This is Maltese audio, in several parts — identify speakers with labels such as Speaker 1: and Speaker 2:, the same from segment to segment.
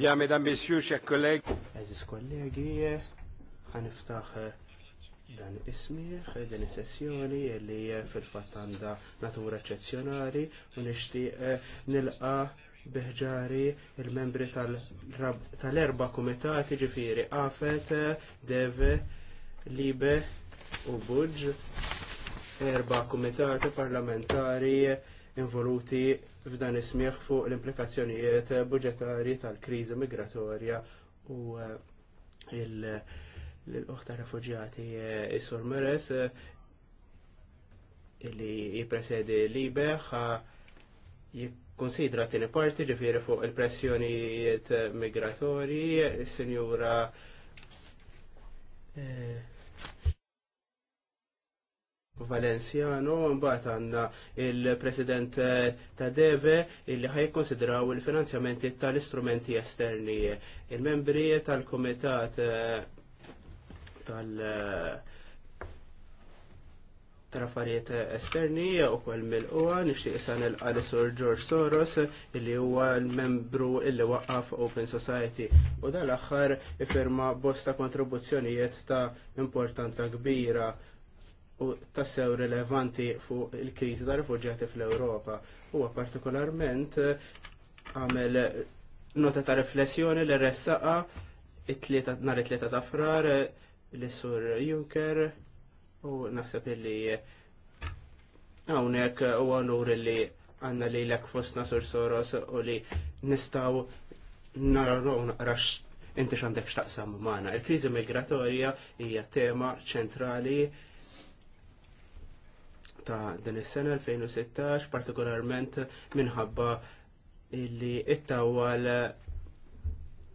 Speaker 1: Bien, mesdames, messieurs, chers collègues. Aziz kollegi, ħaniftaħ eh, dan ismiħ, eh, dan sessjoni li eh, fil fattanda natura eccezzjonali u nixtieq nilqa biħġari il-membri tal-erba komitati ġifiri Afet, Deve, Libe u Buġ, erba komitati parlamentari involuti f'dan ismiħ fuq l-implikazzjonijiet budġetarji tal-kriżi migratorja u eh, l-uħta refugjati eh, Isur Meres eh, illi jipresedi libeħ jikkonsidra tini parti ġifiri fuq il-pressjonijiet migratorji, il-senjura Valenciano, mbagħad għandna il-President eh, T'Adeve Deve illi ħajkonsidraw il-finanzjamenti tal-istrumenti esterni. Il-membri tal-Kumitat eh, tal- eh, istrumenti esterni il membri tal kumitat tal trafariet affarijiet esterni u kol mil-uwa nixtieq isan il alessor George Soros illi huwa l-membru illi waqqaf Open Society u dal-aħħar ifirma bosta kontribuzzjonijiet ta' importanza kbira u tassew rilevanti fuq il-kriżi ta' rifugjati fl-Ewropa. Huwa partikolarment eh, għamel nota ta' riflessjoni li ressaqa nhar it-tlieta ta' frar eh, li sur Juncker u naħseb illi eh, hawnhekk u għanur li għanna li l fostna sur Soros u li nistaw narraw rax inti xandek xtaqsam maħna. Il-krizi migratorja hija tema ċentrali ta' din is-sena 2016, partikolarment minħabba illi it-tawal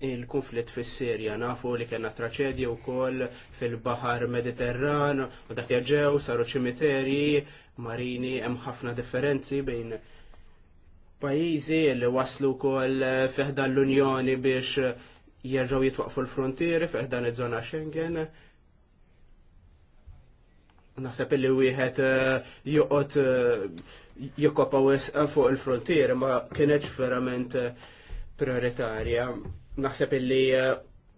Speaker 1: il-konflitt fis sirja nafu li kena traċedja wkoll fil-bahar Mediterran u dak jaġew saru ċimiterji marini hemm ħafna differenzi bejn pajjiżi li waslu wkoll fiħdan l-Unjoni biex jerġgħu jitwaqfu l-frontieri fiħdan iż-żona Schengen naħseb illi wieħed eh, joqgħod eh, jikkopa wisqa eh, fuq il-frontier ma kienx verament prioritarja. Naħseb illi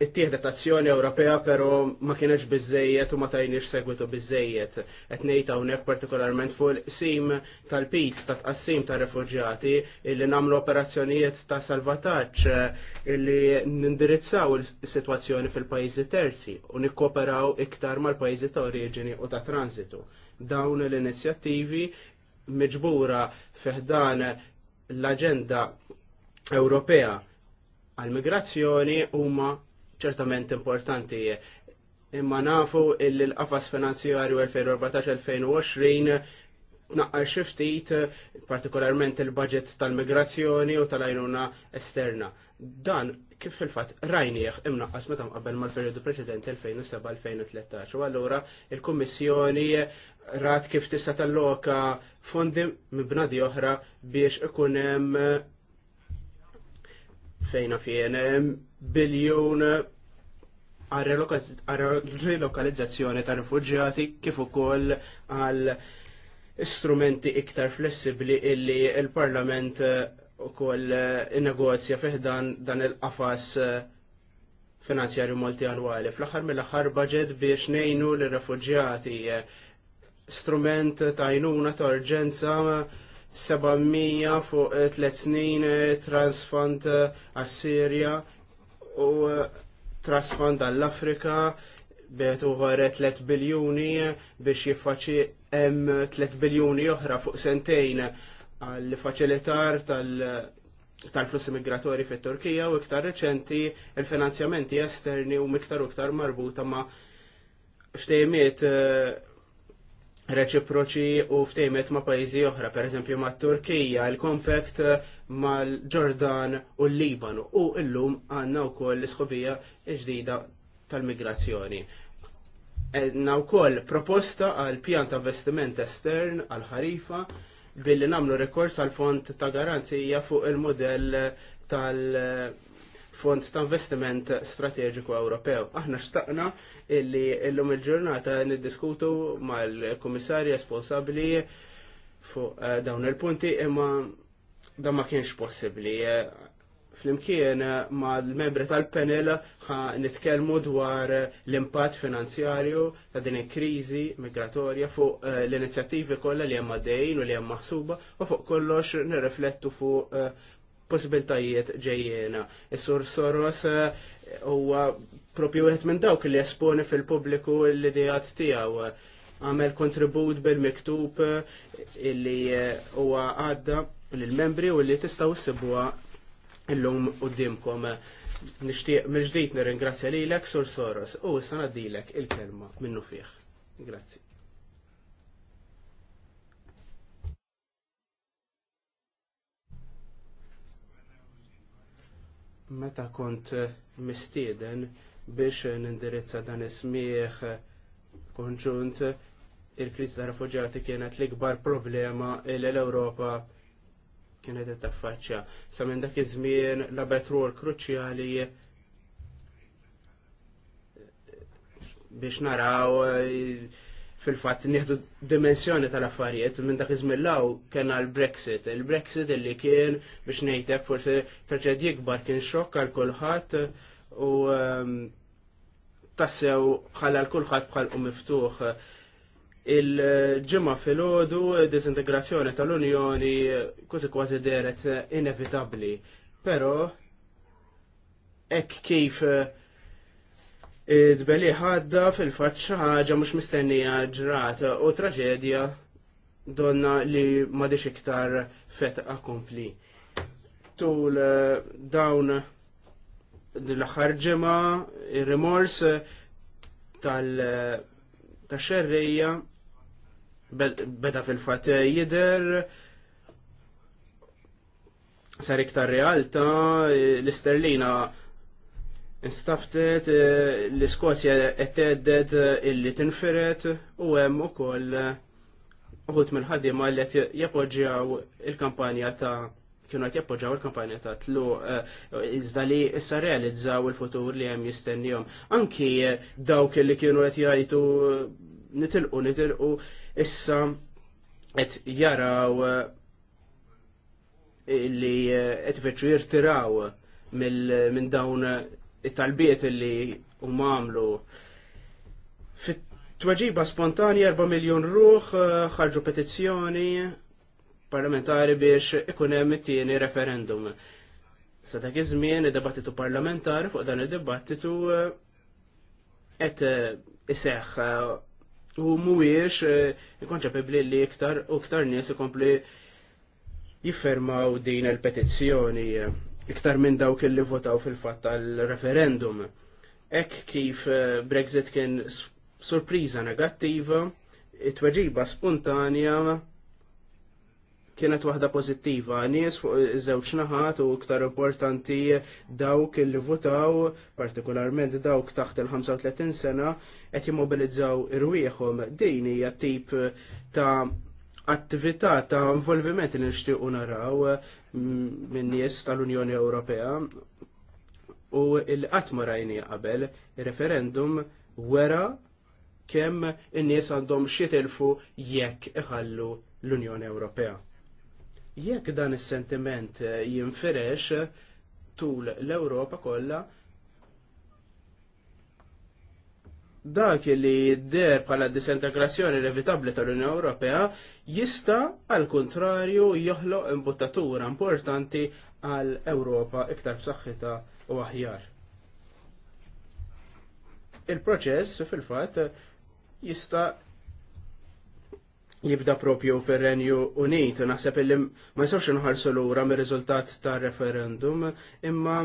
Speaker 1: It-tieħdet azzjoni Ewropea però ma kienx biżejjed u ma tajniex segwitu biżejjed. Qed ngħid hawnhekk partikolarment fuq il-qsim tal-pis ta' tqassim ta' refuġjati illi nagħmlu operazzjonijiet ta' salvataġġ illi nindirizzaw is-sitwazzjoni fil-pajjiżi terzi u nikkoperaw iktar mal-pajjiżi ta' oriġini u ta' transitu. Dawn l-inizjattivi miġbura fiħdan l-aġenda Ewropea għal-migrazzjoni huma ċertament importanti. Imma nafu illi l-qafas finanzjarju 2014-2020 tnaqqar xi ftit partikolarment il-budget tal-migrazzjoni u tal ajnuna esterna. Dan kif fil-fatt rajnieħ imnaqqas meta mqabbel mal-periodu preċedenti 2007-2013. U allura il-Kummissjoni rat kif tista' talloka fondi minn bnadi oħra biex ikun hemm fejna fien biljun għal-relokalizzazzjoni ta' rifugġjati kif ukoll għal strumenti iktar flessibli illi il-Parlament ukoll innegozja fih dan dan il-qafas eh, finanzjarju multianwali. Fl-aħħar mill-aħħar budget biex nejnu l-refugġjati eh, strument ta' jnuna ta' urġenza 700 fuq 3 eh, snin eh, transfant eh, għas-Sirja u transfant għall-Afrika bet uħor 3 biljuni biex jiffaċi hemm 3 biljuni oħra fuq sentejn għall-faċilitar tal- tal-flussi migratori fit turkija u iktar reċenti il-finanzjamenti esterni u miktar u iktar marbuta ma' ftejmiet reċiproċi u ftejmet ma' pajjiżi oħra, per eżempju ma' Turkija, il-Compact mal-Ġordan u l-Libanu u illum għanna u koll l-isħobija ġdida tal-migrazzjoni. Għanna u koll proposta għal pjan ta' investiment estern għal ħarifa billi namlu rekors għal fond ta' garanzija fuq il-modell tal- fond ta' investiment strategiku Ewropew. Aħna xtaqna illi illum il-ġurnata niddiskutu mal-komissarji responsabli fuq eh, dawn il-punti imma da ma kienx possibli. Eh, flimkien eh, ma l-membri tal-panel ħa nitkelmu dwar l-impatt finanzjarju ta' din il-krizi migratorja fuq l-inizjattivi kollha li hemm għaddejjin u li hemm maħsuba u fuq kollox nirriflettu fuq possibiltajiet ġejjena. Is-sur Soros eh, huwa propju wieħed minn dawk li esponi fil-pubbliku l-idejat tiegħu. Għamel kontribut bil-miktub eh, illi eh, huwa għadda lill-membri u li tistgħu ssibuha illum qudiemkom. Nixtieq mill-ġdid nirringrazzja lilek sur Soros u issa ngħaddilek il-kelma minnu fih. Grazzi. meta kont eh, mistieden biex nindirizza dan ismieħ eh, konġunt il-kriz ta' rifugjati kienet l-ikbar problema li l-Ewropa kienet taffaċċja. Sa minn dak iż-żmien la betrol kruċjali eh, biex naraw fil-fatt nieħdu dimensjoni tal-affarijiet minn dak iżmillaw kien għal brexit Il-Brexit illi kien biex ngħidlek forsi traġedji jikbar kien xokk għal kulħadd u ehm, tassew ħalla l kulħadd bħal u miftuħ. Il-ġimgħa filgħodu disintegrazzjoni tal-Unjoni kważi kważi deret inevitabbli. Però hekk kif uh, id-beli ħadda fil-faċċa ħaġa mhux mistennija ġrata u traġedja donna li m'għadix iktar fet akompli. Tul eh, dawn l-aħħar ġimgħa ir-rimors tal eh, tax xerrija beda fil-fatt jidher sar iktar realtà eh, l-isterlina Istaftet eh, l-Iskozja etteddet eh, illi tinferet u hemm ukoll eh, uħut mill-ħaddiema li qed jappoġġjaw il-kampanja ta' kienu qed jappoġġjaw il-kampanja ta' tlu iżda li issa realizzaw il-futur li hemm jistennihom. Anki dawk li kienu qed jgħidu nitilqu nitilqu issa qed jaraw li qed jirtiraw minn dawn it-talbiet li huma għamlu. Fit-tweġiba spontanja 4 miljon ruħ eh, ħarġu petizzjoni parlamentari biex ikun hemm it-tieni referendum. Sa dak iż-żmien id-dibattitu parlamentari fuq dan id-dibattitu eh, qed eh, iseħħ u mhuwiex inkonċepibbli li iktar u iktar nies ikompli jiffermaw din il-petizzjoni iktar minn dawk li votaw fil-fatt tal-referendum. Ek kif eh, Brexit kien sorpriża negattiva, it-tweġiba spontanja kienet waħda pozittiva. Nies fuq iż-żewġ naħat u iktar importanti dawk li votaw, partikolarment dawk taħt il-35 sena, qed jimmobilizzaw irwieħhom. Din hija tip ta' attività ta' involviment li nixtiequ naraw minn nies tal-Unjoni Ewropea u il-qatt ma rajni qabel referendum wera kemm in-nies għandhom xi tilfu jekk iħallu l-Unjoni Ewropea. Jekk dan is-sentiment jinfirex tul l-Ewropa kollha dak li jidder bħala disintegrazzjoni inevitabli tal-Unjoni Ewropea jista għal kontrarju joħloq imbuttatura importanti għal Ewropa iktar b'saħħitha u aħjar. Il-proċess fil-fatt jista' jibda propju fil-Renju Unit, naħseb li ma jistawx nħarsu lura mir riżultat ta' referendum, imma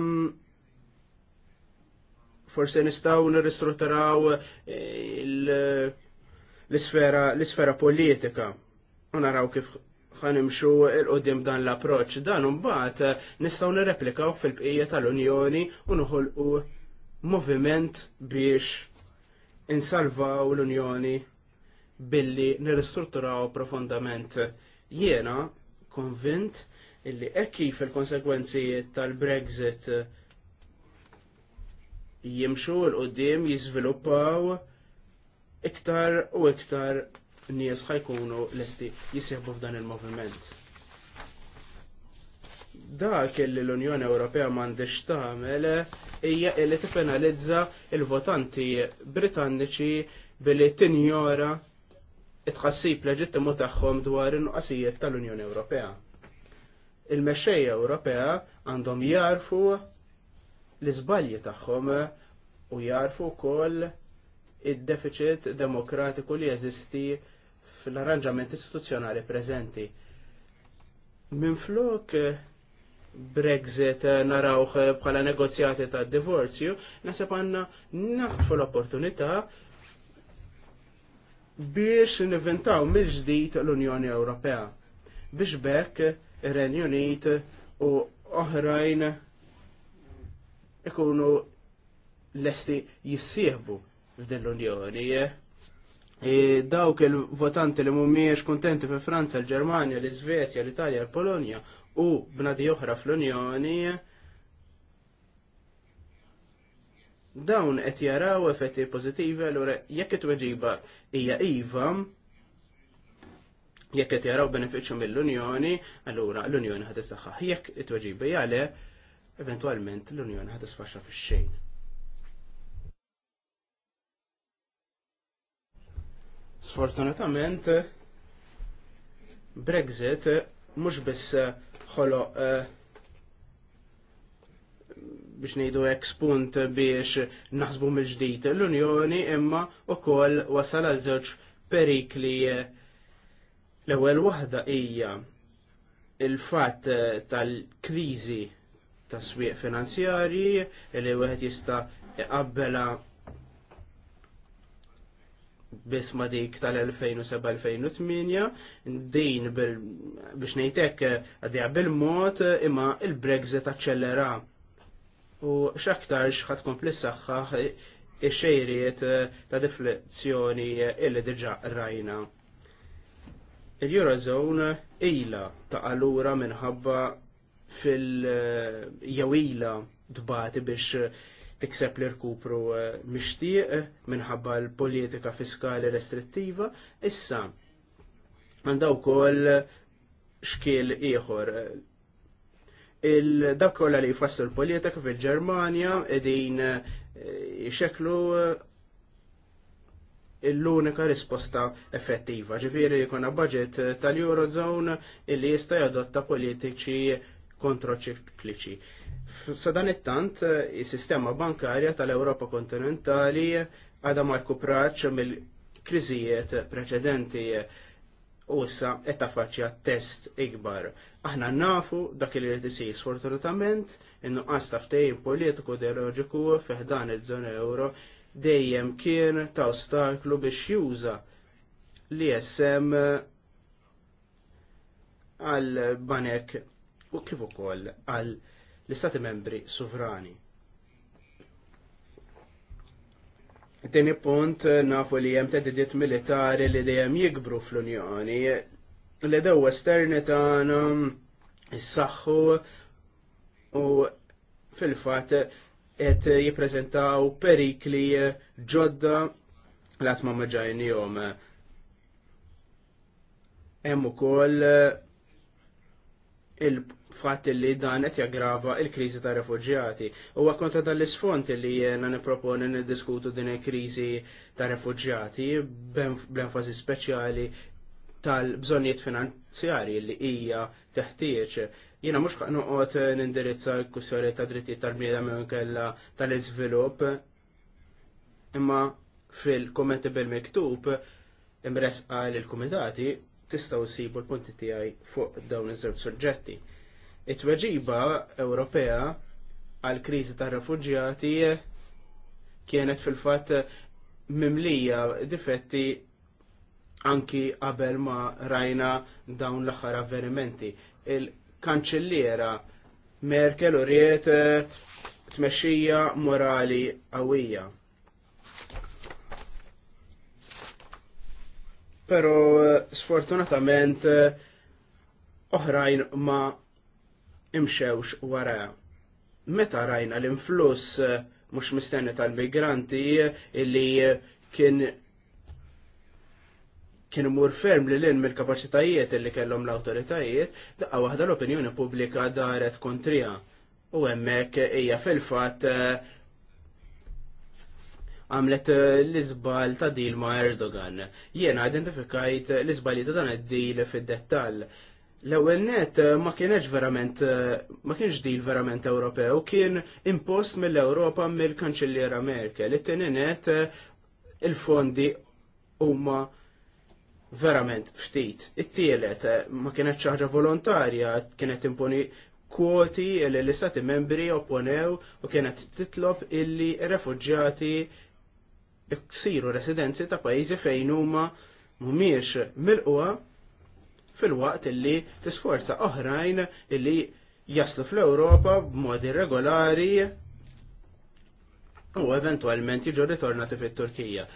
Speaker 1: forse nistaw nirristrutturaw eh, l-sfera politika u naraw kif ħanimxu il-qoddim dan l-approċ. Dan mbagħad eh, nistgħu nirreplikaw fil-bqija tal-Unjoni u noħolqu moviment biex insalvaw l-Unjoni billi nirristrutturaw profondament. Jiena konvint illi ekki fil-konsekwenzi tal-Brexit jimxu l-qoddim jizviluppaw iktar u iktar nies ħajkunu lesti jisibu f'dan il-moviment. Dak li l-Unjoni Ewropea m'għandix tagħmel hija li tippenalizza il-votanti Britanniċi billi tinjora it-tħassib leġittimu tagħhom dwar in-nuqqasijiet tal-Unjoni Ewropea. Il-mexxejja Ewropea għandhom jarfu l-iżbalji tagħhom u jarfu wkoll id-deficit demokratiku li jeżisti fl-arranġament istituzzjonali preżenti. Minflok eh, Brexit eh, narawh eh, bħala negozjati ta' divorzju, nasab għanna naħtfu l-opportunità biex niventaw mill-ġdid l-Unjoni Ewropea. Biex bekk ir-Renju Unit u oħrajn ikunu lesti esti f'din l-Unjoni. E dawk il-votanti li mumiex kontenti fi Franza, l-Germania, l-Svezja, l-Italja, l-Polonja u bnadi oħra fl-Unjoni, dawn qed jaraw effetti pożittivi allura jekk qed weġiba hija iva, jekk qed jaraw benefiċċju mill-Unjoni, allura l-Unjoni ħad issaħħaħ. Jekk it-tweġiba jale, eventualment l-Unjoni ħad isfaxxa fix-xejn. Sfortunatament, Brexit mhux biss eh, ħoloq eh, biex nejdu ekspunt biex naħsbu mill-ġdid l-Unjoni imma wkoll wasal għal żewġ perikli eh, l-ewwel waħda hija il-fatt tal-kriżi ta' swieq finanzjarji li wieħed jista' iqabbela biss ma dik tal-2007-2008 din biex ngħidlek għaddejja bil-mod imma il-Brexit aċċellera. U x'aktar x'ħad kompli saħħa ix-xejriet ta' deflezzjoni illi diġà rajna. Il-Eurozone ilha ta' allura minħabba fil-jawila dbati biex eh, tikseb l-irkupru eh, mixtieq eh, minħabba l-politika fiskali restrittiva, issa għandaw kol xkiel ieħor. Dak kollha li jfassu l-politika fil-Ġermanja qegħdin jxeklu l-unika risposta effettiva. Ġifieri li budget tal-Eurozone illi jista' jadotta politiċi kontraċikliċi. Sadan it-tant, eh, il-sistema bankarja tal-Europa kontinentali għada marku praċ mill-kriżijiet preċedenti u issa qed taffaċċja test ikbar. Aħna nafu dak li qed isir sfortunatament in-nuqqas ta' ftehim politiku ideoloġiku fiħdan iż-żona euro dejjem kien ta' ostaklu biex juża li jessem għal banek u kif ukoll għal l-Istati membri sovrani. il punt eh, nafu li jem tedidiet militari li dejjem jikbru fl-Unjoni li daw esterni tagħna s-saxħu u fil-fat qed jippreżentaw perikli ġodda l-għat ma maġajni jom. Hemm ukoll il fatt li dan qed jaggrava il-kriżi ta' refuġjati. Huwa kontra tal isfond li jiena nipproponi niddiskutu din il-kriżi ta' bl b'enfasi speċjali tal-bżonniet finanzjarji li hija teħtieġ. Jiena mhux noqgħod nindirizza l-kussjoni ta' drittijiet tal-bniedem kella tal-iżvilupp, imma fil-kommenti bil-miktub imresqa l kumitati tistgħu ssibu l-punti tiegħi fuq dawn iż-żewġ suġġetti. It-tweġiba Ewropea għal kriżi tar refuġjati kienet fil-fatt mimlija difetti anki qabel ma rajna dawn l-aħħar avvenimenti. il kanċilliera Merkel u riet eh, tmexxija morali qawwija. Pero eh, sfortunatament eh, oħrajn ma imxewx wara. Meta rajna l-influss eh, mhux mistenni tal-migranti eh, illi eh, kien kien imur ferm li l-in mill-kapacitajiet illi kellhom l-autoritajiet, daqqa waħda l-opinjoni pubblika daret kontrija. U hemmhekk hija fil-fatt għamlet l-izbal ta' dil ma' Erdogan. Jiena identifikajt l-izbal ta' dan id-dil fid-dettall. L-ewwel net eh, eh, ma kienx verament ma kienx dil verament Ewropew, kien impost mill-Ewropa mill-Kanċelliera Merkel. It-tieni net eh, il-fondi huma verament ftit. It-tielet ma kienet ħaġa volontarja, kienet imponi kwoti li l-istati membri opponew u kienet titlob illi refugġati ksiru residenzi ta' pajjiżi fejn huma mhumiex milquha fil-waqt illi tisforza oħrajn illi jaslu fl-Ewropa b'modi regolari u eventualment jiġu ritornati fit-Turkija.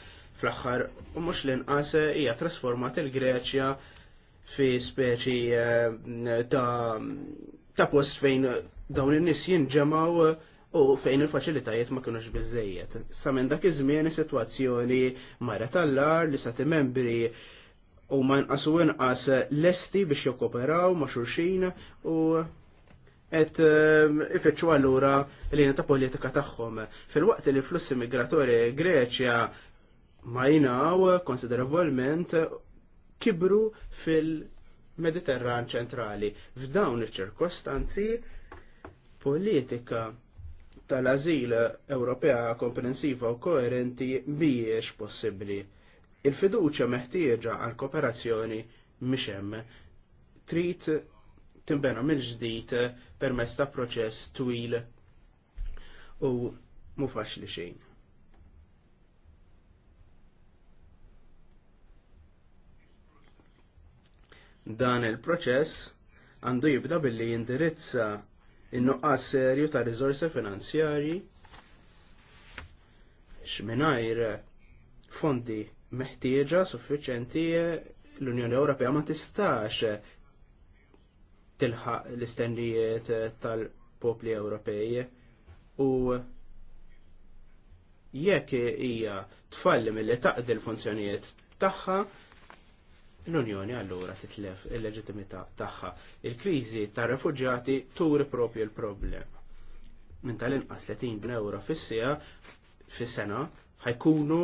Speaker 1: Fl-axħar, u mux l-inqas hija trasformat il-Greċja fi speċi eh, ta' ta' post fejn dawn in-nies jinġemaw u fejn il-faċilitajiet ma kienux biżejjed. Sa minn dak iż-żmien is-sitwazzjoni mara lar li sati membri u ma nqasu inqas lesti biex jokoperaw ma' xurxin u et eh, ifetxu għallura l ta' politika tagħhom. Fil-waqt li flussi migratori Greċja ma jinaw konsiderevolment kibru fil-Mediterran ċentrali. F'dawn iċ-ċirkostanzi politika tal-azil Ewropea komprensiva u koerenti mhijiex possibbli. Il-fiduċa meħtieġa għal kooperazzjoni hemm trid timbena minn ġdid permezz ta' proċess twil u mu faċli xejn. Dan il-proċess għandu jibda billi jindirizza in-nuqqas serju ta' riżorsi finanzjarji X'minajr fondi meħtieġa suffiċenti l-Unjoni Ewropea ma tistax tilħaq l-istendijiet tal-popli Ewropej u jekk hija tfalli mill-li taqdi l-funzjonijiet tagħha l-Unjoni allura titlef il-leġitimità tagħha. Il-kriżi tar-refuġjati turi propju l problem Minn tal-inqas 30 euro fis-sija fis-sena ħajkunu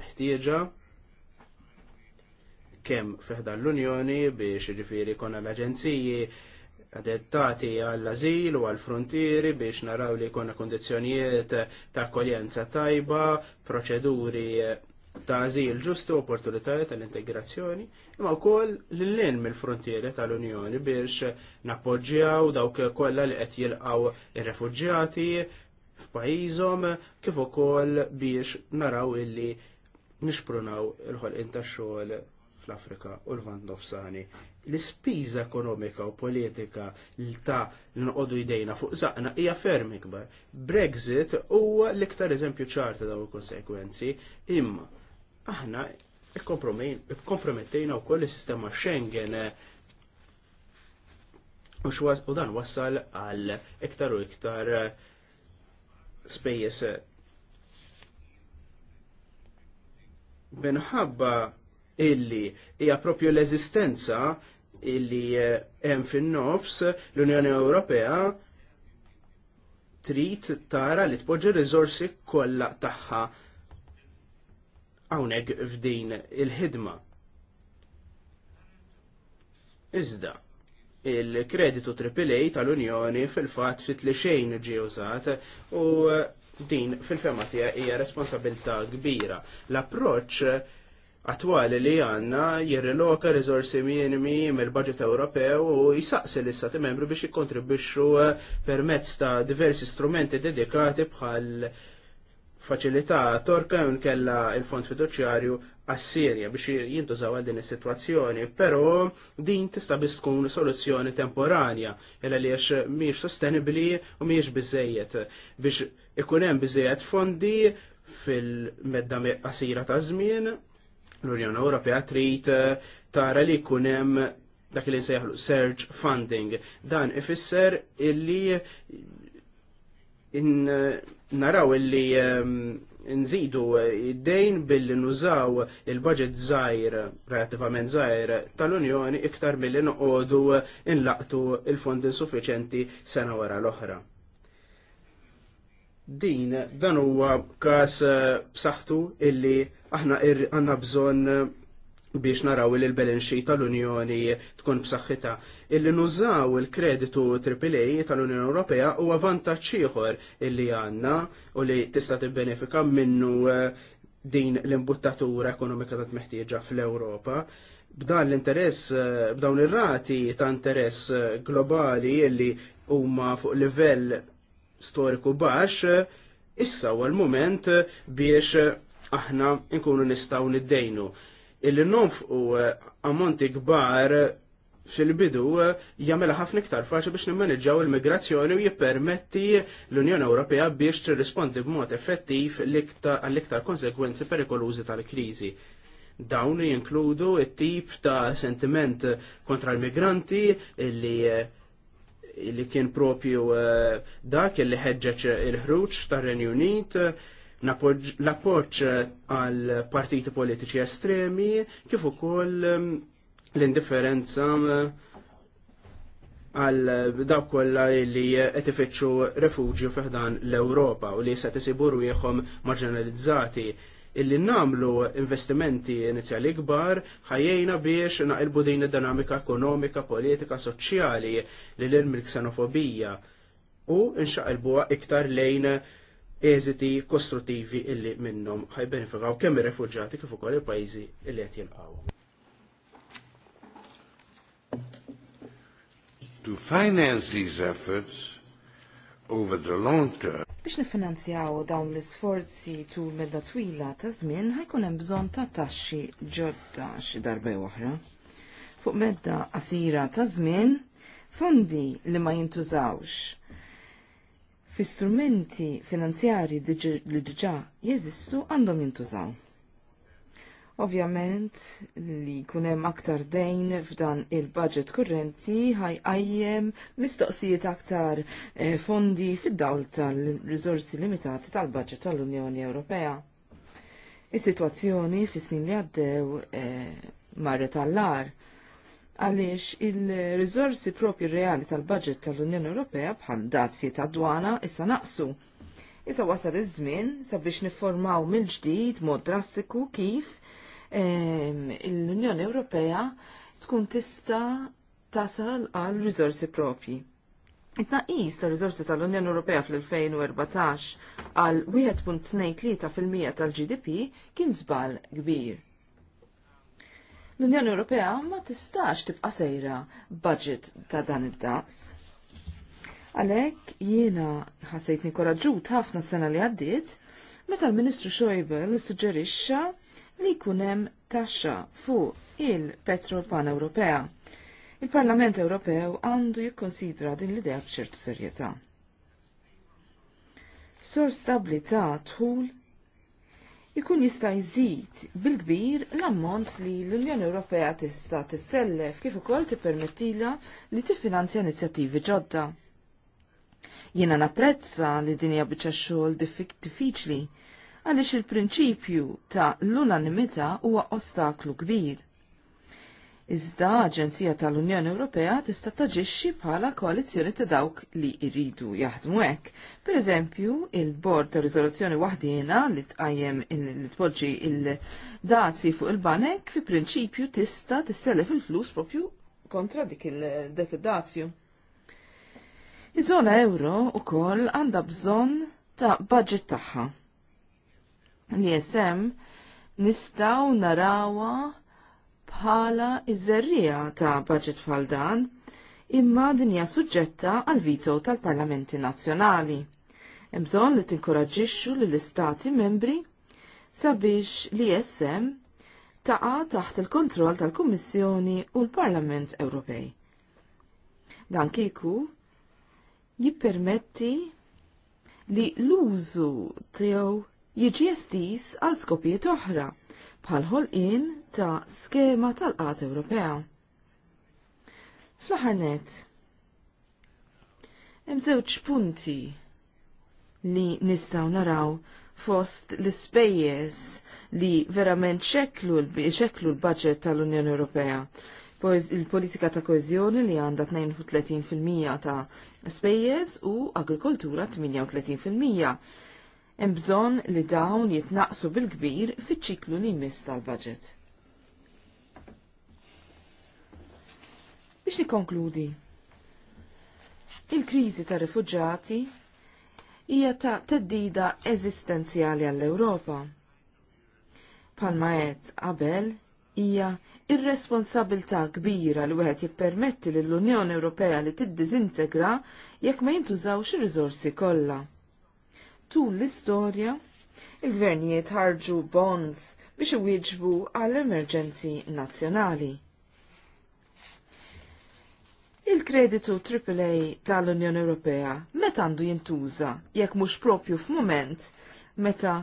Speaker 1: meħtieġa kemm fiħda l-Unjoni biex ġifiri konna l-aġenziji adettati għall-azil u għall-frontieri biex naraw li konna kondizjonijiet ta' akkoljenza tajba, proċeduri ta' azil ġustu, opportunitajiet tal-integrazzjoni, imma wkoll l-lin mill-frontieri tal-Unjoni biex nappoġġjaw dawk kollha li qed jilqgħu ir-refuġjati f'pajjiżhom kif ukoll biex naraw illi nixprunaw il-ħolqien tax-xogħol fl-Afrika u l-Vant Nofsani. L-ispiża ekonomika u politika ta' l-nqodu jdejna fuq zaqna hija ferm ikbar. Brexit huwa l-iktar eżempju ċarta daw il-konsekwenzi, imma aħna kompromettejna u koll sistema Schengen u dan wassal għal iktar u iktar eh, spejjes eh, minħabba illi hija propju l-eżistenza illi eh, hemm fin-nofs l-Unjoni Ewropea trid tara li tpoġġi riżorsi kollha tagħha hawnhekk f'din il-ħidma. Iżda, il-kreditu AAA tal-Unjoni fil-fatt fit xejn ġie użat u eh, din fil-fema tiegħek hija responsabilità kbira. L-approċċ attwali li għanna jirriloka rizorsi minimi mill-budget Ewropew u jisaqsi l-istati membri biex jikontribwixxu eh, permezz ta' diversi strumenti dedikati bħal faċilità torka kella il-fond fiduċjarju għas-Sirja biex jintużaw għal din is-sitwazzjoni, però din tista' biss tkun soluzzjoni temporanja illa li mhijiex sostenibbli u mhijiex biżejjed biex ikun hemm biżejjed fondi fil-medda qasira ta' żmien l-Unjoni Ewropea trid eh, tara li jkun hemm dak li nsejħlu surge funding. Dan ifisser illi in, naraw illi ehm, nżidu id-dejn billi nużaw il-budget żgħir relativament żgħir tal-Unjoni iktar milli noqogħdu inlaqtu il-fondi insuffiċenti sena wara l-oħra. Din dan huwa każ eh, b'saħħtu illi aħna għanna bżon eh, biex naraw il balance sheet tal-Unjoni tkun b'saħħitha. Illi nużaw il-kreditu AAA tal-Unjoni Ewropea huwa vantaġġ ieħor illi għandna u li tista' tibbenefika minnu eh, din l-imbuttatura ekonomika ta' tmeħtieġa fl-Ewropa. B'dan l-interess, eh, b'dawn ir-rati ta' interess globali illi huma fuq livell storiku baxx, issa huwa l-moment biex aħna nkunu nistgħu niddejnu. Illi u eh, ammonti kbar eh, fil-bidu eh, jagħmel ħafna iktar faċli biex nimmaneġġaw il-migrazzjoni u jippermetti l-Unjoni Ewropea biex tirrispondi b'mod effettiv għall-iktar konsekwenzi perikolużi tal-kriżi. Dawn jinkludu it-tip ta' sentiment kontra l-migranti illi li kien propju dak li ħeġġeġ il-ħruġ tar-Renju Unit, l-appoġġ eh, għal partiti politiċi estremi kif ukoll eh, l-indifferenza eh, għal daw kollha li qed ifittxu refuġju fiħdan l-Ewropa u li se tisibu rwieħhom marginalizzati illi namlu investimenti inizjali kbar ħajjejna biex naqilbu din id-dinamika ekonomika, politika, soċjali li l irmil ksenofobija u nxaqilbuha iktar lejn eżiti kostruttivi illi minnhom benefikaw kemm ir-refuġjati kif ukoll il-pajjiżi illi qed jilqgħu. To finance these efforts over the long term.
Speaker 2: Biex nifinanzjaw dawn l-isforzi tul medda twila ta' żmien ħajkun hemm bżonn ta' taxxi ġodda xi darba oħra. Fuq medda qasira ta' żmien fondi li ma jintużawx fi strumenti finanzjari li diġa jeżistu għandhom jintużaw. Ovvjament li kunem aktar dejn f'dan il-budget kurrenti ħajqajjem mistoqsijiet aktar eh, fondi fid-dawl tal rizorsi limitati tal-budget tal-Unjoni Ewropea. Is-sitwazzjoni fis-snin li għaddew eh, marret allar. lar għaliex il-rizorsi propju reali tal-budget tal-Unjoni Ewropea bħal dazzi ta' dwana issa naqsu. Issa wasal iż-żmien sabiex niformaw mill-ġdid mod drastiku kif ehm, l-Unjoni Ewropea tkun tista' tasal għal rizorsi propji. It-naqis ta' rizorsi tal-Unjoni Ewropea fl-2014 għal 1.23% tal-GDP kien żball kbir L-Unjoni Ewropea ma tistax tibqa' sejra budget ta' dan id-daqs. Għalhekk jiena ħasejtni nikoraġġut ħafna s-sena li għaddiet meta l-Ministru Xojbel suġġerixxa li jkun hemm taxxa fuq il-petrol pan-Ewropea. Il-Parlament Ewropew għandu jikkonsidra din l-idea b'ċertu serjetà. Sur stabilità tħul ikun jista' jżid bil-kbir l-ammont li l-Unjoni Ewropea tista' tissellef kif ukoll tippermettila li tiffinanzja inizjattivi ġodda. Jiena napprezza li din hija biċċa xogħol diffiċli għaliex il-prinċipju ta' l-unanimità huwa ostaklu kbir. Iżda Aġenzija tal-Unjoni Ewropea tista' taġixxi bħala koalizzjoni ta' dawk li jridu jaħdmu hekk. Pereżempju, il-bord ta' riżoluzzjoni waħdina li tqajjem li tpoġġi il-dazzi fuq il-banek fi prinċipju tista' tisselef il-flus propju kontra dik il-dazju. Iż-żona euro wkoll għandha bżonn ta' budget tagħha. Li jesem nistgħu narawha bħala iż-żerrija ta' budget bħal dan, imma din hija suġġetta għal vito tal-Parlamenti Nazzjonali. Hemm bżonn li tinkoraġġixxu lill istati membri sabiex li jessem taqa' taħt il-kontroll tal-Kummissjoni u l-Parlament Ewropej. Dan kieku jippermetti li l-użu tiegħu jiġi estis għal skopijiet oħra bħal ħolqien ta' skema tal-qat Ewropea. Fl-aħħar net, hemm żewġ punti li nistgħu naraw fost l-ispejjeż li verament xeklu l-budget tal-Unjoni Ewropea il-politika ta' koezjoni li għandha 32% ta' spejjeż u agrikoltura 38% hemm bżonn li dawn jitnaqsu bil-kbir fiċ-ċiklu li jmiss tal-budget. Biex nikkonkludi, il-kriżi ta' rifugġati hija ta' teddida eżistenzjali għall-Ewropa. Palma qed qabel hija ir-responsabilità kbira li wieħed jippermetti lill-Unjoni Ewropea li tiddiżintegra jekk ma jintużawx ir-riżorsi kollha tul l-istorja il-gvernijiet ħarġu bonds biex iwieġbu għall emerġenzi nazzjonali. Il-kreditu AAA tal-Unjoni Ewropea meta għandu jintuża jekk mhux propju f'mument meta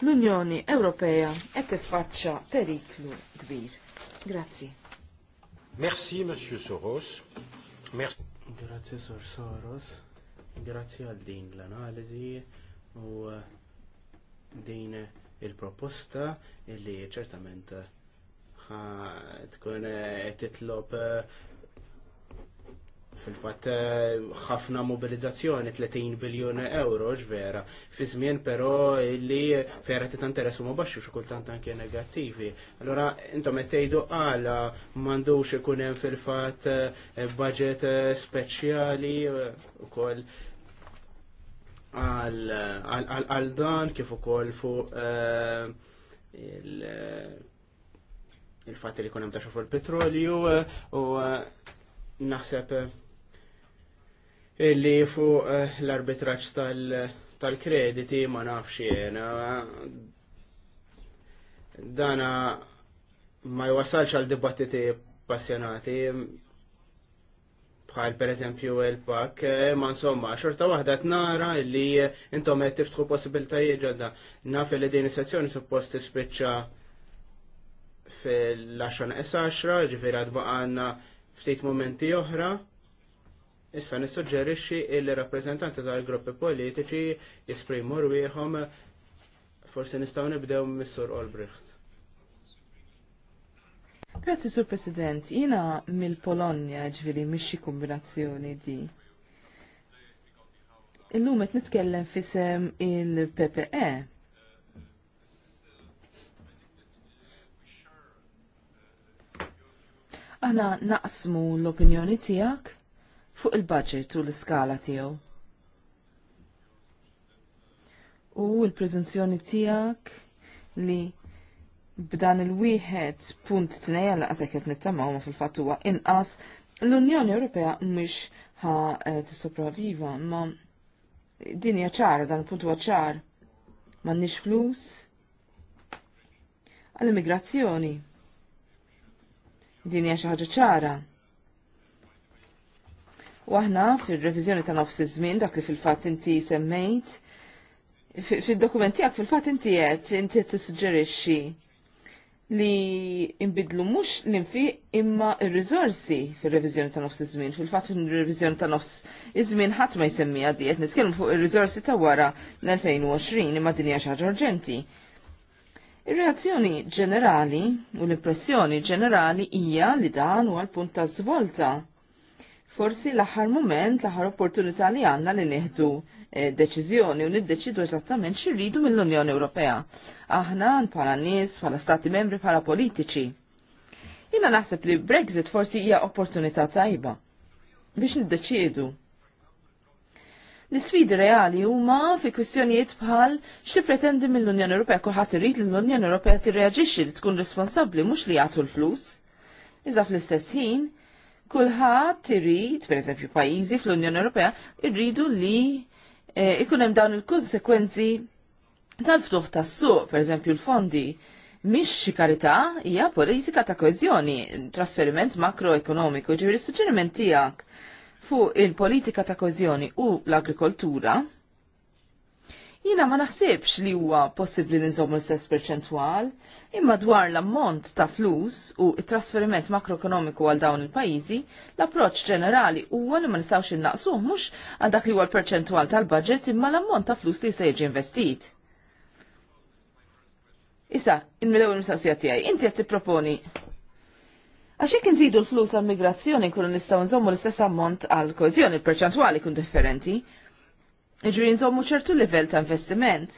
Speaker 2: l-Unjoni Ewropea qed tiffaċċa periklu kbir.
Speaker 1: Grazzi. Merci, Monsieur Soros. Merci. Grazie, Sor Soros. Grazie għal din l-analizi U eh, din il-proposta illi ċertament eh, tkun eh, titlob fil-fatt ħafna mobilizzazzjoni 30 biljon euro ġvera. Fi żmien però illi vera tit interessu ma baxxu xi kultant anke negattivi. Allora intom qed għala m'għandux ikun hemm fil-fatt budget speċjali ukoll għal dan kif ukoll fuq eh, il eh, fatti li konem taxa fuq il-petrolju eh, u naħseb li fuq l-arbitraċ tal-krediti ma nafx jena dana ma jwasalx għal dibattiti passjonati bħal per eżempju il-pak, eh, ma insomma, xorta wahda t-nara li eh, intom għed tiftħu possibiltajiet ġodda. Naf li din is-sezzjoni suppost tispiċċa fil-10-10, ġifiri għad baqanna ftit momenti oħra. Issa nissuġġerixxi il rappreżentanti tal-gruppi politiċi jisprimu wieħom forsi nistgħu nibdew mis-Sur Olbricht. Grazzi,
Speaker 2: Sur President. Jina mill-Polonja ġviri mixi kombinazzjoni di. Illum qed nitkellem fisem il-PPE. Aħna naqsmu l-opinjoni tiegħek fuq il-budget u l-iskala tiegħu. U l-preżenzjoni tiegħek li b'dan il-wieħed punt tnejja li qasek qed ma fil-fatt huwa inqas l-Unjoni Ewropea mhix ħa eh, tissopraviva ma din hija ċara dan il-punt huwa ċar m'għandniex flus għall-immigrazzjoni. Din hija xi ħaġa ċara. U aħna fil-reviżjoni ta' nofs iż-żmien dak li fil-fatt inti semmejt, fil dokumenti tiegħek fil-fatt inti qed inti tissuġġerixxi li imbidlu mux l infi imma il-rizorsi fil-revizjoni ta' nofs iż-żmien. Fil-fatt il-revizjoni ta' nofs iż-żmien ħadd ma jsemmi għadiet Niskellmu fuq il-rizorsi ta' wara l-2020 imma dinja xaġa urġenti. Ir-reazzjoni ġenerali u l-impressjoni ġenerali hija li dan huwa l-punt ta' svolta. Forsi l-aħħar moment, l-aħħar opportunità li għandna li neħdu Eh, deċiżjoni u niddeċidu eżattament xirridu mill-Unjoni Ewropea. Aħna bħala nies, bħala stati membri, bħala politiċi. Jina naħseb li Brexit forsi hija opportunità tajba biex niddeċiedu. L-sfidi reali huma fi kwistjonijiet bħal xi pretendi mill-Unjoni Ewropea kulħadd irid li l-Unjoni Ewropea tirreaġixxi li tkun responsabbli mhux li jagħtu l-flus. Iżda fl-istess ħin, kulħadd irid, pereżempju pajjiżi fl-Unjoni Ewropea, irridu li E, ikun hemm dawn il-konsekwenzi tal-ftuħ tas-suq, pereżempju l-fondi. mhix xi karità hija politika ta' koeżjoni, trasferiment makroekonomiku, ġifieri s tiegħek fuq il-politika ta' koeżjoni u l-agrikoltura Jina ma naħsibx li huwa possibbli li nżommu l-istess perċentwal, imma dwar l-ammont ta' flus u t-trasferiment makroekonomiku għal dawn il-pajjiżi, l-approċċ ġenerali huwa li ma nistgħux innaqsuh mhux għal dak li huwa l-perċentwal tal-budget imma l-ammont ta' flus li jista' jiġi investit. Issa, il-milew il-mistaqsija tiegħi, inti qed tipproponi Għaxek nżidu l-flus għal migrazzjoni kunu nistaw nżommu l-istess ammont għal kozjoni, il-perċentwali kun differenti, Iġri nżommu ċertu livell ta' investiment.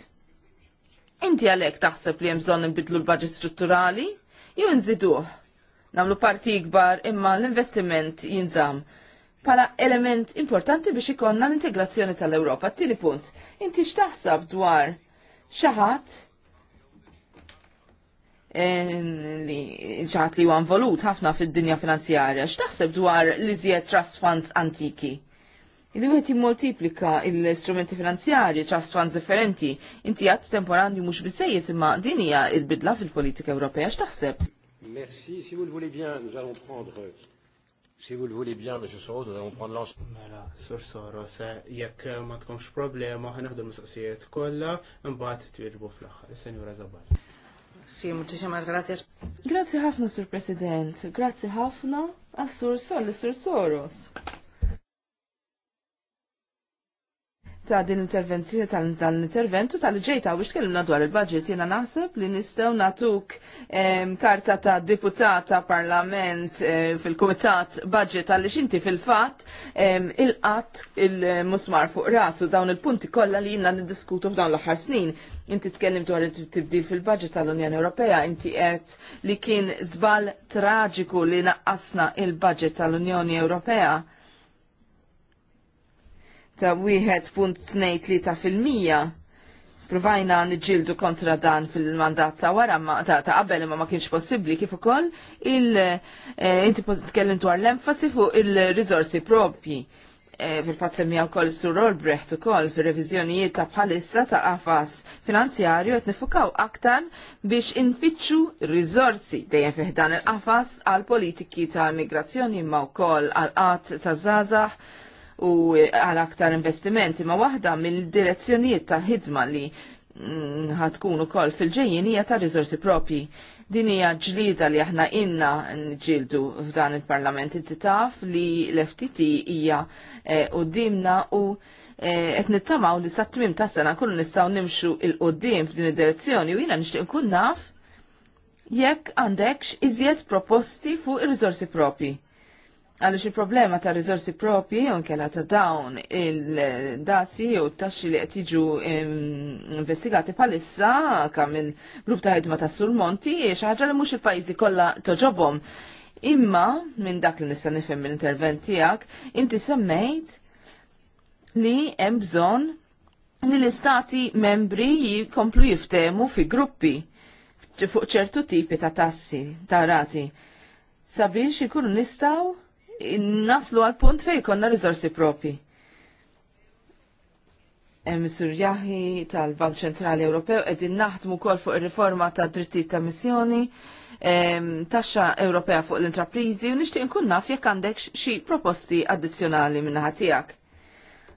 Speaker 2: Inti għalek taħseb li jemżon nbidlu l-budget strutturali? Jew nżiduh. Namlu parti ikbar imma l-investiment jinżam pala element importanti biex ikonna l-integrazzjoni tal-Europa. Tini punt, inti xtaħsab dwar xaħat eh, li xaħat li għan volut ħafna fil-dinja finanzjarja, xtaħseb dwar li zjed trust funds antiki? Illi wieħed jimmultiplika l-istrumenti finanzjarji trust funds differenti, inti għad temporanju mhux biżejjed imma din hija l-bidla fil-politika Ewropea x'taħseb?
Speaker 1: Merci, si vous le voulez bien, nous allons prendre Si vous le voulez bien, M. Soros, nous allons prendre l'ange. Mela, Sur Soros, eh, jekk eh, ma tkomx problema, ħanaħdu l-mistoqsijiet kollha, imbagħad tweġbu fl-aħħar. Senjura Zabal.
Speaker 2: Si, muchísimas gracias. Grazie ħafna, Sur President. Grazie ħafna għas Sol, Sur Soros. ta' din intervenzjoni tal-interventu tal-ġejta biex tkellimna dwar il-budget jena naħseb li nistgħu natuk karta ta' diputata parlament eh, fil-kumitat budget għaliex inti fil-fatt il-qatt il-musmar fuq rasu dawn il-punti kollha li jina niddiskutu f'dawn l-aħħar snin. Inti tkellim dwar it-tibdil fil-budget tal-Unjoni Ewropea, inti qed li kien żball traġiku li naqqasna il-budget tal-Unjoni Ewropea ta' 1.23 fil-mija. Provajna nġildu kontra dan fil-mandat ta' wara ta' qabel ma ma kienx possibbli kif ukoll il eh, inti tkellim dwar l-enfasi fuq il rizorsi propji. Eh, fil-fatt semmija wkoll sur Olbrecht ukoll fir-reviżjonijiet ta' bħalissa ta' qafas finanzjarju qed nifukaw aktar biex infittxu r-rizorsi dejjem fih dan il-qafas għal politiki ta' immigrazzjoni ma wkoll għal qatt ta' zazax u għal aktar investimenti ma waħda mill-direzzjonijiet ta' ħidma li mm, ħatkun ukoll fil-ġejjin hija ta' riżorsi propji. Din hija ġlida li aħna inna ġildu f'dan il-Parlament inti taf li l-FTT hija eh, qudiemna u eh, qed nittamaw li sa tmim ta' sena kullu nistgħu nimxu il-qudiem f'din id-direzzjoni u jiena nixtieq nkun naf jekk għandekx iżjed proposti fuq ir-riżorsi propji Għalix il-problema ta' rizorsi propji unkela ta' dawn il-dazzi u taxxi li qed jiġu investigati bħalissa kam il-grupp ta' ħidma ta' Sulmonti xi ħaġa li mhux il-pajjiżi kollha toġobom. Imma minn dak li nista' nifhem mill-intervent tiegħek, inti semmejt li hemm bżonn li l-istati membri jikomplu jiftemu fi gruppi fuq ċertu tipi ta' tassi, ta' rati sabiex ikunu nistaw naslu għal punt fej konna rizorsi propi. E, Mr. Jahi tal-Bank Ċentrali Ewropew edin naħdmu kol fuq il-riforma ta' drittijiet ta' missjoni, e, taxxa Ewropea fuq l-intraprizi u nixtieq nkun naf jekk għandek xi proposti addizzjonali minn tiegħek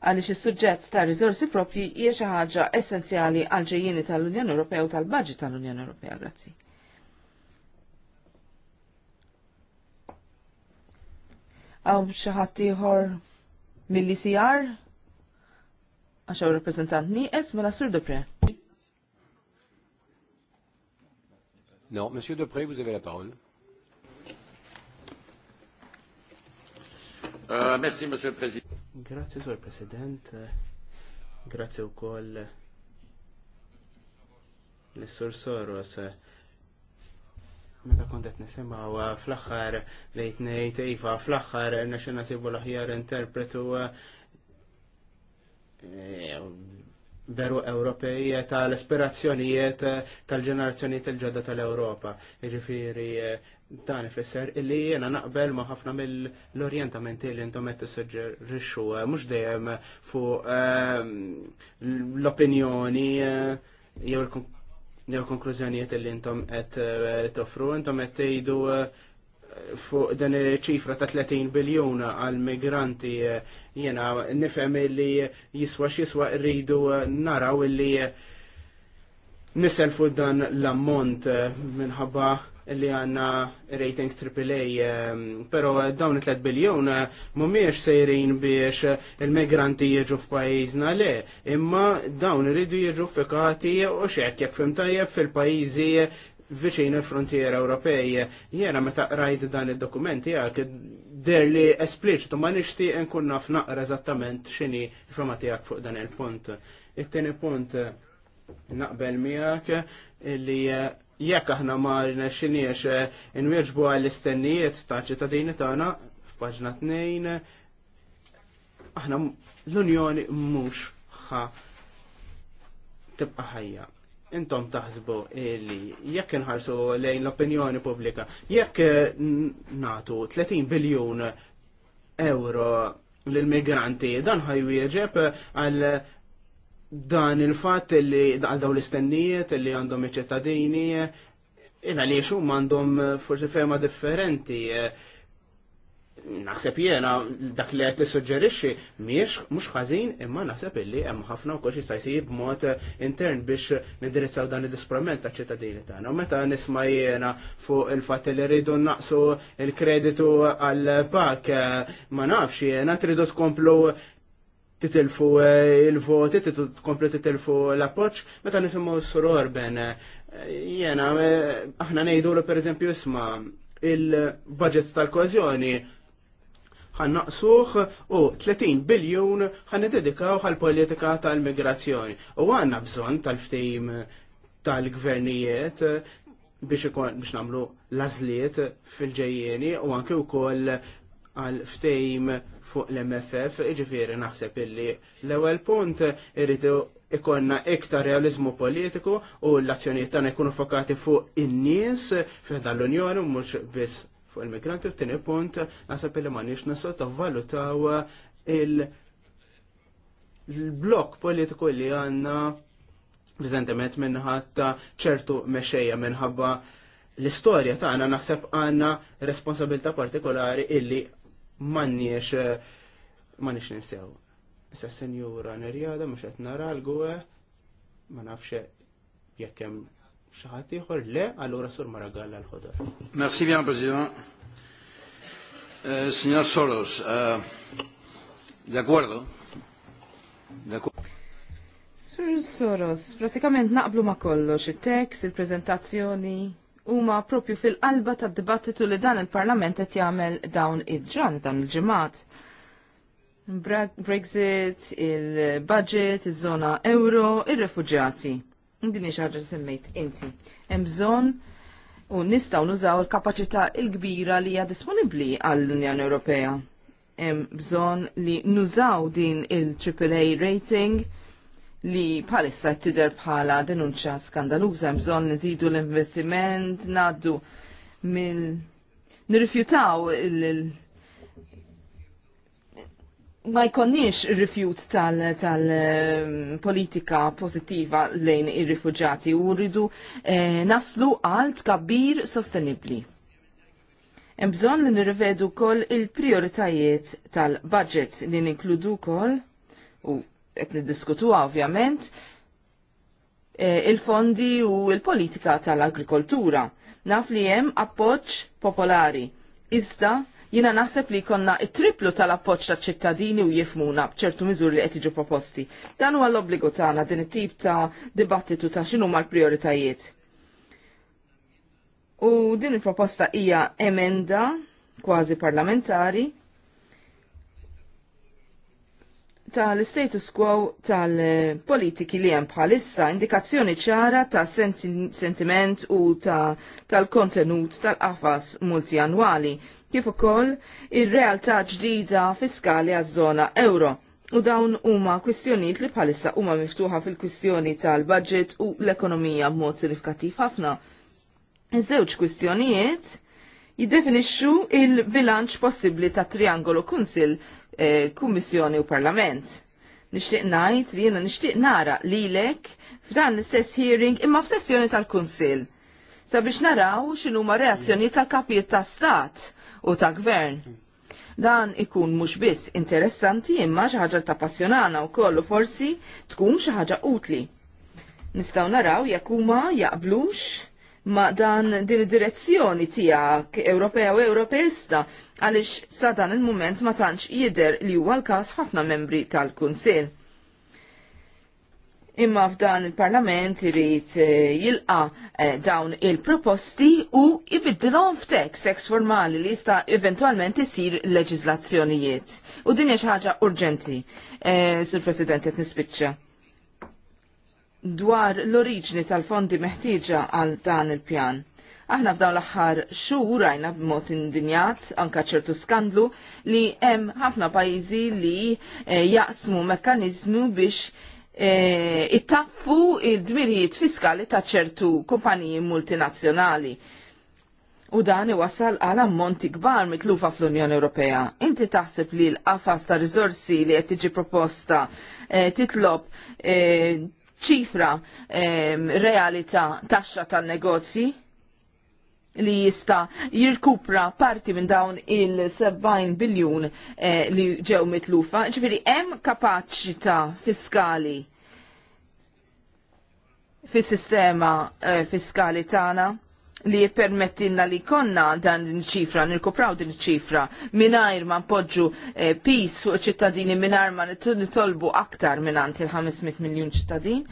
Speaker 2: għaliex is-suġġett ta' riżorsi propji hija xi ħaġa essenzjali għal ġejjieni tal-Unjoni Ewropea u tal-Baġit tal-Unjoni Ewropea. Grazzi. Għaw xaħat iħor mill-ICR? Għaxaw reprezentant niqes mela Sur Dupre.
Speaker 3: No, Monsieur Dupre, vous avez la parole.
Speaker 2: Uh, merci, Monsieur le Président.
Speaker 1: Grazie, le Président. Grazie u koll l sorsoros Soros Meta kont qed nisimgħu eh, fl-aħħar lejt ngħid iva fl-aħħar irna nasibu l-aħjar interpretu eh, veru Ewropej tal-aspirazzjonijiet eh, tal-ġenerazzjonijiet il-ġodda tal-Ewropa. Jiġifieri dan ifisser illi jiena naqbel ma' ħafna mill-orjentamenti li intom qed tissuġġerixxu mhux dejjem fuq l-opinjoni jew il-kunkun. Jew konklużjonijiet li intom qed eh, toffru, intom qed tgħidu eh, fuq dan ċifra ta' 30 biljun għal migranti eh, jena nifhem li jiswa x'jiswa rridu naraw illi niselfu fuq dan l-ammont minħabba li għanna rating AAA, ehm, pero dawn it 3 biljon eh, mumiex sejrin biex il-migranti jieġu f'pajizna le, imma dawn iridu jieġu fikati u xek jek fimtajjeb fil-pajizi viċin il-frontiera Ewropej. Jena meta rajt dan id-dokumenti għak der li espliċtu ma nixti nkun naf naqra eżattament xini informatijak fuq dan il-punt. It-teni punt naqbel miegħek li jekk aħna ma rnexxinix eh, inwieġbu għall-istennijiet ta' ċittadini tagħna f'paġna tnejn aħna l-Unjoni mhux ħa tibqa' ħajja. Intom taħsbu li jekk inħarsu lejn l-opinjoni pubblika, jekk eh, natu 30 biljun euro l-migranti, dan ħajwieġeb għal dan il-fat li għal daw l-istennijiet li għandhom iċ-ċittadini jena li xum għandhom eh, forsi ferma differenti. Eh, naħseb jena dak li għed suġġerixxi miex mhux ħażin imma naħseb illi hemm ħafna u wkoll jista' jsir b'mod eh, intern biex nidrizzaw dan id-disprament ta' ċittadini tagħna. U meta nisma' jiena fuq il-fatt li rridu naqsu il-kreditu għal pak ma nafx jiena tridu tkomplu titilfu eh, il-voti, titkompli titilfu l-appoċ, meta nisimgħu Sur ben, eh, Jena, eh, aħna ngħidu per eżempju isma il-budget tal-kozjoni naqsuħ u 30 biljun ħannededikaw għal-politika tal-migrazzjoni. U għanna bżon tal ftim tal-gvernijiet biex ikon biex namlu lażliet fil-ġejjeni u anke wkoll għal ftejm fuq l-MFF, iġifiri naħseb illi l-ewel punt irridu ikonna iktar realizmu politiku u l-azzjonijiet tagħna jkunu fokati fuq in-nies fejn dal-Unjoni mhux biss fuq il-migranti u t-tieni punt naħseb illi m'għandniex nisottovalutaw il- l-blok politiku li għanna Viżentiment minnħatta ċertu mexejja minħabba l-istorja tagħna naħseb għandna responsabilità partikolari illi manniex eh, manniex ninsew. Issa senjura nerjada mux qed nara l-gwe ma nafx jekk hemm xi ħadd ieħor le allura sur Maragalla l-ħodor. Merci bien President. Eh, signor Soros, eh, de acuerdo. De acuerdo.
Speaker 2: Sur Soros, pratikament naqblu ma kollox, il-tekst, il-prezentazzjoni, huma propju fil-qalba tad-dibattitu li dan il-Parlament qed jagħmel dawn il-ġran dan il-ġimgħat. Brexit, il-budget, iż-żona euro, ir-refuġjati. Din hija ħaġa semmejt inti. Hemm bżonn u nistgħu nużaw il-kapaċità l-kbira li hija disponibbli għall-Unjoni Ewropea. Hemm bżonn li nużaw din il-AAA rating li palissa tider bħala denunċa skandaluża bżon nżidu l-investiment, naddu mill nirrifjutaw il- ma jkonniex rifjut tal-politika tal pozittiva lejn ir-rifuġati u rridu eh, naslu għal tkabbir sostenibli. Hemm bżonn li nirrivedu wkoll il-prioritajiet tal-budget li ninkludu wkoll u qed niddiskutuha ovvjament, e, il-fondi u il-politika tal-agrikoltura. Naf li hemm appoġġ popolari. Iżda jina naħseb li konna it-triplu tal-appoċ ta' ċittadini u jifmuna bċertu miżur li qed proposti. Dan huwa l-obbligu tagħna din it-tip ta' dibattitu ta' x'inhu mal-prioritajiet. U din il-proposta hija emenda kważi parlamentari tal-status quo tal-politiki li hemm bħalissa indikazzjoni ċara ta' sentiment u tal-kontenut tal-qafas multianwali kif ukoll ir-realtà ġdida fiskali għaż-żona euro. U dawn huma kwistjonijiet li bħalissa huma miftuħa fil-kwistjoni tal-budget u l-ekonomija b'mod sinifikattiv ħafna. Iż-żewġ kwistjonijiet jiddefinixxu il-bilanċ possibbli ta' triangolo kunsil Eh, kummissjoni u Parlament. Nixtieq ngħid li jiena nixtieq nara lilek f'dan l-istess hearing imma f'sessjoni tal-Kunsill sabiex naraw x'inhuma reazzjoni tal-kapijiet ta' stat u ta' gvern. Dan ikun mhux biss interessanti imma xi ħaġa passjonana wkoll kollu forsi tkun xi ħaġa utli. Nistgħu naraw jekk huma jaqblux ma dan din id-direzzjoni tiegħek Ewropea u Ewropeista għaliex sa dan il-mument ma tantx jidher li huwa l-każ ħafna membri tal-Kunsill. Imma f'dan il-Parlament irid eh, jilqa eh, dawn il-proposti u ibiddilhom f'tek seks formali li jista' eventwalment isir leġizlazzjonijiet. U din hija xi ħaġa urġenti, eh, Sur President qed nispiċċa dwar l-oriġni tal-fondi meħtieġa għal dan il-pjan. Aħna f'dawn l-aħħar xhur rajna b'mod indinjat anka ċertu skandlu li hemm ħafna pajjiżi li e, jaqsmu mekkaniżmu biex e, ittaffu id-dmirijiet fiskali ta' ċertu kumpaniji multinazzjonali. U dan iwasal għal ammonti kbar mitlufa fl-Unjoni Ewropea. Inti taħseb li l-qafas ta' rizorsi li qed tiġi proposta e, titlob ċifra ehm, realita taxxa tan-negozji li jista jirkupra parti minn dawn il-70 biljun eh, li ġew mitlufa. Ġifiri, hemm kapaċità fiskali fis-sistema eh, fiskali tagħna li jippermettilna li konna dan din ċifra, nirkupraw din ċifra, mingħajr ma npoġġu eh, pis fuq ċittadini mingħajr ma nitolbu aktar minnant il-500 miljun ċittadin.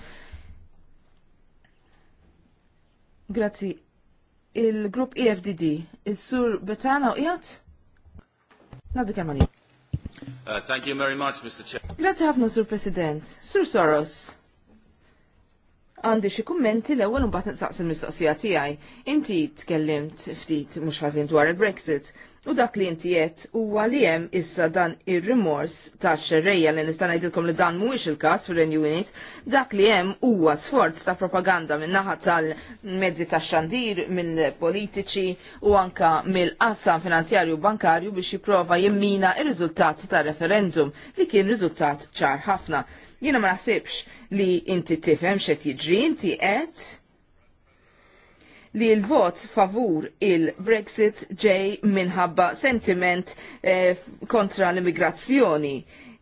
Speaker 2: Grazzi. Il-grupp EFDD, il-sur Betana u jgħat? Nadi Kermani.
Speaker 4: Uh, thank you very much, Mr. Chair. Grazie
Speaker 2: ħafna, Sur President. Sur Soros. Għandi xi kummenti l-ewwel mbagħad saqs il mistoqsija tiegħi. Inti tkellimt ftit mhux ħażin dwar il-Brexit u dak li inti jett huwa li hemm issa dan ir-rimors ta' xerreja li nista' ngħidilkom li dan mhuwiex il-każ fil renju Unit, dak li hemm huwa sforz ta' propaganda min naħa tal-mezzi tax-xandir mill-politiċi u anka mill-qassam finanzjarju bankarju biex jipprova jimmina il-rizultat tar referendum li kien riżultat ċar ħafna. Jena ma naħsibx li inti tifhem xed jiġri, inti qed li l-vot favur il-Brexit ġej minħabba sentiment eh, kontra l-immigrazzjoni.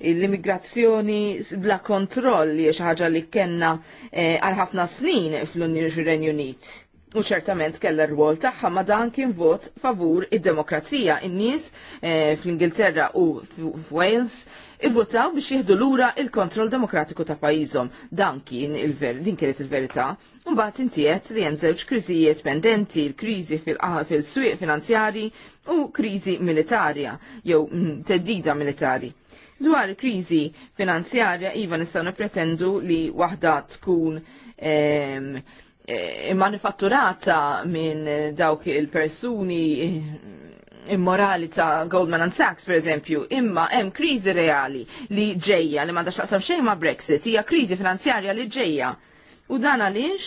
Speaker 2: L-immigrazzjoni bla kontroll li xi ħaġa li kellna eh, għal eh, ħafna snin fl-Renju Unit. U ċertament kella r-rwol tagħha ma dan kien vot favur id-demokrazija. In-nies eh, fl-Ingilterra u f'Wales ivvutaw biex jieħdu lura il-kontroll demokratiku ta' pajjiżhom. Dan kien il din kienet il-verità. Mbagħad intiet li hemm żewġ kriżijiet pendenti, l kriżi ah, fil-swieq fil finanzjari u kriżi militarja jew mm, teddida militari. Dwar kriżi finanzjarja iva nistgħu nippretendu li waħda tkun eh, manifatturata minn dawk il-persuni eh, immorali ta' Goldman and Sachs per eżempju, imma hemm kriżi reali li ġejja li m'għandax taqsam xejn ma' Brexit, hija kriżi finanzjarja li ġejja. U dan għaliex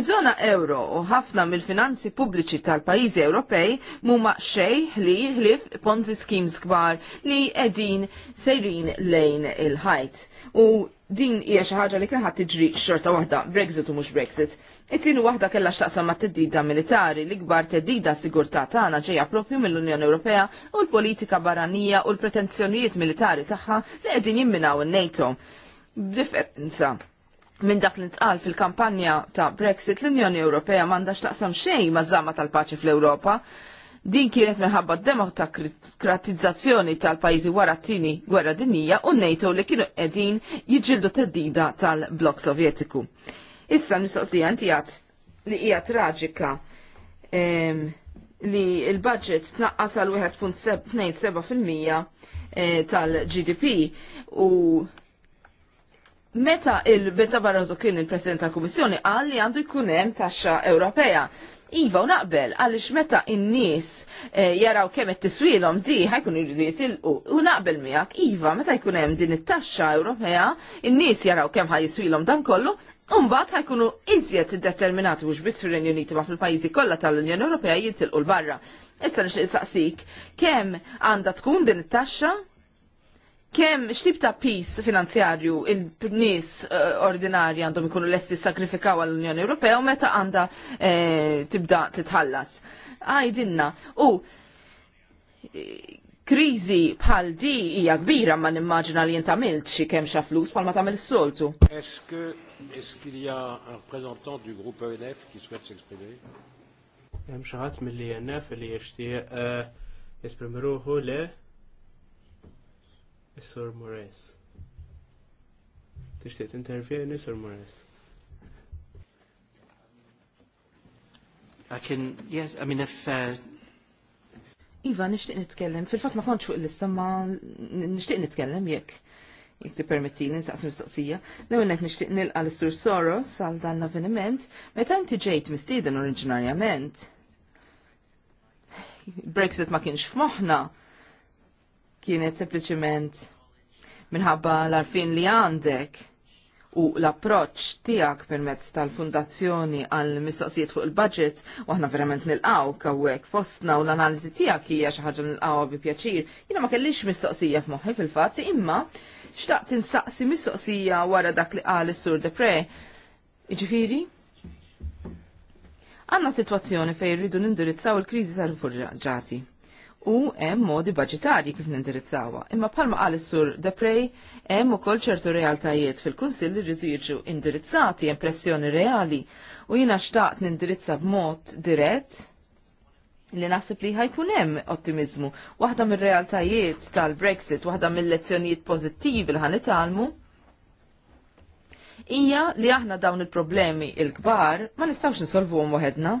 Speaker 2: iż-żona euro u ħafna mill-finanzi pubbliċi tal-pajjiżi Ewropej mhuma xej li ħlif ponzi schemes kbar li qegħdin sejrin lejn il-ħajt u din hija xi ħaġa li kien ħadd tiġri xorta waħda Brexit u mhux Brexit. It-tieni waħda kellha x'taqsam ma' teddida militari li kbar teddida sigurtà tagħna ġejja proprju mill-Unjoni Ewropea u l-politika barranija u l-pretenzjonijiet militari tagħha li qegħdin jimminaw in-NATO. Differenza minn dak li tqal fil-kampanja ta' Brexit l-Unjoni Ewropea m'għandha x'taqsam xejn maż-żama tal-paċi fl-Ewropa Din kienet minħabba demokratizzazzjoni tal-pajjiżi wara t-tieni gwerra dinija u NATO li kienu qegħdin t-dida tal-Blok Sovjetiku. Issa mistoqsija tijat li hija traġika li il-budget tnaqqas għal 1.27% eh, tal-GDP u Meta il-Beta Barroso kien il-President tal-Kummissjoni għalli li għandu jkun hemm taxxa Ewropea. Iva, u naqbel, għalix meta in-nies eh, jaraw kemm qed tiswilhom di ħajkun jridu jitilqu. U naqbel miegħek, iva, meta jkun hemm din it-taxxa Ewropea, in-nies jaraw kemm ħajjiswilhom dan kollu, Umbat ħajkunu iżjed determinati mhux biss fir-Renju Uniti ma fil-pajjiżi kollha tal-Unjoni Ewropea jinsilqu l-barra. Issa nixtieq saqsik kemm għandha tkun din it-taxxa kemm x'tib ta' pis finanzjarju il-nies eh, ordinarji għandhom ikunu lesti sakrifikaw għall-Unjoni Ewropea u meta għandha eh, tibda titħallas. Għajdinna, u krizi bħal di hija kbira ma nimmaġina li jenta milt xi kemm xa flus bħal ma tagħmel is-soltu.
Speaker 1: Est-ce li est-ce du grupp ENF qui souhaite s'exprimer? Hemm xi ħadd mill enf li jixtieq eh, esprimi ruħu le sur Mores. Tixtieq intervjeni, Sur Mores. I can, yes, I mean if uh,
Speaker 2: Iva, nishtiq nitkellem. Fil-fat ma kontx fuq l-lista, ma nishtiq nitkellem jekk. Jek ti permetti li nsaqsim mistoqsija. L-għunet nishtiq nilqa l-sur Soros għal dan l-avveniment, meta inti ġejt mistieden oriġinarjament. Brexit ma kienx f'moħna, kienet sempliciment minħabba l-arfin li għandek u l-approċ tijak permezz tal-fundazzjoni għal mistoqsijiet fuq il-budget u aħna verament nilqaw kawwek fostna u l-analizi tijak hija xi ħaġa nilqaw bi pjaċir. Jiena ma kellix mistoqsija f'moħħi fil-fatt imma xtaqt insaqsi mistoqsija wara dak li qal is-Sur Depre. Iġifieri? Għanna situazzjoni fejn rridu nindirizzaw il-kriżi tal-rifuġġati u hemm modi budgetarji kif nindirizzawha. Imma palma qal is-sur Deprej hemm ukoll ċertu realtajiet fil-Kunsill li rridu jiġu indirizzati hemm pressjoni reali u jiena xtaqt nindirizza b'mod dirett li naħseb li ħajkun hemm ottimizmu. Waħda mir-realtajiet tal-Brexit, waħda mill-lezzjonijiet pożittivi li ħanitalmu hija li aħna dawn il-problemi il-kbar ma nistgħux insolvuhom waħedna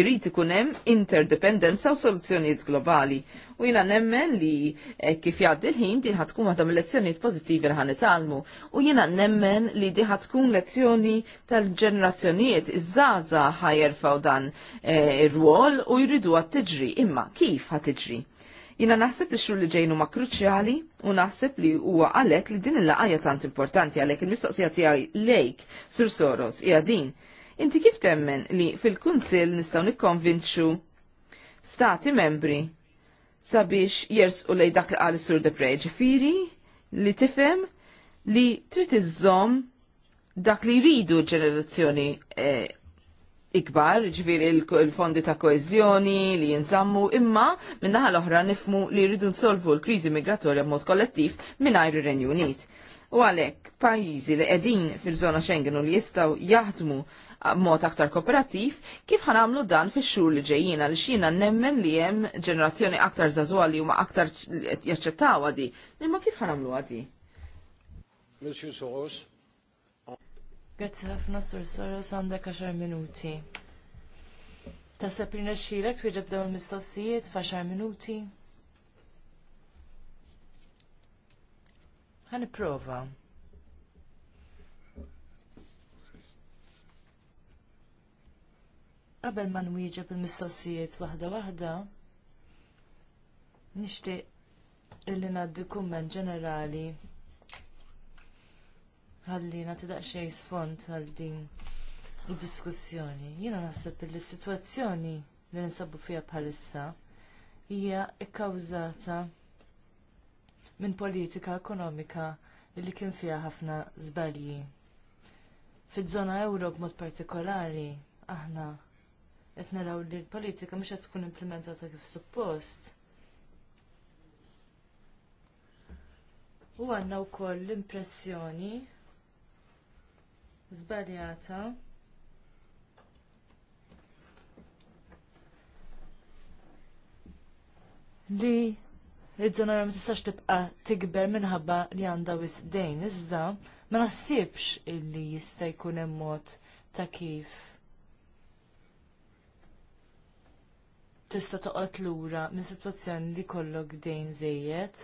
Speaker 2: Irrid ikun hemm interdependenza u soluzzjonijiet globali. U jiena nemmen li eh, kif jgħaddi l-ħin din ħad tkun waħda mill-lezzjonijiet pożittivi li ħan italmu. U jiena nemmen li di ħad tkun lezzjoni tal-ġenerazzjonijiet iż-żaża ħajerfaw dan eh, ir-rwol u jridu għat tiġri. Imma kif ħad tiġri? Jina naħseb li xur li ġejnu ma kruċjali u naħseb li huwa għalek li din il-laqajja tant importanti għalek il-mistoqsija tiegħi lejk Sur Soros hija din Inti kif temmen li fil-Kunsil nistgħu nikkonvinċu stati membri sabiex jersqu lej dak li qal sur Deprej ġifieri li tifhem li trid iżżomm dak li jridu ġenerazzjoni eh, ikbar, ġviri il-fondi ta' koezjoni li jinżammu, imma minnaħa l-oħra nifmu li rridu nsolvu l-krizi migratorja b'mod kollettiv mingħajr ir-Renju Unit. U għalhekk pajjiżi li qegħdin fil-żona Schengen u li jistgħu jaħdmu mod aktar kooperattiv, kif ħanamlu dan fi xhur li ġejjina li xina nemmen li hemm ġenerazzjoni aktar zazuwa li huma aktar jaċċettaw għadi. Imma kif ħanamlu għadi?
Speaker 4: Monsieur Soros. Grazie ħafna Sur Soros għandek 10 minuti. Ta li nexxilek twieġeb dawn il-mistoqsijiet f'għaxar minuti. Ħaniprova. prova. Qabel ma nwieġeb il-mistoqsijiet waħda waħda, nixtieq illi ngħaddi kumment ġenerali ħalli nagħti daqsxejn sfond għal din id-diskussjoni. Jiena naħseb li s-sitwazzjoni li ninsabu fiha bħalissa hija kkawżata minn politika ekonomika li kien fiha ħafna żbalji. Fiż-żona Ewro b'mod partikolari aħna qed naraw li l-politika mhux qed tkun implementata kif suppost. U għandna wkoll l-impressjoni żbaljata li id-żonora ma tistax tibqa tikber minħabba li għandha wisdejn. Iżda ma naħsibx illi jista' jkun hemm mod ta' kif tista' toqgħod lura minn sitwazzjoni li jkollok dejn żejjed.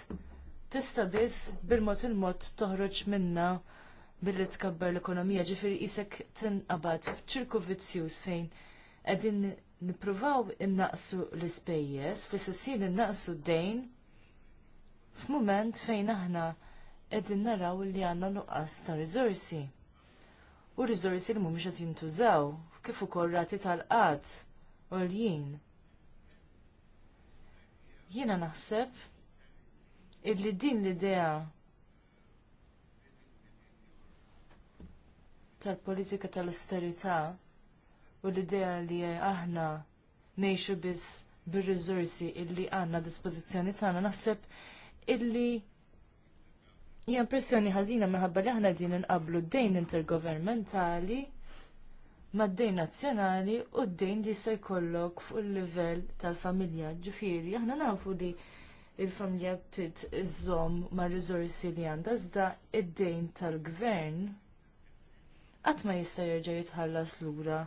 Speaker 4: Tista' biss bil-mod il-mod toħroġ minna billi tkabbar l-ekonomija ġifieri isek tinqabad f'ċirku vizzjuż fejn qegħdin nippruvaw innaqsu l-ispejjeż fl-istessin innaqsu d-dejn f'mument fejn aħna qegħdin naraw li għandna nuqqas ta' riżorsi. U riżorsi li mhumiex qed jintużaw kif ukoll rati tal-qatt u l-jien Jiena naħseb illi din l-idea tal-politika tal-austerità u l-idea li aħna nejxu biss bir-riżorsi illi għandna dispożizzjoni tagħna naħseb illi hija impressjoni ħażina minħabba li aħna din inqablu d-dejn intergovernmentali mad-dejn nazzjonali u d-dejn li se jkollok fuq il-livell tal-familja. Ġifieri, aħna nafu li il-familja ftit iżżomm mar riżorsi li għandha iżda id-dejn tal-gvern qatt ma jista' jerġa' jitħallas lura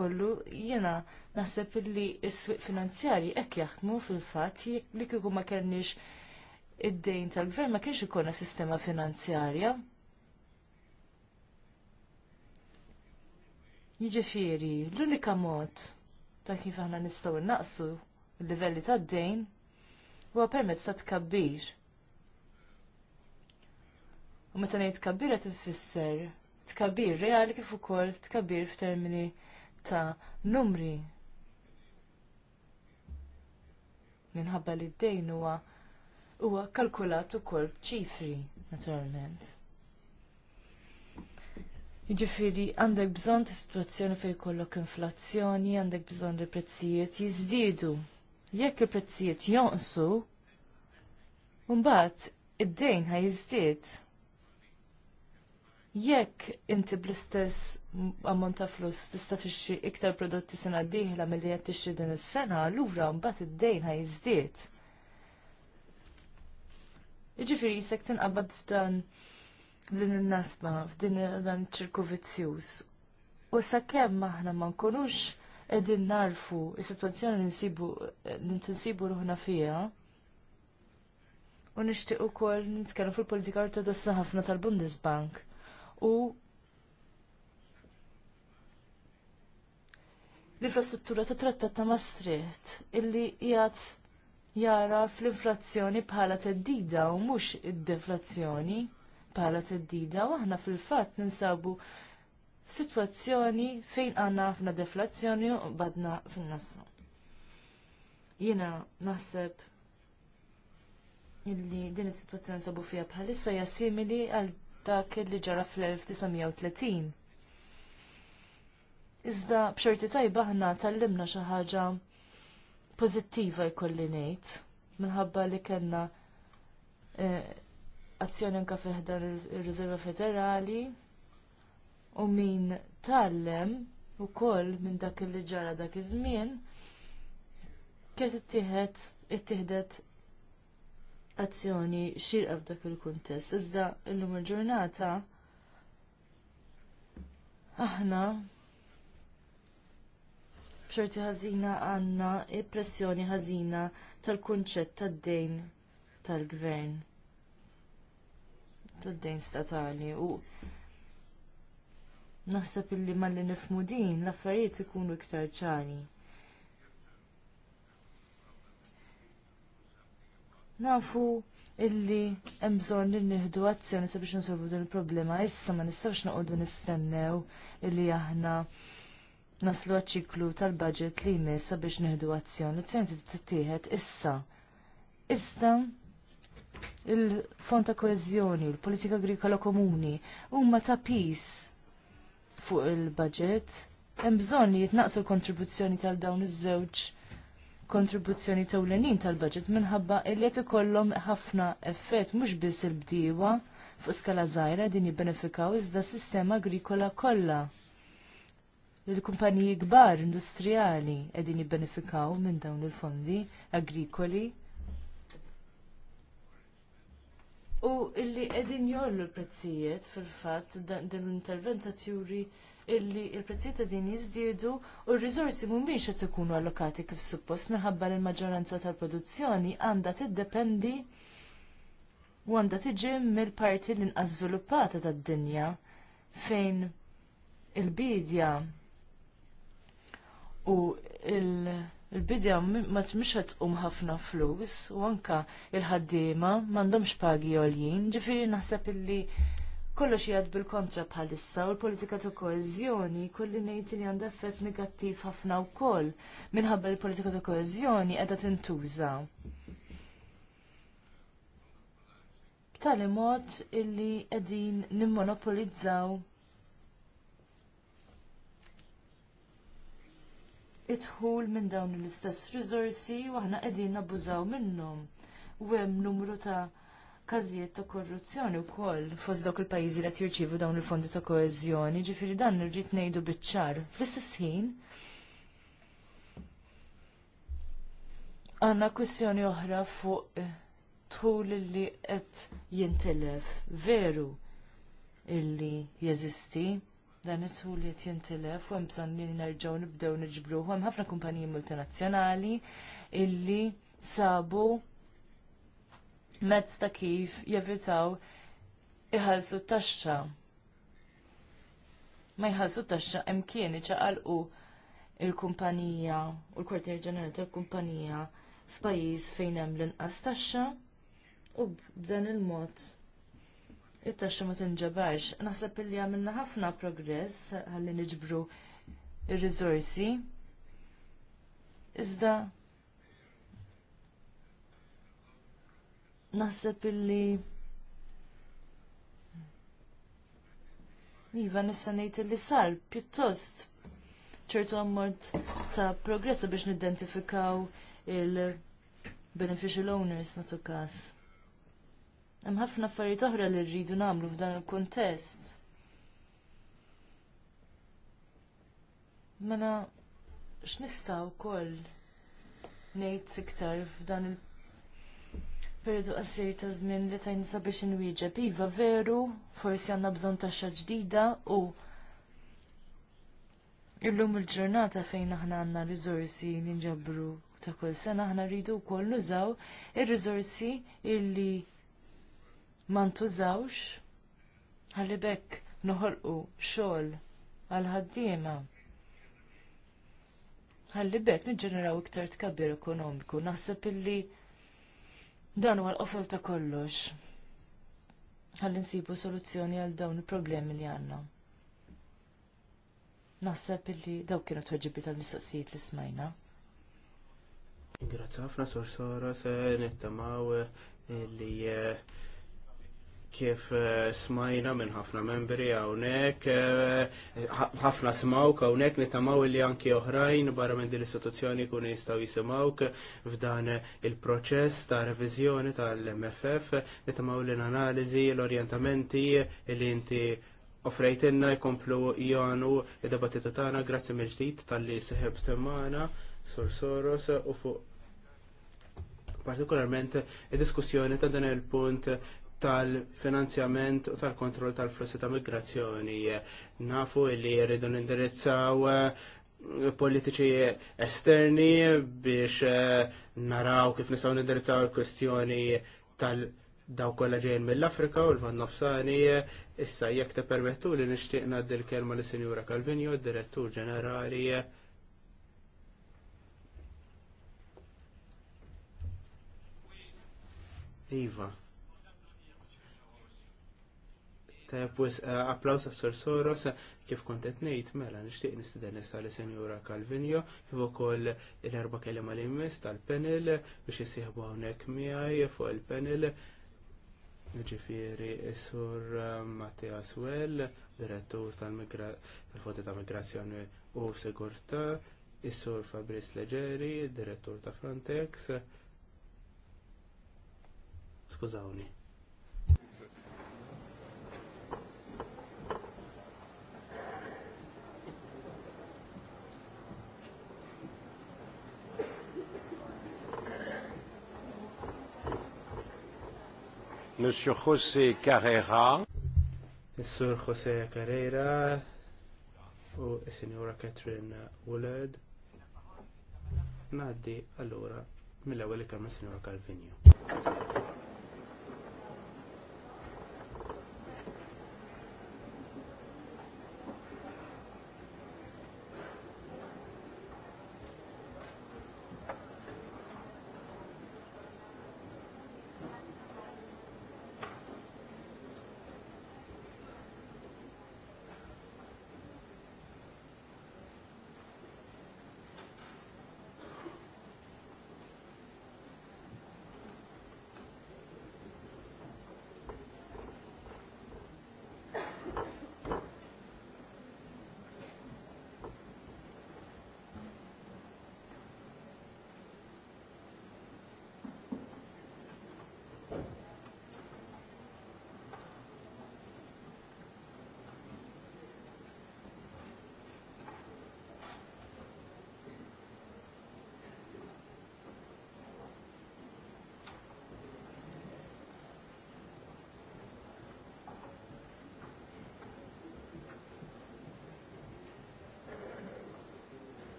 Speaker 4: kollu jiena naħseb li s-swieq finanzjarji hekk jaħdmu fil-fatt li kieku ma kellniex id-dejn tal-gvern ma kienx ikollna sistema finanzjarja. Jiġifieri, l-unika mod ta' kif aħna nistgħu innaqsu l-livelli tad dejn huwa permezz ta' tkabbir. U meta ngħid tkabbir qed ifisser tkabbir reali kif ukoll tkabbir f'termini ta' numri minħabba li d-dejn huwa huwa kalkulat ukoll b'ċifri, naturalment. Jiġifieri għandek bżonn ta' sitwazzjoni fejn jkollok inflazzjoni, għandek bżonn li prezzijiet jiżdiedu. Jekk il-prezzijiet jonqsu, mbagħad id-dejn ħajżdied jekk inti bl-istess ammont ta' flus tista' tixtri iktar prodotti sena d-dieħla milli qed tixtri din is-sena, allura mbagħad id-dejn jizdid. Jiġifieri jisek tinqabad f'dan din il-nasba, f'din dan ċirku vizzjuż. U sakemm aħna ma nkunux qegħdin narfu is-sitwazzjoni li nsibu li ruħna fiha. U nixtieq ukoll nitkellem fil-politika ortodossa ħafna tal-Bundesbank. U l-infrastruttura ta' trattat ta' Maastricht illi jgħat jara fl-inflazzjoni bħala teddida u mhux id-deflazzjoni bħala teddida u aħna fil-fatt ninsabu f'sitwazzjoni fejn għanna ħafna deflazzjoni u badna fin-nassa. Jiena naħseb illi din is-sitwazzjoni sabu fiha bħalissa hija simili għal dak li ġara fl-1930. Iżda b'xorti tajba aħna tallimna xi ħaġa pożittiva jkolli ngħid minħabba li kellna eh, azzjoni anke feħda ir-Riserva Federali u min tallem ukoll minn dak li ġara dak iż-żmien kienet ittieħed ittieħdet azzjoni xirqa f'dak il-kuntest. Iżda llum il-ġurnata aħna b'xorti ħażina għandna il-pressjoni ħażina tal-kunċett tad-dejn tal-gvern. tal kunċett tad dejn tal gvern tad-dejn statali u naħseb illi malli nifmu din l-affarijiet ikunu iktar ċari. Nafu illi hemm bżonn li nieħdu azzjoni sabiex insolvu din il-problema issa ma nistax noqogħdu nistennew illi aħna naslu għaċ-ċiklu tal-budget li jmiss sabiex nieħdu azzjoni, azzjoni tittieħed issa il-fond ta' koezjoni, il-politika agrikola komuni, huma ta' pis fuq il-budget, hemm bżonn li jitnaqsu l-kontribuzzjoni tal-dawn iż-żewġ kontribuzzjoni ta'wlenin tal-budget minħabba li qed ikollhom ħafna effett mhux biss il-bdiewa fuq skala żgħira din jibbenefikaw iżda s-sistema agrikola kollha. Il-kumpaniji kbar industrijali qegħdin jibbenefikaw minn dawn il-fondi agrikoli u illi qegħdin jorlu l-prezzijiet fil-fatt din l-intervent juri illi il-prezzijiet qegħdin jiżdiedu u r-riżorsi mhumiex qed ikunu allokati kif suppost minħabba li l-maġġoranza tal-produzzjoni għandha tiddependi u għandha tiġi mill-parti l-inqas żviluppata tad-dinja fejn il-bidja u il- il-bidja ma t um ħafna flus u anka il-ħaddima m'għandhomx pagi għoljin, ġifiri naħseb illi kollox jgħad bil-kontra bħalissa u l-politika ta' koezjoni kolli ngħid li għandha effett negattiv ħafna wkoll minħabba l-politika ta' koezjoni qiegħda intuża B'tali mod illi qegħdin nimmonopolizzaw idħul minn dawn l-istess rizorsi u aħna qegħdin nabbużaw minnhom. U hemm numru ta' każijiet ta' korruzzjoni wkoll fost dawk il-pajjiżi li qed jirċievu dawn il-fondi ta' koeżjoni, ġifieri dan irrid ngħidu biċ-ċar. Fl-istess ħin għandna kwistjoni oħra fuq tul li qed jintilef veru illi jeżisti dan it-tul li jintilef u hemm bżonn li nerġgħu nibdew niġbruh. Hemm ħafna kumpaniji multinazzjonali illi sabu mezz ta' kif jevitaw iħallsu t-taxxa. Ma jħallsu t-taxxa imkien iċaqalqu il-kumpanija u l-kwartier ġenerali tal-kumpanija f'pajjiż fejn hemm l-inqas taxxa u b'dan il-mod it ma tinġabarx. Naħseb illi għamilna ħafna progress ħalli niġbru r riżorsi Iżda naħseb illi Iva nista' ngħid li sar pjuttost ċertu ammont ta' progressa biex nidentifikaw il-beneficial owners natu każ. Hemm ħafna affarijiet oħra li rridu nagħmlu f'dan il-kuntest. Mela x'nista' wkoll ngħid iktar f'dan il- periodu qasir ta' żmien li tajn sabiex inwieġeb iva veru, forsi għandna bżonn ta' xa ġdida u illum il-ġurnata fejn aħna għandna riżorsi li nġabru ta' kull sena aħna rridu wkoll nużaw ir-riżorsi illi ma ntużawx ħalli bekk noħolqu xogħol għal ħaddiema ħalli bekk niġġeneraw iktar tkabbir ekonomiku. Naħseb illi dan huwa l-qofol ta' kollox. Ħalli nsibu soluzzjoni għal dawn il-problemi li għandna. Naħseb illi daw kienu tħoġibi tal-mistoqsijiet li smajna.
Speaker 1: Grazie ħafna sor sora se eh, nittamaw eh, li kif eh, smajna minn ħafna membri hawnhekk, eh, ħafna smawk hawnhekk nitamaw li anki oħrajn barra minn din l-istituzzjoni jkunu jistgħu jisimawk f'dan eh, il-proċess ta' reviżjoni tal-MFF, nitamaw li l-analiżi, l-orjentamenti li inti offrejtinna jkomplu jgħanu id-debattitu tagħna grazzi mill-ġdid tal-li seħeb temmana sur Soros u fuq partikolarment id-diskussjoni ta' dan il-punt tal-finanzjament u tal-kontroll tal-flussi ta' migrazzjoni. Nafu li jridu nindirizzaw eh, politiċi esterni biex eh, naraw kif nisaw nindirizzaw il-kwestjoni tal- daw kolla ġejn mill-Afrika u l van nofsani issa jekk te permettu li nixtieq ngħaddi l-kelma lis sinjura Calvinio, direttur ġenerali Iva. Pwis eh, applaus għas Soros kif kontet nejt, mela nishtiq nistiden nista li senjura Calvinio, kif ukoll l-erba kelima li mis tal-panel biex jisihbu għonek miħaj fuq il-panel. Ġifieri s-sur eh, Mattia Swell, direttur tal-Fondi ta' migrazjoni u sigurta is-sur Fabrice Leggeri, direttur ta' Frontex. Skużawni. Monsieur José Carrera. Monsieur José Carrera u Signora Catherine Woolard. Naddi allura mill-ewwel kemm Signora Calvinio.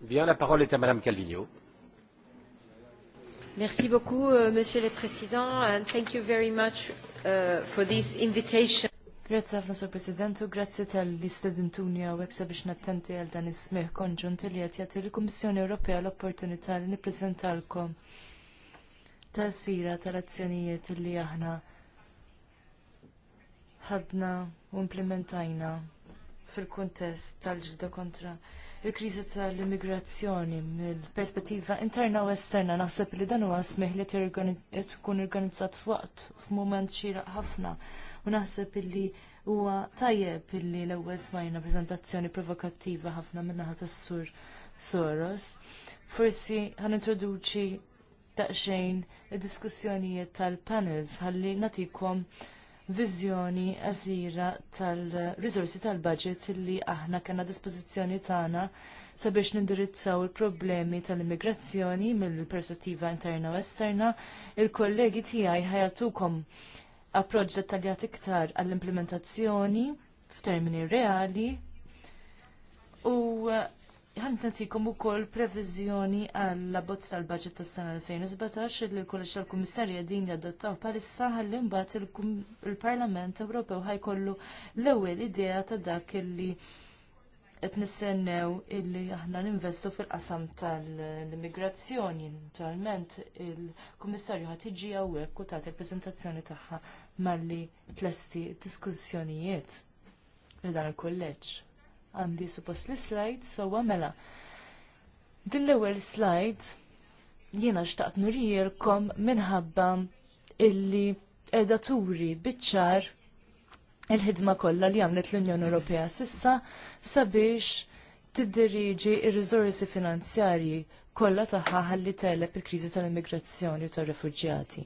Speaker 1: Bien,
Speaker 3: la parole est à Madame Calvino. Merci beaucoup, euh, Monsieur le Président, and thank you very much uh, for this invitation. Grazie għafna, Sur
Speaker 4: Presidentu, grazie tal-istedintuni għaw eksa biex nattenti għal dan ismiħ konġunt li għat jgħati l-Kommissjoni Ewropea l-opportunità li niprezentalkom tal-sira tal-azzjonijiet li aħna ħadna u implementajna fil-kuntest tal-ġilda kontra il-kriżi tal-immigrazzjoni mill-perspettiva interna u esterna naħseb li dan huwa smih li tkun organizzat f'waqt f'mument xieraq ħafna u naħseb li huwa tajjeb li l-ewwel smajna preżentazzjoni provokattiva ħafna min-naħa tas-sur Soros. Forsi ħan introduċi daqsxejn id-diskussjonijiet tal-panels ħalli natikom viżjoni għażira tal-riżorsi tal-budget li aħna kena dispożizzjoni tagħna sabiex nindirizzaw il-problemi tal-immigrazzjoni mill-perspettiva interna u esterna, il-kollegi tiegħi ħajatukom approċċ dettaljat iktar għall-implementazzjoni f'termini reali u ħantantikom u kol previżjoni għall bozz tal-budget tas sena 2017 li l-kolleġ tal-Kummissarja din jadottaw palissa ħalli mbagħad il-Parlament Ewropew ħajkollu l-ewwel idea ta' dak li qed nistennew illi aħna ninvestu fil-qasam tal-immigrazzjoni. Naturalment il-Kummissarju ħadd tiġi hawnhekk u tagħti l-preżentazzjoni tagħha malli tlesti diskussjonijiet li dan il-kulleġġ għandi suppost li slide, sewwa mela. Din l-ewwel slide jiena xtaqt nurijilkom minħabba illi edaturi turi biċ-ċar il-ħidma kollha li għamlet l-Unjoni Ewropea sissa sabiex tiddiriġi ir-riżorsi finanzjarji kollha tagħha ħalli telep il-kriżi tal-immigrazzjoni u tar-refuġjati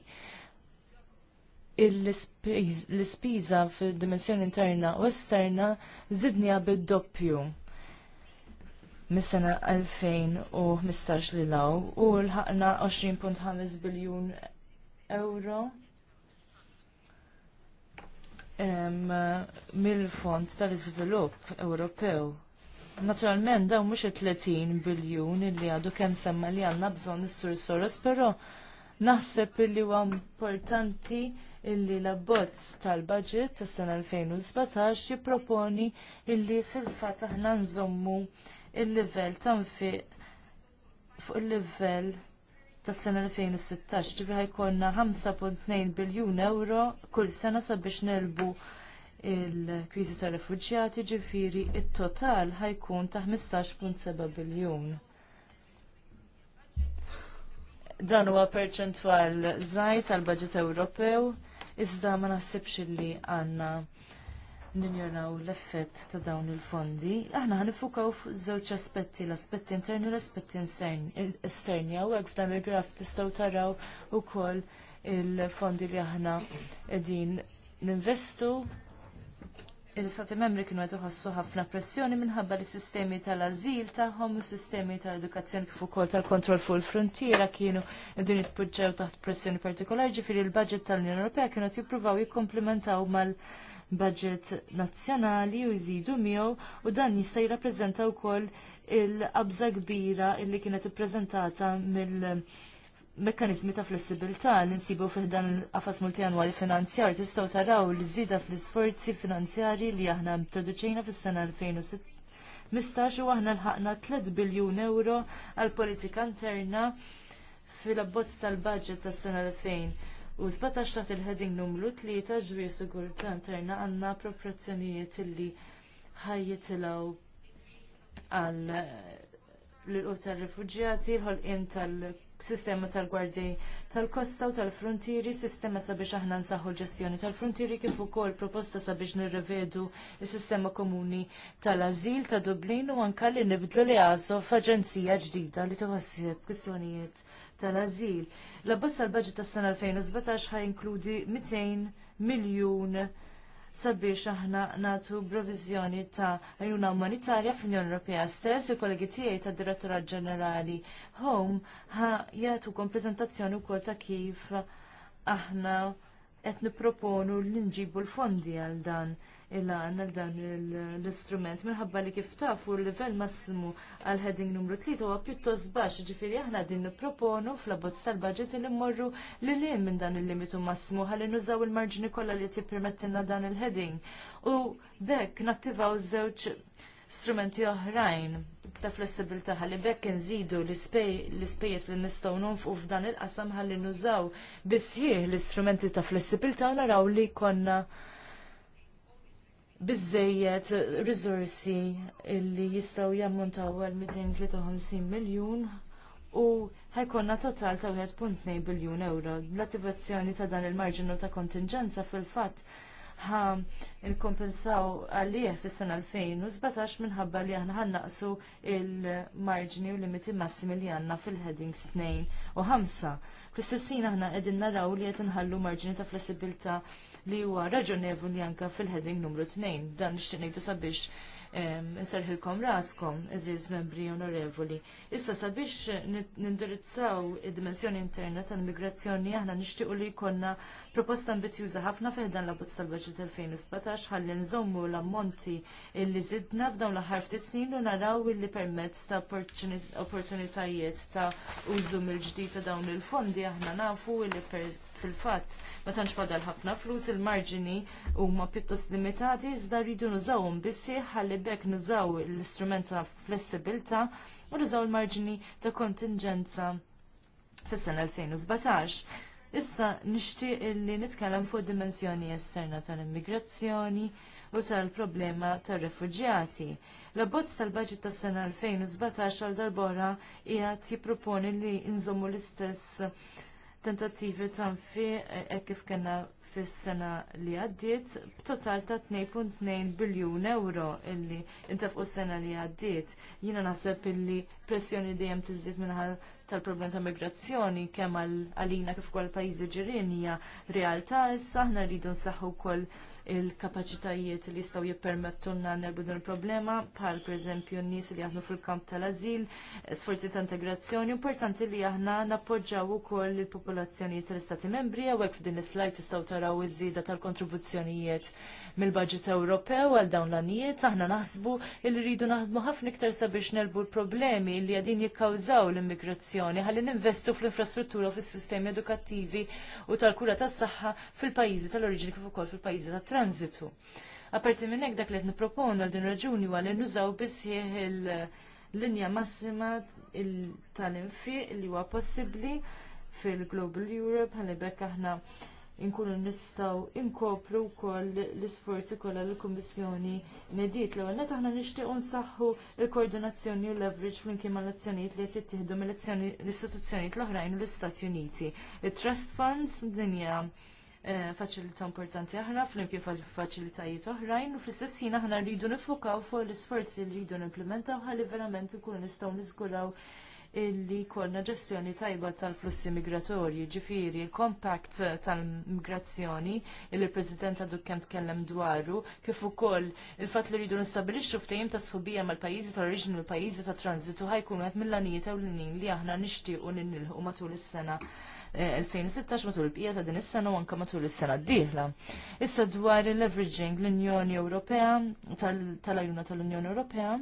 Speaker 4: l ispiża fil-dimensjoni interna u esterna zidnija bid-doppju mis-sena 2015 li law u l-ħakna 20.5 biljun euro mill-Fond tal-Iżvilupp Ewropew. Naturalment dawn mhux 30 biljun li għadu kemm semma li għandna bżonn is-Sur Soros, però naħseb li huwa importanti illi l-abbozz tal-budget tas sena 2017 jipproponi illi fil-fatt aħna nżommu il-livell ta' fuq il-livell tas sena 2016 ġifri ħajkonna 5.2 biljun euro kull sena sabiex nelbu il-kriżi tar refuġjati ġifiri il-total ħajkun ta' 15.7 biljun. Dan huwa perċentwal żgħir tal-Baġit Ewropew iżda ma naħsibx li għandna ninjoraw l-effett ta' dawn il-fondi, aħna ħanifukaw f'żewġ aspetti, l-aspetti interni u l-aspetti esterni, u għek f'dan il-graf tistaw taraw ukoll il-fondi li aħna qegħdin ninvestu il istati membri kienu qed iħossu ħafna pressjoni minħabba li sistemi tal-azil tagħhom u sistemi tal-edukazzjoni kif ukoll tal-kontroll fuq il-frontiera kienu qegħdin jitpoġġew taħt pressjoni partikolari ġifieri l-budget tal-Unjoni Ewropea kienu qed jippruvaw jikkomplimentaw mal-budget nazzjonali u jżidu miegħu u dan jista' jirrappreżenta wkoll il-qabża kbira illi kienet ippreżentata mill- mekkanizmi ta' flessibilità li nsibu fih dan l qafas multijanwali finanzjar tistgħu taraw li żida fl-isforzi finanzjarji li aħna introduċejna fis-sena 2015 u aħna lħaqna 3 biljun euro għal politika interna fil-abbozz tal-budget tas-sena 2017 taħt il-heading numru 3 ġwir sigurtà interna għandna proporzjonijiet illi ħajjitilgħu għal l-qut tal-refuġjati, l-ħolqien tal- sistema tal-gwardi tal-kosta u tal-frontieri, sistema sabiex aħna nsaħħu l-ġestjoni tal-frontieri kif ukoll proposta sabiex nirrevedu is-sistema komuni tal-azil ta' Dublin u anke li nibdlu li għaso f'aġenzija ġdida li toħassib kwistjonijiet tal-azil. l abbass tal budget tas-sena 2017 inkludi 200 miljun sabiex aħna natu provizjoni ta' għajnuna umanitarja fl-Unjoni Ewropea stess, il-kollegi tiegħi tad direttorat Ġenerali Home ha jagħtukom preżentazzjoni wkoll ta' kif aħna qed nipproponu li nġibu l-fondi għal dan il għanna għal dan l-istrument minħabba li kif taf u l-level massimu għal heading numru 3 huwa pjuttost baxx, ġifiri aħna din nipproponu fl-abbozz tal-budget li mmorru li lin minn dan il-limitu massimu ħalli nużaw il-marġini kollha li jippermettilna dan il-heading. U bekk nattivaw żewġ strumenti oħrajn ta' flessibilta ħalli bekk nżidu l-ispejjeż li nistgħu nonfqu f'dan il-qasam ħalli nużaw bisħieħ l-istrumenti ta' flessibilta' u naraw li konna bizzejiet rizorsi illi jistaw jammontaw għal 253 miljon u ħajkonna total ta' 1.2 biljun euro. L-attivazzjoni ta' dan il-marġinu ta' kontingenza fil-fatt ħa il-kompensaw għalih fis-sena 2017 minħabba li aħna ħannaqsu il-marġni u limiti massimi li għandna fil-headings 2 u 5. fl istessina aħna qegħdin naraw li qed inħallu marġni ta' flessibilta' li huwa raġonevoli anke fil-heading numru 2. Dan nixtieq ngħidu sabiex nserħilkom raskom, eżiz membri onorevoli. Issa sabiex nindirizzaw id-dimensjoni interna tal-migrazzjoni aħna nixtiequ li jkollna proposta mbitjuża ħafna fiħdan la bozz tal-budget 2017 ħalli nżommu l-ammonti illi zidna f'dawn l-aħħar ftit snin u naraw illi permezz ta' opportunitajiet ta' użu mill-ġdid ta' dawn il-fondi aħna nafu illi per fil-fatt ma tantx fadal ħafna flus il-marġini huma pjuttost limitati iżda rridu nużawhom bissi ħalli bekk nużaw l-istrument ta' flessibilità u nużaw il-marġini ta' kontingenza fis-sena 2017. Issa nixtieq li nitkellem fuq dimensjoni esterna tal-immigrazzjoni u tal-problema tar-refuġjati. L-abbozz tal-baġit tas sena 2017 għal darbora hija jipproponi li nżommu l-istess tentativi ta' nfi e, e kif kena fis-sena li għaddiet b'total ta' 2.2 biljun euro illi intafqu s-sena li għaddiet. Jiena naħseb illi pressjoni dejjem tiżdied minħal tal problem ta' migrazzjoni kemm għalina kif ukoll pajjiżi ġirien hija realtà issa aħna rridu nsaħħu wkoll il-kapaċitajiet li jistgħu jippermettuna nerbu din il-problema bħal pereżempju n-nies li jaħdmu fil-kamp tal-ażil, sforzi ta' integrazzjoni, importanti li aħna nappoġġaw ukoll il-popolazzjonijiet tal-Istati Membri hawnhekk f'din is-slajd tistgħu taraw iż-żieda tal-kontribuzzjonijiet mill-budget Ewropew għal dawn l-anijiet, aħna naħsbu li rridu naħdmu ħafna iktar sabiex nelbu l-problemi li għadin jikkawżaw l-immigrazzjoni, ħalli ninvestu fl-infrastruttura u fis-sistemi edukattivi u tal-kura tas-saħħa fil-pajjiżi tal-oriġini kif ukoll fil-pajjiżi tat-transitu. Aparti minn hekk dak li qed nipproponu għal din raġuni għal li nużaw bisħieħ il- linja massima tal-infiq li huwa possibbli fil-Global Europe ħalli bekk aħna inkunu nistgħu inkopru wkoll l-isforzi kollha l-Kummissjoni nediet l ewwel aħna nixtiequ nsaħħu l koordinazzjoni u leverage flimkien mal-azzjonijiet li qed jittieħdu l istituzzjonijiet l-oħrajn u l-Istati Uniti. It-trust funds dinja eh, faċilità importanti aħna fl-impju faċilitajiet oħrajn u fl-istess aħna rridu nifokaw fuq l-isforzi li rridu nimplementaw ħalli verament ikunu nistgħu niżguraw illi jkollna ġestjoni tajba tal-flussi migratorji, ġifiri, il-kompakt tal-migrazzjoni illi l-President għadu kem tkellem dwaru, kif ukoll il-fatt li rridu nistabilixxu ftehim ta' sħubija mal-pajjiżi tal-oriġini u l pajjiżi ta' tranzitu ħajkunu qed mill-għanijiet ewlenin li aħna nixtiequ ninilħu matul is-sena 2016 eh, matul il-bqija ta' din is-sena u anke matul is-sena d-dieħla. Issa dwar il-leveraging l-Unjoni Ewropea tal-ajuna tal-Unjoni Ewropea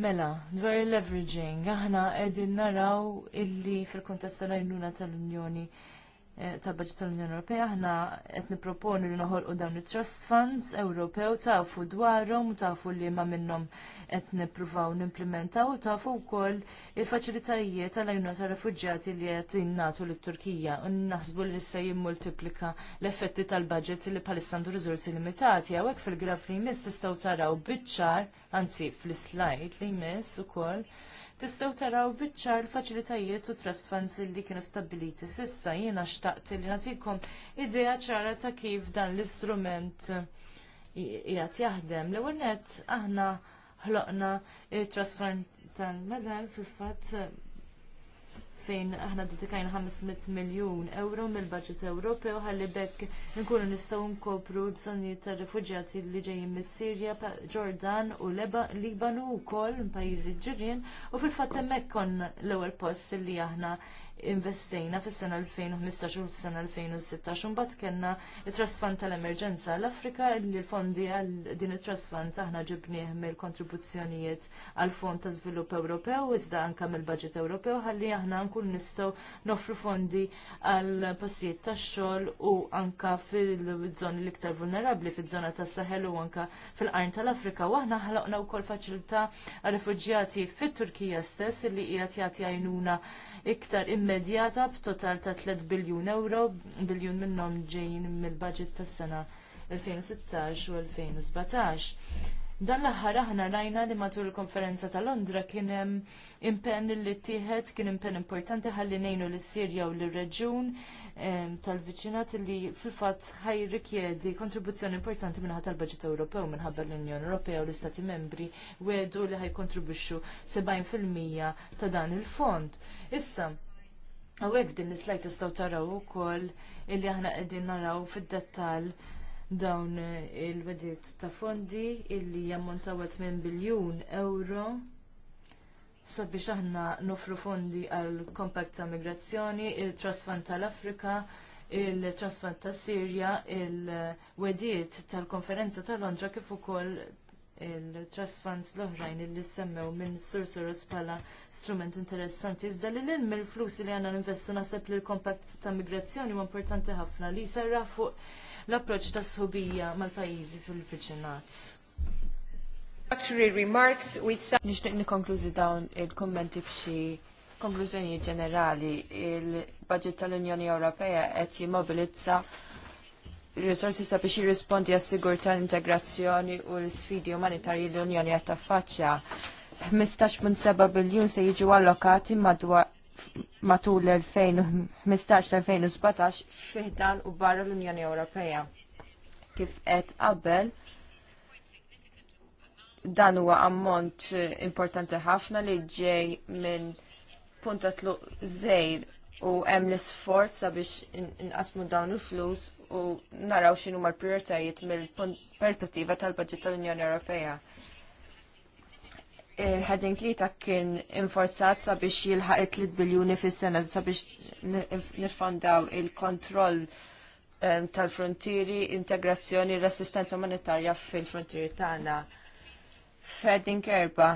Speaker 4: Mela, dwar il-leveraging, aħna qegħdin naraw illi fil-kontest tal-għajnuna tal-Unjoni eh, tal-Budget tal-Unjoni Ewropea, aħna qed nipproponi li noħolqu dawn it-trust funds Ewropew tafu dwarhom u tafu li ma minnhom qed nippruvaw nimplementaw u tafu wkoll il-faċilitajiet għal għajnuna ta' refuġġjati li qed innatu lit-Turkija u naħsbu li se jimmultiplika l-effetti tal-budget li bħalissa għandu riżorsi limitati hawnhekk fil-graf li jmiss tistgħu taraw biċ-ċar, anzi fl islajt li jmiss ukoll tistgħu taraw biċ-ċar faċilitajiet u trust funds li kienu stabbiliti s'issa jiena xtaqt li nagħtikom idea ċara ta' kif dan l-istrument jgħat jaħdem. l ewwel nett aħna ħloqna il trasfrontal medal fil fat eh, fejn aħna dedikajna 500 miljun euro mill-budget Ewropew ħalli bekk nkunu nistgħu nkopru l-bżonnijiet tar-refuġjati li ġejjin mis-Sirja, Ġordan u Libanu wkoll pajjiżi ġirien u fil-fatt hemmhekk konna l-ewwel post li aħna investejna fis-sena 2015 u s-sena 2016 u bat it il-Trust Fund tal-Emerġenza l-Afrika li l-fondi għal din it trust Fund aħna ġibnieh mill-kontribuzzjonijiet għal Fond ta' Zvilupp Ewropew iżda anke mill-Budget Ewropew ħalli aħna nkun nistgħu nofru fondi għal postijiet tax-xogħol u anke fil-żoni l-iktar vulnerabbli fiż-żona tas-Saħel u anke fil-qarn tal-Afrika u aħna ħloqna wkoll faċilità għal rifuġjati fit-Turkija stess li qiegħed jagħti għajnuna iktar immedjata b'total ta' 3 biljun euro, biljun minnhom ġejjin mill-budget tas-sena 2016 u 2017. Dan l-aħħar aħna rajna li matul il-konferenza ta' Londra kien hemm impenn li tieħed kien impenn importanti ħalli ngħinu lis Sirja u lir reġjun tal-viċinat li fil-fatt ħaj rikjedi kontribuzzjoni importanti minnaħa tal-Baġit Ewropew minħabba l-Unjoni Ewropea u l-Istati Membri wedu li ħaj kontribuxxu 70% ta' dan il-fond. Issa, għawek din l-slajt tistaw taraw ukoll illi aħna qegħdin naraw fid-dettall dawn il-wedjiet ta' fondi illi jammontawet 8 biljun euro sabiex aħna nofru fondi għal kompakt ta' migrazzjoni, il-Trust Fund tal-Afrika, il-Trust Fund tas Sirja, il wediet tal-Konferenza ta' Londra kif ukoll il-Trust Funds l-oħrajn li semmew minn Sur pala bħala strument interessanti. Iżda li l-ilm il-flus li għandna investu naħseb li l-kompakt ta' migrazzjoni huwa importanti ħafna li jserra fuq l approċċ ta' sħubija mal pajjiżi fil fiċinat
Speaker 3: Nixtieq nikkonkludi dawn il-kummenti b'xi konklużjoni ġenerali. Il-budget tal-Unjoni Ewropea qed jimmobilizza risorsi sabiex jirrispondi għas sigurtà l-integrazzjoni u l-sfidi umanitarji l-Unjoni qed taffaċċja. 15.7 biljun se jiġu allokati madwar matul l-2015-2017 fiħdan u barra l-Unjoni Ewropea. Kif qed qabel, dan huwa ammont importanti ħafna li ġej minn punta tluq żejr u hemm l-isforz sabiex inqasmu dawn il-flus u naraw x'inhu l-prijoritajiet mill-perspettiva tal budget tal-Unjoni Ewropea. Il-ħadin tlieta kien inforzat sabiex jilħaq 3 biljuni fis-sena sabiex nirfandaw il-kontroll ehm, tal-frontieri, integrazzjoni, r resistenza monetarja fil-frontieri tagħna. Ta F'heading erba'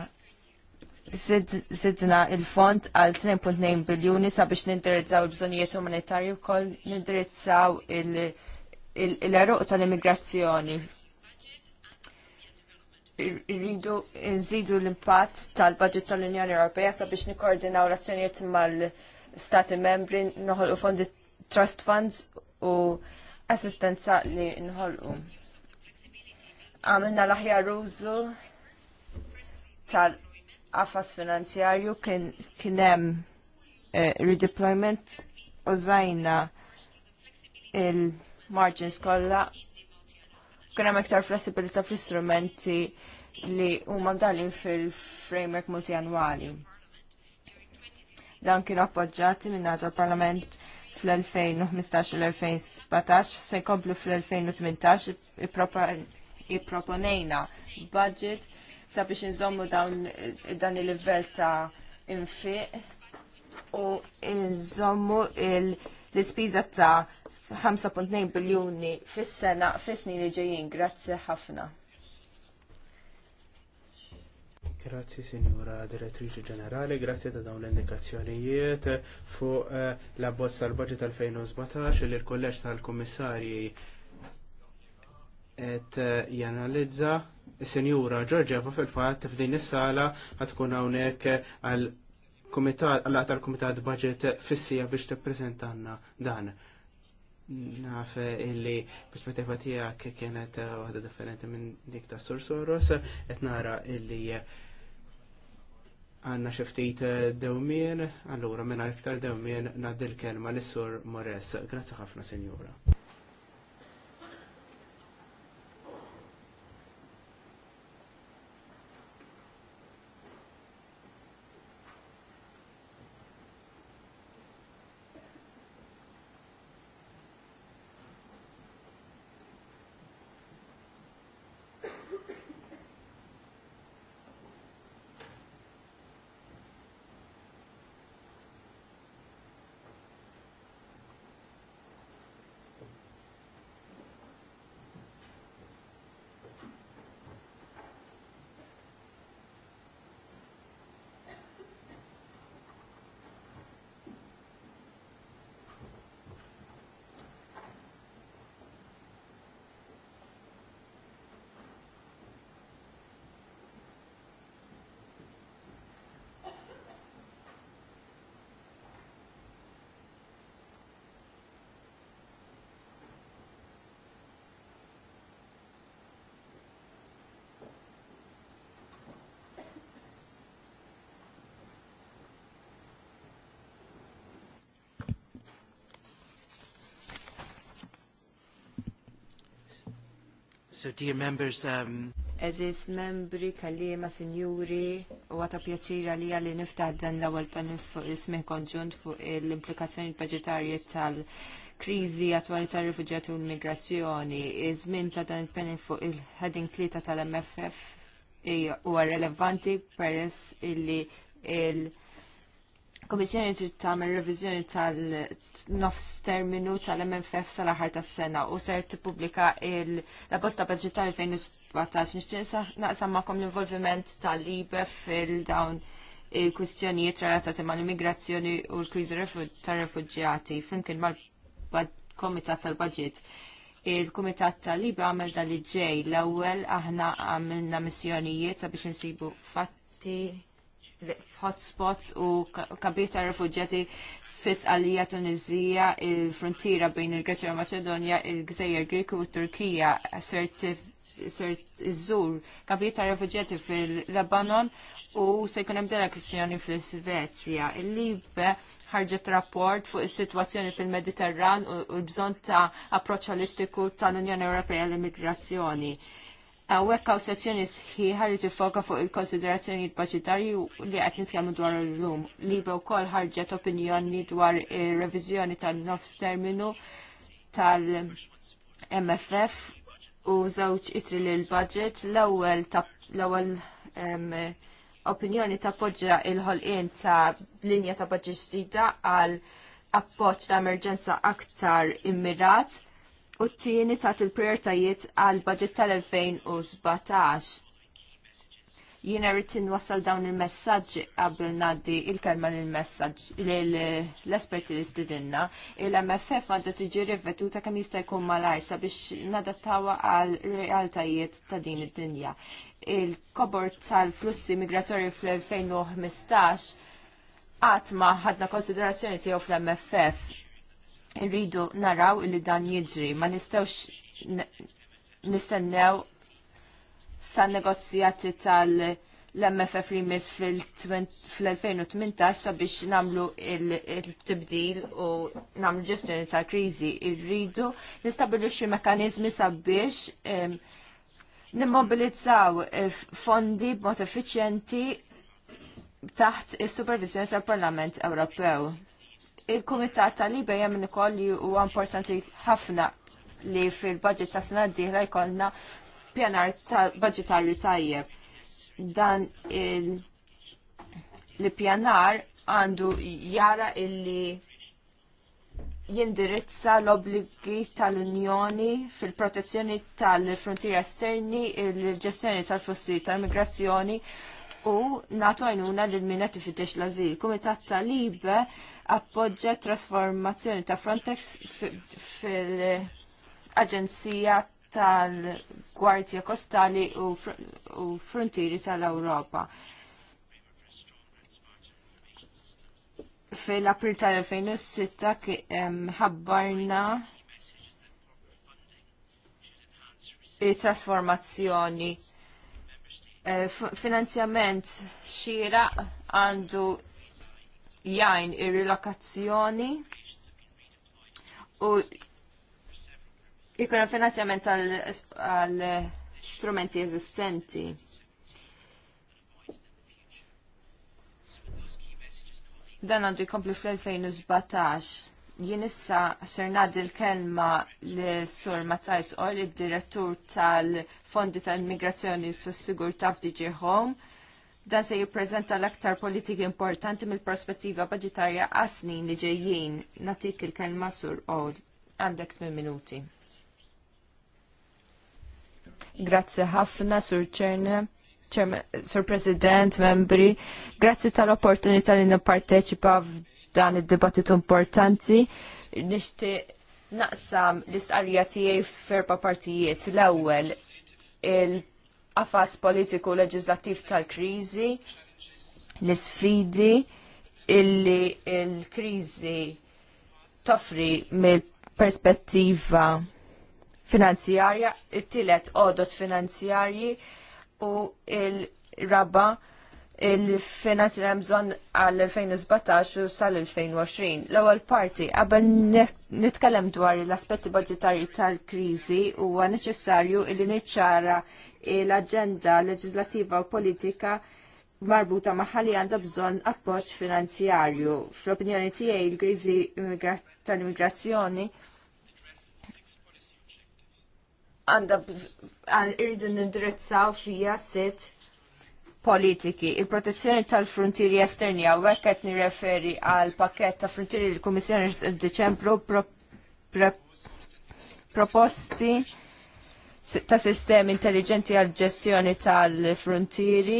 Speaker 3: zidna il-font għal 2.9 biljuni sabiex nindirizzaw il-bżonijiet umanitarju kol nindirizzaw il-eruq tal-immigrazzjoni. Rridu nżidu l-impatt tal-budget tal-Unjoni Ewropea sabiex nikkoordinaw l-azzjonijiet mal-Stati membri noħol u fondi trust funds u assistenza li nħolqu. Għamilna l-aħjar tal-qafas finanzjarju kien hemm uh, redeployment żajna il-margins kollha kien hemm iktar flessibilità fl-istrumenti li huma mdallin fil-framework multianwali. Dan kienu appoġġati minn l parlament fl fl-2015-2017 se jkomplu fl-2018 i-proponejna budget sabiex nżommu dan il level ta' infiq u nżommu l-ispiża ta' 5.2 biljuni fis-sena fis-snin li ġejjin. Grazzi ħafna.
Speaker 1: Grazzi Signora Direttrice Ġenerali, grazie ta' dawn l-indikazzjonijiet fuq eh, l-abbozz tal-budget tal-2017 li l-kolleġ tal-Kummissarji et eh, janalizza Senjura Giorgieva fil-fat f'din is-sala tkun hawnhekk għal kumitat għal tal-kumitat budget fissija biex tippreżentanna dan. Naf illi perspettiva tiegħek kienet waħda differenti minn dik ta' Sur Soros, qed nara illi għanna xiftit dewmien, allura minn iktar dewmien naddil kelma l-Sur Mores. Grazzi ħafna, Senjura. So dear members, um...
Speaker 3: Eżis membri, kallima, sinjuri, u għata pjaċira li għalli niftaħ dan l-ewel panel fuq il-smih konġunt fuq l-implikazzjoni budgetarji tal-krizi attwali tal-rifugjati u l-migrazzjoni. iż ta' dan il-panel fuq il-heading tlieta tal-MFF huwa relevanti peress illi il-, -il Komissjoni trid tagħmel reviżjoni tal-nofs terminu tal-MFF sal-aħħar tas-sena u ser tippubblika la bosta budġetar 2017. Nixtieq naqsam magħkom l-involviment tal-IBE fil-dawn il-kwistjonijiet relatati mal-immigrazzjoni u l-kriżi tar-refuġjati flimkien mal-Komitat tal-Baġit. Il-Kumitat tal-IBE għamel dal-ġej l-ewwel aħna għamilna missjonijiet sabiex insibu fatti hotspots u kabita ta' refugġati fis għalija Tunizija, il frontira bejn il-Greċja u Maċedonja, il-Gżejjer Grik u Turkija, sert iżżur kabir ta' refugġati fil-Lebanon u se jkun hemm delegazzjoni fl-Svezja. Il-Libe ħarġet rapport fuq is-sitwazzjoni fil-Mediterran u l-bżonn ta' approċċ tal-Unjoni Ewropea l-immigrazzjoni. Għawek għaw sezzjoni sħiħa li tifoka fuq il-konsiderazzjoni budgetarji li għet nitkellmu dwar l-lum. Libe u kol ħarġet opinjoni dwar il-revizjoni tal-nofs terminu tal-MFF u zawċ itri li l-budget l-ewel l-ewel opinjoni tappoġġa il-ħolqien ta' linja ta' budget ġdida għal appoġġ ta' emerġenza aktar immirat u t-tieni tat il-prioritajiet għal budget tal-2017. Jiena rrid inwassal dawn il messaġġ qabel ngħaddi il-kelma lill-messaġġ l-esperti li stidinna. Il-MFF għandha tiġi rivetuta kemm jista' jkun malajsa biex nadattawa għal realtajiet ta' din id-dinja. Il-kobor tal-flussi migratorji fl-2015 għatma ħadna konsiderazzjoni tiegħu fl-MFF Irridu naraw li dan jiġri, ma nistgħux nistennew sa negozjati tal-MFF li mis fil-2018 sabiex namlu il-tibdil u namlu ġestjoni tal-krizi. Irridu nistabilu xie mekanizmi sabiex nimmobilizzaw eh, fondi b'mod effiċjenti taħt is-supervizjoni tal-Parlament Ewropew. Il-Kumitat tal-Libe jemmen ukoll li huwa importanti ħafna li fil-budget ta' sena d-dieħla jkollna pjanar budgetarju tajjeb. Dan il- pjanar għandu jara illi jindirizza l-obligi tal-Unjoni fil-protezzjoni tal-frontiera esterni, il-ġestjoni tal-flussi tal-migrazzjoni u natu għajnuna l-minnet fittex l-azil. Kumitat tal-Libe appoġġa trasformazzjoni ta' Frontex fil-Aġenzija tal-Gwardja Kostali u, fr u Frontieri tal-Ewropa. Fil-April tal-2006 ħabbarna trasformazzjoni eh, finanzjament xira għandu Jajn ir-rilokazzjoni u jkun finanzjament għal strumenti eżistenti. Dan għandu jkompli fl-2017 jien issa ser nadi kelma li sur Mazzajs Oll, id-direttur tal-Fondi tal-Immigrazzjoni u sas-Sigur sigurtà f'DG Home Dan se jippreżenta l-aktar politiki importanti mill-prospettiva budgetarja għas-snin li ġejjin. Natik il-kelma sur Owl. Għandek snin minuti. Grazzi ħafna, Sur Ċerne. Sur President, membri, grazzi tal-opportunità li nipparteċipa f'dan id-dibattitu importanti. Nixti naqsam l-istqarrija tiegħi f'erba' partijiet. L-ewwel, il qafas politiku leġislattiv tal-kriżi, l-sfidi illi l-kriżi toffri mill-perspettiva finanzjarja, it-tielet għodot finanzjarji u il-raba il-finanzi li bżonn għal-2017 u sal-2020. L-ewwel parti, qabel nitkellem dwar l-aspetti budgetari tal-kriżi huwa neċessarju li niċċara l-aġenda leġislativa u politika marbuta maħali għandha bżonn appoġġ finanzjarju. Fl-opinjoni tiegħi l-kriżi tal-immigrazzjoni għandha irridu nindirizzaw fija sitt politiki. Il-protezzjoni tal-frontieri esterni għawek qed nirreferi għal pakket ta' frontieri l-Kummissjoni f'Diċembru proposti ta' sistemi intelligenti għal ġestjoni tal-frontieri,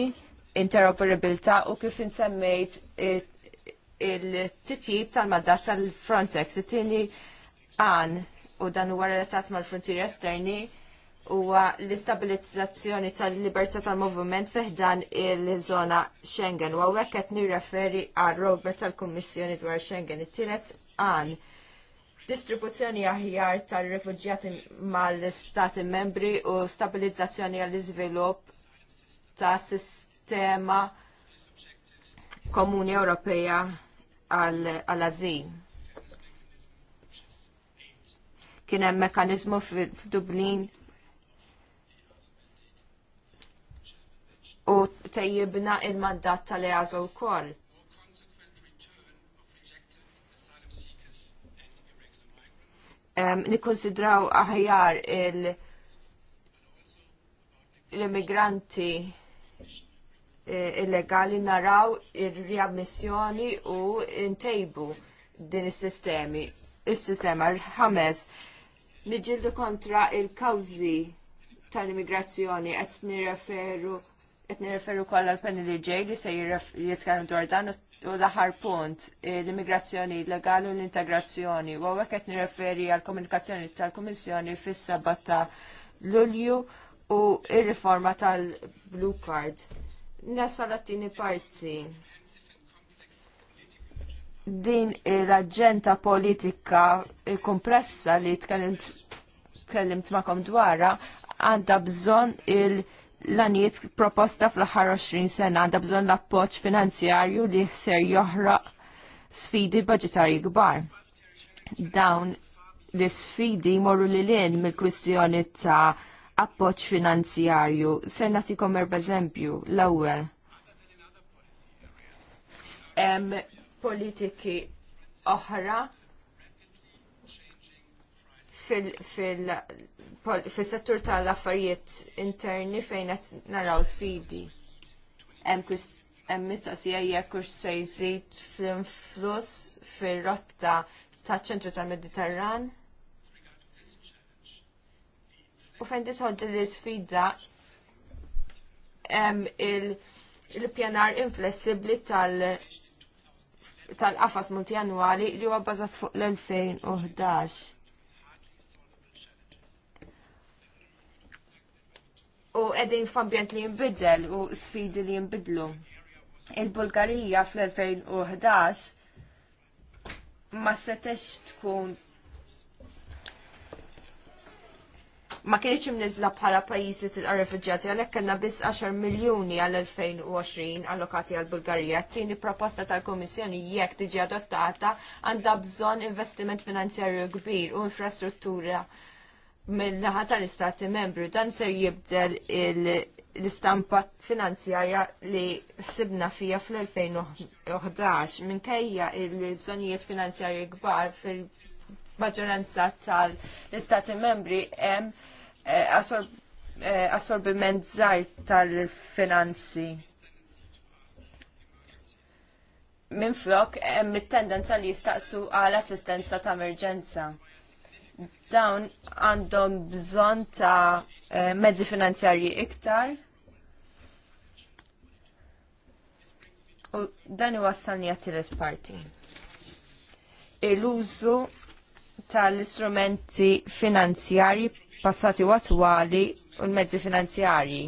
Speaker 3: interoperabilità u kif insemmejt il-titjib tal maddat tal-Frontex. It-tieni għan u dan huwa relatat mal-frontieri esterni huwa l-istabilizzazzjoni tal-libertà tal movement feħdan il-żona Schengen. U għawek qed nirreferi għal robet tal-Kummissjoni dwar Schengen. It-tielet għan distribuzzjoni aħjar tal-refuġjati mal-Stati membri u stabilizzazzjoni għall-iżvilupp ta' sistema komuni Ewropea għall-azil. Kien hemm mekkaniżmu f'Dublin u tejjibna il-mandat tal-EASO wkoll nikonsidraw aħjar l-immigranti illegali naraw il riammissjoni u ntejbu din is-sistemi. il sistema ħames niġildu kontra il-kawżi tal-immigrazzjoni qed nirreferu qed nirreferu kollha l penili li ġej li se jitkellem dwar dan u l-aħar punt, eh, l-immigrazzjoni legali u l-integrazzjoni. U għawek qed nirreferi għal komunikazzjoni tal-Kummissjoni fis-seba ta' Lulju u r riforma tal-Blue Card. Nessa l-attini parti. Din l-agenda politika kompressa li tkellimt ma'kom dwarra, għandha bżonn il- l-għaniet proposta fl aħħar 20 sena għandha bżon l-appoċ finanzjarju li ser joħraq sfidi budgetari gbar. Dawn l sfidi morru li l-in mill-kwistjoni ta' appoċ finanzjarju. Ser natikom erbeżempju l-ewwel. Hemm Politiki oħra fil-, fil fis-settur tal-affarijiet interni fejn qed naraw sfidi. Hemm mistoqsija jekk hux se jżid fl-influss fir-rotta taċ-ċentru tal-Mediterran. U fejn titħodd l-isfida hemm il-pjanar inflessibbli tal- tal-qafas multianwali li huwa bbażat fuq l-2011 u edin f'ambjent li jimbidel u sfidi li jimbidlu. Il-Bulgarija fl-2011 ma setex tkun ma kienx imnizla bħala pajjiż li tilqa' refuġjati għalhekk kellna biss 10 miljuni għal 2020 allokati għal Bulgarija. Tieni proposta tal-Kummissjoni jekk tiġi adottata għandha bżonn investiment finanzjarju kbir u infrastruttura mill-naħa tal-istati membru dan ser jibdel l-istampa finanzjarja li ħsibna fija fl-2011 minkejja il-bżonijiet finanzjarji kbar fil-maġġoranza tal-istati membri hemm eh, eh, assorbiment żgħar tal-finanzi. Minflok hemm it-tendenza li jistaqsu għal assistenza ta' emerġenza dawn għandhom bżonn ta' eh, mezzi finanzjarji iktar. U dan u għassalni tielet parti. Il-użu tal-istrumenti finanzjarji passati u attwali u l-mezzi finanzjarji.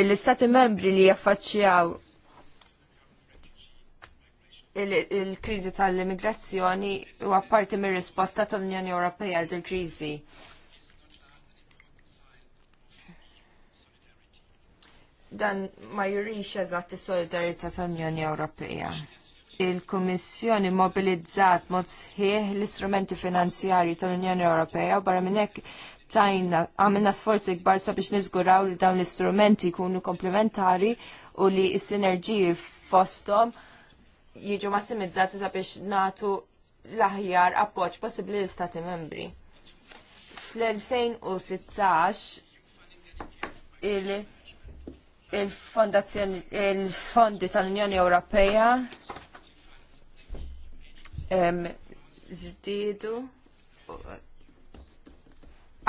Speaker 3: L-istati membri li jaffaċċjaw il-kriżi tal-immigrazzjoni u għapparti mir risposta tal-Unjoni Ewropea għal kriżi Dan ma jurix eżatt is-solidarità tal-Unjoni Ewropea. Il-Kummissjoni mobilizzat mod sħiħ l-istrumenti finanzjarji tal-Unjoni Ewropea u barra minn hekk tajna għamilna sforzi kbar sabiex niżguraw li dawn l-istrumenti jkunu komplementari u li s-sinerġiji fosthom jiġu massimizzati sabiex natu l-aħjar appoġġ possibbli l-Stati membri. Fl-2016 il- il-fondazzjoni il-fondi tal-Unjoni Ewropea ġdidu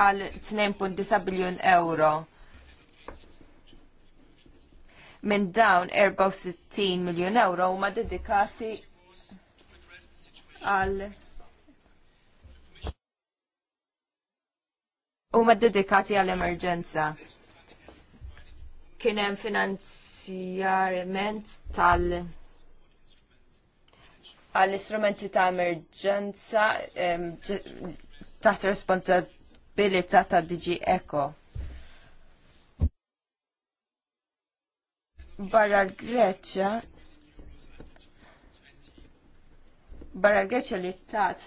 Speaker 3: għal 2.9 biljun euro minn dawn 64 miljon euro huma dedikati għal ma dedikati għal emerġenza. Kien hemm finanzjarment tal għall istrumenti ta' emerġenza taħt responsabilità ta' DG Eco. barra l-Greċja barra l-Greċja li tat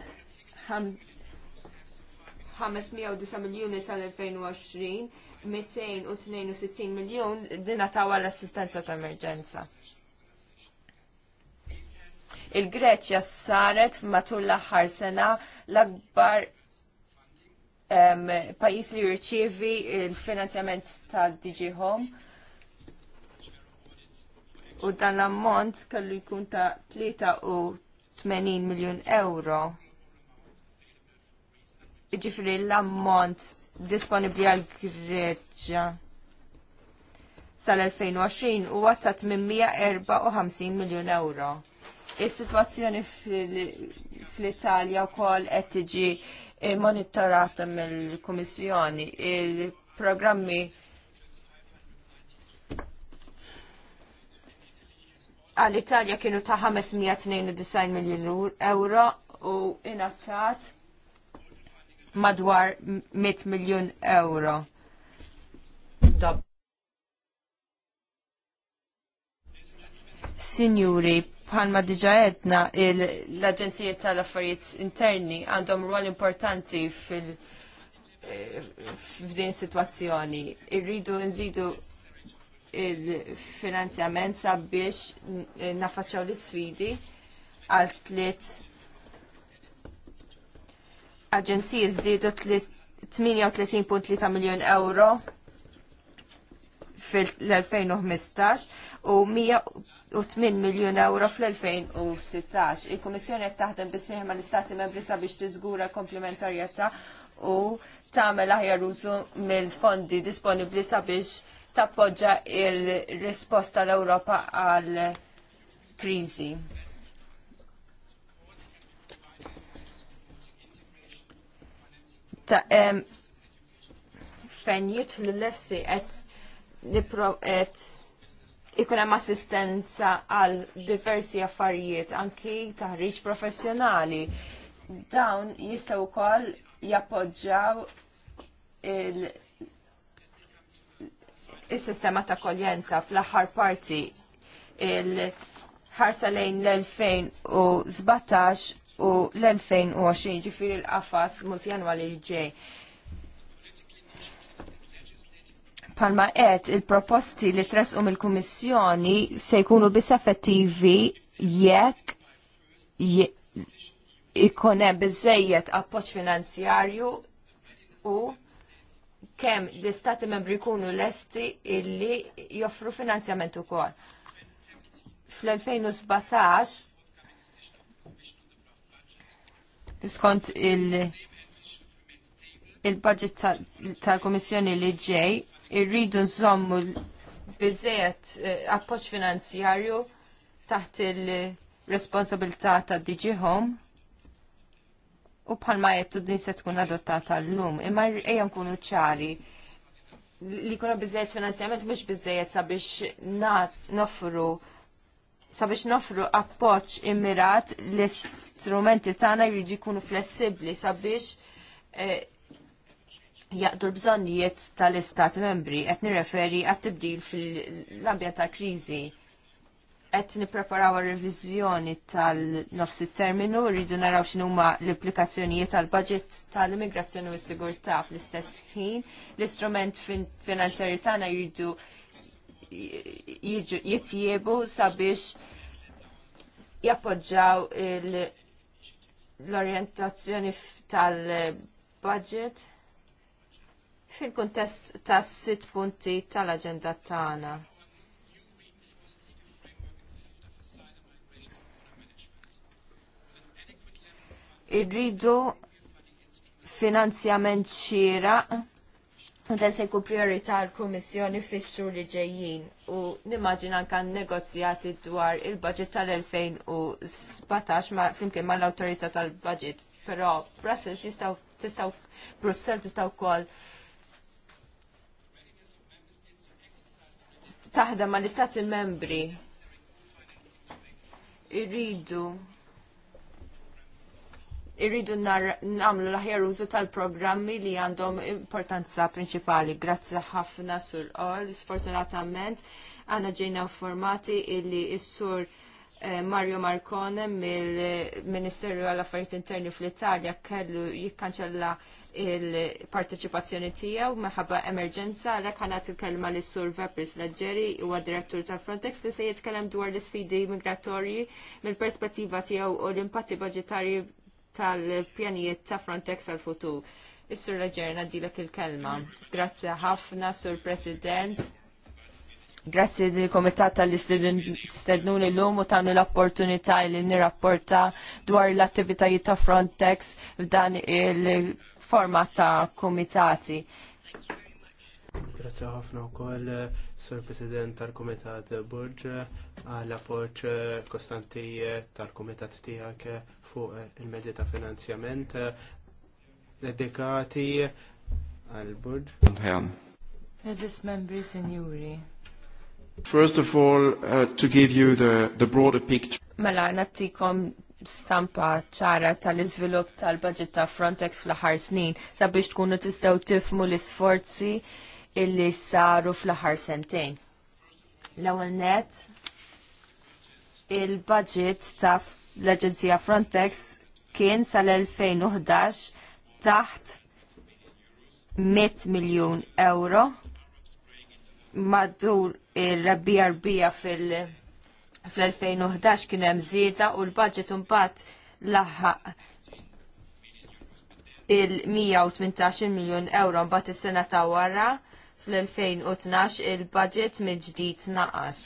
Speaker 2: 509
Speaker 3: miljoni sal-2020 262 miljon dina tawa l-assistenza ta' emerġenza. Il-Greċja saret matul l-aħħar sena l-akbar pajis li jirċievi il-finanzjament ta' DG Home u dan l-ammont kellu jkun ta' 83 miljon euro. Iġifri l-ammont disponibli għal Greċja sal-2020 huwa ta' 854 miljon euro. Is-sitwazzjoni fl-Italja wkoll qed tiġi monitorata mill-Kummissjoni. Il-programmi għall-Italja kienu ta' 592 miljon euro u inattat madwar 100 miljon euro. Signuri, bħalma diġa edna l-Aġenzija tal-Affarijiet Interni għandhom rwol importanti fil- eh, f'din situazzjoni. Irridu nżidu il-finanzjament sabiex nafaċċaw l-isfidi għal tliet aġenziji żdiedu 38.3 miljon euro fil-2015 u 108 miljon euro fl-2016. Il-Komissjoni qed taħdem bisseħ ma l-Istati Membri sabiex tiżgura komplementarjetà u tagħmel aħjar użu mill-fondi disponibbli sabiex tappoġġa il-risposta l-Ewropa għal kriżi. em, jitlu l-lefsi nipro et hemm assistenza għal diversi affarijiet anki taħriġ professjonali. Dawn jistaw wkoll jappoġġaw il- Is-sistema ta' koljenza fl-aħħar parti il-ħarsa lejn l-2017 u l-2020 ġifiri l-qafas multijanwali ġej. Palma qed il-proposti li tresqu mill-Kummissjoni se jkunu biss effettivi jekk ikun hemm biżejjed appoġġ finanzjarju u kemm l-istati membri jkunu lesti illi joffru finanzjament kol. Fl-2017 skont il- budget tal-Komissjoni li ġej irridu nżommu biżejjed eh, appoġġ finanzjarju taħt il-responsabilità ta' DG Home U bħalma jettu din se tkun adottata l-lum, imma ejja kunu ċari li kuna bizzejet finanzjament mux bizzejet sabiex nofru sabiex nofru appoċ immirat l-istrumenti tana jriġi kunu flessibli sabiex e, jaqdu l-bżonnijiet tal-istat membri, qed nirreferi għat-tibdil fil-ambjent ta' kriżi qed nippreparaw ir-reviżjoni tal-nofsi terminu, rridu naraw x'inhuma l-implikazzjonijiet tal-budget tal-immigrazzjoni u s-sigurtà fl-istess ħin. L-istrument finanzjari tagħna jridu jitjiebu sabiex jappoġġaw l-orientazzjoni tal-budget fil-kuntest tas-sitt punti tal-aġenda tagħna. irridu finanzjament xieraq u da se priorità l-Kummissjoni fissu li ġejjin u nimmaġina anke negozjati dwar il-budget tal-2017 ma flimkien mal-awtorità tal-budget, però Brussels jistaw tistaw Brussel tistgħu wkoll taħdem mal istati membri irridu irridu namlu l-aħjar użu tal-programmi li għandhom importanza prinċipali. Grazzi ħafna sur all, sfortunatament għana ġejna informati illi s-sur eh, Mario Marcone mill-Ministeru għall-Affarijiet Interni fl-Italja kellu jikkanċella il-parteċipazzjoni tiegħu meħabba emerġenza għalhekk ħanat il-kelma lis sur Vepris Leġġeri huwa direttur tal-Frontex li se jitkellem dwar l-isfidi migratorji mill-perspettiva tiegħu u l-impatti budġetarji tal-pjanijiet ta' Frontex għal-futur. Is-sur Reġerna dilek il-kelma. Grazzi ħafna, sur President. Grazzi li komitat tal-istednuni l-lum u tanu l-opportunità li nirrapporta dwar l-attivitajiet ta' Frontex f'dan il-format ta' komitati.
Speaker 1: Grazie ħafna wkoll Sur President tal-Kumitat Burġ għal appoġġ kostanti tal-Kumitat tiegħek fuq eh, il medja ta' finanzjament eh, dedikati għal-bud.
Speaker 3: Eżis membri senjuri.
Speaker 1: First of all, uh, to give you the, the broader picture.
Speaker 3: Mela, nattikom stampa ċara tal-izvilup tal-budget ta' Frontex fl-ħar snin, sabiex tkunu tistaw tifmu l-isforzi illi saru fl-ħar sentejn. L-ewwel net il-budget ta' l-Aġenzija Frontex kien sal-2011 taħt 100 miljon euro maddur ir-rabbija rbija fil- fl-2011 kien hemm żieda u l-budget imbagħad laħħaq il-118 miljun euro mbagħad is-sena ta' wara fl-2012 il-budget mill-ġdid naqas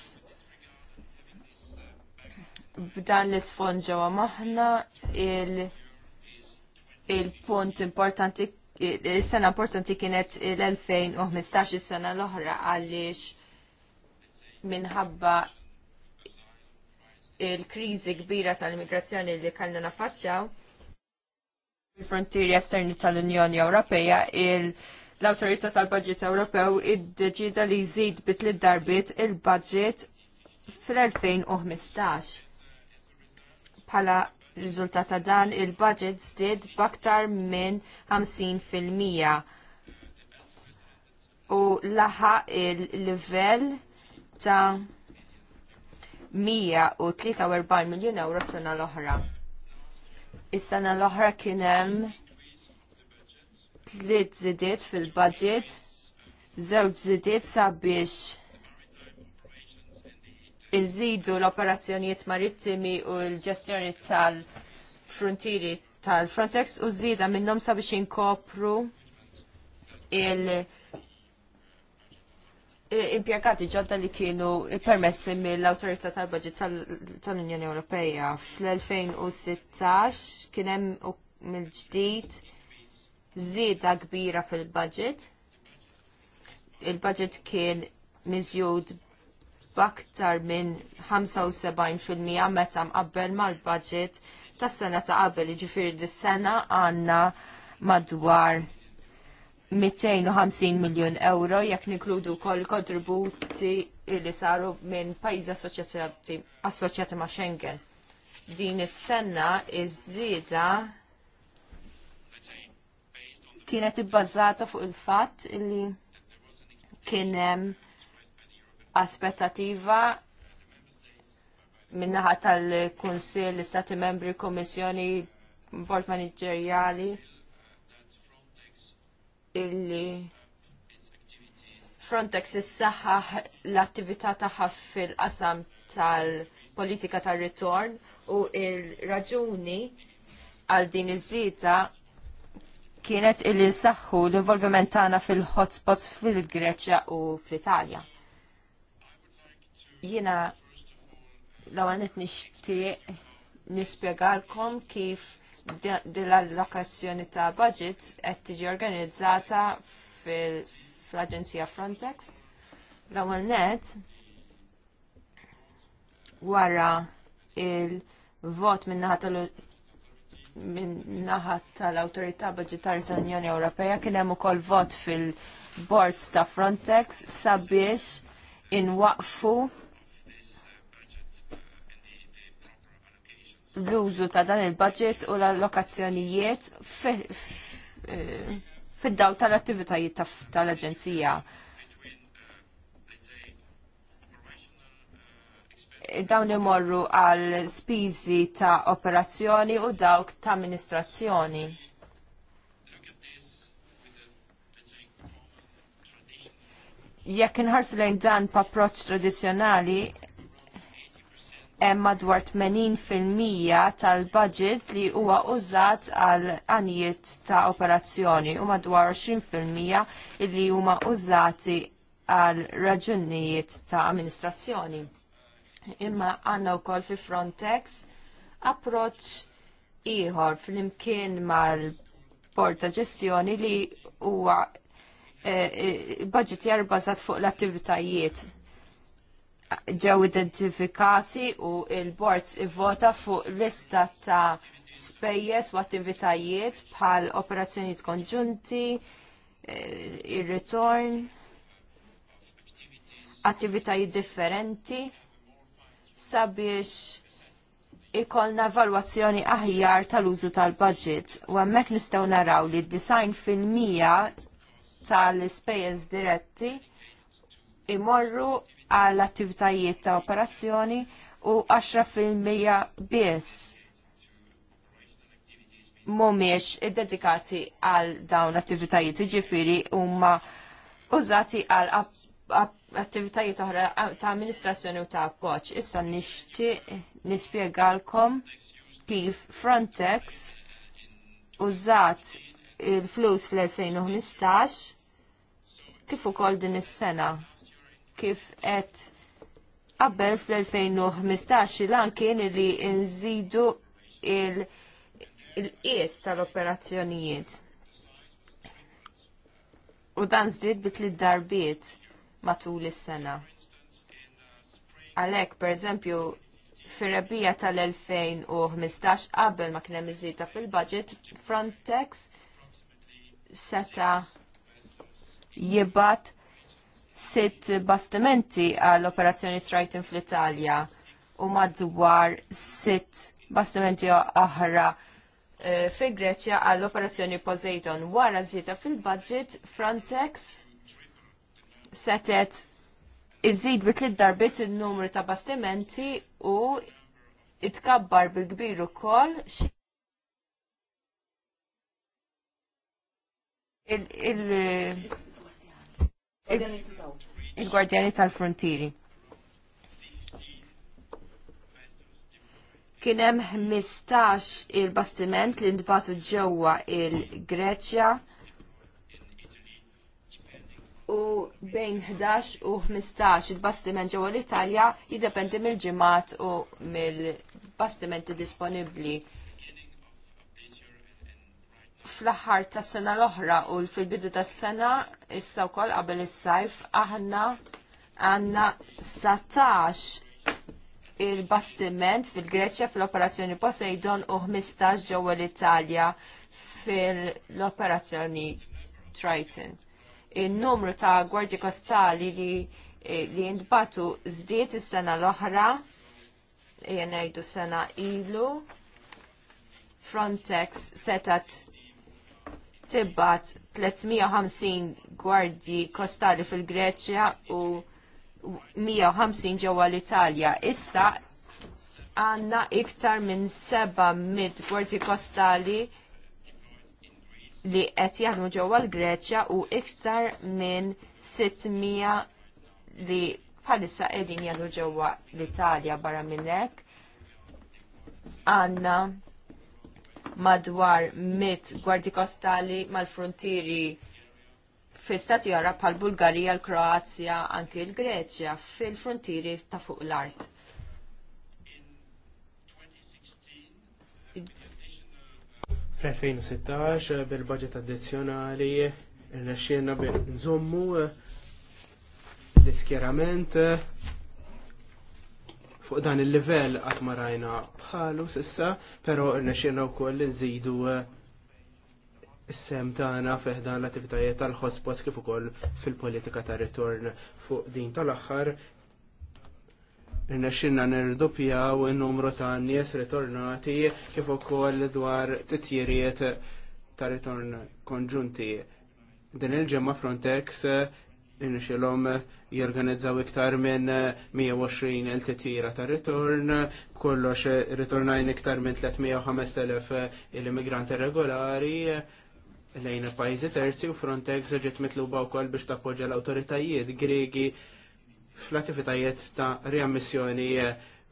Speaker 3: b'dan l-isfond ġewwa maħna il-punt importanti is-sena importanti kienet l-2015 is-sena l-oħra għaliex minħabba il-kriżi kbira tal-immigrazzjoni li kellna nafaċċaw il-frontieri esterni tal-Unjoni Ewropea l-Awtorità tal-Budget Ewropew iddeċida li jżid bit darbit il-budget fl-2015 Bħala riżultat ta' dan il-budget żdied b'aktar minn 50% u laħaq il-livell ta' 143 miljun euro sena l-oħra. Is-sena l-oħra kien hemm tliet żidiet fil-budget, żewġ żidiet sabiex inżidu l-operazzjonijiet marittimi u l-ġestjoni tal-frontieri tal-Frontex u żieda minnhom sabiex inkopru il- impjegati ġodda li kienu permessi mill-autorità tal-budget tal-Unjoni Ewropeja fl-2016 kien hemm mill-ġdid żieda kbira fil-budget. Il-budget kien miżjud baktar minn 75% meta mqabbel mal-budget tas sena ta' qabel, ġifiri dis-sena għandna madwar 250 miljon euro jekk nikludu kol kontributi li saru minn pajjiżi assoċjati ma' Schengen. Din is-sena iż-żieda kienet ibbażata fuq il-fatt li kien hemm aspettativa minnaħa tal-Kunsill, l-Stati Membri, Kommissjoni, Bord Manageriali illi Frontex issaħħaħ l-attività tagħha fil-qasam tal-politika tar-ritorn u il-raġuni għal din iż-żieda kienet illi saħħu l-involviment tagħna fil-hotspots fil-Greċja u fl-Italja. Jiena l-għan qed nixtieq nispjegalkom kif dil-allokazzjoni ta' budget qed tiġi organizzata fl-Aġenzija Frontex. L-ewwel net wara il-vot minnaħat naħat tal-Awtorità Budgetari tal-Unjoni Ewropea kien hemm ukoll vot fil-boards ta' Frontex sabiex inwaqfu l-użu ta' dan il-budget u l-allokazzjonijiet eh, fid-daw tal-attivitajiet tal-Aġenzija. Dawn imorru għal spiżi ta' operazzjoni u dawk ta' amministrazzjoni. Jekk inħarsu lejn dan pa' approċċ tradizzjonali, Em madwar 80% tal-budget li huwa użat għal anijiet ta' operazzjoni u madwar 20% li huma użati għal raġunijiet ta' amministrazzjoni. Imma għanna u koll fi Frontex approċ iħor fl-imkien mal-porta ġestjoni li huwa il-budget eh, eh, e, jarbazat fuq l-attivitajiet ġew identifikati u il-boards ivvota fuq lista ta' spejjeż u attivitajiet bħal operazzjonijiet konġunti, eh, ir-return, attivitajiet differenti sabiex ikollna valwazzjoni aħjar tal-użu tal-budget u hemmhekk nistgħu naraw li d-design fil-mija tal-ispejjeż diretti imorru għall attivitajiet ta' operazzjoni u 10% biss mumiex dedikati għal dawn attivitajiet ġifiri huma użati għal attivitajiet oħra ta' amministrazzjoni u ta' appoġġ. Issa nixtieq nispjegalkom kif Frontex użat il-flus fl-2015 kif ukoll din is-sena kif qed qabel fl-2015 lan kien li nżidu il-qies tal-operazzjonijiet. U dan żdied bit li darbiet matul is-sena. Għalhekk pereżempju fir-rebija tal-2015 qabel ma kien hemm fil-budget Frontex seta jibat sitt bastimenti għall operazzjoni Triton fl-Italja u madwar sitt bastimenti oħra e, fi Greċja għall operazzjoni Poseidon. Wara żieda fil-budget Frontex setet iżid bi tliet darbit il-numru ta' bastimenti u itkabbar bil-kbir ukoll il, il il-Gwardjani tal-Frontieri. Kienem 15 il-bastiment li ndbatu ġewwa il-Greċja u bejn 11 u 15 il-bastiment ġewwa l-Italja jiddependi mill-ġimgħat u mill-bastimenti disponibbli fl-aħħar tas sena l-oħra u fil-bidu tas sena issa wkoll qabel is-sajf aħna għandna satax il-bastiment fil-Greċja fl-operazzjoni Poseidon u 15 ġewwa l-Italja fil-operazzjoni Triton. Il-numru ta' gwardji kostali li li jindbatu żdiet is-sena l-oħra, jenajdu sena ilu, Frontex setat tibbat 350 gwardji kostali fil-Greċja u 150 ġewwa l-Italja. Issa għandna iktar minn 700 gwardji kostali li qed jaħdmu ġewwa l-Greċja u iktar minn 600 li bħalissa qegħdin jaħdmu ġewwa l-Italja barra minn hekk. Għanna madwar mit gwardi kostali mal-frontieri fil-stati jara pal bulgarija l-Kroazja, anki l-Greċja fil-frontieri ta' fuq l-art.
Speaker 1: Fl-2016 bil-budget addizjonali bil nżommu eh, l-iskjerament fuq dan il-level għat marajna bħalu sissa, pero u wkoll nżidu eh, s sem tagħna feħdan l-attivitajiet tal ħospos kif ukoll fil-politika ta' ritorn fuq din tal-aħħar Rnexxinna pjaw in-numru ta' nies ritornati kif ukoll dwar titjiriet ta' ritorn konġunti. Din il-ġemma Frontex inxilom jorganizzaw iktar minn 120 eh, il-titira ta' ritorn, kollox eh, ritornajn iktar minn 305.000 eh, il-immigranti regolari lejn il-pajzi terzi u Frontex ġiet mitluba wkoll biex tappoġġa l-awtoritajiet Gregi fl-attivitajiet ta' riammissjoni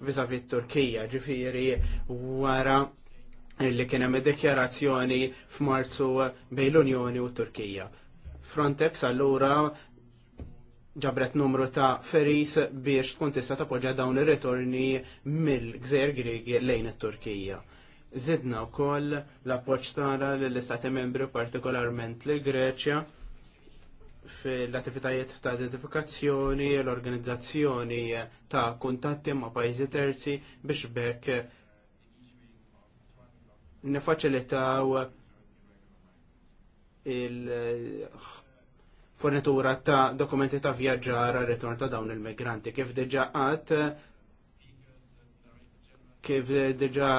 Speaker 1: vis-a-vis Turkija, ġifieri wara li kien hemm dikjarazzjoni f'Marzu bejn l-Unjoni u Turkija. Frontex allura ġabret numru ta' feris biex tkun tista' tappoġġja dawn ir-ritorni mill-Gżejjer Griegi lejn it-Turkija. Zidna wkoll l-appoġġ tara lill-Istati Membri partikolarment lil Greċja fil-attivitajiet ta' identifikazzjoni, l-organizzazzjoni ta' kuntatti ma' pajjiżi terzi biex bekk nifaċilitaw il fornitura ta' dokumenti ta' vjaġġar għar-ritorn ta' dawn il-migranti. Kif diġa għat, kif diġa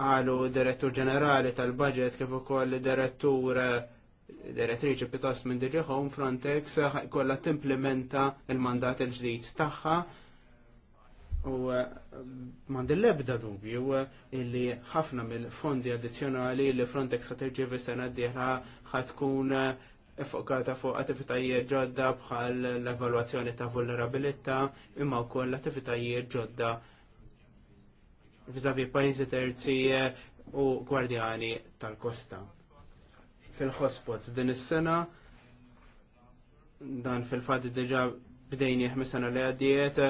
Speaker 1: għalu direttur ġenerali tal-budget, kif ukoll direttur direttriċi pjuttost minn diġa Home Frontex kollha timplementa il-mandat il-ġdid tagħha u eh, mandi l-ebda dubju illi ħafna mill-fondi addizzjonali li Frontex ħatirġi sena d-dieħla ħatkun tkun eh, effokata fuq attivitajiet ġodda bħal l-evalwazzjoni ta' vulnerabilità imma wkoll attivitajiet ġodda vizavi pajjiżi terzi u gwardjani tal-kosta. Fil-hotspots din is-sena dan fil-fatt diġà bdejni ħmisana li għaddiet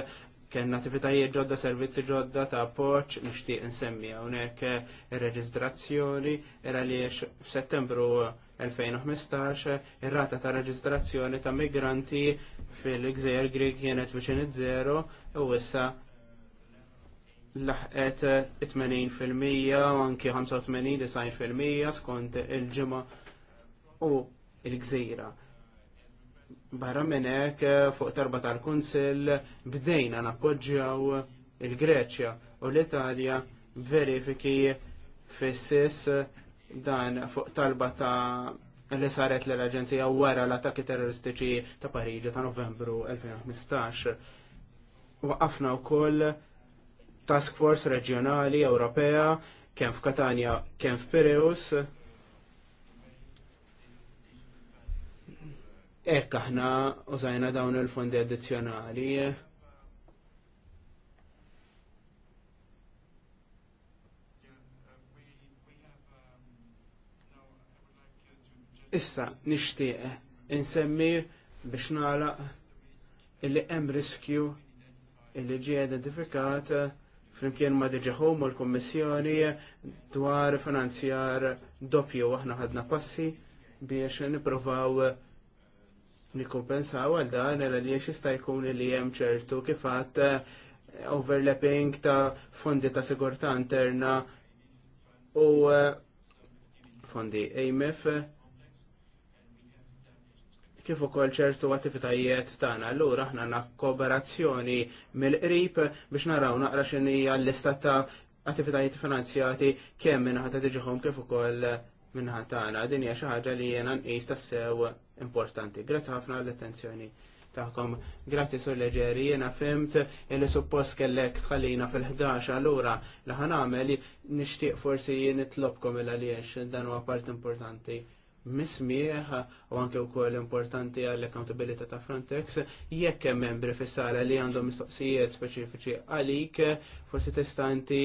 Speaker 1: kien attivitajiet ġodda, servizzi ġodda ta' appoġġ nixtieq insemmi hawnhekk ir-reġistrazzjoni era li f'Settembru 2015 ir-rata ta' reġistrazzjoni ta' migranti fil-Gżejjer Grieg kienet viċin iż u issa laħqet 80% u anki 85-90% skont il-ġimgħa u il-gżejra. Barra minn hekk fuq tarba tal-Kunsill bdejna nappoġġjaw il-Greċja u l-Italja verifiki fis dan fuq talba ta' li saret l-Aġenzija wara l-attakki terroristiċi ta' Pariġi ta' Novembru 2015. Waqafna wkoll task force reġjonali Ewropea kemm f'Katania kemm f'Pireus. Ekk aħna użajna dawn il-fondi addizzjonali Issa nixtieq insemmi biex nagħlaq illi hemm riskju illi ġie identifikat flimkien ma diġaħom u l-Kommissjoni dwar finanzjar doppju aħna ħadna passi biex niprofaw nikompensaw għal dan għal li jista' jkun li hemm ċertu kifat eh, overlapping ta' fondi ta' sigurtà interna u eh, fondi EMF kif ukoll ċertu attivitajiet tagħna. Allura aħna na kooperazzjoni mill-qrib biex naraw naqra x'inhija l-lista ta' attivitajiet finanzjati kemm minħa ta' tiġihom kif ukoll minħa tagħna. Din hija xi ħaġa li jiena nqis tassew importanti. Grazzi ħafna għall attenzjoni tagħkom. Grazzi sur leġeri, jena fimt illi suppost kellek tħallina fil-11 allura li ħanamel nixtieq forsi jien nitlobkom il għaliex dan huwa part importanti mismieħ u anke wkoll importanti għall accountability ta' Frontex jekk hemm membri fis-sala li għandhom mistoqsijiet speċifiċi għalik forsi testanti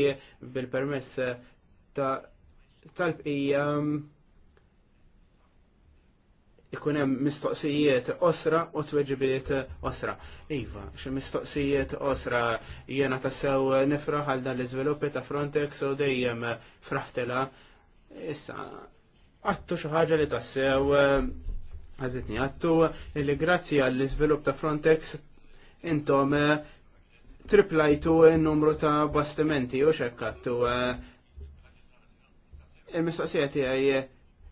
Speaker 1: bil-permess ta' tal-bqija mm, ikun hemm mistoqsijiet osra u tweġibiet osra. Iva, xi mistoqsijiet osra jiena tassew nifraħ għal dan l-iżviluppi ta' Frontex u dejjem fraħtela. Issa, għattu xaħġa li tassew eh, għazitni għattu li grazzi għall-izvilup ta' Frontex intom eh, triplajtu il numru ta' bastimenti u xekkattu eh, il-mistaqsija tiegħi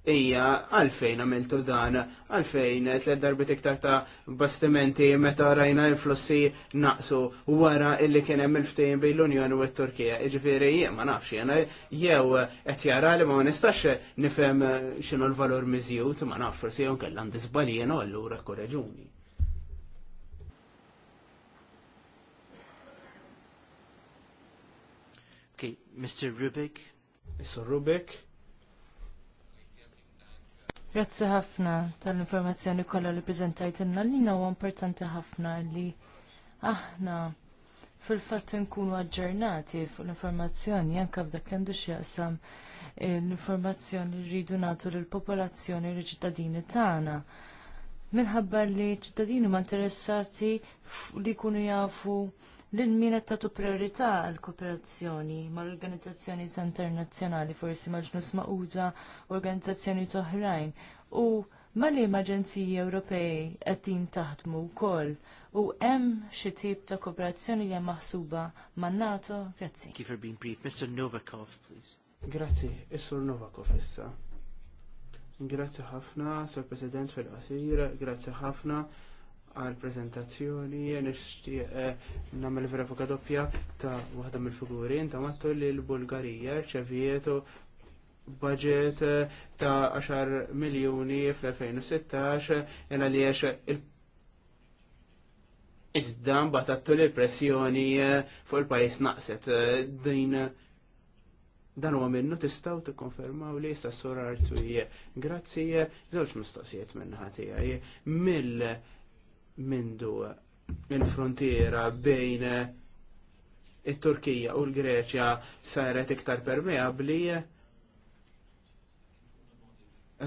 Speaker 1: Ija, għalfejn għamiltu dan, għalfejn tlet darbit iktar ta' bastimenti meta rajna l-flussi naqsu wara illi kien hemm il-ftehim bejn l-Unjoni u t-Turkija. Iġifieri jien ma nafx jena jew qed jara li ma nistax nifhem eh, x'inhu l-valur miżjud, ma nafx forsi jew kellan għandi u allura korreġuni. Mr. Rubik. Mr. Rubik.
Speaker 4: Grazzi ħafna tal-informazzjoni kollha li preżentajtilna li huwa importanti ħafna li aħna fil-fatt nkunu aġġornati fuq l-informazzjoni anke f'dak li għandu x'jaqsam l-informazzjoni li rridu nagħtu lill-popolazzjoni li ċittadini tagħna. Minħabba li ċittadini ma interessati li jkunu jafu l-min qed tagħtu priorità għal kooperazzjoni mal-organizzazzjoni internazzjonali forsi mal-ġnus organizzazzjoni oħrajn u mal-im aġenziji Ewropej qegħdin taħdmu wkoll u hemm xi tip ta' kooperazzjoni li maħsuba man-NATO. Grazzi.
Speaker 1: Thank you for being brief. Mr. Novakov, please. Grazzi, Isur Novakov issa. Grazzi ħafna, Sur President fil-qasir, grazzi ħafna għal prezentazzjoni nixtieq eh, nagħmel verifika doppja ta' waħda mill-figuri ta' mattu li l-Bulgarija rċevietu budget eh, ta' 10 miljuni fl-2016 jena li il Iżda batattu għattu li pressjoni eh, fuq il-pajjiż naqset din dan huwa minnu tistgħu tikkonfermaw li issa s-sur Artwi. Grazzi żewġ mistoqsijiet minn ħatijaj mill mindu il-frontiera bejn it-Turkija u l-Greċja saret iktar permeabli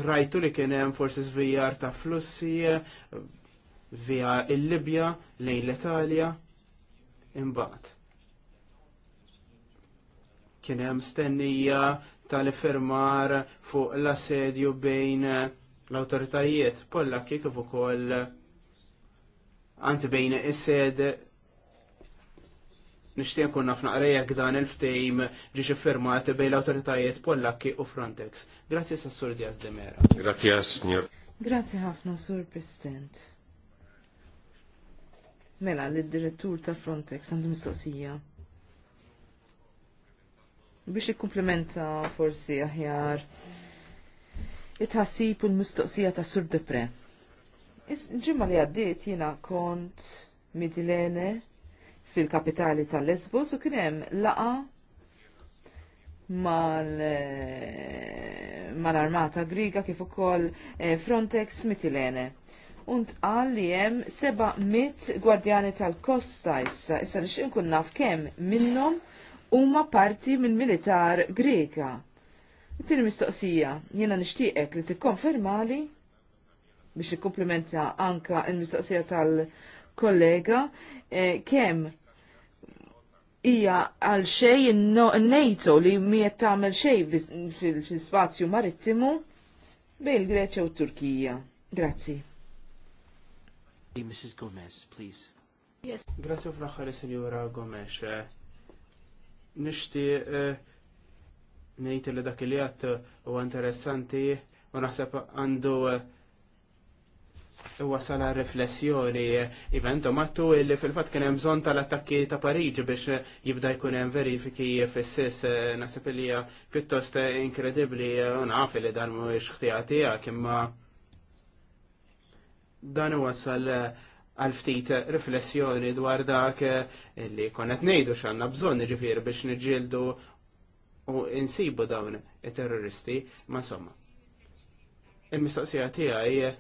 Speaker 1: rajtu li kien hemm forsi żvijar ta' flussi via il-Libja lejn l-Italja imbagħad. Kien hemm stennija tal-iffirmar fuq l-assedju bejn l-awtoritajiet Pollakki kif ukoll anzi bejna is-sed nishtiq kunna f'naqreja naqrejek dan il-ftejm ġiġi firmat bejn l-autoritajiet Pollakki u Frontex. Grazzi sassur Diaz de Mera.
Speaker 4: Grazzi, signor.
Speaker 2: Grazzi ħafna, sur President. Mela, l-direttur ta' Frontex għandu mistoqsija. Biex ikkumplementa forsi aħjar it-ħassib u l-mistoqsija ta' Sur Depre. Ġimma li għaddiet jina kont Midilene fil-kapitali tal-Lesbos u kienem laqa eh, mal-armata mal griga kif ukoll eh, Frontex Mitilene. Unt qal li hemm seba' mit gwardjani tal-kosta issa, issa nixtieq inkun naf kemm minnhom huma parti minn militar Griega. Tieni mistoqsija, jiena nixtieqek li tikkonfermali biex ikkumplimenta anka il-mistoqsija tal-kollega eh, kemm hija għal xej n-NATO li miet tagħmel xej fil-spazju marittimu bejn il-Greċja u t-Turkija. Grazzi.
Speaker 1: Mrs. Gomez, please. Yes. Grazie fl-axħar Senjora Gomez. Eh, nishti eh, nejt li dak li għat u interessanti u naħseb għandu wasala riflessjoni eventu mattu illi fil-fat kien hemm bżonn tal-attakki ta' Pariġi biex jibda jkun hemm verifiki fis-sis nasib li pjuttost inkredibbli u naf li dan mhuwiex ħtija tiegħek imma dan wasal għal ftit riflessjoni dwar dak li konet nejdu x'għandna bżonn ġifier biex niġġieldu u insibu dawn it-terroristi ma' somma. Il-mistoqsija tiegħi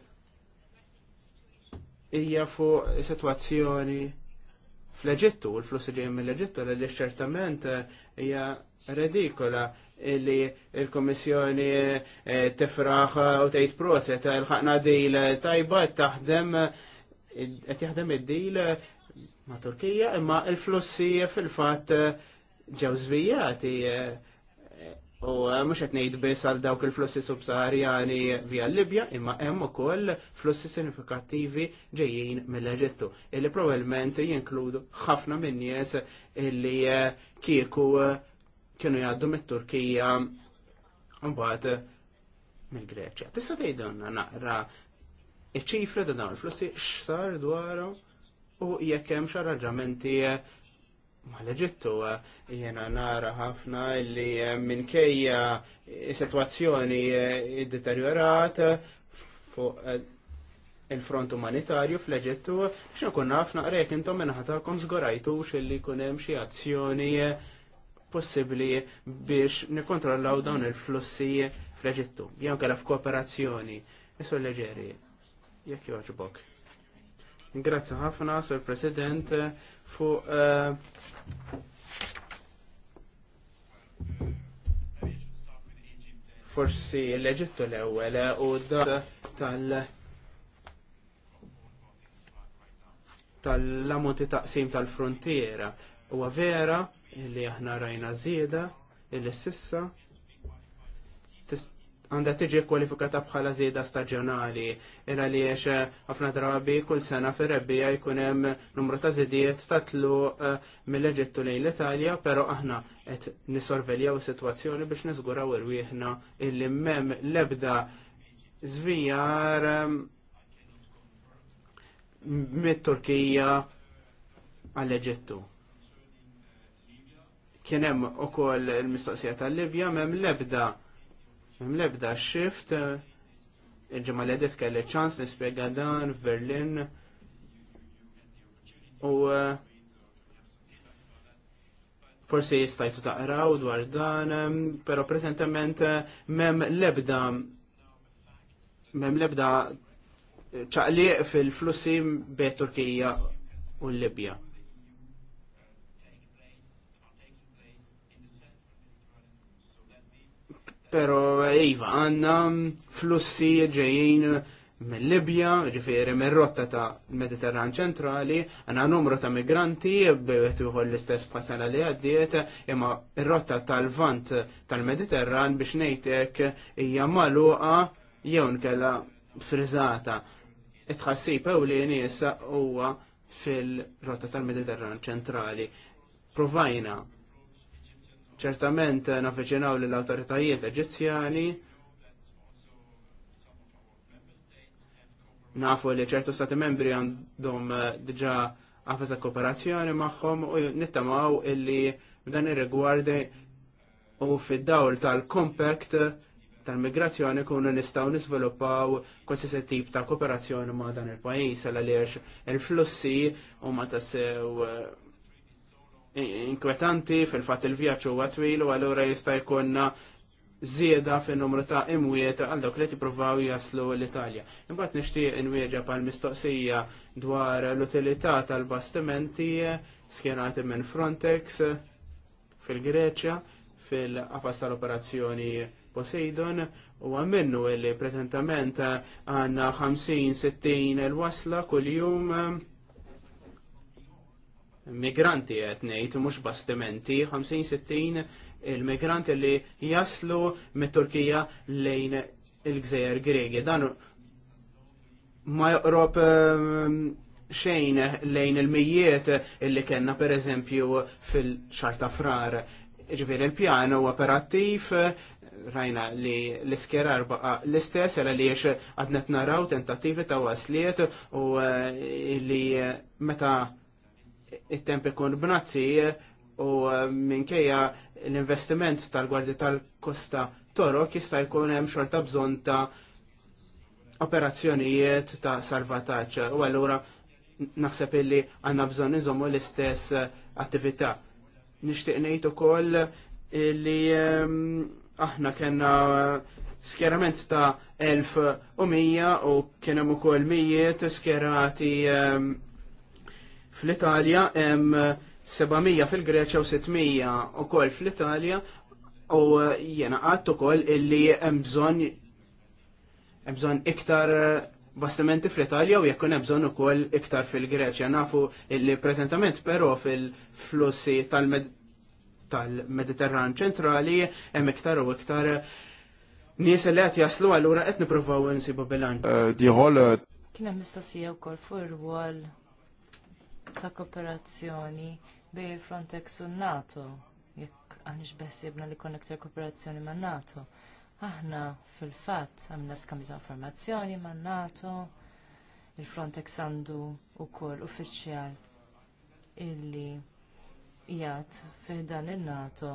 Speaker 1: hija fuq situazzjoni fl-Eġittu u l-flussi li mill-Eġittu l ċertament eh, hija redikola li il-Komissjoni eh, tifraħ u tgħid proset il-ħaqna dil tajba taħdem qed jaħdem id-dil ma' Turkija imma l-flussi fil-fatt ġew żvijati eh, U eh, mhux qed ngħid biss għal dawk il-flussi subsaharjani via Libja, imma hemm ukoll flussi sinifikattivi ġejjin mill-Eġittu, illi probabbilment jinkludu ħafna minn nies illi eh, kieku eh, kienu jgħaddu mit-Turkija mbagħad mill-Greċja. Tista' tgħidilna naqra iċ-ċifri ta' dawn il-flussi x'sar dwaru u jekk hemm xi arranġamenti Ma l-Eġittu eh, jena nara ħafna li eh, minkejja eh, situazzjoni id-deteriorat fuq il-front umanitarju fl-Eġittu, xna kun nafna rek intom minnaħatakom zgorajtu xilli kunem xie azzjoni possibli biex nikontrollaw dawn il-flussi fl-Eġittu, jew kalla f'kooperazzjoni. l-Eġeri, jekk joġbok. Grazzi ħafna, Sur President, fuq eh, forsi l-Eġittu l-ewwel eh, u tal tal-lamonti taqsim tal-frontiera. Huwa vera li aħna rajna żieda illi sissa għanda tiġi kwalifikata bħala zida staġjonali, li għaliex eh, ħafna drabi kull sena fir rebbija jkun hemm numru ta' zidiet tatlu eh, mill-Eġittu lejn l-Italja, pero aħna qed nisorveljaw is-sitwazzjoni biex niżguraw irwieħna illi m'hemm l-ebda żvijar eh, mit-Turkija għall-Eġittu kien hemm ukoll il-mistoqsija tal-Libja m'hemm l-ebda Mlebda shift, eh, il-ġemma li għedet kelli ċans nispiega dan f'Berlin u eh, forsi jistajtu taqraw dwar dan, eh, pero prezentament mem lebda mem lebda ċaqliq fil-flussi bejn Turkija u l-Libja. Pero Iva, għanna flussi ġejjin mill-Libja, ġifiri mir rotta ta' Mediterran ċentrali, għanna numru ta' migranti, bħetuħu l-istess pasala li għaddiet, imma il-rotta tal-vant tal-Mediterran biex nejtek hija maluqa jew nkella frizzata. Itħassib ew li nisa huwa fil-rotta tal-Mediterran ċentrali. Provajna ċertament nafeċinaw lill awtoritajiet Eġizzjani nafu li ċertu stati membri għandhom eh, diġa għafas ta' kooperazzjoni magħhom u nittamaw illi dan ir-rigwardi u fid-dawl tal-compact tal-migrazzjoni kunu nistaw nisviluppaw kwasi tip ta' kooperazzjoni ma' dan il-pajis għal għaliex il-flussi u ma' tassew eh, inkwetanti fil-fat il-vjaċ huwa twil u allura jista' jkollna zieda fin numru ta' imwiet għal dawk li tippruvaw jaslu l-Italja. Imbagħad nixtieq inwieġa pal mistoqsija dwar l-utilità tal-bastimenti skjenati minn Frontex fil-Greċja fil-qafas tal-operazzjoni Poseidon u għamminnu li prezentament għanna 50-60 il-wasla kull-jum migranti qed ngħid mhux bastimenti, 50-60 il-migranti li jaslu mit-Turkija lejn il-Gżejjer Gregi. Dan ma joqrob ehm, xejn lejn il-mijiet illi kellna pereżempju fil-xarta frar. Ġifieri il-pjan huwa operattiv rajna li l-iskerar baqa l-istess, għala li jiex għadnet naraw tentativi ta' wasliet u eh, li meta it-temp ikun b'nazzi eh, u eh, minkejja l-investiment tal gwardi tal-Kosta Torok jista' jkun hemm xorta bżonn ta' operazzjonijiet ta' salvataġġ. U allura naħseb illi għandna bżonn iżommu l-istess eh, attività. Nixtieq ngħid ukoll li ehm, aħna kellna skjerament ta' 1100 u kien hemm ukoll mijiet skjerati ehm, fl-Italja hemm 700 eh, fil-Greċja u 600 ukoll fl-Italja u eh, jena għadt ukoll illi hemm bżonn hemm bżonn iktar eh, bastimenti fl-Italja u jekk hemm bżonn ukoll iktar fil-Greċja. Nafu illi preżentament però fil-flussi tal-Mediterran ċentrali hemm iktar u iktar nies li qed jaslu allura qed nippruvaw insibu bilanċ. Diħol.
Speaker 4: Kien hemm mistoqsija wkoll fuq ir-rwol ta' kooperazzjoni bejn il-Frontex u NATO, jekk għanix beħsibna li konnektar kooperazzjoni ma' NATO. Aħna fil-fatt għamna skambju ta' informazzjoni ma' NATO, il-Frontex għandu u koll uffiċjal illi jgħat dan il-NATO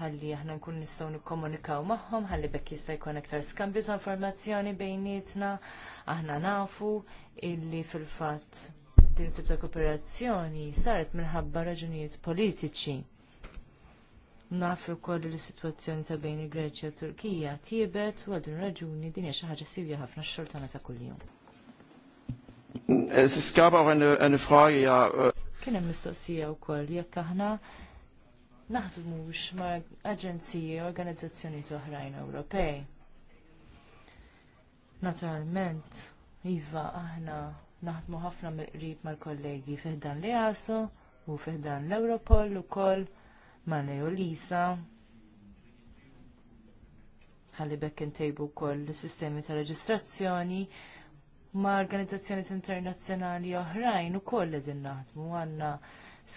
Speaker 4: ħalli aħna nkun nistgħu nikkomunikaw magħhom, ħalli bekk jista' jkun aktar skambju ta' informazzjoni bejnietna, aħna nafu illi fil-fatt din tip ta' kooperazzjoni saret minħabba raġunijiet politiċi. Nafu wkoll li s-sitwazzjoni ta' bejn il-Greċja u Turkija tiebet u għadun raġuni din hija xi ħaġa sivja ħafna x-xortana ta' kuljum.
Speaker 1: Es gab auch eine, eine Frage, ja. Äh,
Speaker 4: Kien hemm mistoqsija wkoll jekk aħna naħdmux ma' aġenziji u organizzazzjonijiet oħrajn Ewropej. Naturalment, iva aħna naħdmu ħafna mill mal-kollegi fiħdan li għasu u fiħdan l-Europol u kol ma' Leolisa. Ħalli bekk intejbu kol l-sistemi ta' reġistrazzjoni ma' organizzazzjoni internazzjonali oħrajn u koll edin naħdmu għanna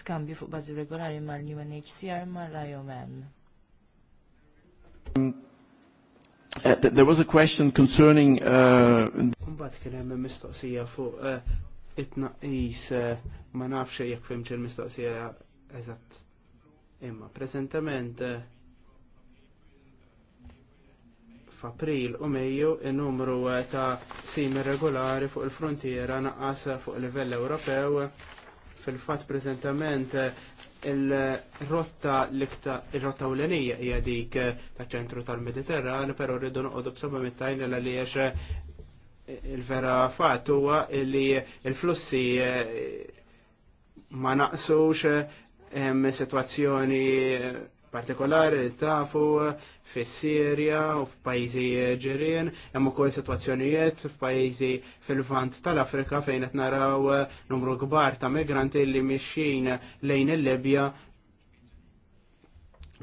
Speaker 4: skambju fuq bażi regolari mal-UNHCR mal-IOM.
Speaker 1: Mm. Uh, there was a question concerning... Uh, kien hemm mistoqsija fuq uh, it tnaqqis uh, ma nafx jekk fimx il-mistoqsija eżatt. Imma Preżentament. f'April u Mejju in-numru ta' simi regolari fuq il-frontiera naqqas fuq livell Ewropew fil-fatt prezentament il-rotta l il-rotta ulenija hija dik eh, ta' ċentru tal-Mediterran, però rridu noqogħdu mit mittajn l għaliex eh, il-vera fatt huwa li il-flussi eh, ma naqsux hemm situazzjoni partikolari tafu eh, fis-Sirja u f'pajjiżi ġirien, hemm ukoll sitwazzjonijiet f'pajjiżi fil-vant tal-Afrika fejn qed naraw eh, numru kbar ta' migranti li mixxin lejn il-Libja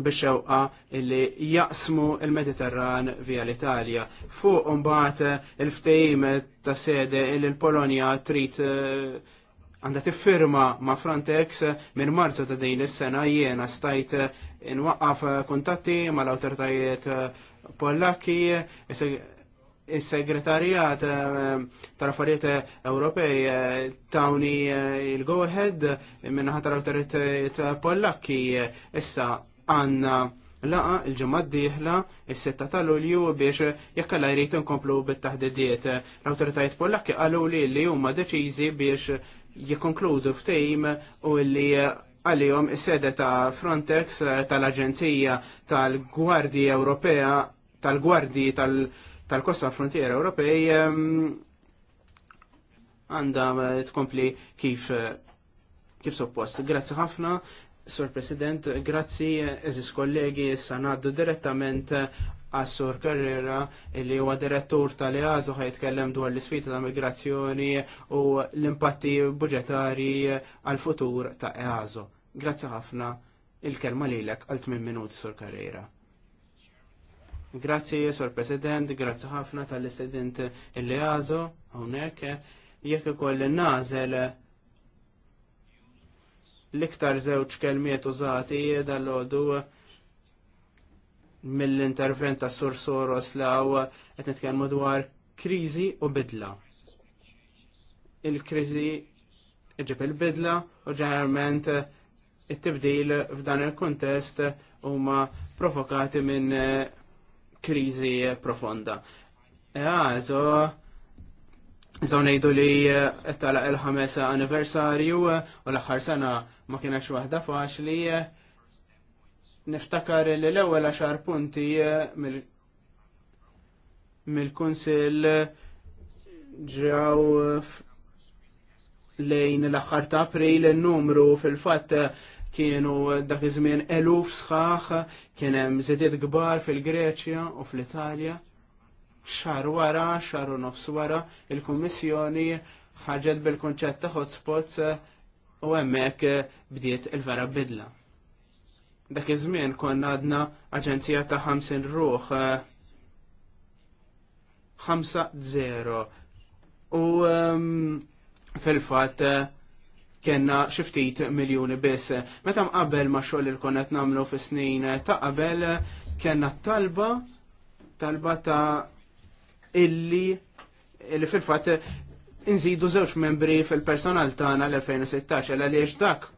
Speaker 1: bixewqa li jaqsmu il-Mediterran via l-Italja. Fuq mbagħad il-ftehim ta' sede l polonja trid eh, għandha tiffirma ma' Frontex minn Marzu ta' din is-sena jiena stajt inwaqqaf kuntatti mal-awtoritajiet Pollakki, il-segretarijat eh, tal-affarijiet Ewropej eh, tawni eh, il-go-ahead minna ħatar awtoritajiet Pollakki issa għanna laqa il-ġemad diħla il-6 ta' lulju biex jekk alla jrid inkomplu bit-taħdidiet. L-awtoritajiet Pollakki qalu li li huma deċiżi biex jikonkludu ftejm u li għalihom is-sede ta' Frontex tal-Aġenzija tal-Gwardji Ewropea tal-Gwardji tal-Kosta Frontiera Ewropej għandha tkompli kif kif suppost. Grazzi ħafna, Sur President, grazzi eżis kollegi, issa ngħaddu direttament Assur Carrera li huwa direttur tal-EASO ħajtkellem dwar l-isfida ta' migrazzjoni u l-impatti budġetari għal futur ta' EASO. Grazzi ħafna il-kelma lilek għal 8 minuti sur Carrera. Grazzi sur President, grazzi ħafna tal-istudent il easo hawnhekk jekk ikoll nażel l-iktar żewġ kelmiet użati dal-għodu mill-intervent ta' Sur Soros la għawa qed nitkellmu dwar kriżi u bidla. Il-kriżi iġib il-bidla u ġeneralment it-tibdil f'dan il-kontest huma provokati minn kriżi profonda. Eħazo, Zaw nejdu li talaq il-ħames anniversarju u l-axar sena ma kienax waħda faċli niftakar li l-ewwel għaxar punti mill-Kunsill ġew lejn l-aħħar ta' April in-numru fil-fatt kienu dak iż-żmien eluf sħaħ kien hemm żidiet kbar fil-Greċja u fl-Italja. Xar wara, xar u nofs wara, il-Kummissjoni ħarġet bil-konċett ta' hotspots u hemmhekk bdiet il-vera bidla dak iż-żmien konna għadna aġenzija ta' 50 ruħ 5-0 eh, u ehm, fil fat eh, kena xiftit miljoni biss. Meta mqabel ma xogħol il konet namlu fi snin ta' qabel kena talba talba ta' illi illi fil-fatt inżidu żewġ membri fil-personal tagħna l-2016 għaliex dak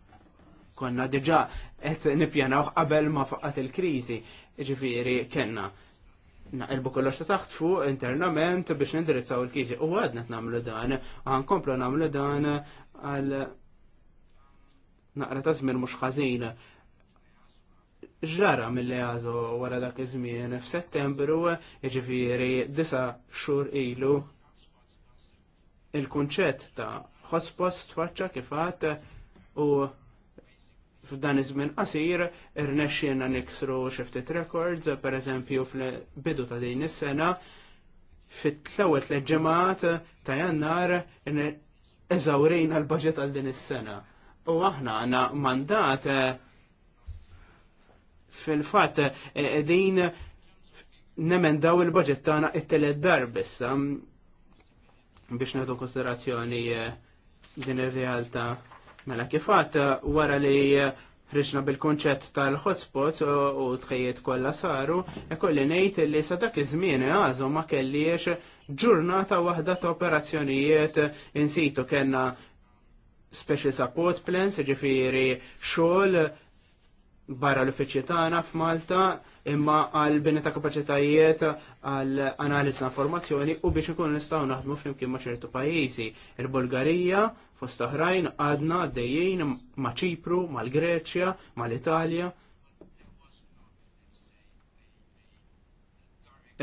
Speaker 1: konna diġà qed nippjanaw qabel ma faqat il-kriżi. ġifiri kellna naqilbu kollox ta' taħt fuq internament biex nindirizzaw il krizi U għadna nagħmlu dan, komplu nagħmlu dan għal naqra ta' żmien mhux ħażin. Ġara mill-li għazu wara dak iż-żmien f'Settembru, jiġifieri disa' xhur ilu il-kunċett ta' hotspot tfaċċa kifat u f'dan iż-żmien qasir irnexxielna niksru xi records, records, pereżempju fil-bidu ta' din is-sena fit-tlewet leġġemat ta' jannar eżawrejna l-budget għal din is-sena. U aħna għandna mandat eh, fil-fatt eh, din nemendaw il-budget tagħna it-telet dar issa biex nagħtu konsiderazzjoni eh, din ir-realtà Mela kifat wara li ħriġna bil-konċett tal-hotspots u tħejjiet kollha saru, kolli ngħid li sa dak iż-żmien għażu ma kellix ġurnata waħda ta' operazzjonijiet insitu kellna special support plans, ġifiri xogħol barra l-uffiċċju tagħna f'Malta imma għal bini ta' kapacitajiet għal analiz ta' informazzjoni u biex nkun nistgħu naħdmu flimkien ma' ċertu pajjiżi. Il-Bulgarija fost oħrajn għadna għaddejjin ma' Ċipru, mal-Greċja, mal-Italja.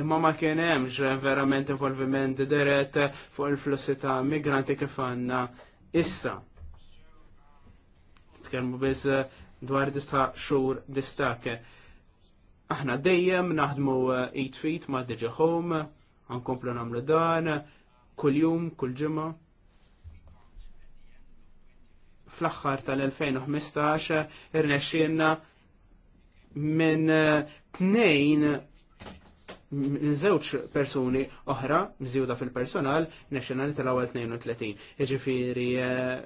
Speaker 1: imma ma kien hemmx verament involviment dirett fuq il-flussi ta' migranti kif għandna issa. Tkellmu biss dwar disa' xhur distake aħna dejjem naħdmu 8 eh, feet ma' Digi Home, għankomplu namlu dan, kull-jum, kull-ġimma. Fl-axħar tal-2015 irnexxienna minn eh, tnejn minn zewċ persuni oħra, mżjuda fil-personal, li tal għal 32. Jiġifieri eh,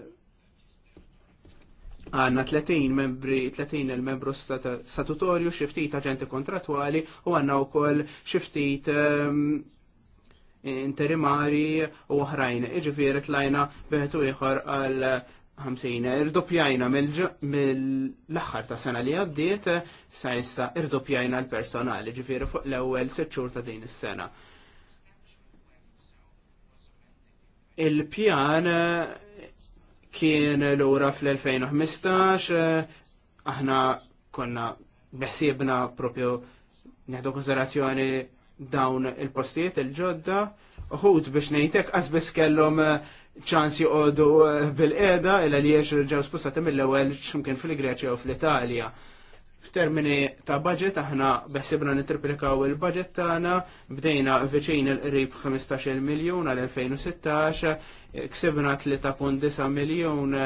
Speaker 1: Għanna 30 membri, 30 il-membru statutorju, xiftit aġenti kontratwali u għanna u koll xiftit ehm, interimari u oħrajn. Iġifiri t-lajna biħtu iħor għal 50 irdoppjajna mill-axar ta' sena li għaddiet sa' issa irdoppjajna l-personali ġifiri fuq l-ewel 6 xhur ta' din is-sena il-pjan kien l-ura fl-2015, eh, aħna konna beħsiebna propju neħdu konsiderazzjoni dawn il-postijiet il-ġodda, uħut biex nejtek għazbis kellom eh, ċans joqodu eh, bil eda il li jiex ġew spostati mill-ewel ximkien fil-Greċja u fl-Italja. F'termini ta' budget aħna beħsibna nitriplikaw il-budget tagħna, bdejna viċin il-qrib 15 miljun għal 2016, ksibna 3.9 miljun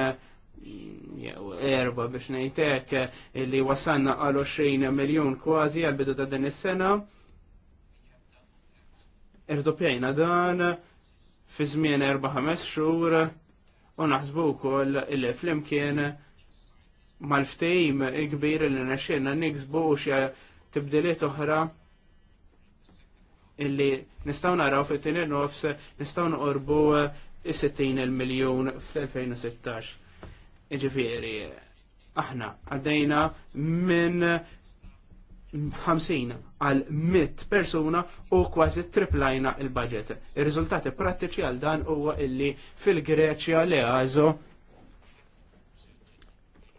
Speaker 1: erba biex nejtek li wasanna għal 20 miljon kważi għal bidu ta' din is-sena. Irdupjajna dan fi żmien erba' ħames xhur u naħsbu wkoll il flimkien mal-ftejim kbir li naxxinna niksbu xie tibdiliet oħra illi nistaw naraw fit tini nofs nistaw nqorbu 60 il-miljon fl-2016. Iġifiri, aħna għaddejna minn 50 għal 100 persuna u kważi triplajna il-budget. Ir-riżultati prattiċi għal dan huwa illi fil-Greċja li għazu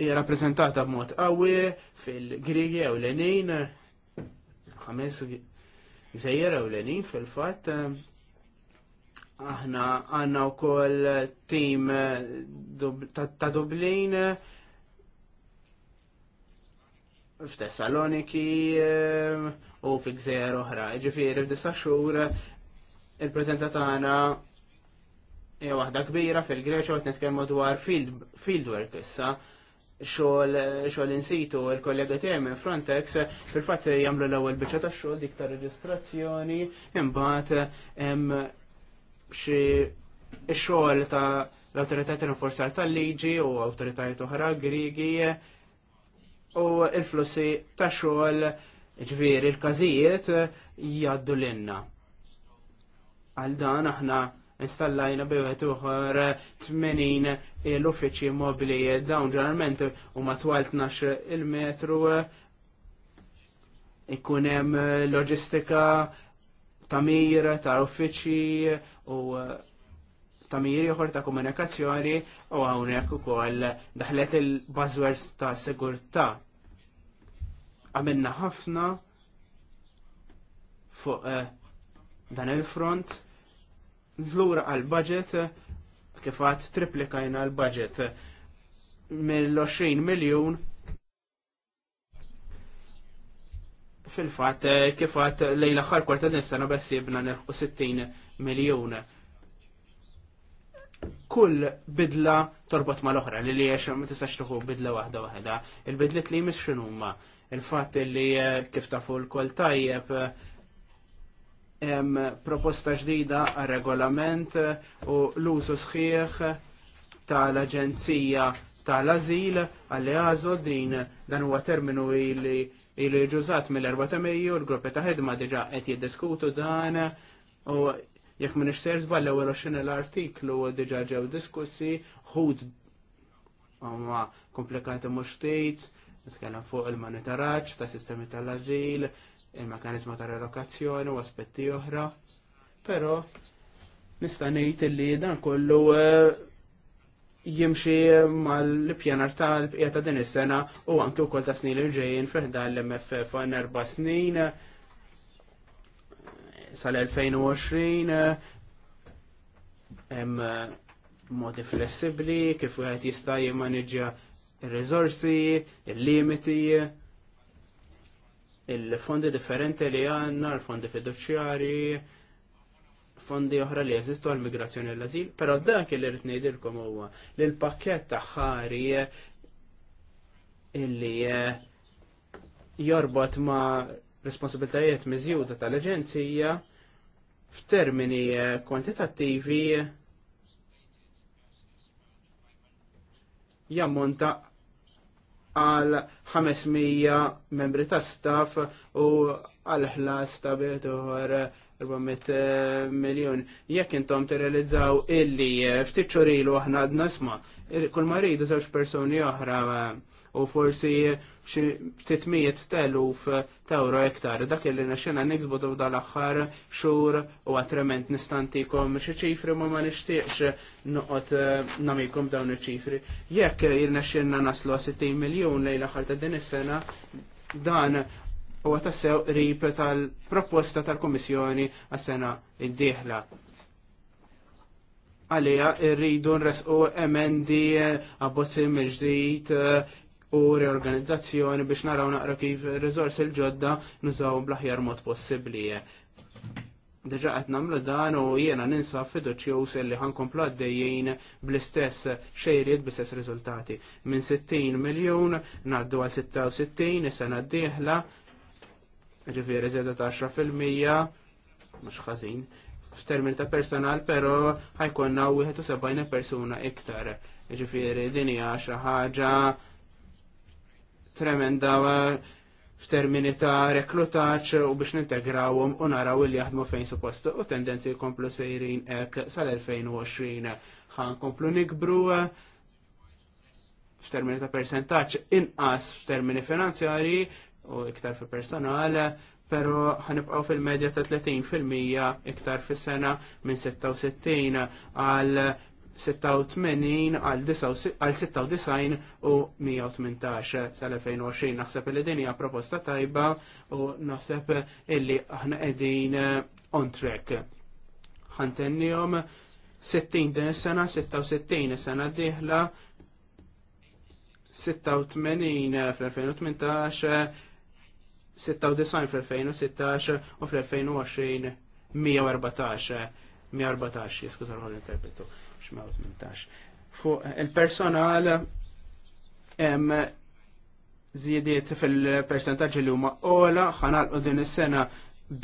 Speaker 1: rappresentata b'mod qawwi fil griegi u l-Enin, ħames gżejjer u l-Enin fil-fatt. Aħna għanna u koll tim eh, ta' Dublin f'Tessaloniki eh, u fil-gżejjer oħra. Ġifieri f'disa xhur il-preżenza tagħna hija waħda kbira fil-Greċja qed nitkellmu dwar field work issa xogħol insitu il-kollega tiegħi minn Frontex fil-fatt jagħmlu l-ewwel biċċa tax-xogħol dik tar reġistrazzjoni imbagħad hemm xi xogħol ta' l-awtoritajiet rinforzar tal-liġi u awtoritajiet oħra Grigi u l flussi ta' xogħol ġviri l każijiet jgħaddu l-inna. Għal dan aħna installajna bi wieħed uħor 80 l-uffiċi mobili dawn ġeneralment u matwal 12 il-metru ikun hemm loġistika tamir ta' uffiċi u uh, tamir ieħor ta' komunikazzjoni u hawnhekk ukoll daħlet il-buzzwords ta' sigurtà. Għamilna ħafna fuq uh, dan il-front lura għal-budget kif għad triplikajna l-budget mill-20 miljon fil-fat kif għad lejla ħar kwarta nissana bess jibna nirħu 60 miljon. Kull bidla torbot ma l-oħra li li jiex ma tistax tuħu bidla wahda wahda. Il-bidlet li jmiss xinumma. Il-fat li eh, kif tafu l-kol tajjeb hemm proposta ġdida għal regolament eh, u l-użu sħiħ tal-Aġenzija tal-Azil għalli għażu din dan huwa terminu li li ġużat mill-4 Mejju l-gruppi ta' ħidma diġa qed jiddiskutu dan u jekk minn ser żball ewwel l-artiklu diġà ġew diskussi ħud huma komplikati mhux tgħid nitkellem fuq il-monitoraġġ ta' sistemi tal ażil il-mekanizma ta' relokazzjoni u aspetti oħra, Però nista' ngħid li dan kollu eh, jimxi mal-pjanar tal-bqija ta' din is-sena u anke wkoll ta' snin li ġejjin fiħdan l-MFF għan erba' snin sal-2020 hemm eh, modi flessibbli kif wieħed jista' jimmaneġġja ir-riżorsi, il-limiti, il limiti il-fondi differenti li għanna, l-fondi fiduċjari, fondi oħra li jeżistu għal migrazzjoni l azil pero dak li rrit ngħidilkom huwa li l-pakkett ta' ħari illi eh, jorbot ma' responsabiltajiet miżjuda tal-Aġenzija f'termini eh, kwantitattivi jammonta għal 500 membri ta' staff u għal ħlas ta' bietuħor 400 eh, miljon. Jekk intom t-realizzaw illi eh, ftit ċorilu aħna għadna sma, kull ma rridu żewġ personi oħra eh, u forsi xie 600 teluf ta'wra euro iktar. Dak li naxena niksbu dal-aħħar xhur u għatrement nistantikom xi ċifri ma ma nixtieqx nuqot eh, namikom dawn iċ-ċifri. Jekk jirnexxinna naslu 60 miljun lejn l ta' din is-sena dan u għatassew rip tal-proposta tal-Komissjoni għas-sena id-dieħla. Għalija rridu nresqu emendi eh, abbozzi mill u reorganizzazzjoni biex naraw naqra kif rizors il-ġodda nużaw bl-aħjar mod possibbli. Deġa qed nagħmlu dan u jiena ninsa fiduċjuż li ħankomplu għaddejjin bl-istess xejriet bl-istess riżultati. Minn 60 miljun naddu għal 66 is-sena d-dieħla ġifieri żieda ta' 10% mhux ħażin f'termin ta' personal, pero ħajkonna 71 persuna iktar. Ġifieri din hija xi ħaġa tremenda eh, f'termini ta' reklutaċ u biex nintegrawhom u naraw il jaħdmu fejn suppost u tendenzi jkomplu sejrin hekk sal-2020 ħan komplu nikbru eh, f'termini ta' percentaċ inqas f'termini finanzjari u iktar fi personal, pero ħanibqaw fil-medja ta' 30% iktar fis sena minn 66 għal 86 għal 96 u 118 sal-2020. Naħseb li din hija proposta tajba u naħseb illi aħna qegħdin eh, on track. Ħantennihom 60 din is-sena, 66 is-sena d-dieħla, 86 fl-2018, 96 fl-2016 u fl-2020 114. 114, għal l-interpretu. 18. Fuq eh, il-personal hemm żiediet fil-persentaġġi li huma ola ħanalqu din is-sena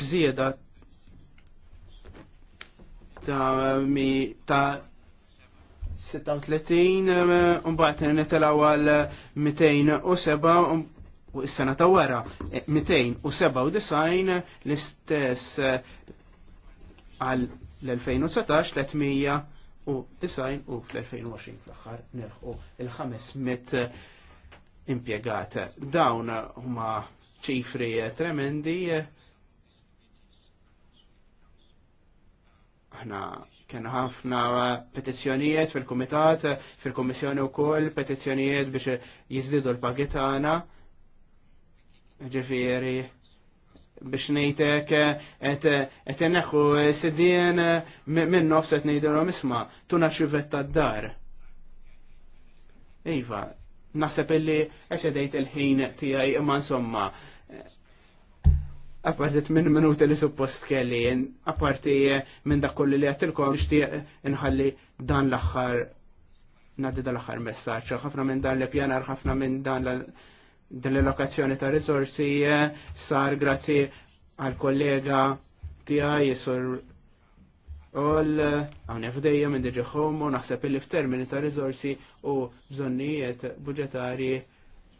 Speaker 1: bżieda ta' mi ta' 36 mbagħad nitilgħu għal 207 u s-sena ta' wara 297 eh, l-istess eh, għal l-2019 300 u design u fl-2020 fl-axħar nerħu il-500 eh, impiegat. Dawn huma ċifri eh, tremendi. Eh. Aħna kien ħafna petizzjonijiet fil-Kumitat, fil-Kummissjoni wkoll petizzjonijiet biex jizdidu l pagetana Ġifieri biex nejtek et neħu sedien minn et nejderom isma tuna xivetta d-dar. Iva, naħseb illi eċedajt il-ħin tijaj imma insomma. Apartit minn minuti li suppost kelli, aparti minn dak kolli li għatilkom x'tieq nħalli dan l-axħar, naddi dan l-axħar messaċ, ħafna minn dan l-pjanar, ħafna minn dan l-axħar dell-allokazzjoni ta' risorsi eh, sar grazzi għal kollega tiegħi jisur All, Hawn għafdejja minn diġi u naħseb illi f'termini ta' rizorsi u bżonnijiet budġetari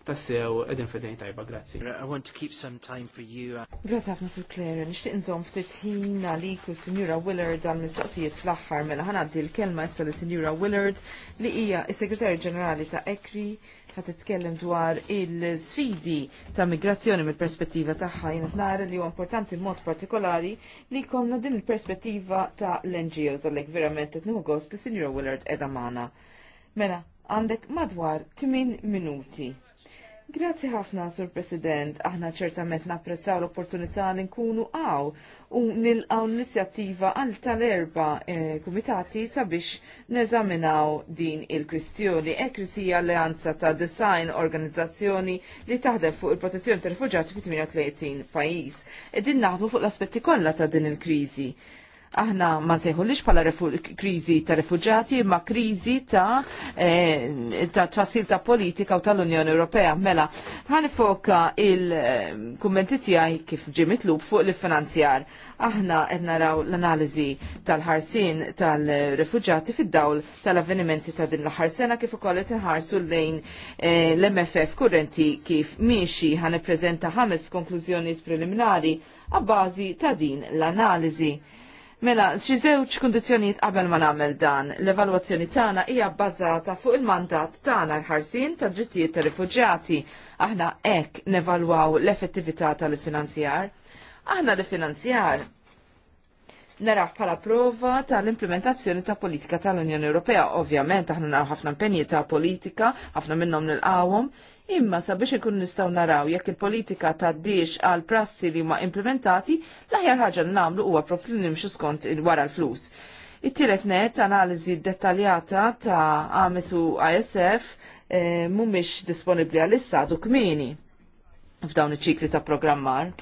Speaker 1: tassew edin fedejn tajba, grazzi. I want to keep some time for you.
Speaker 2: Grazzi għafna sur Claire, nishtiq nżom ftit ħin għalik u Signora Willard għal mistoqsijiet fl-axħar mela ħanaddi l-kelma issa li Signora Willard li hija is-Segretarju Ġenerali ta' ECRI ħat tkellem dwar il-sfidi ta' migrazzjoni mill perspettiva tagħha jienet nara li huwa importanti mod partikolari li jkollna din il-perspettiva ta' l-NGOs għalhekk verament qed nieħu gost li Sinjura Willard qiegħda magħna. Mela, għandek madwar 8 minuti. Grazzi ħafna, Sur President. Aħna ċertament napprezzaw l-opportunità li nkunu għaw u nilqaw inizjattiva għal tal-erba eh, kumitati sabiex neżaminaw din il-kwistjoni. Ekris hija alleanza ta' design organizzazzjoni li taħdem fuq il-protezzjoni tal-rifuġati fi 38 pajjiż. Qegħdin naħdmu fuq l-aspetti kollha ta' din il-kriżi. Aħna ma nsejħulix pala kriżi ta' refuġati, ma kriżi ta' eh, ta' tfassil ta' politika u tal-Unjoni Ewropea. Mela, ħan foka il-kummenti tiegħi kif ġimit lub fuq l-finanzjar. Aħna qed naraw l-analiżi tal-ħarsin tal-refuġati fid-dawl tal-avvenimenti ta' din l-aħħar sena kif ukoll qed inħarsu lejn eh, l-MFF kurrenti kif miexi ħani prezenta ħames konklużjonijiet preliminari għabbażi ta' din l-analiżi. Mela, xi żewġ kundizzjonijiet qabel ma nagħmel dan. L-evalwazzjoni tagħna hija bbażata fuq il-mandat tagħna l-ħarsin tad drittijiet tar rifuġjati. Aħna hekk nevalwaw l-effettività tal-finanzjar. Aħna l-finanzjar naraħ bħala prova tal-implementazzjoni ta' politika tal-Unjoni Ewropea. Ovvjament aħna naraw ħafna impenji ta' politika, ħafna minnhom nilqawhom, imma sabiex ikun nistgħu naraw jekk il-politika taddiex għal prassi li ma implementati, l-aħjar ħaġa li nagħmlu huwa propri nimxu skont wara l-flus. It-tielet net analiżi dettaljata ta' AMS u ISF eh, mhumiex disponibbli għalissa għadu kmieni f'dawn iċ-ċikli ta' programmar.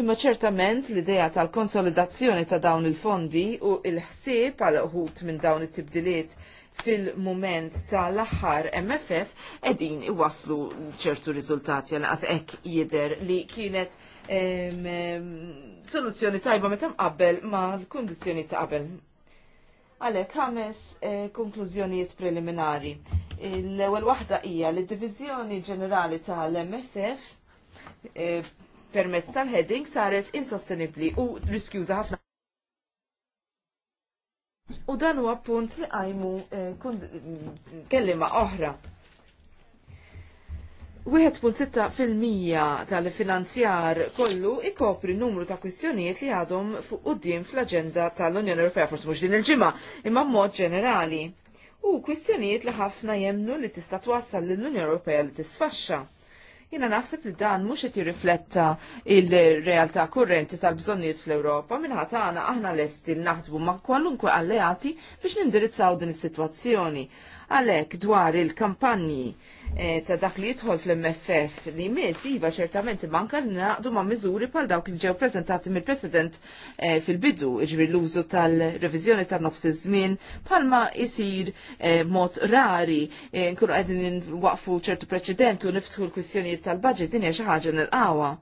Speaker 2: Imma ċertament l-ideja tal-konsolidazzjoni ta' dawn il-fondi u il-ħsieb għal uħut minn dawn it-tibdiliet fil-moment tal-aħħar MFF edin iwaslu ċertu riżultati għal hekk jider li kienet em, em, soluzzjoni tajba meta mqabbel ma l kondizjoni ta' qabel. Għale, ħames eh, konklużjonijiet preliminari. L-ewwel waħda hija li d-diviżjoni ġenerali tal-MFF eh, permezz tal-heading saret insostenibli u riskjuża ħafna. U dan huwa punt li għajmu eh, mm, kellima oħra. 1.6% tal-finanzjar kollu ikopri numru ta' kwistjonijiet li għadhom fuq quddiem fl-aġenda tal-Unjoni Ewropea forsi mhux din il-ġimgħa, imma mod ġenerali. U kwistjonijiet li ħafna jemnu li tista' twassal lill-Unjoni Ewropea li tisfaxxa. Jina naħseb li dan mhux qed jirrifletta il-realtà kurrenti tal-bżonniet fl-Ewropa minħat għana aħna lesti naħsbu ma' kwalunkwe alleati biex nindirizzaw din is-sitwazzjoni. Għalhekk dwar il-kampanji Eh, ta' dak li jidħol fl-MFF li jmiss iva ċertament manka li naqdu ma' miżuri pal dawk li ġew prezentati mill-President eh, fil-bidu, iġri l-użu tal-reviżjoni ta' nofs iż-żmien palma jisir eh, mod rari nkunu qegħdin waqfu ċertu preċedentu, u niftħu l-kwistjonijiet tal-budget din hija xi ħaġa nilqawha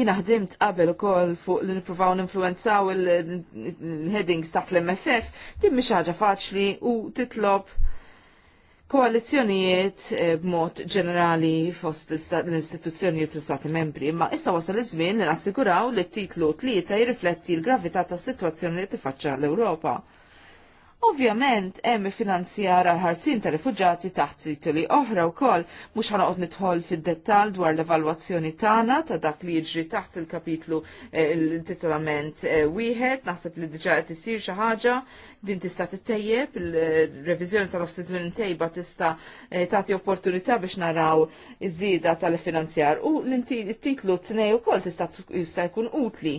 Speaker 2: jina ħdimt qabel ukoll fuq li nippruvaw ninfluenzaw il-headings taħt l-MFF, din xaġa ħaġa faċli u titlob koalizjonijiet eh, b'mod ġenerali fost l-istituzzjonijiet u stati membri, imma issa wasal iż-żmien li nassiguraw li t-titlu tlieta jirrifletti l-gravità tas-sitwazzjoni li tifaċċa l-Ewropa. Ovvjament hemm finanzjara għal ħarsin ta' rifuġati taħt titoli oħra wkoll mhux ħanoqgħod nidħol fid-dettall dwar l-evalwazzjoni tagħna ta' dak li jiġri taħt il-kapitlu eh, l-intitolament eh, wieħed, naħseb li diġà qed isir xi ħaġa din tista' tittejjeb, il-reviżjoni tal-ofsi żmien tejba tista' eh, tagħti opportunità biex naraw iż-żieda tal-finanzjar u l-titlu t-tnej ukoll tista' jkun utli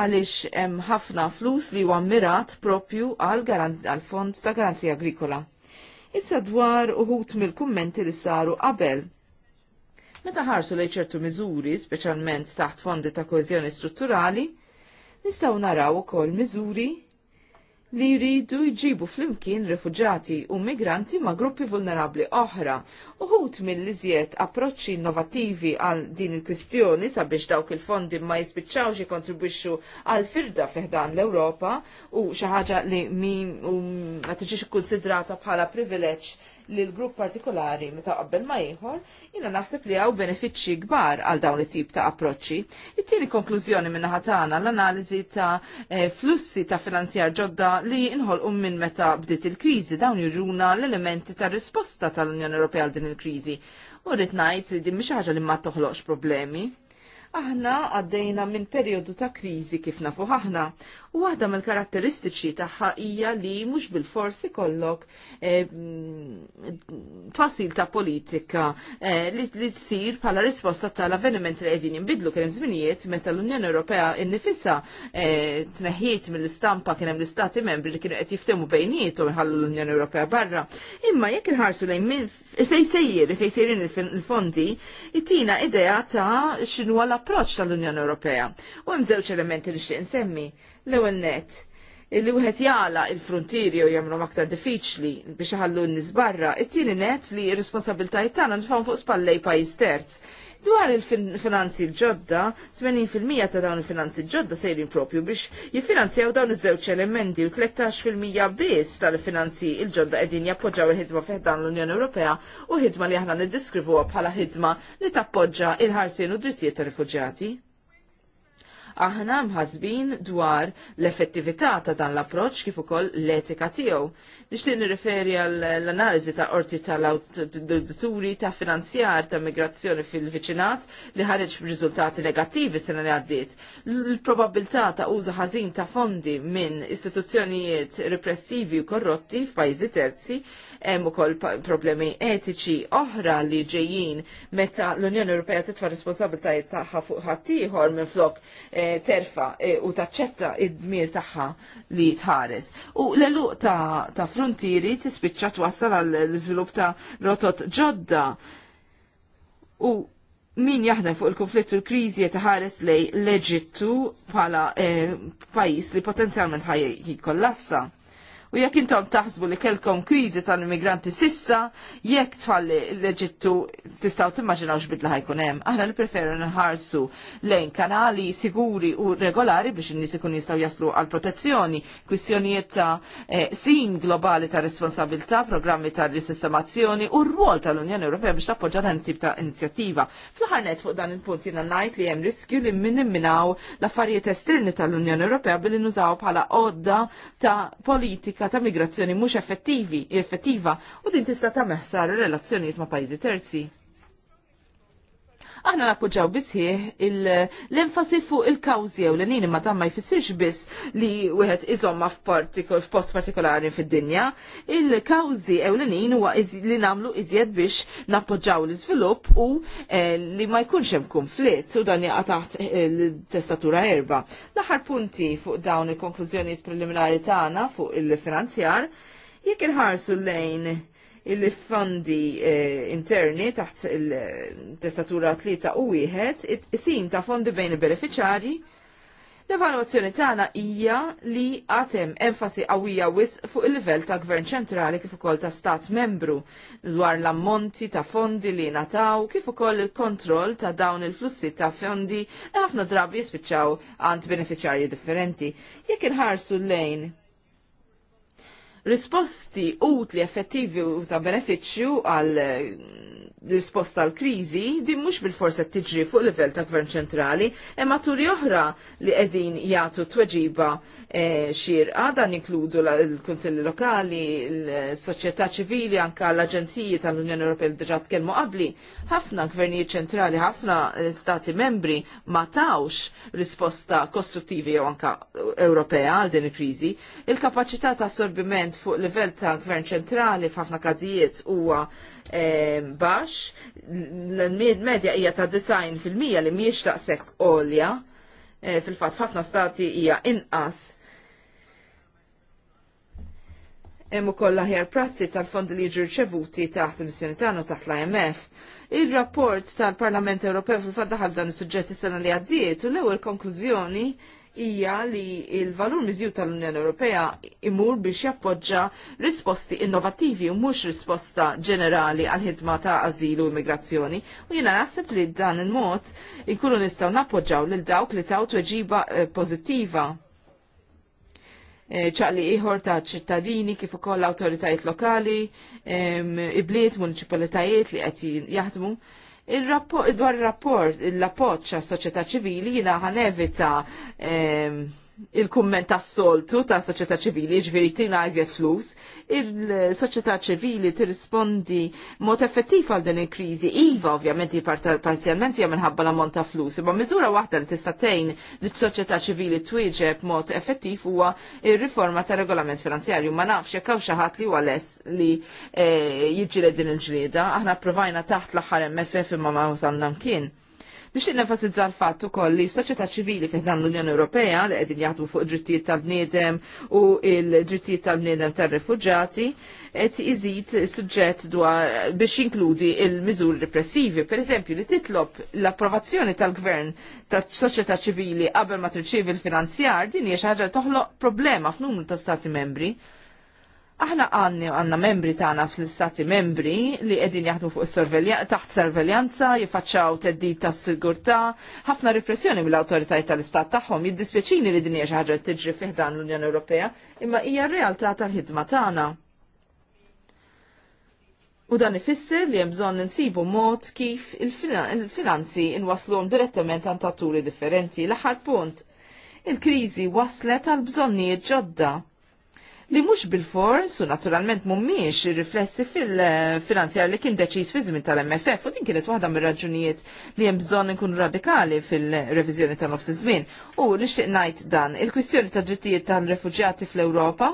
Speaker 2: għaliex hemm ħafna flus li huwa mirat propju għal, għal fond ta' garanzija agrikola. Issa dwar uħut mill-kummenti li saru qabel. Meta ħarsu lejn ċertu miżuri, speċjalment taħt fondi ta' koeżjoni strutturali, nistgħu naraw ukoll miżuri li jridu jġibu flimkien rifuġati u migranti ma' gruppi vulnerabli oħra. Uħut mill-iżjed approċċi innovativi għal din il-kwistjoni sabiex dawk il-fondi ma jispiċċawx jikontribwixxu għal firda fiħdan l-Ewropa u xi ħaġa li mi ma tiġix ikkunsidrata bħala privileġġ li l-grupp partikolari meta qabbel ma ieħor, jiena naħseb li hawn benefiċċji kbar għal dawn it-tip ta' approċċi. It-tieni konklużjoni minn ħatana l-analiżi ta' eh, flussi ta' finanzjar ġodda li inħolqu minn meta bdiet il-kriżi dawn juruna l-elementi ta' risposta tal-Unjoni Ewropea għal din il-kriżi. U rrid ngħid li din mhix ħaġa li ma toħloqx problemi aħna għaddejna minn periodu ta' krizi kif nafu ħaħna u waħda mill-karatteristiċi tagħha hija li mhux bil-forsi kollok eh, mm, tfasil ta' politika eh, li tsir bħala risposta tal-avveniment li qegħdin jinbidlu kien hemm żminijiet meta l-Unjoni Ewropea innifisha eh, tneħħiet mill-istampa kien hemm l-istati membri li kienu qed jiftehmu bejniethom iħallu l-Unjoni Ewropea barra. Imma jekk inħarsu lejn fejn sejjer, fejn sejrin il-fondi, jittina idea ta' x'inhuwa l-approċċ tal-Unjoni Ewropea. U hemm żewġ elementi li xtieq insemmi L-ewwel net li wieħed jala il-frontieri u jagħmlu aktar diffiċli biex iħallu n-nies barra, it-tieni net li r responsabbiltajiet tagħna nifhom fuq spallej pajjiż terz. Dwar il-finanzi l-ġodda, 80% ta' dawn il-finanzi l-ġodda sejrin propju biex jifinanzjaw dawn iż-żewġ elementi u 13% biss tal-finanzi l-ġodda qegħdin jappoġġaw il-ħidma fih dan l-Unjoni Ewropea u ħidma li aħna niddiskrivuha bħala ħidma li tappoġġa il-ħarsien u drittijiet tar-rifuġjati. Aħna mħazbin dwar l-effettività ta' dan l-approċ kif ukoll l-etika tiegħu. Nixtieq nirriferi għall-analiżi ta' qorti tal-awturi ta' finanzjar ta' migrazzjoni fil-viċinat li ħareġ b'riżultati negattivi sena li għaddiet. L-probabilità ta' użu ħażin ta' fondi minn istituzzjonijiet repressivi u korrotti f'pajjiżi terzi hemm ukoll problemi etiċi oħra li ġejjin meta l-Unjoni Ewropea titfa' responsabiltajiet tagħha fuq ħaddieħor minn flok eh, terfa eh, u taċċetta id-dmir tagħha li tħares. U l-eluq ta' frontieri tispiċċa twassal għall-iżvilupp ta' rotot ġodda u min jaħdem fuq il-konflitt u l-kriżi jetaħares lej leġittu bħala eh, pajjiż li potenzjalment ħaj jikollassa. U jekk intom taħsbu li kelkom kriżi tal-immigranti sissa, jekk tfalli l-Eġittu tistaw timmaġinaw x'bidla ħajkun hemm. Aħna nipreferu nħarsu lejn kanali siguri u regolari biex in-nies ikun jistgħu jaslu għal protezzjoni, kwistjonijiet ta' eh, sin globali ta' responsabilità, programmi ta' risistemazzjoni u r-rwol tal-Unjoni Ewropea biex tappoġġa dan tip ta' inizjattiva. Fl-ħarnet fuq dan il-punt jiena ngħid li hemm riskju li minimminaw l-affarijiet esterni tal-Unjoni Ewropea billi nużaw bħala għodda ta' politika politika ta' migrazzjoni mhux effettivi, effettiva u din tista' tagħmel ħsar relazzjonijiet ma' pajjiżi terzi. Aħna nappoġġaw bisħieħ l-enfasi fuq il-kawżi jew l nien imma dan ma jfissirx biss li wieħed iżomma f'post partikolari fid-dinja. Il-kawżi jew l nien huwa li nagħmlu iżjed biex nappoġġaw l-iżvilupp u eh, li ma jkunx hemm konflitt u dan jaqa' taħt eh, l-testatura erba. L-aħħar punti fuq dawn il-konklużjonijiet preliminari tagħna fuq il-finanzjar jekk inħarsu lejn il-fondi eh, interni taħt il-testatura tlieta u wieħed, isim ta' fondi bejn il-beneficjari, l-evaluazzjoni tagħna hija li għatem enfasi qawwija wis fuq il-livell ta' gvern ċentrali kif ukoll ta' stat membru dwar l-ammonti ta' fondi li nataw kif ukoll il-kontroll ta' dawn il-flussi ta' fondi li ħafna drabi jispiċċaw għand beneficjarji differenti. Jekk inħarsu lejn risposti utli effettivi u ta' beneficju għal eh, risposta għal krizi din mhux bil-forsa tiġri fuq livell ta' gvern ċentrali, imma turi oħra li qegħdin jagħtu tweġiba eh, xirqa dan inkludu l-Kunsilli Lokali, l-soċjetà ċivili, anka l-Aġenziji tal-Unjoni Ewropea li diġà tkellmu qabli. Ħafna gvernijiet ċentrali, ħafna stati membri ma tawx risposta kostruttivi jew anka Ewropea għal din il-kriżi. Il-kapaċità ta' assorbiment fuq livell ta' gvern ċentrali f'ħafna każijiet huwa eh, baxx, l-medja hija ta' design fil-mija li mhijiex taqsek għolja eh, fil-fatt ħafna stati hija inqas hemm ukoll aħjar prassi tal-fondi li jiġu rċevuti taħt il-missjoni tagħna taħt l-IMF. Il-rapport tal-Parlament Ewropew fil-fatt daħal dan is-suġġetti sena li għaddiet u l-ewwel konklużjoni hija li il-valur miżjud tal-Unjoni Ewropea imur biex jappoġġa risposti innovattivi u mhux risposta ġenerali għal ħidma ta' azilu u immigrazzjoni. U jiena naħseb li dan il-mod ikunu nistgħu nappoġġaw lil dawk li taw tweġiba eh, pożittiva eh, ċaqli iħor ta' ċittadini kif ukoll l-awtoritajiet lokali, ibliet, municipalitajiet li qed jaħdmu Il-rapport, dwar il-rapport, il-appoċ għas soċjetà ċivili jina ħanevita eh, il-kumment tas soltu ta' soċjetà ċivili, ġviri tina għazjet flus, il-soċjetà ċivili tirrispondi mod effettiv għal din il-krizi, iva ovvjament parzjalment hija minħabba l-ammont ta' flus, imma miżura waħda li tista' tgħin li soċjetà ċivili twieġeb mod effettiv huwa ir-riforma ta' regolament finanzjarju. Ma nafx jekk hawn xi ħadd li huwa les li eh, jiġġieled din il-ġlieda, aħna provajna taħt l-aħħar MFF imma ma wasalna mkien Nixtieq nenfasizza l-fatt ukoll li soċjetà ċivili fih dan l-Unjoni Ewropea li qegħdin jaħdmu fuq drittijiet tal-bniedem u l-drittijiet tal-bniedem tar-refuġati qed iżid suġġett dwar biex inkludi il-miżuri repressivi, per eżempju li titlob l-approvazzjoni tal-gvern tas-soċjetà ċivili qabel ma tirċievi l-finanzjar din hija xi ħaġa toħloq problema f'numru ta' stati membri Aħna għanni għanna membri tagħna fl-istati membri li qegħdin jaħdmu fuq sorvelja taħt sorveljanza, jifaċċaw teddid ta' sigurtà, ħafna repressjoni mill-awtoritajiet tal-istat tagħhom jiddispjaċini li din hija xi ħaġa tiġri fiħdan l-Unjoni Ewropea, imma hija r-realtà tal-ħidma tagħna. U dan ifisser li hemm bżonn insibu mod kif il-finanzi inwaslhom direttament għan tatturi differenti. L-aħħar punt, il-kriżi waslet għal bżonnijiet ġodda li mhux bil-fors u naturalment mhumiex riflessi fil-finanzjar li kien deċiż fi żmien tal-MFF u din kienet waħda mir-raġunijiet li hemm bżonn inkunu radikali fil-reviżjoni tal-nofs iż-żmien. U nixtieq ngħid dan, il-kwistjoni ta' drittijiet tal-refuġjati fl-Ewropa.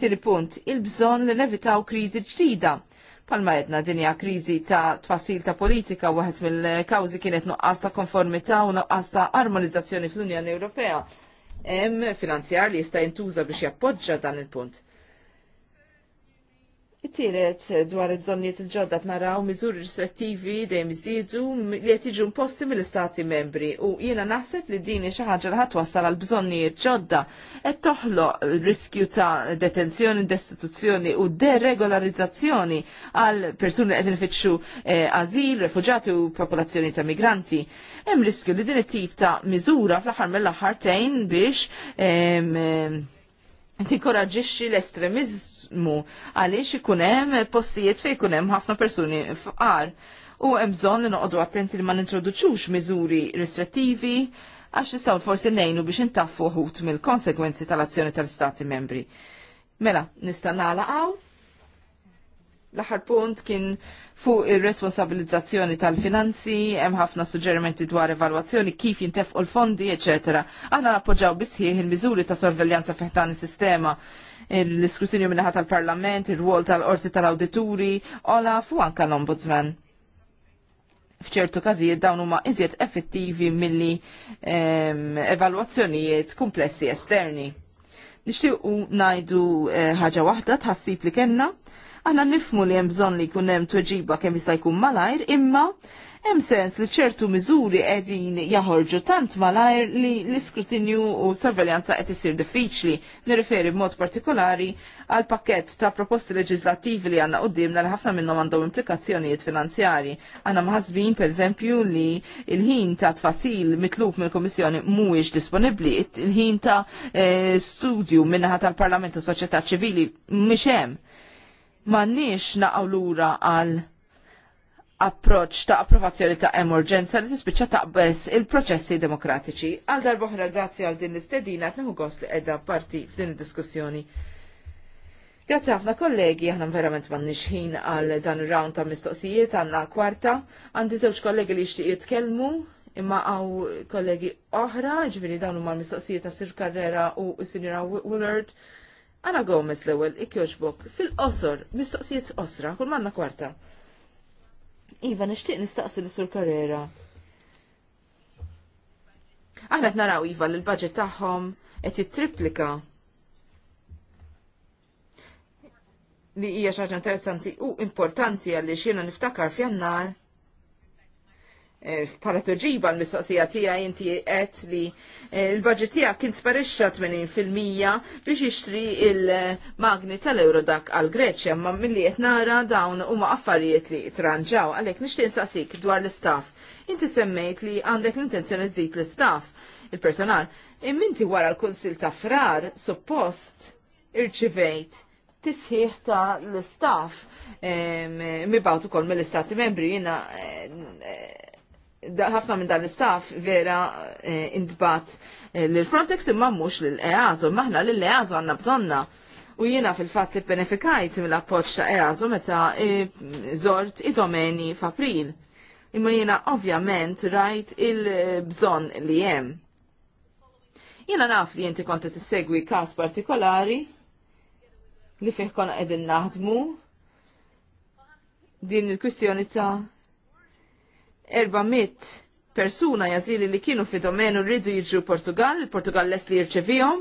Speaker 2: Tieni punt, il-bżonn li nevitaw kriżi ġdida palma jedna dinja krizi ta' tfassil ta' politika għet mill-kawzi kienet nuqqas ta' konformità u nuqqas ta' armonizzazzjoni fl-Unjoni Ewropea hemm finanzjar li jista' jintuża biex jappoġġa dan il-punt. It-tielet eh, dwar il-bżonniet il-ġodda naraw miżuri restrittivi dejjem iżdiedu li qed jiġu imposti mill-istati membri u jiena naħseb li din xi ħaġa li ħatwassal għal bżonnijiet ġodda qed toħloq riskju ta' detenzjoni, destituzzjoni u deregolarizzazzjoni għal persuni li qed infittxu eh, ażil, refuġati u popolazzjoni ta' migranti. Hemm riskju li din it-tip ta' miżura fl-aħħar mill-aħħar tgħin biex tinkoraġixxi l-estremizmu għaliex ikun hemm postijiet fejn ikun hemm ħafna persuni fqar. U hemm bżonn li noqogħdu attenti li ma nintroduċux miżuri restrittivi għax nistgħu forsi ngħinu biex intaffu ħut mill-konsekwenzi tal-azzjoni tal-Stati membri. Mela, nista' nagħlaqgħu L-aħħar punt kien fuq ir-responsabilizzazzjoni tal-finanzi, hemm ħafna suġġerimenti dwar evalwazzjoni kif jintefqu l-fondi, eċetera. Aħna nappoġġaw bisħieħ il-miżuri ta' sorveljanza fiħtan is-sistema l-iskrutinju minnaħat tal-Parlament, ir-rwol tal-Qorti tal-Awdituri, Olaf u anka l-Ombudsman. F'ċertu każijiet dawn huma iżjed effettivi milli ehm, evalwazzjonijiet komplessi esterni. Nixtiequ ngħidu eh, ħaġa waħda tħassib li kellna Aħna nifmu li hemm bżonn li jkun hemm tweġiba kemm jista' jkun malajr, imma hemm sens li ċertu miżuri qegħdin jaħorġu tant malajr li l-iskrutinju u sorveljanza qed isir diffiċli. Nirriferi b'mod partikolari għal pakkett ta' proposti leġislattivi li għandna qudiemna li ħafna minnhom għandhom implikazzjonijiet finanzjarji. maħazbin mħasbin pereżempju li il-ħin ta' tfasil mitlub mill-Kummissjoni mhuwiex disponibbli, il-ħin ta' eh, studju minnaħat tal-Parlament u Soċjetà Ċivili mhix hemm m'għandniex naqgħu lura għal approċ ta' approvazzjoni ta' emerġenza li tispiċċa taqbess il-proċessi demokratiċi. Għal darboħra grazzi għal din l-istedina qed gost li qiegħda parti f'din id-diskussjoni. Grazzi ħafna kollegi, aħna verament man nixħin għal dan ir-round ta' mistoqsijiet għandna kwarta. Għandi żewġ kollegi li xtiq jitkelmu, imma għaw kollegi oħra, ġviri dawn huma mal mistoqsijiet ta' Sir Carrera u Sinjora Willard Anna Gomez l-ewel, ikjoġbok, fil-qosor, mistoqsijiet osra, kull manna kwarta. Iva, nishtiq nistaqsi li sur karriera. Aħna naraw Iva li l-budget tagħhom qed triplika Li hija xi ħaġa interessanti u importanti għalli xiena niftakar f'jannar. Eh, bħala toġiba l-mistoqsija tiegħi inti qed li il-budget tiegħek kien sparixxa 80% biex jixtri il-magni tal-Eurodak għal Greċja, ma mill-li nara dawn huma affarijiet li tranġaw għalhekk nixtieq insaqsik dwar l-istaff. Inti semmejt li għandek l-intenzjoni żid l-istaff, il-personal. Imminti wara l konsil ta' Frar, suppost, irċivejt tisħiħ ta' l-istaff mibgħut ukoll mill-istati membri jiena ħafna minn dan l vera eh, intbat eh, l-Frontex imma mhux l-EASO, maħna l-EASO għandna bżonna. U jiena fil-fatt benefikajt mill-appoġġ ta' EASO meta eh, zort id-domeni f'April. Imma jiena ovvjament rajt il-bżonn li hemm. Jiena naf li inti konta t-segwi każ partikolari li fih konna qegħdin naħdmu din il-kwistjoni ta' 400 persuna jazili li kienu fi domenu rridu jiġu Portugal, il-Portugal les li jirċevijom,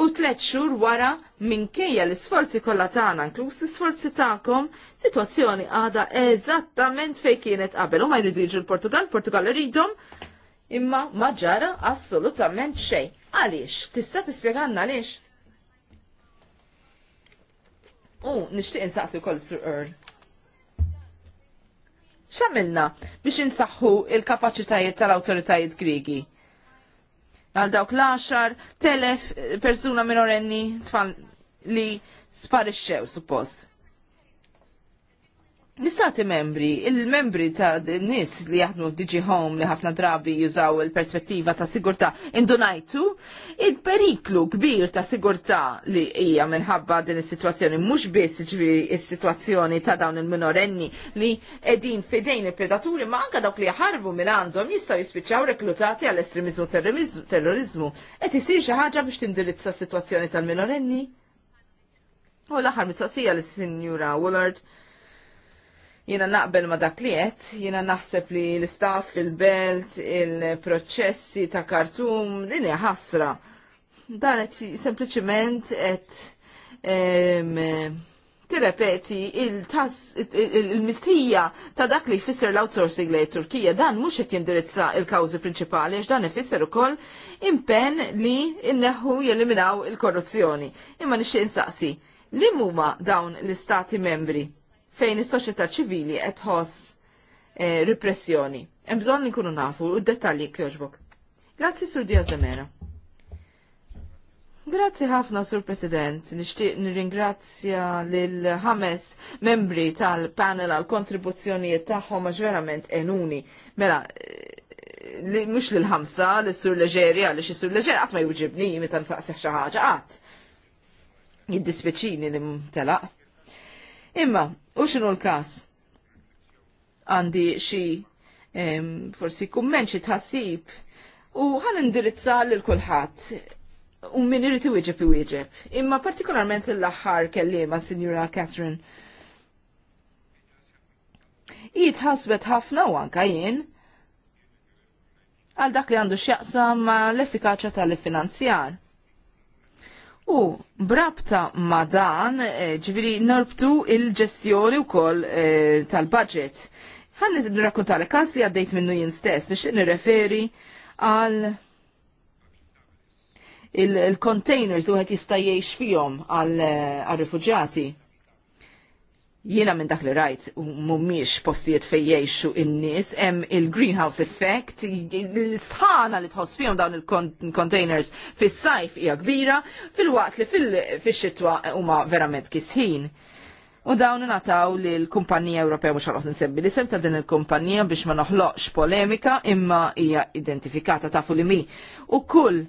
Speaker 2: u tlet xhur wara minkejja l-isforzi kollha tagħna, inkluż l-isforzi tagħkom, sitwazzjoni għada eżattament fejn kienet qabel. U ma jridu jiġu l-Portugal, Portugal iridhom, imma ma ġara assolutament xejn. Għaliex? Tista' tispjegana għaliex? U nixtieq insaqsi wkoll Sur Earl xamilna biex insaħħu il-kapaċitajiet tal-awtoritajiet Griegi? Għal dawk l-10 telef persuna minorenni tfal li sparixxew suppost. L-istati membri, il-membri ta' nis li jaħdmu Digi Home li ħafna drabi jużaw il-perspettiva ta' sigurta indunajtu, il-periklu kbir ta' sigurta li hija minħabba din is-sitwazzjoni mhux biss ġifieri is-sitwazzjoni ta' dawn il-minorenni li qegħdin fidejn il-predaturi ma anke dawk li jaħarbu minn għandhom jistgħu jispiċċaw reklutati għall estremizmu terrorizmu qed isir xi ħaġa biex tindirizza s-sitwazzjoni tal-minorenni. U l-aħħar mistoqsija lis-Sinjura Willard Jiena naqbel ma dak li qed, jiena naħseb li l istaff il belt il-proċessi ta' kartum, din hija ħasra. Dan qed sempliċiment qed tirrepeti il-mistija ta' dak li jfisser l-outsourcing li Turkija dan mhux qed jindirizza il-kawżi prinċipali għax dan ifisser ukoll impenn li inneħħu jeliminaw il-korruzzjoni. Imma nixtieq insaqsi li huma dawn l-istati membri fejn is-soċjetà ċivili qed tħoss eh, repressjoni. Hemm bżonn nkunu nafu u d-dettalji kjoġbok. Grazzi Sur Diaz de Mera. Grazzi ħafna Sur President, nixtieq nirringrazzja lil ħames membri tal-panel għal kontribuzzjonijiet tagħhom għax verament enuni. Mela, eh, mux l-ħamsa, lis sur leġeri, għaliex l-sur leġeri għat ma juġibni, meta nfaqseħ xaħġa għat. Jiddispeċini li mtelaq. Imma, U xinu l-kas? Għandi xi forsi kummen xi tħassib u ħan indirizza lil kulħadd u min irid iwieġeb iwieġeb. Imma partikolarment l-aħħar kelliema Sinjura Catherine. Id ħasbet ħafna u anka jien għal dak li għandu x'jaqsam ma l-effikaċja tal-finanzjar. U brabta ma dan, eh, ġviri norbtu il-ġestjoni u koll eh, tal-budget. Għan nizib nirrakkontale kas li għaddejt minnu jinstess, stess, nixtieq referi għal il-containers li għet jistajiex fijom għal-rifugġati. Eh, Jiena minn dak li rajt mumiex postijiet fejn jgħixu in-nies, hemm il-greenhouse effect, l-sħana li tħoss fihom dawn il-containers fis-sajf hija kbira, fil-waqt li fix-xitwa huma verament kisħin. U dawn nataw li l-Kumpanija Ewropea mux ħalos nsebbi li sem ta' din il-kumpanija biex ma noħloqx polemika imma hija identifikata tafu li mi. U kull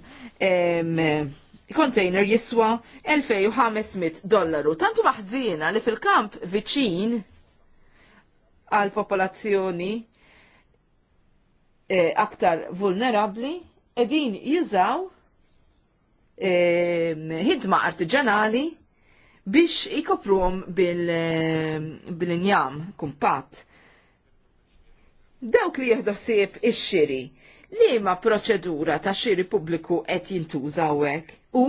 Speaker 2: container jiswa 2500 dollaru. Tantu maħżina li fil-kamp viċin għal popolazzjoni e, aktar vulnerabli edin jużaw e, eh, hidma artiġanali biex ikopruhom eh, bil-injam bil kumpat. Dawk li jihdossib ix-xiri, li ma proċedura ta' xiri pubbliku qed jintużawek? u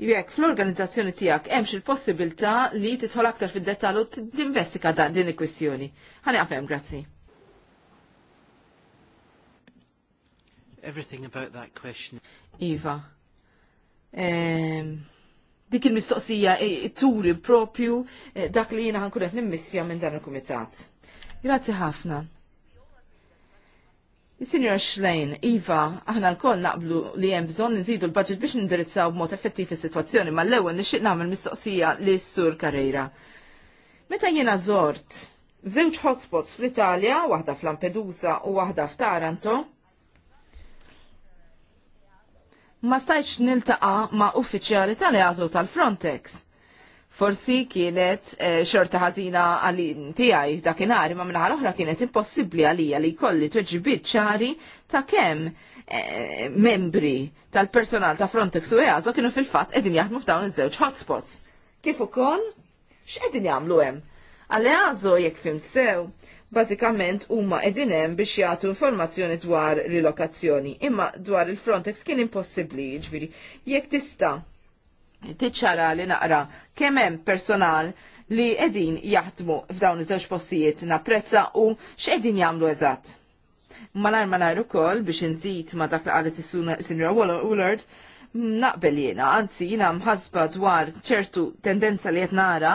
Speaker 2: jekk fl-organizzazzjoni tiegħek hemmx il-possibilità li tidħol aktar fid-dettall u da din il-kwistjoni. Għani għafem, grazzi.
Speaker 1: Everything about that question.
Speaker 2: Iva. Ehm, dik il-mistoqsija e, e, turi propju e, dak li jiena ħankun nimmissja minn dan il-kumitat. Grazzi ħafna. Signor Schlein, Iva, aħna l-koll naqblu li hemm bżonn nżidu l-budget biex nindirizzaw b'mod effettiv is-sitwazzjoni, ma l ewel nixtieq nagħmel mistoqsija lis sur karriera. Meta jena zort, żewġ hotspots fl-Italja, waħda f'Lampedusa u waħda f'Taranto, ma stajtx niltaqa' ma' uffiċjali tal-eażu tal-Frontex forsi kienet eh, xorta ħażina għalin tiegħi dakinhar imma minnaħa l-oħra kienet impossibbli għalija li jkolli tweġibiet ċari ta' kemm eh, membri tal-personal ta' Frontex u EASO kienu fil-fatt qegħdin jaħdmu f'dawn iż-żewġ hotspots. Kif ukoll x'qegħdin jagħmlu hemm? Għal-EASO jekk fimt sew, bażikament huma qegħdin hemm biex jagħtu informazzjoni dwar rilokazzjoni, imma dwar il-Frontex kien impossibbli, jiġifieri jekk tista' tiċċara li naqra kemm hemm personal li edin jaħdmu f'dawn iż-żewġ postijiet napprezza u x'qegħdin jagħmlu eżatt. Malar malar ukoll biex inżid ma dak li qalet is-Sinjora Willard, naqbel jiena, anzi jiena mħasba dwar ċertu tendenza li qed nara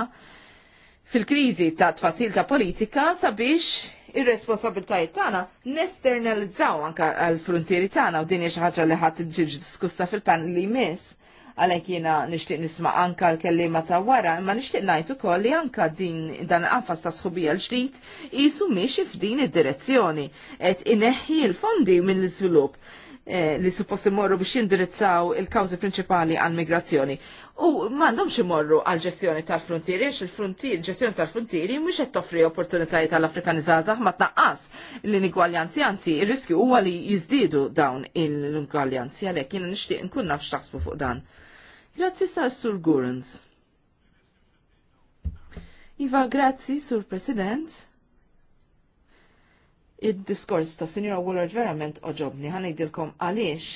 Speaker 2: fil-kriżi ta' tfasil ta' politika sabiex ir-responsabiltajiet tagħna nesternalizzaw anke għall-frontieri tagħna u din hija xi ħaġa li ħadd ġiġ diskussa fil-panel li jmiss għalhekk jiena nixtieq nisma' anka l-kellima ta' wara, imma nixtieq ngħid ukoll li anka din dan qafas ta' sħubija l ġdijt qisu miex f'din id-direzzjoni et ineħħi l-fondi mill-iżvilupp eh, li supposti morru biex jindirizzaw il-kawzi prinċipali għal migrazzjoni. U m'għandhomx imorru għal ġestjoni tal-frontieri, għax il-frontier, ġestjoni tal-frontieri mhux qed toffri opportunitajiet għall afrikanizzazah ma tnaqqas l-inigwaljanzi, anzi ir-riskju huwa li jiżdiedu dawn l-inigwaljanzi għalhekk jiena nixtieq nkun naf x'taħsbu fuq dan. Grazzi sa' Sur Gurens. Iva, grazzi, Sur President. Id-diskors ta' Sinjora Wallard verament oġobni, ħanajdilkom għaliex.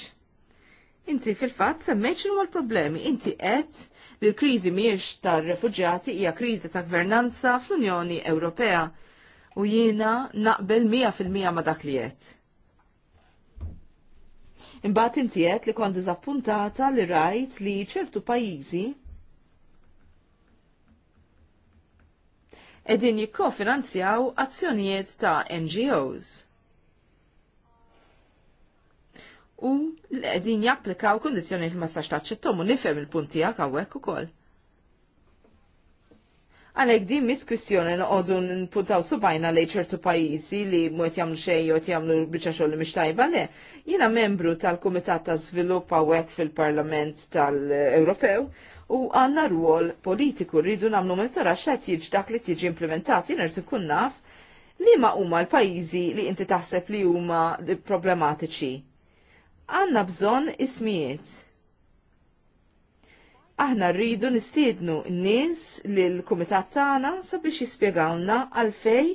Speaker 2: Inti fil-fat semmejt xinu problemi inti għed li l-kriżi miex tar refugjati hija kriżi ta' gvernanza fl-Unjoni Ewropea u jiena naqbel 100% ma' dak li għed. Imbagħad inti li kont diżappuntata li rajt li ċertu pajjiżi qegħdin jikkofinanzjaw azzjonijiet ta' NGOs. U l-qegħdin japplikaw kundizzjonijiet ma stax taċċettom u nifhem il-puntijak hawnhekk ukoll. Għalek din mis kwistjoni n-puntaw subajna li ċertu pajjiżi li mwet jagħmlu xej jew jamlu bieċa xoll xogħol tajba le. Jiena membru tal-Kumitat ta' Żvilupp Wek fil-Parlament tal-Ewropew u għandna rwol politiku rridu nagħmlu mentora qed jieġ dak li tiġi implementat jien irid ikun naf li ma huma l-pajjiżi li inti taħseb li huma problematiċi. Għandna bżonn ismijiet Aħna rridu nistiednu n-nies lill-kumitat tagħna sabiex jispjegawna għalfej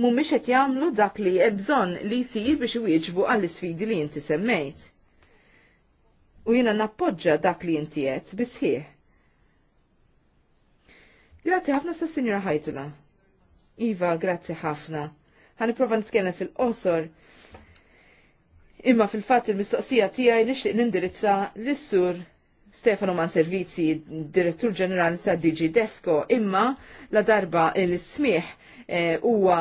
Speaker 2: mhumiex qed jagħmlu dak li hemm bżonn li jsir biex iwieġbu għall-isfidi li inti semmejt. U jiena nappoġġa dak li inti qed bisħieħ. Grazzi ħafna sa' Sinjora Ħajtula. Iva, grazzi ħafna. Ħani prova nitkellem fil-qosor. Imma fil-fatt il-mistoqsija tiegħi nixtieq nindirizza lis-sur Stefano Man Servizzi, direttur ġenerali ta' DG Defco, imma la darba il-smieħ eh, huwa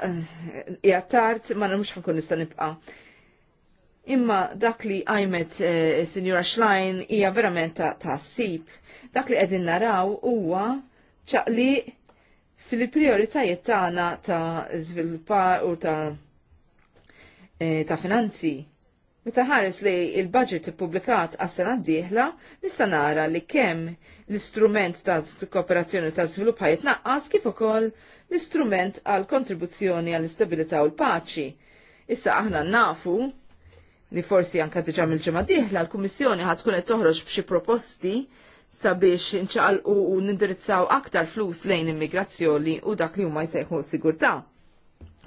Speaker 2: eh, eh, tard ma nemmux ħankun nista' nibqa'. Imma dak li għajmet Sinjura Schlein hija verament ta' sib. Dak li qegħdin naraw huwa ċaqli fil-prioritajiet tagħna ta' żviluppa u ta' ta' finanzi Meta ħares li il-budget ippubblikat għas-sena d-dieħla, nista' nara li kemm l-istrument ta' kooperazzjoni ta' żvilupp naqqas kif ukoll l-istrument għal kontribuzzjoni għall istabilità u l-paċi. Issa aħna nafu li forsi anka diġà mill-ġimgħa dieħla l-Kummissjoni ħad tkun qed toħroġ b'xi proposti sabiex inċaqalqu u nindirizzaw aktar flus lejn immigrazzjoni u dak li huma jsejħu sigurtà.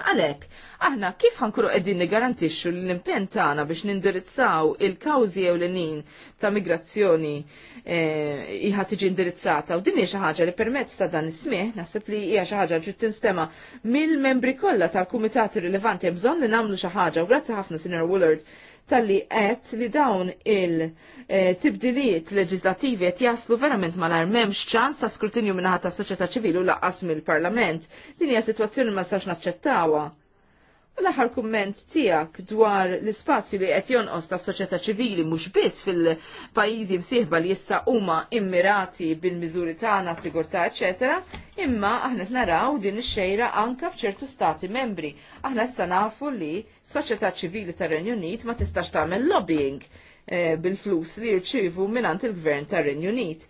Speaker 2: Għalek, aħna kif ħankunu qegħdin nigarantixxu l-impenn tagħna biex nindirizzaw il-kawżi ewlenin ta' migrazzjoni eh, iħa tiġi indirizzata u din hija xi ħaġa li permezz ta' dan ismih naħseb li hija xi ħaġa li tinstema mill-membri kollha tal-kumitati rilevanti hemm bżonn li nagħmlu xi ħaġa u grazzi ħafna Sinner Willard tal-li qed li dawn il-tibdiliet leġislativi qed jaslu verament ma l memx ċans ta' skrutinju minnaħat ta' soċjetà ċivilu u laqqas mill-Parlament. Din hija sitwazzjoni ma sax naċċettawha l-aħħar kumment tiegħek dwar l-ispazju li qed jonqos ta' soċjetà ċivili mhux biss fil-pajjiżi msieħba li issa huma immirati bil-miżuri tagħna sigurtà eċetera, imma aħna t naraw din ix-xejra anke f'ċertu stati membri. Aħna issa nafu li soċjetà ċivili tar-Renju Unit ma tistax tagħmel lobbying eh, bil-flus li jirċivu minant il-gvern tar renju Unit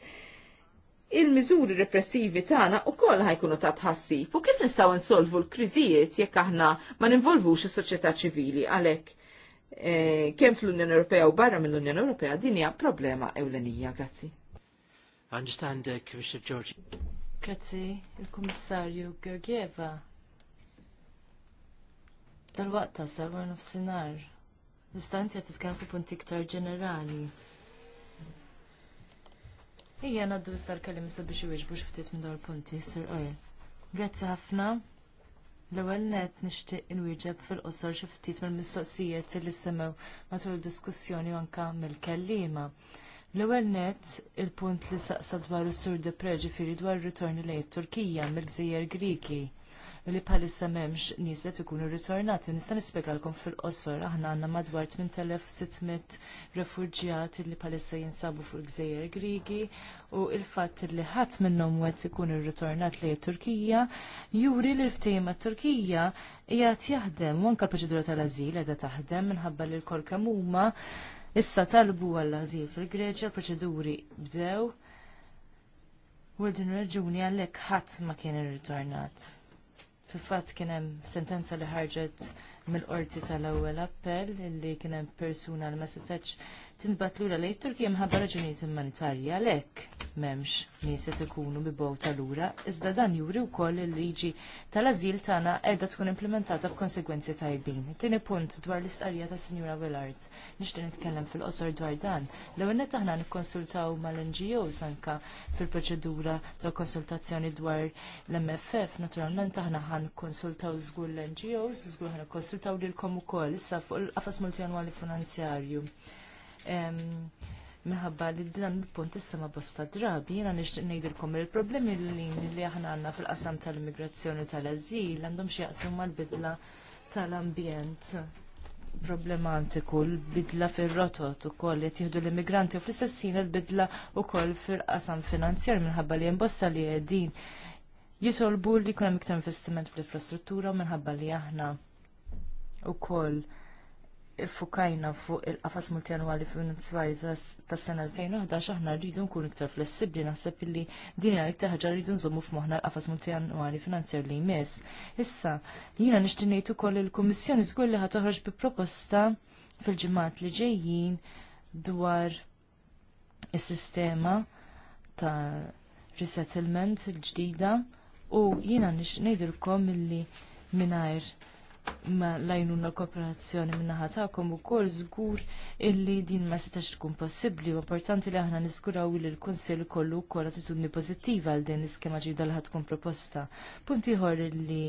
Speaker 2: il-miżuri repressivi tagħna koll ħajkunu ta' tħassib u kif nistgħu nsolvu l-kriżijiet jekk aħna ma ninvolvux is-soċjetà ċivili għalhekk eh, kemm fl-Unjoni Ewropea u barra mill-Unjoni Ewropea din hija problema ewlenija. Grazzi.
Speaker 4: Uh, Commissioner George. Grazzi, il-Kummissarju Gergieva. Dal-waqt tasal għar nofsinar. Istanti għat titkellem punti iktar ġenerali Ija, naddu s-sar kellim issa biex iwieġbu ftit minn dawl il-punti, Sir Oil. Grazzi ħafna. L-ewwel net nixtieq inwieġeb fil-qosor xi ftit mill-mistoqsijiet li semmew matul id-diskussjoni anke mill-kellima. L-ewwel net il-punt li saqsa dwar is-sur de ġifieri dwar ir-ritorni lejn Turkija mill-Gżejjer Griki li bħalissa m'hemmx nies li ikunu ritornati. Nista' nispjegalkom fil-qosor aħna għandna madwar 8600 refuġjati li bħalissa jinsabu fil-Gżejjer Grigi u il-fatt li ħadd minnhom wet ikun irritornat lejn Turkija juri li l-ftehim mat-Turkija qiegħed jaħdem u anke l-proċedura tal-ażil qiegħda taħdem minħabba li l-kol kemm huma issa talbu għall-ażil fil-Greċja l-proċeduri bdew u din raġuni għalhekk ħadd ma kien irritornat. Fil-fatt kien hemm sentenza li ħarġet mill-qorti tal-ewwel appell illi kien hemm persuna li ma setax tinbat lura lejn Turkija mħabba raġunijiet umanitarji għalhekk m'hemmx nies qed ikunu ta' lura, iżda dan juri wkoll il-liġi tal-ażil tagħna qiegħda tkun implementata b'konsegwenzi tajbin. Tieni punt dwar l-istqarrija ta' Sinjura Willards, Nixtieq nitkellem fil-qosor dwar dan. L-ewwel nett aħna nikkonsultaw mal-NGOs anka fil-proċedura tal-konsultazzjoni dwar l-MFF, naturalment aħna ħan konsultaw żgur l-NGOs, żgur ħan konsultaw lilkom ukoll issa fuq il-qafas multjanwali finanzjarju minħabba li dan il-punt issa ma bosta drabi, jiena nixtieq ngħidilkom il-problemi li aħna għandna fil-qasam tal-immigrazzjoni u tal-ażil għandhom xi jaqsmu mal-bidla tal-ambjent problematiku l-bidla fil-rotot u koll li jihdu l-immigranti u fl-istess l-bidla u koll fil-qasam finanzjar minħabba li jimbosta li jedin jitolbu li kuna iktar investiment fl-infrastruttura minħabba li aħna u koll fukajna fuq il-qafas multianwali finanzjari tas sena 2011 aħna rridu nkunu iktar flessibbli naħseb illi din hija iktar ħaġa rridu nżommu f'moħħna l-qafas multianwali finanzjar li jmiss. Issa, jiena nixtieq ngħid ukoll il-Kummissjoni żgur li ħad toħroġ bi proposta fil-ġimgħat li ġejjin dwar is-sistema ta' resettlement il-ġdida u jiena nixtieq ngħidilkom milli mingħajr ma na kooperazzjoni minnaħa u ukoll żgur illi din ma setax tkun possibbli u importanti li aħna niskuraw li l konsil kollu wkoll attitudni pożittiva għal din l-iskema ġida li tkun proposta. Punt ieħor illi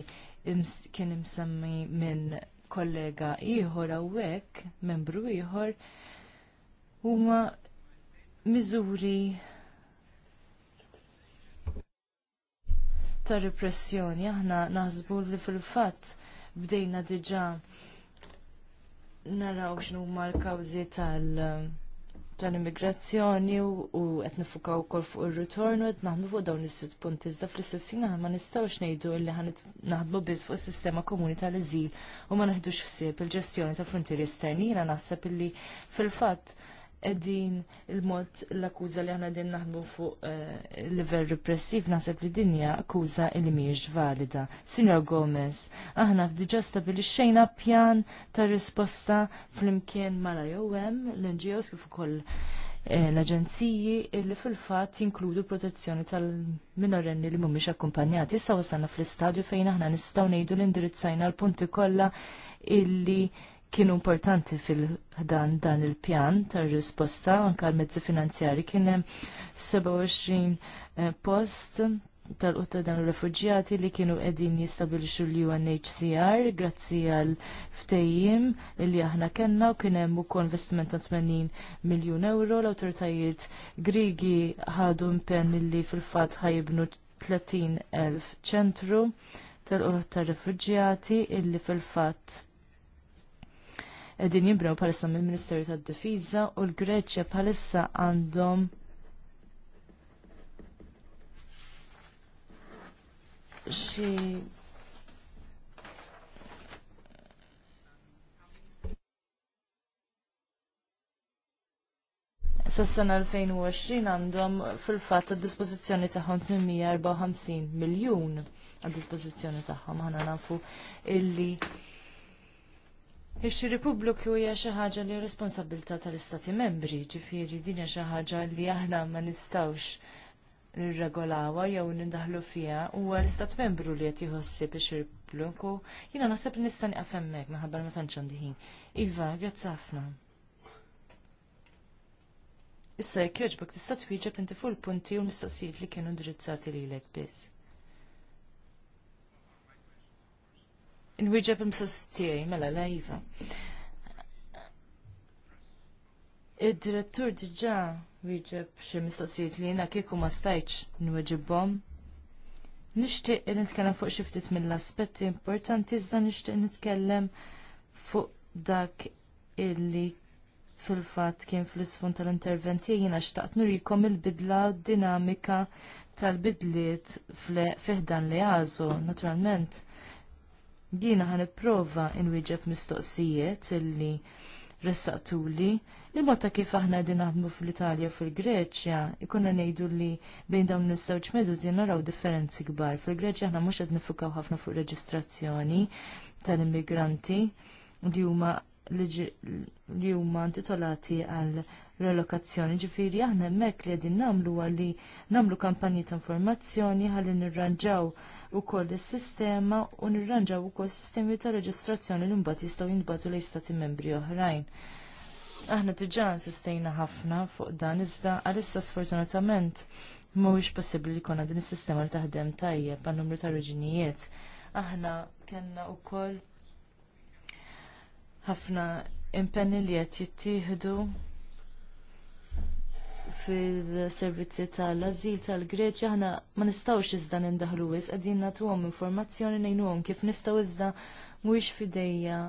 Speaker 4: kien imsemmi minn kollega ieħor għawek, membru ieħor, huma miżuri ta' repressjoni aħna naħsbu li fil-fatt bdejna diġà naraw x'nu huma l-kawżi um, tal-immigrazzjoni u qed nifukaw ukoll fuq ir ritornu u qed naħdmu fuq dawn is sit punti iżda fl-istessin ma nistgħux ngħidu li għan naħdmu biss fuq is-sistema komuni tal-iżil u ma naħdux ħsieb il-ġestjoni tal-frontieri esterni jiena naħseb illi fil-fatt edin il-mod l-akkuża li aħna din naħdmu fuq eh, livell repressiv naħseb li dinja akkuża li mhijiex valida. Signor Gomez, aħna stabili stabilixxejna pjan ta' risposta flimkien mala jowem l-NGOs kif ukoll eh, l-aġenziji li fil-fatt jinkludu protezzjoni tal-minorenni li mhumiex akkumpanjati. Issa wasalna fl-istadju fejn aħna nistgħu ngħidu l-indirizzajna l-punti kollha illi kienu importanti fil-ħdan dan il-pjan tar risposta anke l mezzi finanzjari kien hemm 27 eh, post tal-qutta dan refugjati li kienu qegħdin jistabilixxu l-UNHCR grazzi għal ftejjim li aħna kellna u kien hemm ukoll investiment ta' 80 miljun euro l-awtoritajiet Grigi ħadu impenn li fil-fatt ħajibnu 30 elf ċentru tal-qutta tar refugjati illi fil-fatt qegħdin jibraw bħalissa mill ministeri tad-Difiża u l-Greċja bħalissa għandhom xi sas 2020 għandhom fil-fatt għad dispozizjoni tagħhom 854 miljun għad dispozizjoni tagħhom ħana nafu illi Ix-xiri pubbliku hija xi ħaġa li responsabilità tal-Istati Membri, ġifieri din hija xi ħaġa li aħna ma nistgħux nirregolawha jew nindaħlu fiha huwa l-Istat Membru li qed jħossib ix-xiri pubbliku. Jiena naħseb nista' nieqaf hemmhekk minħabba ma tantx għandi ħin. Iva, grazzi ħafna. Issa jekk jogħġbok tista' twieġeb inti fuq il-punti u l-mistoqsijiet li kienu ndirizzati lilek biss. Nwiġab imsostijaj, mela lajva. Id-direttur diġa wieġeb xi mistoqsijiet li jiena kieku ma stajtx nwieġibhom. Nixtieq li nitkellem fuq xi ftit mill-aspetti importanti iżda nixtieq nitkellem fuq dak illi fil-fatt kien fl-isfond tal-interventi jiena xtaqt nurikom il-bidla dinamika tal-bidliet fl-fihdan li għazu, Naturalment, jiena ħan ipprova inwieġeb mistoqsijiet illi ressaqtuli il-mod kif aħna din naħdmu fl-Italja u fil-Greċja ikunna ngħidu li bejn dawn is medu din naraw differenzi kbar. Fil-Greċja aħna mhux qed nifukaw ħafna fuq reġistrazzjoni tal-immigranti li huma li huma intitolati għal relokazzjoni. Ġifiri, aħna hemmhekk li qegħdin nagħmlu għalli nagħmlu kampanji ta' informazzjoni ħalli nirranġaw ukoll is-sistema u nirranġaw ukoll sistemi ta' reġistrazzjoni li mbagħad jistgħu jinbagħtu lejn stati membri oħrajn. Aħna diġà insistejna ħafna fuq dan iżda għalissa sfortunatament mhuwiex possibbli li jkollna din is-sistema li taħdem tajjeb għan numru ta' riġinijiet. Aħna kellna wkoll ħafna impenni li qed jittieħdu fil-servizzi tal-azil tal-Greċja aħna ma nistawx iżda nindaħlu wis qegħdin nagħtuhom informazzjoni ngħinuhom kif nistgħu iżda mhuwiex fidejja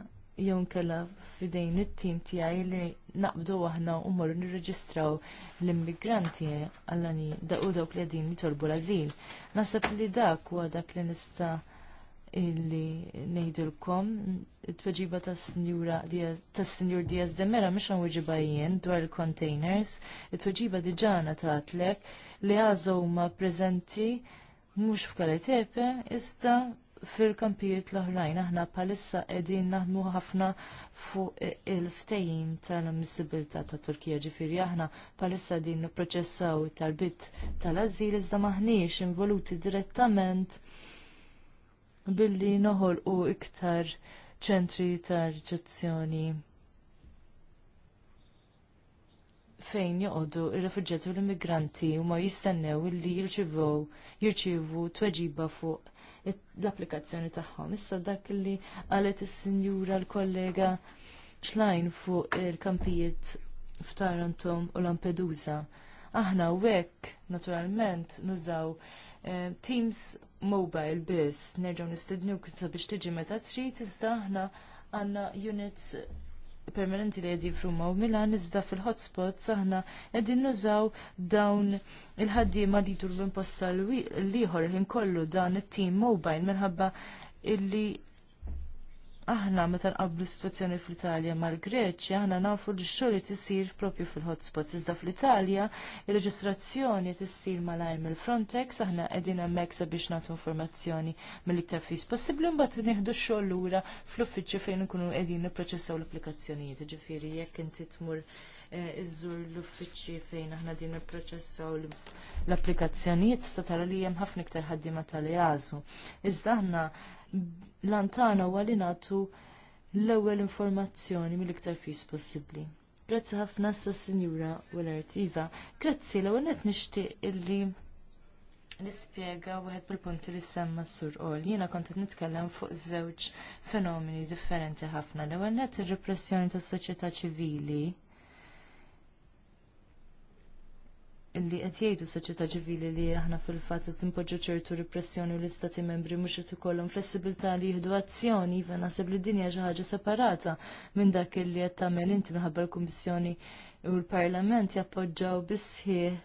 Speaker 4: jew nkella f'idejn it-tim tiegħi li naqbdu aħna u morru nirreġistraw l-immigranti għallani u dawk li qegħdin jitolbu l-ażil. Naħseb li dak huwa dak li nista' illi ngħidulkom t tweġiba tas-sinjura tas-sinjur Diaz de Mera mhux għanwiġiba jien dwar il-containers, it-tweġiba diġana tatlek li għażu huma preżenti mhux f'Kaletepe iżda fil-kampijiet l-oħrajn aħna bħalissa qegħdin naħdmu ħafna fuq il-ftejjin tal-ammissibilità ta' Turkija ġifieri aħna bħalissa din nipproċessaw it-tarbit tal-ażil iżda maħniex involuti direttament billi noħolqu iktar ċentri ta' riċezzjoni fejn joqogħdu r refuġġjati u l-immigranti huma jistennew li jirċivu jirċivu tweġiba fuq l-applikazzjoni tagħhom. Issa dak li qalet is-sinjura l-kollega xlajn fuq il-kampijiet f'Tarantum u Lampedusa. Aħna hekk naturalment nużaw eh, teams mobile biss. Nerġgħu nistednuk biex tiġi meta trid iżda aħna għandna units permanenti li għedin frumma u Milan iżda fil-hotspots aħna qegħdin nużaw dawn il-ħaddiema li jdur posta l-ieħor li kollu dan it-team mobile minħabba illi aħna meta nqablu situazzjoni fl-Italja mal-Greċja, aħna nafu li xogħol li tisir propju fil-hotspots. Iżda fl-Italja, ir-reġistrazzjoni tissir malajr mill-Frontex, aħna qegħdin hemmhekk sabiex nagħtu informazzjoni mill-iktar fis possibbli mbagħad nieħdu xogħol lura fl-uffiċċju fejn ikunu qegħdin nipproċessaw l-applikazzjonijiet. Ġifieri jekk inti tmur eh, iżżur l-uffiċċji fejn aħna din nipproċessaw l-applikazzjonijiet tista' tara li hemm ħafna iktar ħaddiema tal-jażu. Iżda aħna lantana u għalinatu l-ewwel informazzjoni mill-iktar fis possibbli. Grazzi ħafna sa Sinjura l Iva. Grazzi l għonet nishti nixtieq illi nispjega wieħed bil-punti li semma s-sur qol. Jiena kont nitkellem fuq żewġ fenomeni differenti ħafna. L-ewwel il ir-repressjoni tas-soċjetà ċivili illi qed jgħidu soċjetà ċivili li aħna fil-fatt qed impoġġu ċertu repressjoni u l-istati membri mhux qed ikollhom flessibilità li jieħdu azzjoni iva naħseb li dinja xi ħaġa separata minn dak illi qed tagħmel inti minħabba l-Kummissjoni u l-Parlament jappoġġaw bisħieħ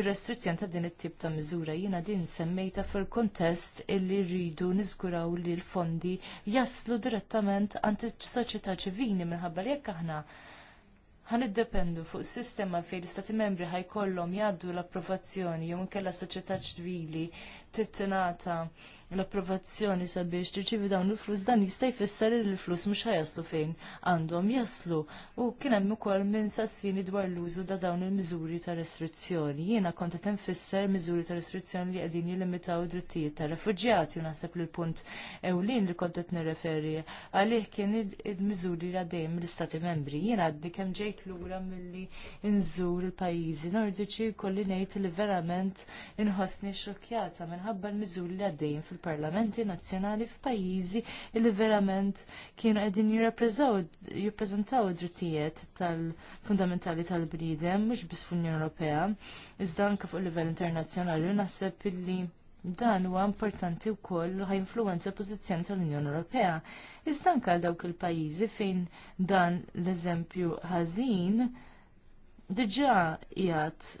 Speaker 4: ir-restrizzjoni ta' din it-tip ta' miżura jiena din semmejta fil-kontest illi rridu niżguraw li l-fondi jaslu direttament għand soċjetà ċivili minħabba li jekk aħna ħan iddependu fuq sistema fejn l-istati membri ħajkollhom jgħaddu l-approvazzjoni jew inkella soċjetà ċivili titinata l-approvazzjoni sabiex tirċivi dawn il-flus dan jista' jfisser li l-flus mhux ħajaslu fejn għandhom jaslu u kien hemm ukoll minn sassini dwar l-użu ta' dawn il-miżuri ta' restrizzjoni. Jiena kont qed infisser miżuri ta' restrizzjoni li qegħdin jilimitaw id-drittijiet ta' refuġjati u naħseb li l-punt ewlin li kont qed nirreferi għalih kien il-miżuri li għaddejjem mill-Istati Membri. Jiena għaddi kemm ġejt lura milli nżur il-pajjiżi nordiċi kolli ngħid li verament inħossni xokjata minn minħabba l-miżuri li għaddejjin fil-parlamenti nazzjonali f'pajjiżi li verament kienu qegħdin jirrappreżentaw id-drittijiet tal-fundamentali tal-bniedem mhux biss fl-Unjoni Ewropea, iżda anke fuq livell internazzjonali naħseb illi dan huwa importanti wkoll u ħajinfluwenza pożizzjoni tal-Unjoni Ewropea. Iżda anke għal dawk il-pajjiżi fejn dan l-eżempju ħażin diġà qiegħed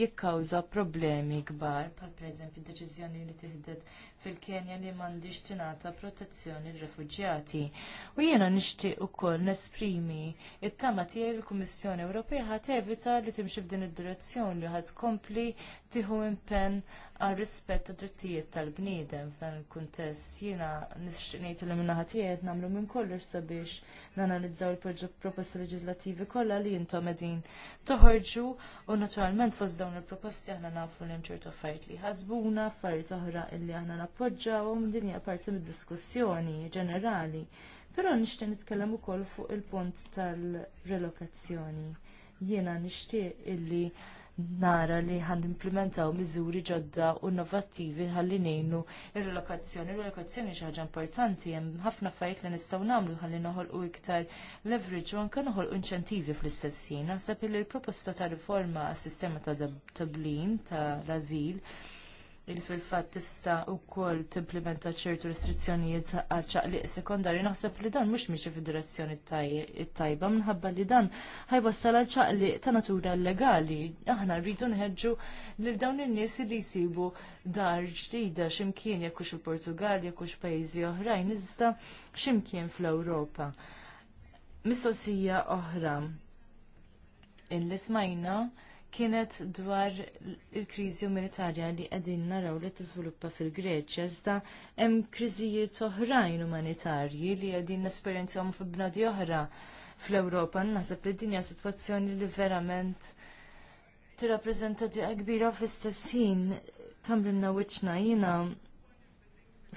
Speaker 4: jikkawża problemi kbar, bħal pereżempju deċiżjoni li tiħdet fil-Kenja li m'għandix tingħata protezzjoni r-refuġjati. U jiena nixtieq ukoll nesprimi it-tama tiegħi l-Kummissjoni Ewropea tevita evita li timxi f'din id-direzzjoni li ħadd tkompli tieħu impenn għal rispett tad drittijiet tal-bniedem f'dan il-kuntest. Jiena nixtieq ngħid li minnaħa tiegħi qed nagħmlu minn kollox sabiex nanalizzaw il-proposti leġislattivi kollha li intom qegħdin toħorġu u naturalment fost dawn il-proposti aħna nafu li hemm ċertu affarijiet li ħasbuna, affarijiet oħra illi aħna nappoġġawhom din hija parti mid-diskussjoni ġenerali. Però nixtieq nitkellem ukoll fuq il-punt tal-relokazzjoni. Jiena nixtieq illi nara li għan implementaw miżuri ġodda u innovattivi ħalli nejnu il relokazzjoni Ir-relokazzjoni xi ħaġa importanti hemm ħafna fajt li nistgħu nagħmlu ħalli u iktar leverage u anke noħolqu inċentivi fl-istessin. Għasab li l-proposta ta' riforma sistema ta' tablin ta' razil. ażil li fil-fatt tista' wkoll timplementa ċertu restrizzjonijiet għal ċaqliq sekondarju naħseb li dan mhux miexi fid-direzzjoni tajba minħabba li dan ħajwassal għal ċaqliq ta' natura legali. Aħna rridu nħeġġu lil dawn in-nies li jsibu dar ġdida x'imkien jekk hux il-Portugal jekk hux pajjiżi oħrajn iżda x'imkien fl-Ewropa. Mistoqsija oħra. Il-li kienet dwar il-kriżi umanitarja li qegħdin naraw li tiżviluppa fil-Greċja iżda hemm kriżijiet oħrajn umanitarji li qegħdin fi bnadi oħra fl-Ewropa. Naħseb li din hija sitwazzjoni li verament tirrappreżenta diqa kbira fl-istess ħin tamrinna wiċċna jiena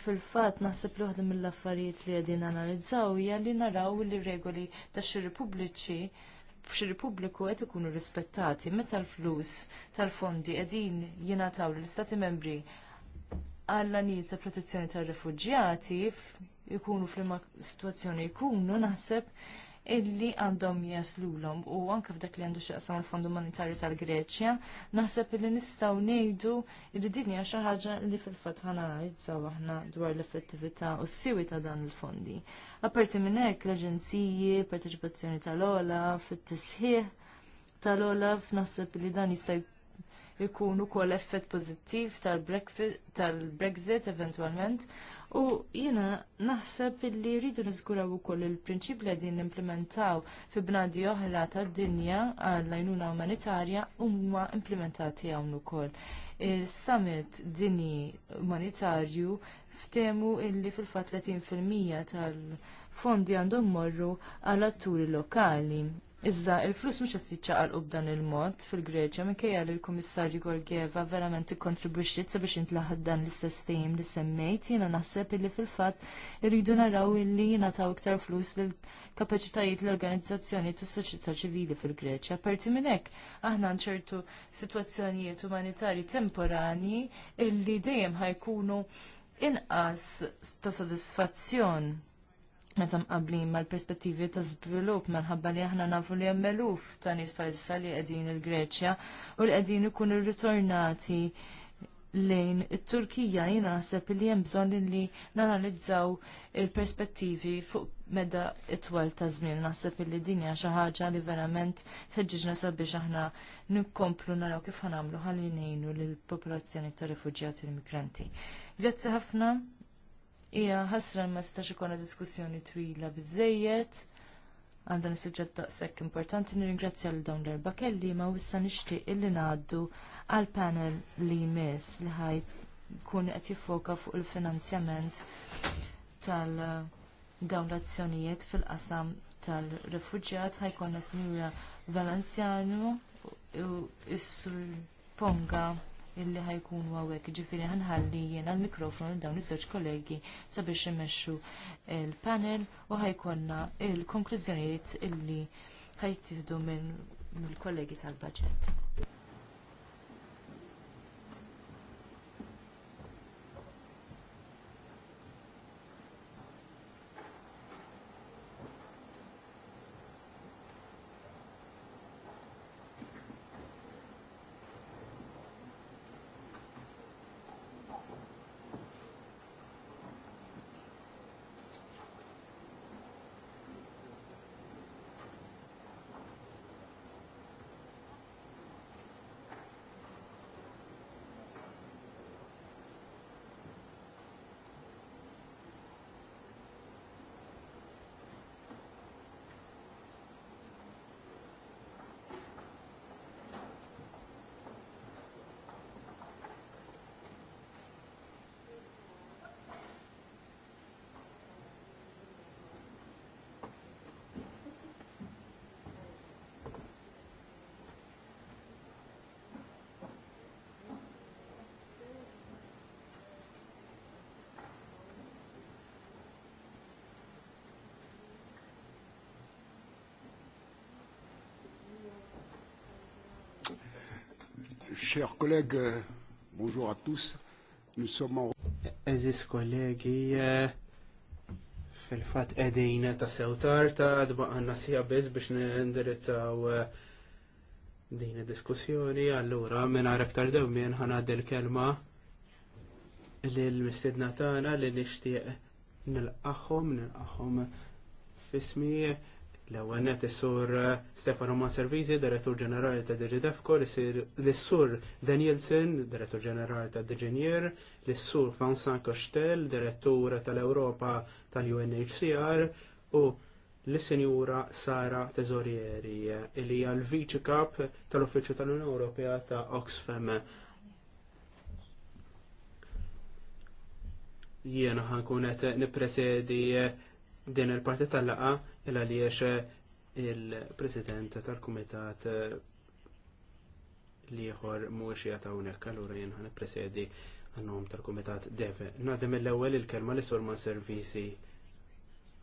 Speaker 4: fil-fat naħseb li waħda mill-affarijiet li qegħdin analizzaw hija li naraw li regoli tax-xiri pubbliċi f'xi Repubbliku qed ikunu rispettati meta l-flus tal-fondi qegħdin jingħataw lill-Istati Membri għall anijiet ta' protezzjoni tar rifuġjati jkunu fl sitwazzjoni situazzjoni jkunu naħseb illi għandhom jaslulhom u anke f'dak li għandu x'aqsam il fondu monetarju tal-Greċja, naħseb illi nistgħu ngħidu li din hija xi ħaġa li fil ħana ħanalizzaw aħna dwar l-effettività u s-siwi ta' dan il-fondi. Apparti minn hekk l-aġenziji, parteċipazzjoni tal-ola, fit-tisħiħ tal-olaf naħseb li dan jista' jkun ukoll effett pożittiv tal-Brexit tal eventwalment u jiena naħseb illi rridu niżguraw ukoll il-prinċip li qegħdin nimplementaw fi bnadi oħra tad-dinja għall-għajnuna umanitarja huma implementati hawn ukoll. Il-summit dinji umanitarju ftemu illi fil-fatt 30% tal-fondi għandhom morru għal atturi lokali Iżda, il-flus mhux qed jiċċaqalqu b'dan il-mod fil-Greċja minkejja li l-Kummissarju Gorgieva verament ikkontribwixxiet sabiex intlaħad dan l-istess tim li semmejt, jiena naħseb illi fil-fatt irridu naraw illi jingħataw iktar flus lill kapaċitajiet l-organizzazzjoni u s-soċjetà ċivili fil-Greċja. Parti minn hekk aħna nċertu sitwazzjonijiet umanitarji temporani illi dejjem ħajkunu inqas ta' sodisfazzjon meta mqablin mal-perspettivi ta' żvilupp minħabba li aħna nafu li hemm eluf ta' nies bħalissa li qegħdin il-Greċja u li qegħdin ikunu ritornati lejn it-Turkija jien naħseb li hemm bżonn li nanalizzaw il-perspettivi fuq it-twal ta' żmien. Naħseb li din hija xi ħaġa li verament teġġiġna sabiex aħna nikkomplu naraw kif ħanamlu ħalli ngħinu lill popolazzjoni ta' rifuġjati l-immigranti. Grazzi ħafna. Ija, ħasra ma stax ikona diskussjoni twila bizzejiet, għandan is-suġġett daqshekk importanti nirringrazzja l dawn l-erba' kelliema u issa nixtieq illi ngħaddu għal panel li jmiss li ħajt kun qed jiffoka fuq il-finanzjament tal uh, dawn l-azzjonijiet fil-qasam tal-refuġjat ħajkonna Sinjura Valenzjano u s sul Ponga illi ħajkun għawek. Ġifiri ħanħalli jena l-mikrofon dawn iż-żewġ kollegi sabiex imexxu il-panel u ħajkonna il-konklużjonijiet illi ħajtieħdu minn mill-kollegi tal-budget.
Speaker 1: Chers collègues, euh, bonjour à tous. Nous sommes en... Aziz kollegi, eh, fil-fat edina ta' sewtar ta' dbaqanna sija biz biex nindirizzaw eh, din diskussjoni allura minn aktar dewmien minn kelma l mistidna tagħna li nixtieq nilqahom nilqahom fismi l għanet s sur eh, Stefano Manservizi, direttur ġenerali ta' DigiDefco, l-sur Danielsen, direttur ġenerali ta' diginier l-sur Vincent Costel, direttur tal-Europa tal-UNHCR, u l-senjura Sara Tesorieri, eh, li hija l-Viċi Kap tal-Uffiċċju tal-Unjoni Ewropea ta' Oxfam. Jiena ħankunet qed nippresedi eh, din il-parti tal-laqa l-għaliex il-president tal-kumitat liħor mux jatawnek, allura jenħan presedi għannom tal-kumitat deve. Nadem l-ewel il-kelma li surma servisi.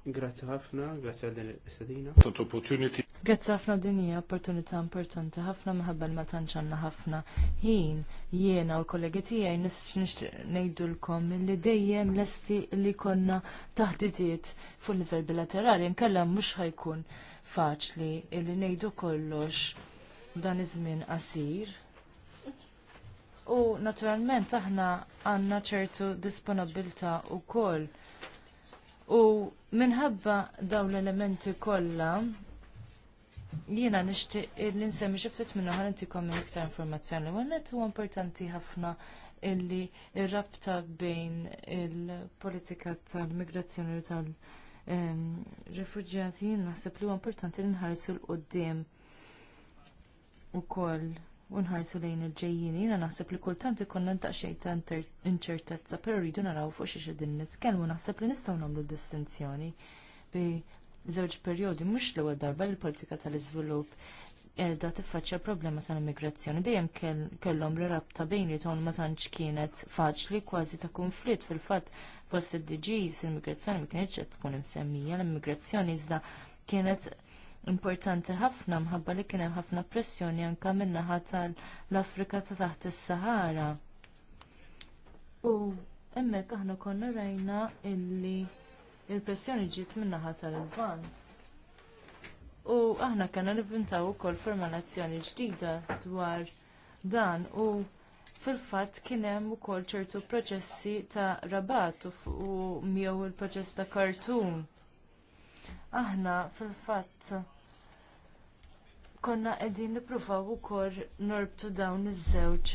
Speaker 1: Grazzi ħafna, grazzi għal din l-istadina.
Speaker 4: Grazzi ħafna din hija opportunità importanti ħafna maħabba ma tantx ħafna ħin jiena u l-kollegi tiegħi nixtieq ngħidulkom li dejjem lesti li konna taħdidiet fuq livell bilaterali nkella mhux ħajkun faċli li ngħidu kollox dan iż-żmien qasir. U naturalment aħna għandna ċertu disponibilità wkoll U minħabba dawn l-elementi kollha jiena nixtieq li nsemmi xi ftit minnu ħan intikom iktar informazzjoni. Wannet huwa importanti ħafna illi r-rabta bejn il-politika tal-migrazzjoni u tal-rifuġjati naħseb li huwa importanti li nħarsu l-qudiem ukoll Unħarsu lejn il-ġejjini, jina naħseb li kultant ikonna daqsxejn ta' inċertezza, però rridu naraw fuq xi xedin nitkellmu naħseb li nistgħu nagħmlu distinzjoni bi żewġ perjodi mhux l-ewwel darba li l-politika tal-iżvilupp qiegħda tiffaċċja problema tal-immigrazzjoni. Dejjem kellhom li rabta bejn li ma tantx kienet faċli kważi ta' kunflitt fil-fatt fost id-DGs l-immigrazzjoni ma kienx qed tkun imsemmija l-immigrazzjoni iżda kienet importanti ħafna mħabba li kien hemm ħafna pressjoni anke min-naħa tal-Afrika ta' taħt is-Sahara. U hemmhekk aħna konna rajna illi l pressjoni ġiet min-naħa tal-Lvant. U aħna kena nivvintaw ukoll formulazzjoni ġdida dwar dan u fil-fatt kien hemm ukoll ċertu proċessi ta' rabat u miegħu il-proċess ta' kartun. Aħna fil-fatt konna qegħdin nippruvaw ukoll norbtu dawn iż-żewġ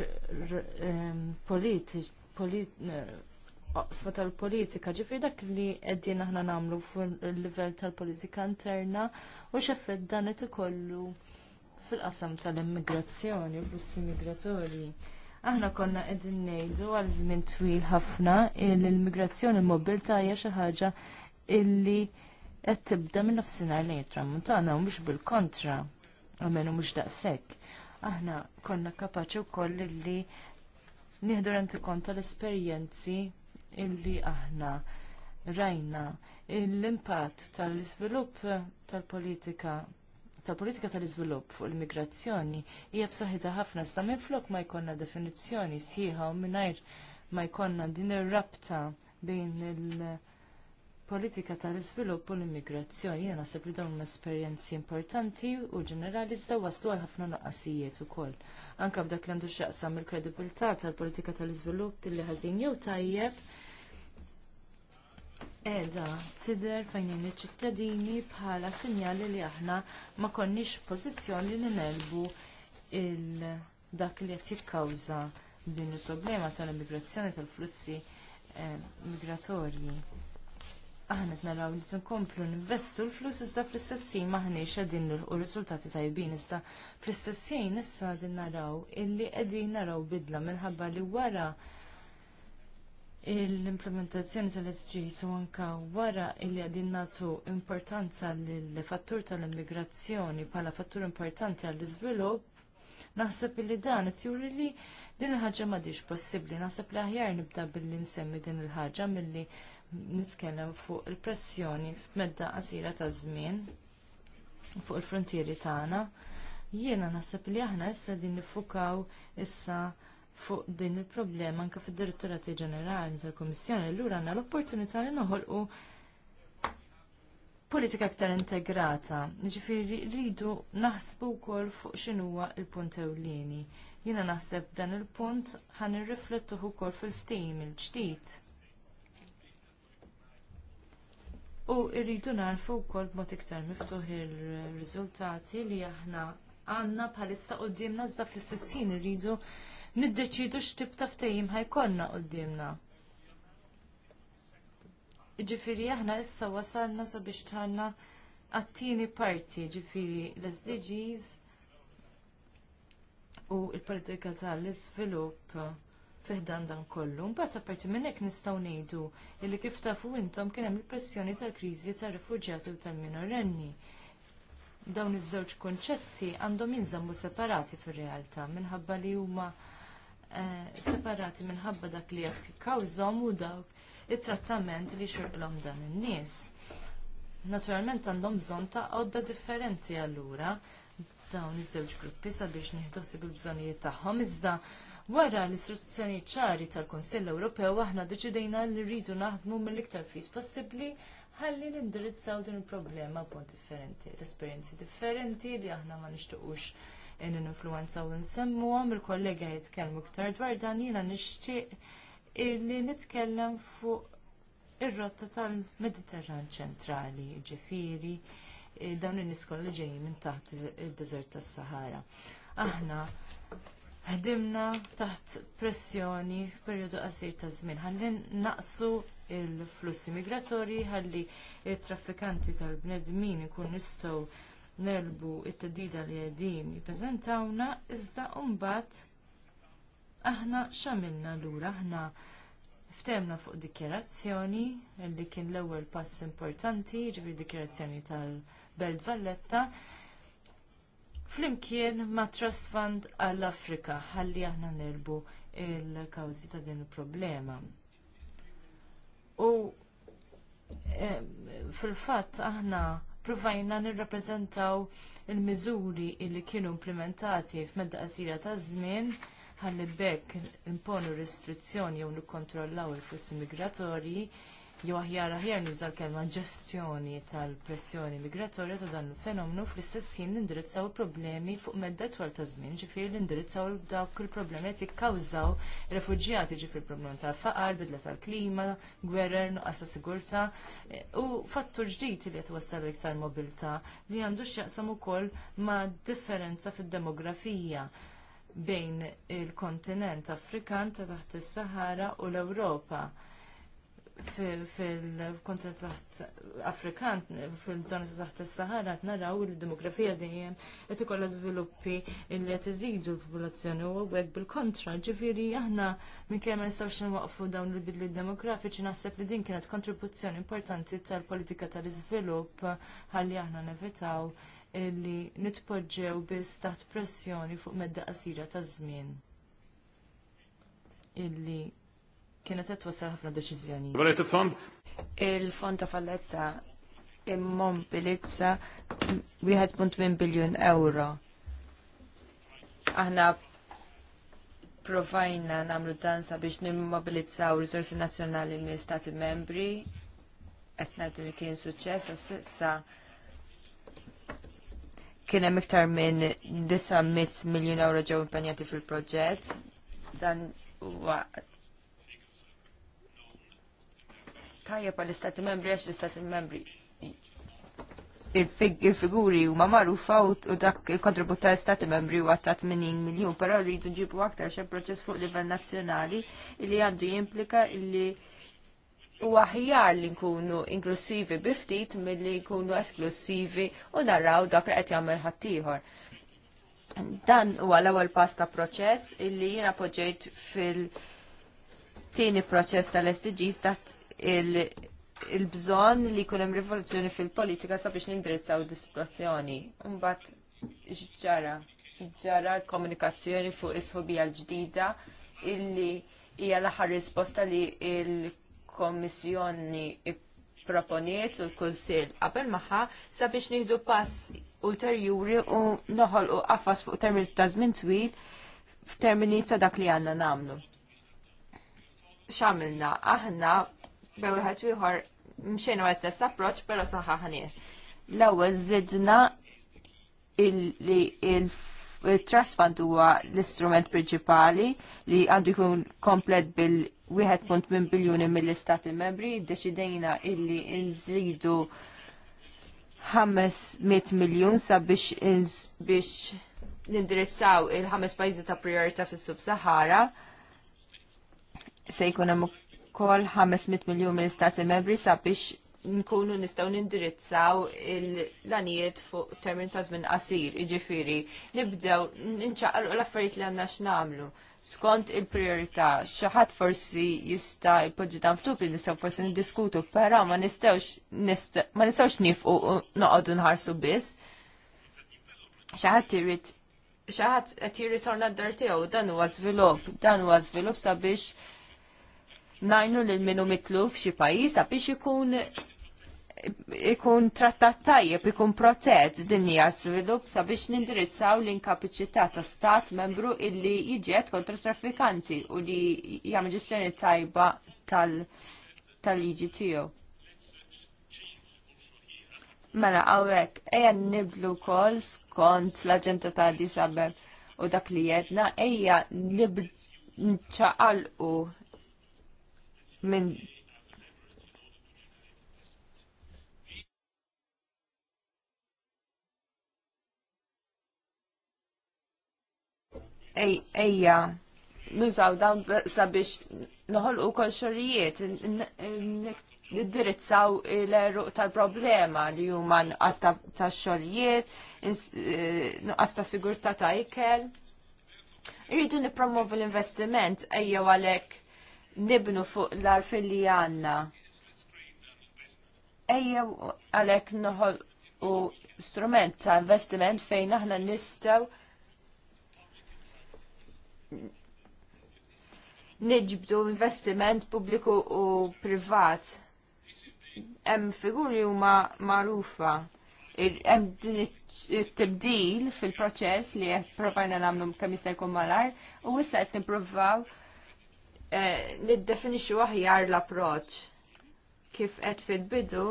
Speaker 4: oqsma tal-politika, ġifri dak li qegħdin aħna nagħmlu fuq il-livell tal-politika interna u x'effett dan qed ikollu fil-qasam tal-immigrazzjoni, u flussi migratorji. Aħna konna qegħdin ngħidu għal żmien twil ħafna l-immigrazzjoni mobilta hija xi ħaġa illi qed tibda minn nofsinhar lejn it-tramuntana u mhux bil-kontra għamenu mux daqsek. Aħna konna kapaċi u koll li nieħdu renti konta l-esperienzi illi aħna rajna l-impatt tal izvilup tal-politika tal-politika tal-iżvilupp fuq l-immigrazzjoni hija b'saħħitha ħafna sta minflok ma jkollna definizzjoni sħiħa u mingħajr ma jkollna din ir-rabta bejn il- politika tal-iżvilupp u l-immigrazzjoni jena naħseb li dawn esperjenzi importanti u ġenerali iżda waslu għal ħafna noqqasijiet ukoll. Anke f'dak li għandu x'jaqsam il-kredibilità tal-politika tal-iżvilupp illi ħażin jew tajjeb. Eda, tidher fejn il-ċittadini bħala sinjali li aħna ma konniex pożizzjoni li nelbu dak li qed jikkawża din il-problema tal-immigrazzjoni tal-flussi eh, migratorji aħna naraw li tinkomplu ninvestu l-flus iżda fl-istessin maħniex qegħdin nilħu riżultati tajbin iżda fl-istessin issa qegħdin naraw illi qegħdin naraw bidla minħabba li wara l-implementazzjoni tal sg u anka wara illi qegħdin nagħtu importanza lill-fattur tal-immigrazzjoni bħala fattur importanti għall-iżvilupp naħseb illi dan juri li din il-ħaġa m'għadix possibbli. Naħseb li aħjar nibda billi nsemmi din il-ħaġa milli nitkellem fuq il-pressjoni f'medda qasira ta' żmien fuq il-frontieri tagħna. Jiena naħseb li aħna issa din nifukaw issa fuq din il-problema anke fid-Direttorati Ġenerali tal-Kummissjoni llura għandna l-opportunità li noħolqu politika aktar integrata. jiġifieri rridu naħsbu wkoll fuq x'inhuwa il-punt ewlieni. Jiena naħseb dan il-punt ħan irriflettuh ukoll fil-ftim il-ġdid U rridu narfu wkoll b'mod iktar miftuħ ir-riżultati li aħna għandna bħalissa quddiemna iżda fl-istessin irridu niddeċidu x'tip ta' ftehim ħajkollna quddiemna. Ġifiri aħna issa wasalna sabiex tħanna għattini parti ġifiri l-SDGs u l politika tal-iżvilupp fiħdan dan kollu. Mbagħad apparti minn hekk nistgħu ngħidu li kif tafu intom kien hemm il-pressjoni tal-kriżi tar-rifuġjati u tal-minorenni. Dawn iż-żewġ konċetti għandhom jinżammu separati fir-realtà minħabba li huma eh, separati minħabba dak li jekk kawżhom u dawk it-trattament li xorqlhom dan in-nies. Naturalment għandhom bżonn ta' għodda differenti allura dawn iż-żewġ gruppi sabiex nieħdu ħsieb il-bżonnijiet tagħhom iżda Wara l-istruzzjoni ċari tal kunsill Ewropew aħna deċidejna li rridu naħdmu mill-iktar fis possibbli ħalli nindirizzaw din il-problema b'mod differenti, l-esperjenzi differenti li aħna ma nixtiequx in u nsemmu għam il-kollega jitkellmu iktar dwar dan jiena nixtieq illi nitkellem fuq ir-rotta tal-Mediterran ċentrali, ġifiri, eh, dawn in-nies kollha ġejjin minn taħt id-deżert tas-Sahara. Aħna ħdimna taħt pressjoni f'perjodu qasir ta' żmien. Ħalli naqsu l flussi migratorji, ħalli t traffikanti tal-bnedmin ikun nistgħu nerbu t tedida li qegħdin jippreżentawna iżda mbagħad aħna x'għamilna lura aħna ftemna fuq dikjerazzjoni li kien l-ewwel pass importanti, d dikjerazzjoni tal-Belt Valletta, flimkien ma' Trust Fund għall-Afrika ħalli aħna nerbu il-kawzi ta' din il-problema. U eh, fil-fatt aħna provajna nirrappreżentaw il-miżuri li kienu implementati f'medda qasira ta' żmien ħalli bekk imponu restrizzjoni jew nikkontrollaw il-flussi migratorji jew aħjar aħjar nuża l-kelma ġestjoni tal-pressjoni migratorja ta' dan il-fenomenu fl-istess ħin nindirizzaw il-problemi fuq medda twal ta' żmien, ġifieri nindirizzaw dawk il-problemi qed jikkawżaw refuġjati ġifier problemi tal-faqar, bidla tal-klima, gwerer, nuqqas ta' sigurtà u fattur ġdid li qed wassal iktar mobilità li għandu x'jaqsam ukoll ma' differenza fid-demografija bejn il-kontinent Afrikan ta' taħt is-Sahara u l-Ewropa fil-kontinent taħt Afrikan, fil-żona taħt is-Sahara, naraw il-demografija dejjem qed ikollha żviluppi li qed iżidu l-popolazzjoni u għek bil-kontra. Ġifieri aħna minkejn ma nistgħux nwaqfu dawn il-bidli demografiċi naħseb li din kienet kontribuzzjoni importanti tal-politika tal-iżvilupp ħalli aħna nevitaw li nitpoġġew biss taħt pressjoni fuq medda qasira ta' żmien
Speaker 3: illi kienet qed twassal ħafna deċiżjoni. Valet fond? Il-fond ta' falletta immobilizza 1.8 biljun euro. Aħna provajna namlu dan sabiex nimmobilizzaw risorsi nazzjonali minn stati membri qed ngħidu li kien suċċess issa kien hemm iktar minn 900 miljun euro ġew impenjati fil-proġett dan tajja pa l-istati membri għax l-istati membri il-figuri huma magħrufa u dak il-kontribut tal-Stati membri huwa ta' 80 miljun, però rridu ġibu aktar xe proċess fuq livell nazzjonali li għandu jimplika li huwa għahjar li nkunu inklusivi biftit milli jkunu esklusivi u narraw dak li qed jagħmel ħaddieħor. Dan huwa l-ewwel pass ta' proċess illi jiena poġġejt fil- tieni proċess tal-SDGs dat il-bżon li kunem rivoluzzjoni fil-politika sabiex nindirizzaw dis-situazzjoni. Mbagħad ġara ġara l-komunikazzjoni fuq is-ħobija l-ġdida illi hija l-aħħar risposta li l-Kommissjoni proponiet u l-Kunsill qabel magħha sabiex nieħdu pass ulterjuri u noħolqu qafas fuq termini ta' żmien twil f'termini ta' dak li għandna nagħmlu. X'għamilna aħna bewħat wieħor mxejna għal stess approċ, pero saħħaħniex. L-ewwel żidna il-trust fund huwa l-istrument prinċipali li għandu jkun komplet bil 1.1 biljuni mill-istati membri, deċidejna illi nżidu 500 miljon sabiex biex nindirizzaw il-ħames pajzi ta' priorita fis sub sahara se jkun hemm kol 500 miljum mill-Stati Membri sabiex nkunu nistaw nindirizzaw l-anijiet fuq termin ta' żmien qasir, iġifieri nibdew ninċaqru l-affarijiet li għandna x'namlu. Skont il-priorità, xi ħadd forsi jista' jpoġġi dan ftup li nistgħu forsi niddiskutu, però ma nistgħux ma nistgħux nifqu noqogħdu nħarsu biss. Xi ħadd irid xi ħadd qed jirritorna d-dar tiegħu dan huwa żvilupp, dan huwa żvilupp sabiex najnu lil minu mitlu f'xi pajjiż biex ikun ikun trattat tajjeb, ikun protett din hija svilup sabiex nindirizzaw l-inkapaċità ta' stat membru illi jiġed kontra traffikanti u li jagħmel ġestjoni tajba tal-liġi tal tiegħu. Mela għawek, ejja niblu wkoll skont l-aġenda ta' Addis u dak li jedna ejja u minn ejja nużaw dawn sabiex noħolqu kol xorijiet, niddirizzaw l-eruq tal-problema li huma nuqqas ta' xogħlijiet, eh, nuqqas ta' sigurtà ta' ikel. Irridu nippromovu l-investiment ejja għalhekk nibnu fuq l-arfin li għanna. Ejjew għalek noħol u strument ta' investiment fejn aħna nistaw nġibdu investiment pubbliku u privat. Hemm figuri huma magħrufa. Hemm din it-tibdil fil-proċess li qed provajna nagħmlu kemm jista' jkun malar u issa qed nippruvaw Eh, niddefinixxu aħjar l-approċ kif qed fil-bidu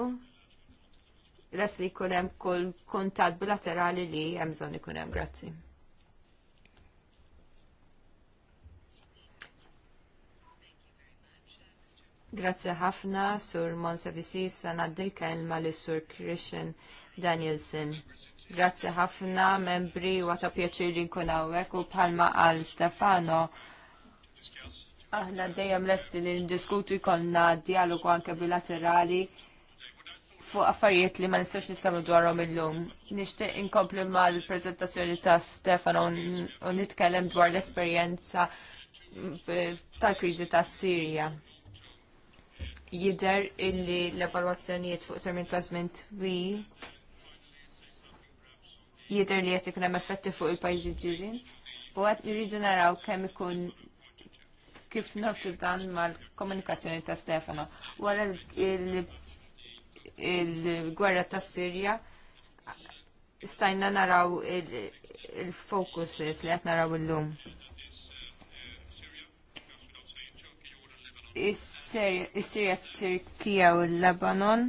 Speaker 3: les li jkun hemm kull kuntatt bilaterali li hemm bżonn ikun hemm grazzi. Grazzi ħafna sur Monsevisis sanad il-kelma li sur Christian Danielson. Grazzi ħafna membri u għata pjaċir li nkun hawnhekk u palma għal Stefano Aħna dejjem lesti li ndiskutu jkollna dialogu anke bilaterali fuq affarijiet li ma nistax nitkellmu dwarhom illum. Nixtieq inkompli mal-preżentazzjoni ta' Stefano u nitkellem dwar l-esperjenza tal-kriżi tas Sirja. Jidher illi l-evalwazzjonijiet fuq termin ta' żmien twil jidher li qed ikun hemm effetti fuq il-pajjiżi ġirien. U qed niridu naraw kemm ikun kif notu dan mal-komunikazzjoni ta' Stefano. Wara il-gwerra ta' Sirja stajna naraw il fokus li għat naraw il-lum. Is-Sirja, Turkija u l-Lebanon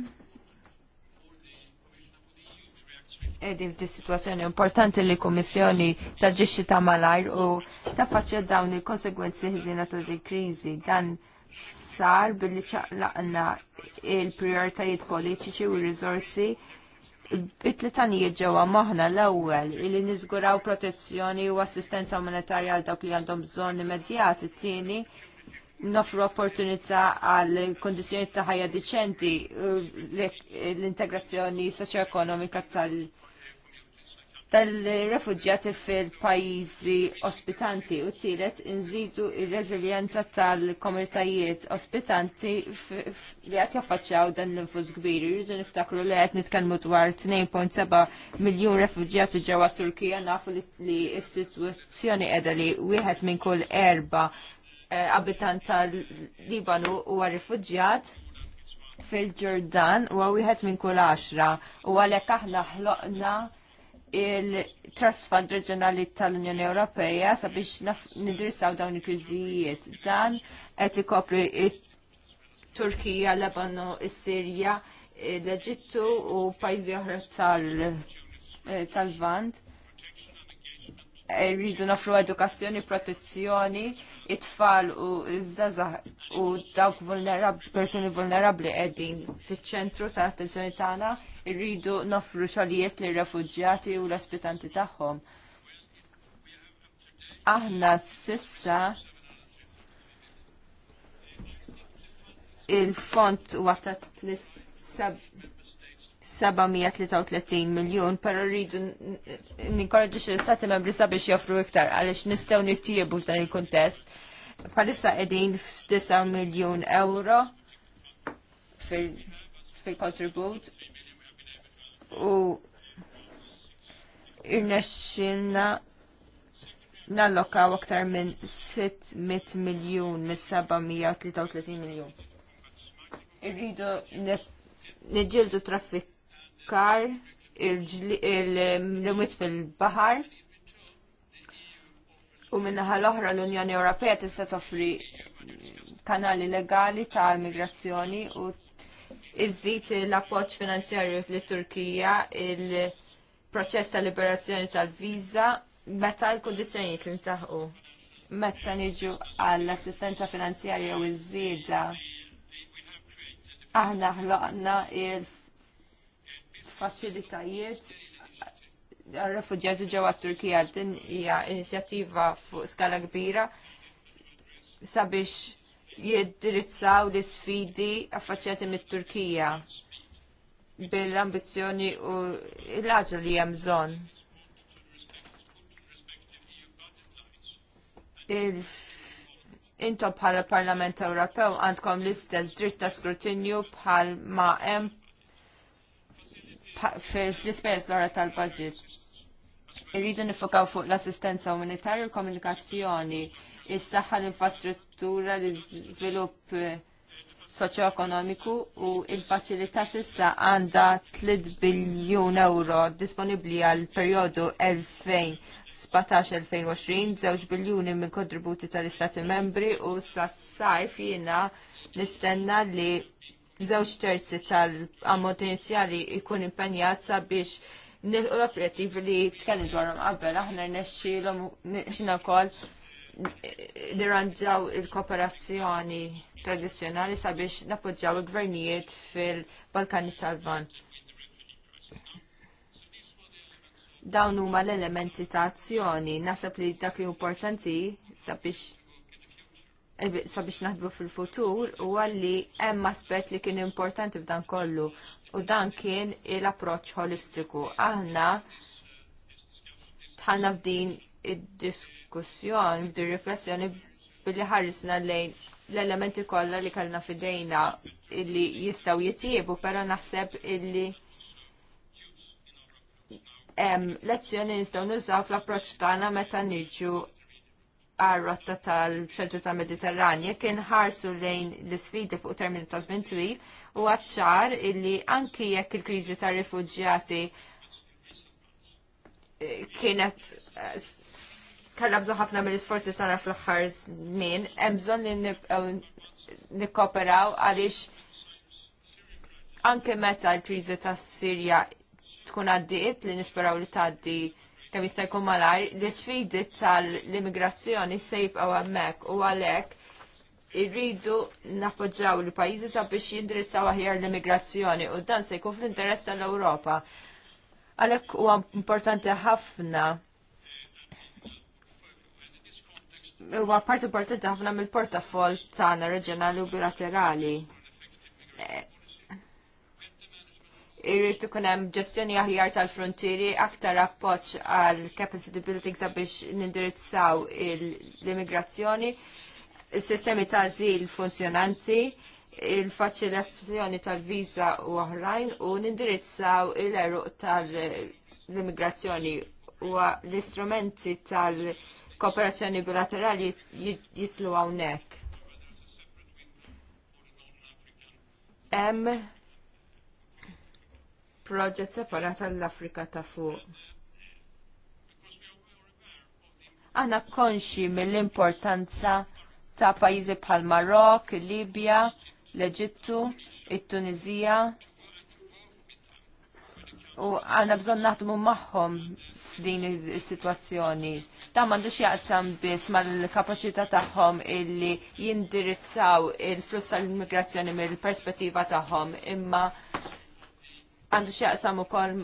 Speaker 3: edim f'di situazzjoni importanti li kummissjoni taġġixxi ta' malajr u taffaċċja dawn il-konsegwenzi ħżina ta' din kriżi. Dan sar billi ċaqlaqna il-prioritajiet politiċi u r-riżorsi it-tletanijiet ġewwa maħna l-ewwel li niżguraw protezzjoni u assistenza monetarja għal dawk li għandhom bżonn immedjat, it-tieni nofru opportunità għal kondizjoni ta' ħajja diċenti l-integrazzjoni soċjoekonomika tal tal-refugġjati fil-pajjiżi ospitanti u tielet inżidu ir-reżiljenza tal-komunitajiet ospitanti li qed jaffaċċjaw dan l-infus kbir. Irridu niftakru li qed nitkellmu dwar 2.7 miljun refuġjati ġewwa Turkija nafu li s-sitwazzjoni qiegħda li wieħed minn kull erba' eh, abitant tal-Libanu huwa rifuġjat fil-Ġordan huwa wieħed minn kull 10 u għalhekk aħna ħloqna il-Trust Fund Reġjonali tal-Unjoni Ewropea sabiex nidrisaw dawn il-kriżijiet. Dan qed ikopri Turkija, Lebanu, is-Sirja, l-Eġittu u pajjiżi oħra eh, tal-Vant. Tal eh, Rridu nofru edukazzjoni, protezzjoni it-tfal u iż-żazah u dawk persuni vulnerabli qegħdin fiċ-ċentru tal-attenzjoni tagħna irridu nofru xogħlijiet lir refuġjati u l-ospitanti tagħhom. Aħna sissa il-font huwa ta' 733 miljon, pero rridu ninkorġi l-Stati membri sabiex joffru iktar, għalix nistaw nittiebu f'dan il-kontest, palissa edin f-9 miljon euro fil-kontribut u irnexxilna nallokaw aktar minn 600 miljun mis 733 miljun. Irridu niġildu traffikkar il-limit fil-bahar. il limit fil bahar il fil bahar U minnaħa l-oħra l-Unjoni Ewropea tista' toffri kanali legali ta' immigrazzjoni u iżżid l-appoġġ finanzjarju li Turkija il-proċess ta' liberazzjoni tal-viża meta l-kundizzjonijiet li ntaħqu. Meta niġu għall-assistenza finanzjarja u iż-żieda aħna ħloqna il-faċilitajiet għal-refugġati ġewwa Turkija din hija inizjattiva fuq skala kbira sabiex jiddirizzaw l isfidi affaċċjati mit-Turkija bil-ambizzjoni u l-ħaġa li hemm bżonn. Intom bħala Parlament Ewropew għandkom l-istess dritt ta' skrutinju bħal ma' hemm fil-ispejjeż l-ora tal-budget Irridu nifokaw fuq l-assistenza u l-komunikazzjoni, is-saħħa l-infrastruttura, l-iżvilupp eh, soċjoekonomiku u l faċilità sissa għandha 3 biljun euro disponibbli għal perjodu 2017-2020, żewġ biljuni minn kontributi tal-Istati membri u sas-sajf jiena nistenna li żewġ terzi tal-ammont inizjali jkun impenjat sabiex nilqu l-operattivi li tkellim dwarhom qabel aħna rnexxilhom xina wkoll nirranġaw il-kooperazzjoni tradizzjonali sabiex napoġġaw il-gvernijiet fil-Balkani tal-Van. Dawn huma l-elementi ta' azzjoni, nasab li dak li importanti sabiex eh, sabiex naħdbu fil-futur u għalli hemm aspett li kien importanti f'dan kollu u dan kien l-approċ holistiku. Aħna tħanna b'din id-diskussjon, b'din riflessjoni billi ħarrisna lejn l-elementi kollha li kellna fidejna illi jistgħu jitjiebu, però naħseb illi hemm lezzjoni nistgħu nużaw fl approċċ tagħna meta niġu għar-rotta tal-ċentru tal-Mediterranja kien ħarsu lejn l-sfidi fuq termini ta' żmien twil u għadċar illi anki jekk il-kriżi tar rifugġjati eh, kienet eh, kalla bżon ħafna mill-isforzi tagħna fl-aħħar żmien, hemm bżonn nikkoperaw għaliex anke meta l-kriżi tas-Sirja tkun għaddiet li nisperaw li tgħaddi kemm jista' jkun malaj, l-isfidi tal-immigrazzjoni se jibqgħu hemmhekk u għalhekk irridu nappoġġaw il-pajjiżi sabiex jindirizzaw aħjar l-immigrazzjoni u dan se jkun fl-interess tal-Ewropa. Għalhekk huwa importanti ħafna huwa part importanti ħafna mill-portafol tagħna reġjonali u bilaterali. Irrid ikun hemm ġestjoni aħjar tal-frontieri aktar appoġġ għal capacity building sabiex nindirizzaw l-immigrazzjoni il-sistemi ta' zil funzjonanti, il facilazzjoni tal-viza u oħrajn u nindirizzaw il-eruq tal-immigrazzjoni u l-istrumenti tal-kooperazzjoni bilaterali jitlu għawnek. Hemm proġett separat għall-Afrika ta' fuq. Aħna konxi mill-importanza ta' pajjiżi bħal Marok, Libja, l-Eġittu, il tunizija U għanna bżon naħdmu maħħom f'din is-sitwazzjoni. Ta' m'għandux jaqsam biss mal-kapaċità tagħhom illi jindirizzaw il-fluss tal-immigrazzjoni mill-perspettiva tagħhom, imma għandu x'jaqsam ukoll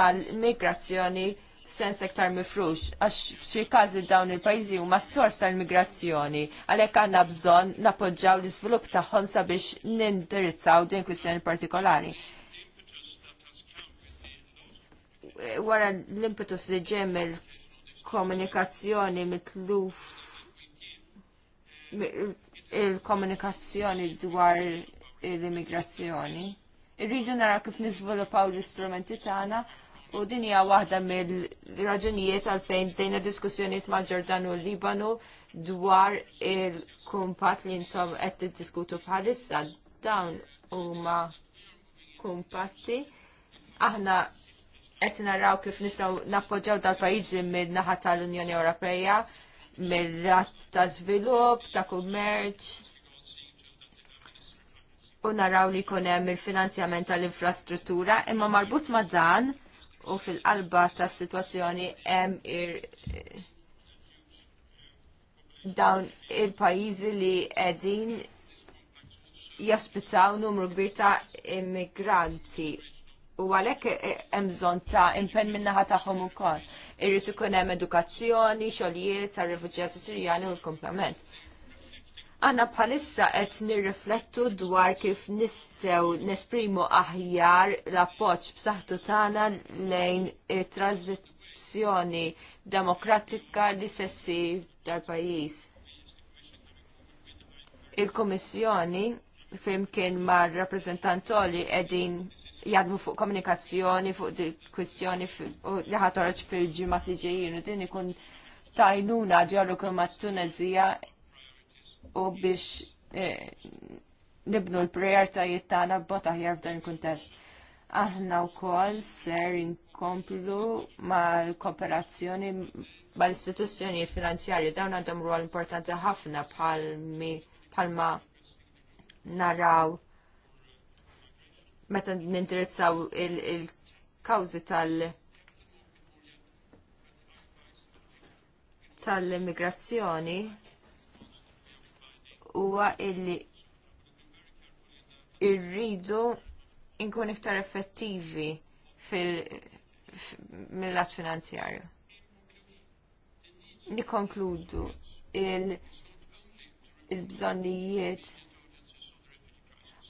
Speaker 3: mal immigrazzjoni sens ektar mifrux, għax f'xi każi dawn il-pajjiżi huma s-sors tal-migrazzjoni, għalhekk għandna bżonn nappoġġjaw l-iżvilupp tagħhom sabiex nindirizzaw din kwistjoni partikolari. Wara l-impetus li ġem il-komunikazzjoni mitluf il-komunikazzjoni dwar l-immigrazzjoni. Irridu nara kif niżviluppaw l-istrumenti tagħna U din hija waħda mill-raġunijiet għalfejn dejna diskussjoniet ma' ġordan u libanu dwar il-kumpat li intom qed tiddiskutu bħalissa dawn huma kumpatti. Aħna qed naraw kif nistgħu nappoġġaw dal-pajjiżi mill-naħa tal-Unjoni Ewropea mill-ratt ta' żvilupp, ta' kummerċ, u naraw li jkun hemm il-finanzjament tal-infrastruttura, imma marbut ma' dan u fil-qalba ta' situazzjoni hemm dawn il-pajjiżi li qegħdin jospitaw numru kbir ta' immigranti u għalhekk hemm bżonn ta' impenn min-naħa tagħhom ukoll. Irrid ikun hemm edukazzjoni, xogħlijiet għar-refuġjati Sirjani u l-komplement. Għanna bħalissa qed nirriflettu dwar kif nistgħu nesprimu aħjar l-appoġġ b'saħħtu tagħna lejn it-tranzizzjoni demokratika li sessi tal-pajjiż. Il-Kummissjoni fimkien mar rappreżentantoli edin jadmu fuq komunikazzjoni, fuq di kwistjoni li ħatoroċ fil-ġimat li ġejjin u din ikun tajnuna ġarru kumma mat-Tunezija u biex eh, nibnu l-prioritajiet tagħna b'bod aħjar f'dan il-kuntest. Aħna wkoll ser inkomplu mal-kooperazzjoni mal-istituzzjonijiet finanzjarji dawn għandhom rwol importanti ħafna bħalma naraw meta nindirizzaw il-kawżi tal- tal-immigrazzjoni huwa illi irridu inkun iktar effettivi fil mill-lat finanzjarju. Nikonkludu il-bżonnijiet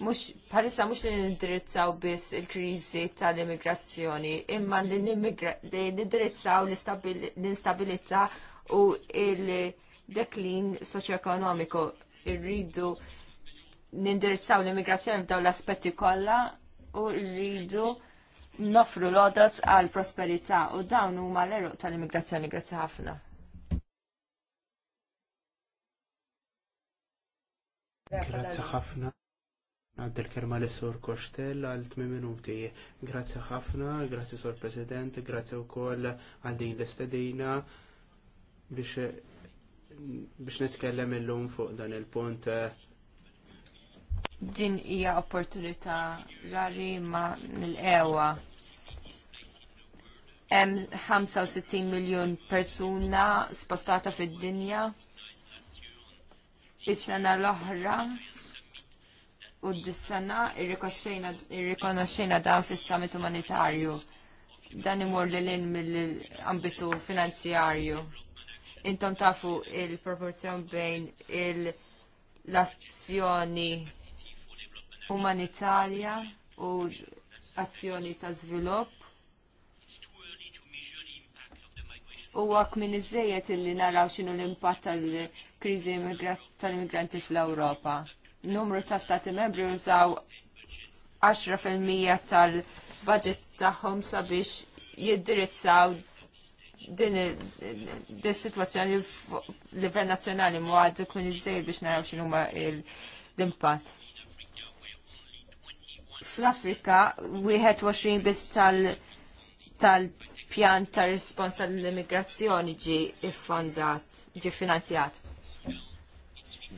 Speaker 3: mux, parissa mux li nindirizzaw biss il-krizi tal-immigrazzjoni, imma li nindirizzaw l-instabilita u il-deklin soċjoekonomiku irridu nindirizzaw l-immigrazzjoni f'daw l-aspetti kollha u rridu nofru l-odot għal prosperità u dawn huma l-eruq tal-immigrazzjoni. Grazzi ħafna.
Speaker 1: Grazzi ħafna. Għaddel kerma l sur Kostel għal 8 minuti. Grazzi ħafna, grazzi sur President, grazzi u koll għal din l-istedina biex biex nitkellem illum fuq dan il-punt. Eh,
Speaker 3: Din hija opportunità rari ma nil-ewa. Hemm 65 miljun persuna spostata fid-dinja. Is-sena l-oħra u d-dis-sena irrikonoxxejna dan fis-summit umanitarju. Dan imur lil-in mill-ambitu finanzjarju Intom tafu il-proporzjon bejn l-azzjoni umanitarja u azzjoni ta' żvilupp. U għak minn iżżejjed illi naraw xinu l-impatt tal-kriżi tal-immigranti fl-Ewropa. Numru ta' stati membri użaw 10% tal-budget tagħhom sabiex jiddirizzaw din il-situazzjoni livell nazzjonali mu għaddu kun iżżej biex naraw xinu ma l-impat. Fl-Afrika, wieħed 21 biz tal-pjan tal rispons l immigrazzjoni ġi iffondat, ġi finanzjat.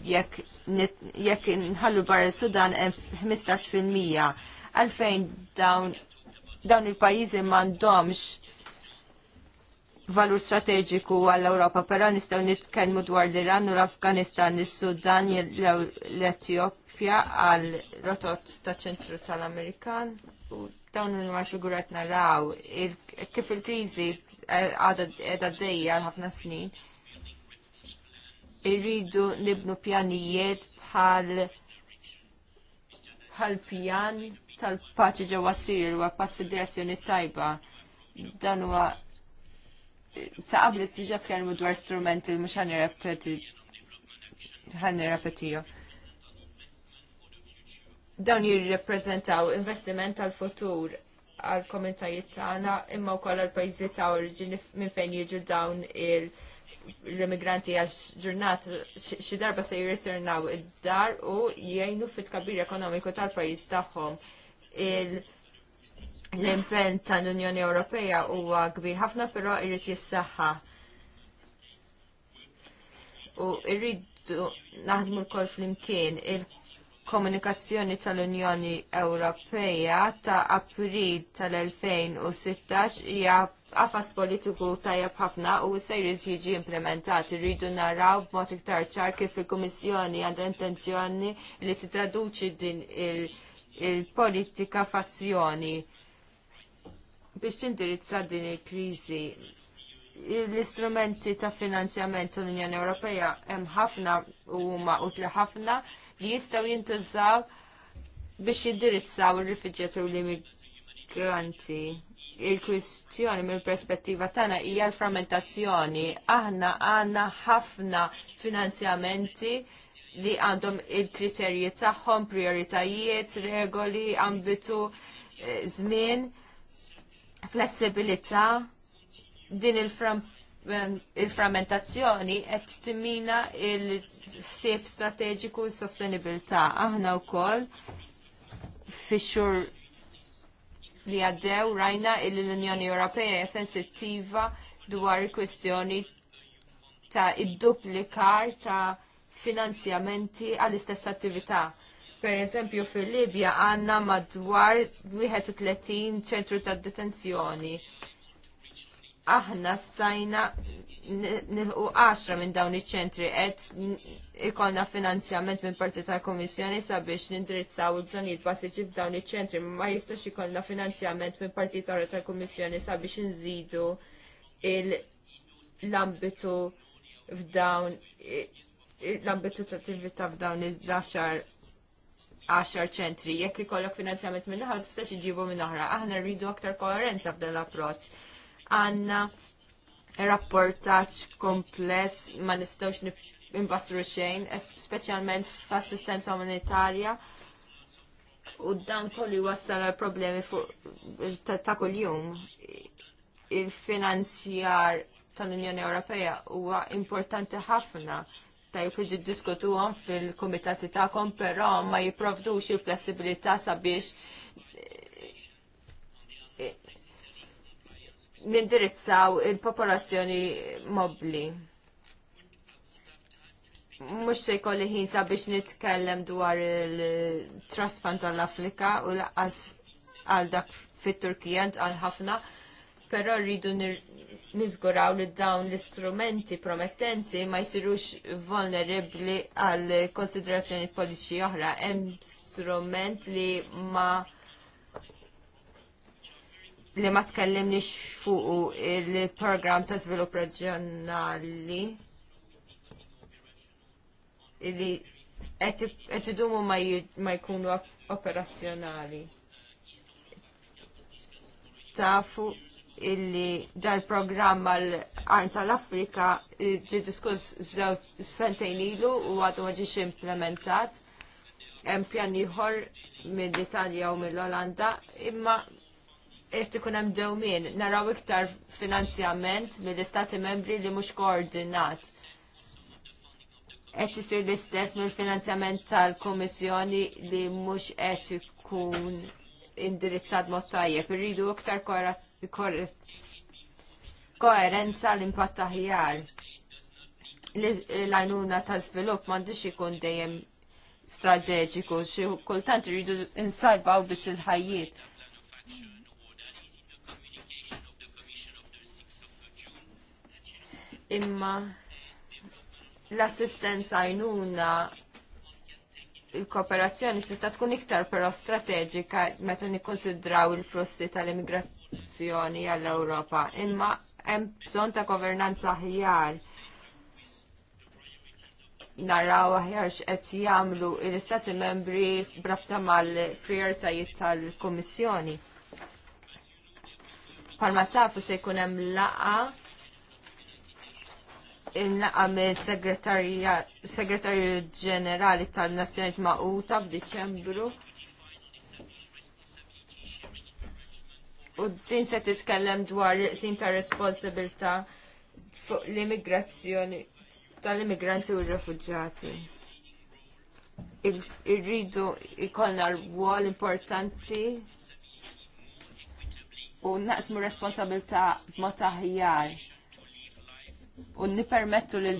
Speaker 3: Jekk nħallu barra sudan 15% għalfejn dawn il-pajizi mandomx valur strateġiku għall-Ewropa, però nistgħu nitkellmu dwar l-Iran u l-Afganistan, is-Sudan, l-Etjopja għal rotot ta' ċentru tal-Amerikan u dawn il-mar figurat naraw kif il-kriżi eh, għadha dejja għal ħafna snin irridu nibnu pjanijiet bħal bħal pjan tal-paċi ġewwa Sirja u għapas fid-direzzjoni tajba. Dan huwa ta' qabli tiġa tkellmu dwar strumenti mhux ħan irrepeti ħan irrepetiju. Dawn jirrepreżentaw investiment tal-futur għal komunitajiet tagħna imma wkoll għal pajzi ta' oriġini minn fejn jiġu dawn l-immigranti għax ġurnat xi darba se jirritornaw id-dar u jgħinu fit-kabir ekonomiku tal-pajjiż tagħhom. il l-impenn tal-Unjoni Ewropea huwa kbir ħafna però irrid jissaħħa. U irridu naħdmu l-kol flimkien il-komunikazzjoni tal-Unjoni Ewropea ta' April tal-2016 hija għafas politiku tajjeb ħafna u issa jrid jiġi implementat. Irridu naraw b'mod iktar ċar kif il-Kummissjoni għandha intenzjoni li titraduċi din il-politika fazzjoni biex tindirizza din il-kriżi. L-istrumenti ta' finanzjament tal-Unjoni Ewropea hemm ħafna u huma utli ħafna li jistgħu jintużaw biex jindirizzaw ir-rifuġjati u l-immigranti il-kwistjoni mill perspettiva tagħna hija l-frammentazzjoni. Aħna għandna ħafna finanzjamenti li għandhom il-kriterji tagħhom, prioritajiet, regoli, ambitu, eh, żmien flessibilità din ehm, il-frammentazzjoni qed timmina il-ħsieb strateġiku u sostenibilità. Aħna wkoll fix-xhur li għaddew rajna l-Unjoni Ewropea sensittiva dwar il-kwestjoni ta' id-duplikar ta' finanzjamenti għall-istess attività. Per eżempju fil-Libja għanna madwar 31 ċentru ta' detenzjoni. Aħna stajna nilqu 10 minn dawn iċ-ċentri qed ikolna finanzjament minn parti tal-Kummissjoni sabiex nindrizzaw il-bżonijiet bażiċi f'dawn iċ-ċentri ma jistax ikolna finanzjament minn parti tal-Kummissjoni sabiex nżidu l-ambitu f'dawn l-ambitu ta' attività f'dawn iż-daxar 10 ċentri, jekk ikollok finanzjament minn naħa tista' ġibu minn oħra. Aħna rridu aktar koerenza f'dan l-approċċ. Għandna rapportaġġ kompless ma nistgħux nimbassru xejn, speċjalment f'assistenza umanitarja u dan kollu wassal għal problemi ta' kuljum. Il-finanzjar tal-Unjoni Ewropea huwa importanti ħafna tajb li għom fil-kumitati tagħkom, però ma jipprovdux il-flessibilità sabiex eh, eh, nindirizzaw il-popolazzjoni mobli. Mux se kolli ħin sabiex nitkellem dwar il-trasfan tal-Afrika u laqqas għal dak fit-Turkija għal ħafna, però rridu niżguraw li dawn l-istrumenti promettenti ma jsirux vulnerabli għal konsiderazzjoni politiċi oħra. Hemm strument li ma li ma tkellimniex fuq il-programm ta' svilupp reġjonali li qed idumu ma jkunu operazzjonali. fuq illi dal-programm għal-Arn tal-Afrika eh, ġi diskuss żewġ sentejn ilu u għadu ma ġiex implementat. Hemm pjan ieħor mill-Italja u mill-Olanda, imma qed ikun hemm dewmien naraw iktar finanzjament mill-Istati Membri li mhux koordinat. Qed isir l-istess mill-finanzjament tal-Kummissjoni li mhux qed ikun indirizzat mod tajjeb, irridu iktar koerenza l-impatt aħjar. L-għajnuna ta' svilupp m'għandix ikun dejjem strateġiku, xi kultant irridu insajbaw biss il-ħajjiet. Imma l-assistenza għajnuna il-kooperazzjoni tista' tkun iktar però strateġika meta nikkonsidraw il-flussi tal-immigrazzjoni għall-Ewropa, imma hemm bżonn ta' governanza aħjar naraw aħjar x'qed jagħmlu l-Istati membri brabta mal-prijoritajiet tal-Kummissjoni. Bħalma tafu se jkun hemm laqa il-laqa me segretarju ġenerali tal-Nazzjoniet Maquta b'Diċembru. U din se titkellem dwar sin ta' responsabilta fuq l-immigrazzjoni tal-immigranti u r-refugġati. Irridu ikollna rwol importanti u naqsmu responsabilta b'mod aħjar u nipermettu lil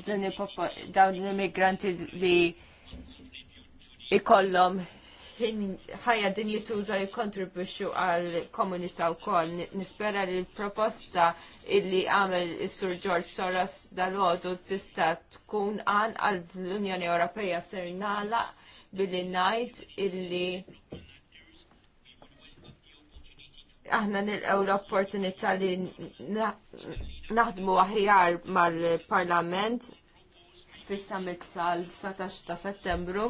Speaker 3: dawn l-immigranti li ikollhom ħajja din jituża jikontribuxu għal komunità wkoll. Nispera li l-proposta illi għamel is-Sur George Soros dal-għodu tista' tkun għan għal l-Unjoni Ewropea ser nagħlaq billi ngħid illi aħna nilqew l-opportunità li naħdmu aħjar mal-Parlament fis-summit tal 17 ta' Settembru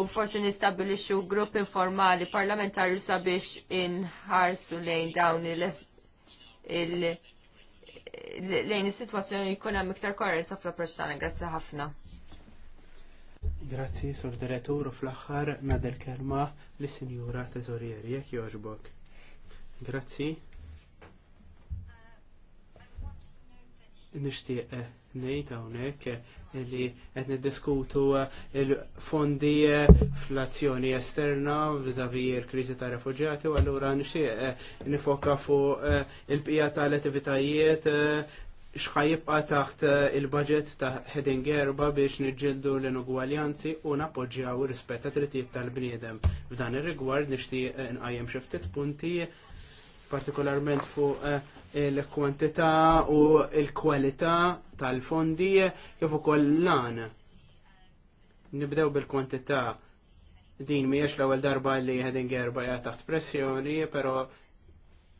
Speaker 3: u forsi nistabilixxu grupp informali parlamentari sabiex inħarsu lejn dawn il- lejn is-sitwazzjoni jkun hemm iktar koerenza fl-approċċ tagħna. Grazzi ħafna.
Speaker 1: Grazzi, Sur Direttur, u fl-aħħar nadel kelma lis sinjura Teżorieri, jekk jogħġbok. Grazzi. Nishtiq eh, ngħid hawnhekk eh, li qed niddiskutu eh, il-fondi fl-azzjoni esterna vizavir l-kriżi ta' refuġjati u allura nixtieq nifoka fuq il-bqija tal-attivitajiet xħajibqa taħt il-budget ta' heading erba biex nġildu l-inugwaljanzi u napoġġjaw rispetta trittijiet tal-bniedem. F'dan ir-rigward nixtieq nqajjem xi ftit punti partikolarment fuq eh, il-kwantità u il-kwalità tal-fondi kif ukoll lan. Nibdew bil-kwantità din mhijiex l-ewwel darba li Hedinger bajja taħt pressjoni, però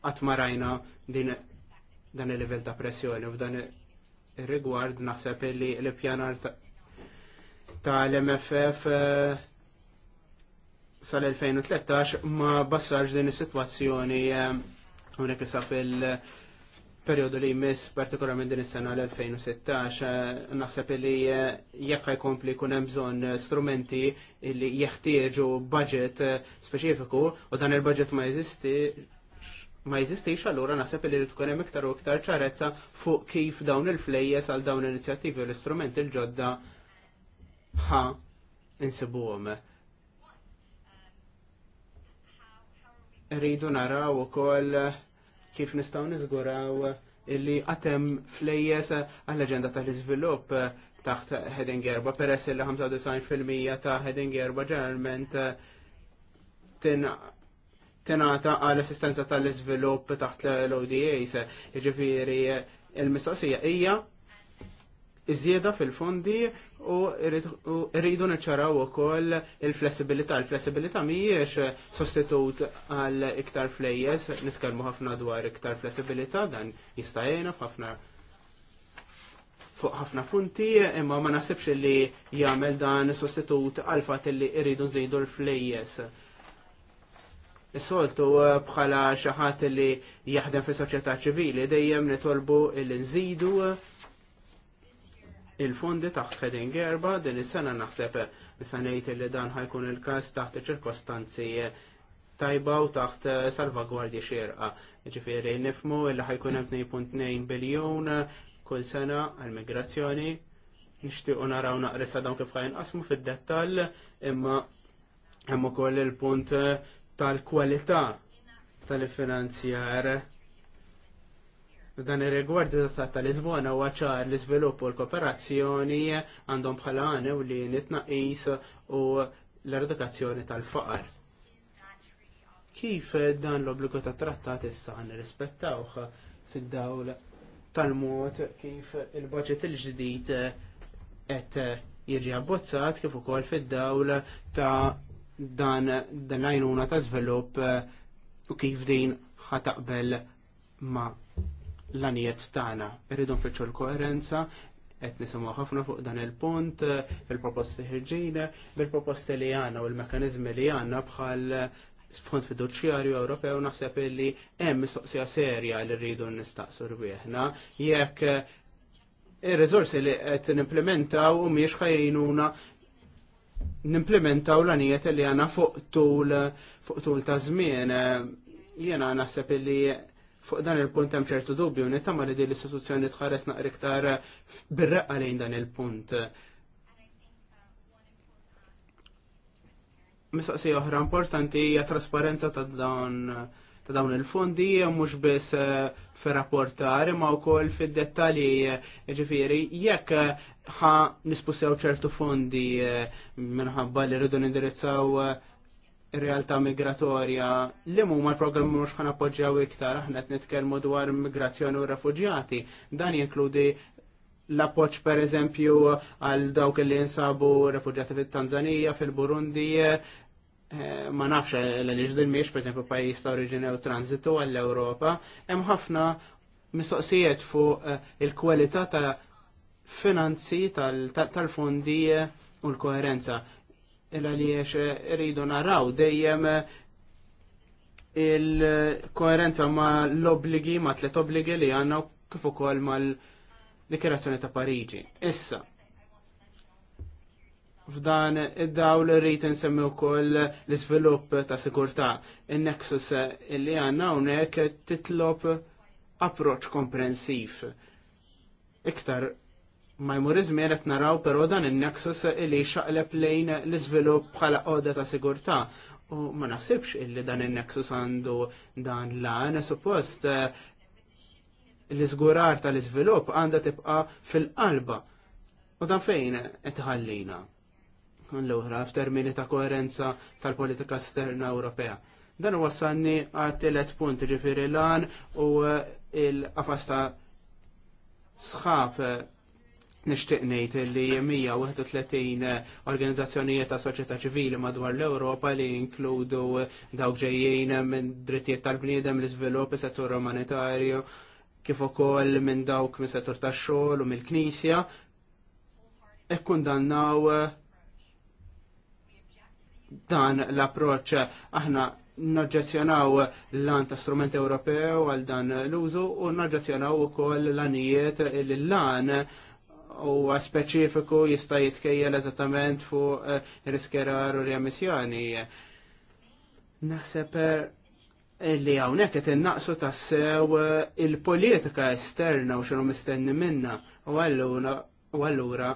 Speaker 1: qatt ma rajna din dan il-livell ta' pressjoni u f'dan il rigward naħseb li l-pjanar tal-MFF eh, sal-2013 ma bassarġ din is-sitwazzjoni eh, Unek issa fil-periodu li jmiss partikolarment din is-sena l-2016 naħseb li eh, jekk jkompli jkun hemm bżonn strumenti li jeħtieġu budget eh, speċifiku u dan il-budget ma jeżisti ma jeżistix allura naħseb li tkun hemm iktar u iktar ċarezza fuq kif dawn il-flejjes għal dawn l-inizjattivi u l-istrumenti l-ġodda ħa insibuhom. rridu naraw ukoll kif nistgħu niżguraw illi għatem flejjes għall-agenda tal-izvilup taħt Heading Erba, peress illi 95% ta' Heading Erba ġeneralment tenata għall-assistenza tal-izvilup taħt l-ODAs, ġifiri il-mistoqsija hija iżjeda fil-fondi u rridu neċċaraw ukoll il-flessibilità. Il-flessibilità mhijiex sostitut għal iktar flejjes, nitkellmu ħafna dwar iktar flessibilità dan jista' jgħinha f'ħafna fuq ħafna punti, imma ma naħsibx li jagħmel dan sostitut għal fatt li rridu nżidu l-flejjes. Is-soltu uh, bħala xi ħadd li jaħdem fis soċjetà ċivili dejjem nitolbu l nżidu il-fondi taħt heading erba din is-sena naħseb issa ngħid li dan ħajkun il-każ taħt ċirkostanzi tajba u taħt salvagwardji xierqa. Ġifieri nifmu li ħajkun hemm 2.2 biljun kull sena għall-migrazzjoni. Nixtiequ naraw naqrisha dawn kif ħajnqasmu fid-dettall imma hemm ukoll il-punt tal-kwalità tal-finanzjar Dan ir-rigward ta' lisbona huwa ċar l-iżvilupp u l-kooperazzjoni għandhom bħala għanew li nitnaqis u l edukazzjoni tal-faqar. Kif dan l-obbligu ta' trattat issa għan fid-dawl tal-mod kif il-budget il-ġdid qed jiġi abbozzat kif ukoll fid-dawl ta' dan dan l-għajnuna ta' żvilupp u kif din ħataqbel ma' l-anijiet tagħna. Irridu nfittxu l-koerenza, qed nisimgħu ħafna fuq dan il-punt, fil-proposti ħirġina, bil-proposti li għandna u l-mekkaniżmi li għandna bħal fond fiduċjarju Ewropew naħseb illi hemm mistoqsija serja li rridu nistaqsu rwieħna, jekk ir-riżorsi li qed nimplementaw u mhijiex ħajjinuna nimplementaw l-anijiet li għana fuq tul fuq tul ta' żmien jiena naħseb illi fuq dan il-punt hemm ċertu dubju nittama li din l-istituzzjoni tħares naqra iktar birraqqa lejn dan il-punt. Mistaqsija oħra importanti hija trasparenza ta' dawn ta' dawn il-fondi mhux biss eh, fir-rapportar imma wkoll fid-dettalji ġifieri jekk eh, ħa nispussew ċertu fondi eh, minħabba li rridu nindirizzaw realtà migratorja li huma l-programm mhux ħan appoġġjaw iktar aħna qed nitkellmu dwar migrazzjoni u refuġjati. Dan jinkludi l-appoġġ pereżempju għal dawk li jinsabu refuġjati fit-Tanzanija, fil-Burundi, eh, ma nafx l-għalix din miex, per esempio, pajis ta' oriġine u transitu għall-Europa, hemm ħafna mistoqsijiet fuq eh, il-kwalità ta' finanzi tal-fondi u l-koherenza il-għaliex eh, rridu naraw dejjem eh, il-koerenza ma l-obligi, ma tlet obligi li għanna kif ukoll ma l-dikirazzjoni ta' Pariġi. Issa, f'dan id-dawl rrit nsemmi wkoll l-iżvilupp ta' sigurtà. In-nexus li għandna hawnhekk titlob approċ komprensiv iktar ma jmur iżmien qed naraw però dan in-nexus li xaqleb lejn l-iżvilupp bħala qoda ta' sigurtà. U ma naħsibx illi dan in-nexus għandu dan l għana suppost l-iżgurar tal-iżvilupp għandha tibqa' fil-qalba. U dan fejn qed ħallina? l-oħra f'termini ta' koerenza tal-politika esterna Ewropea. Dan wasanni għat tielet punt ġifiri lan u il-qafas ta' sħab nixtieq ngħid li 131 organizzazzjonijiet ta' soċjetà ċivili madwar l-Ewropa li jinkludu dawk ġejjin minn drittijiet tal-bniedem, l-iżvilupp, is-settur umanitarju, kif ukoll minn dawk minn settur tax-xogħol u mill-Knisja, ikkundannaw dan l-approċċ aħna naġġazzjonaw l-lan ta' strument Ewropew għal dan l-użu u naġġazzjonaw ukoll l-anijiet l-lan u speċifiku jista' jitkejjel eżattament fuq eh, riskerar u riemissjoni. Naħseb eh, li hawnhekk qed innaqsu tassew eh, il-politika esterna u xinu mistenni minna u allura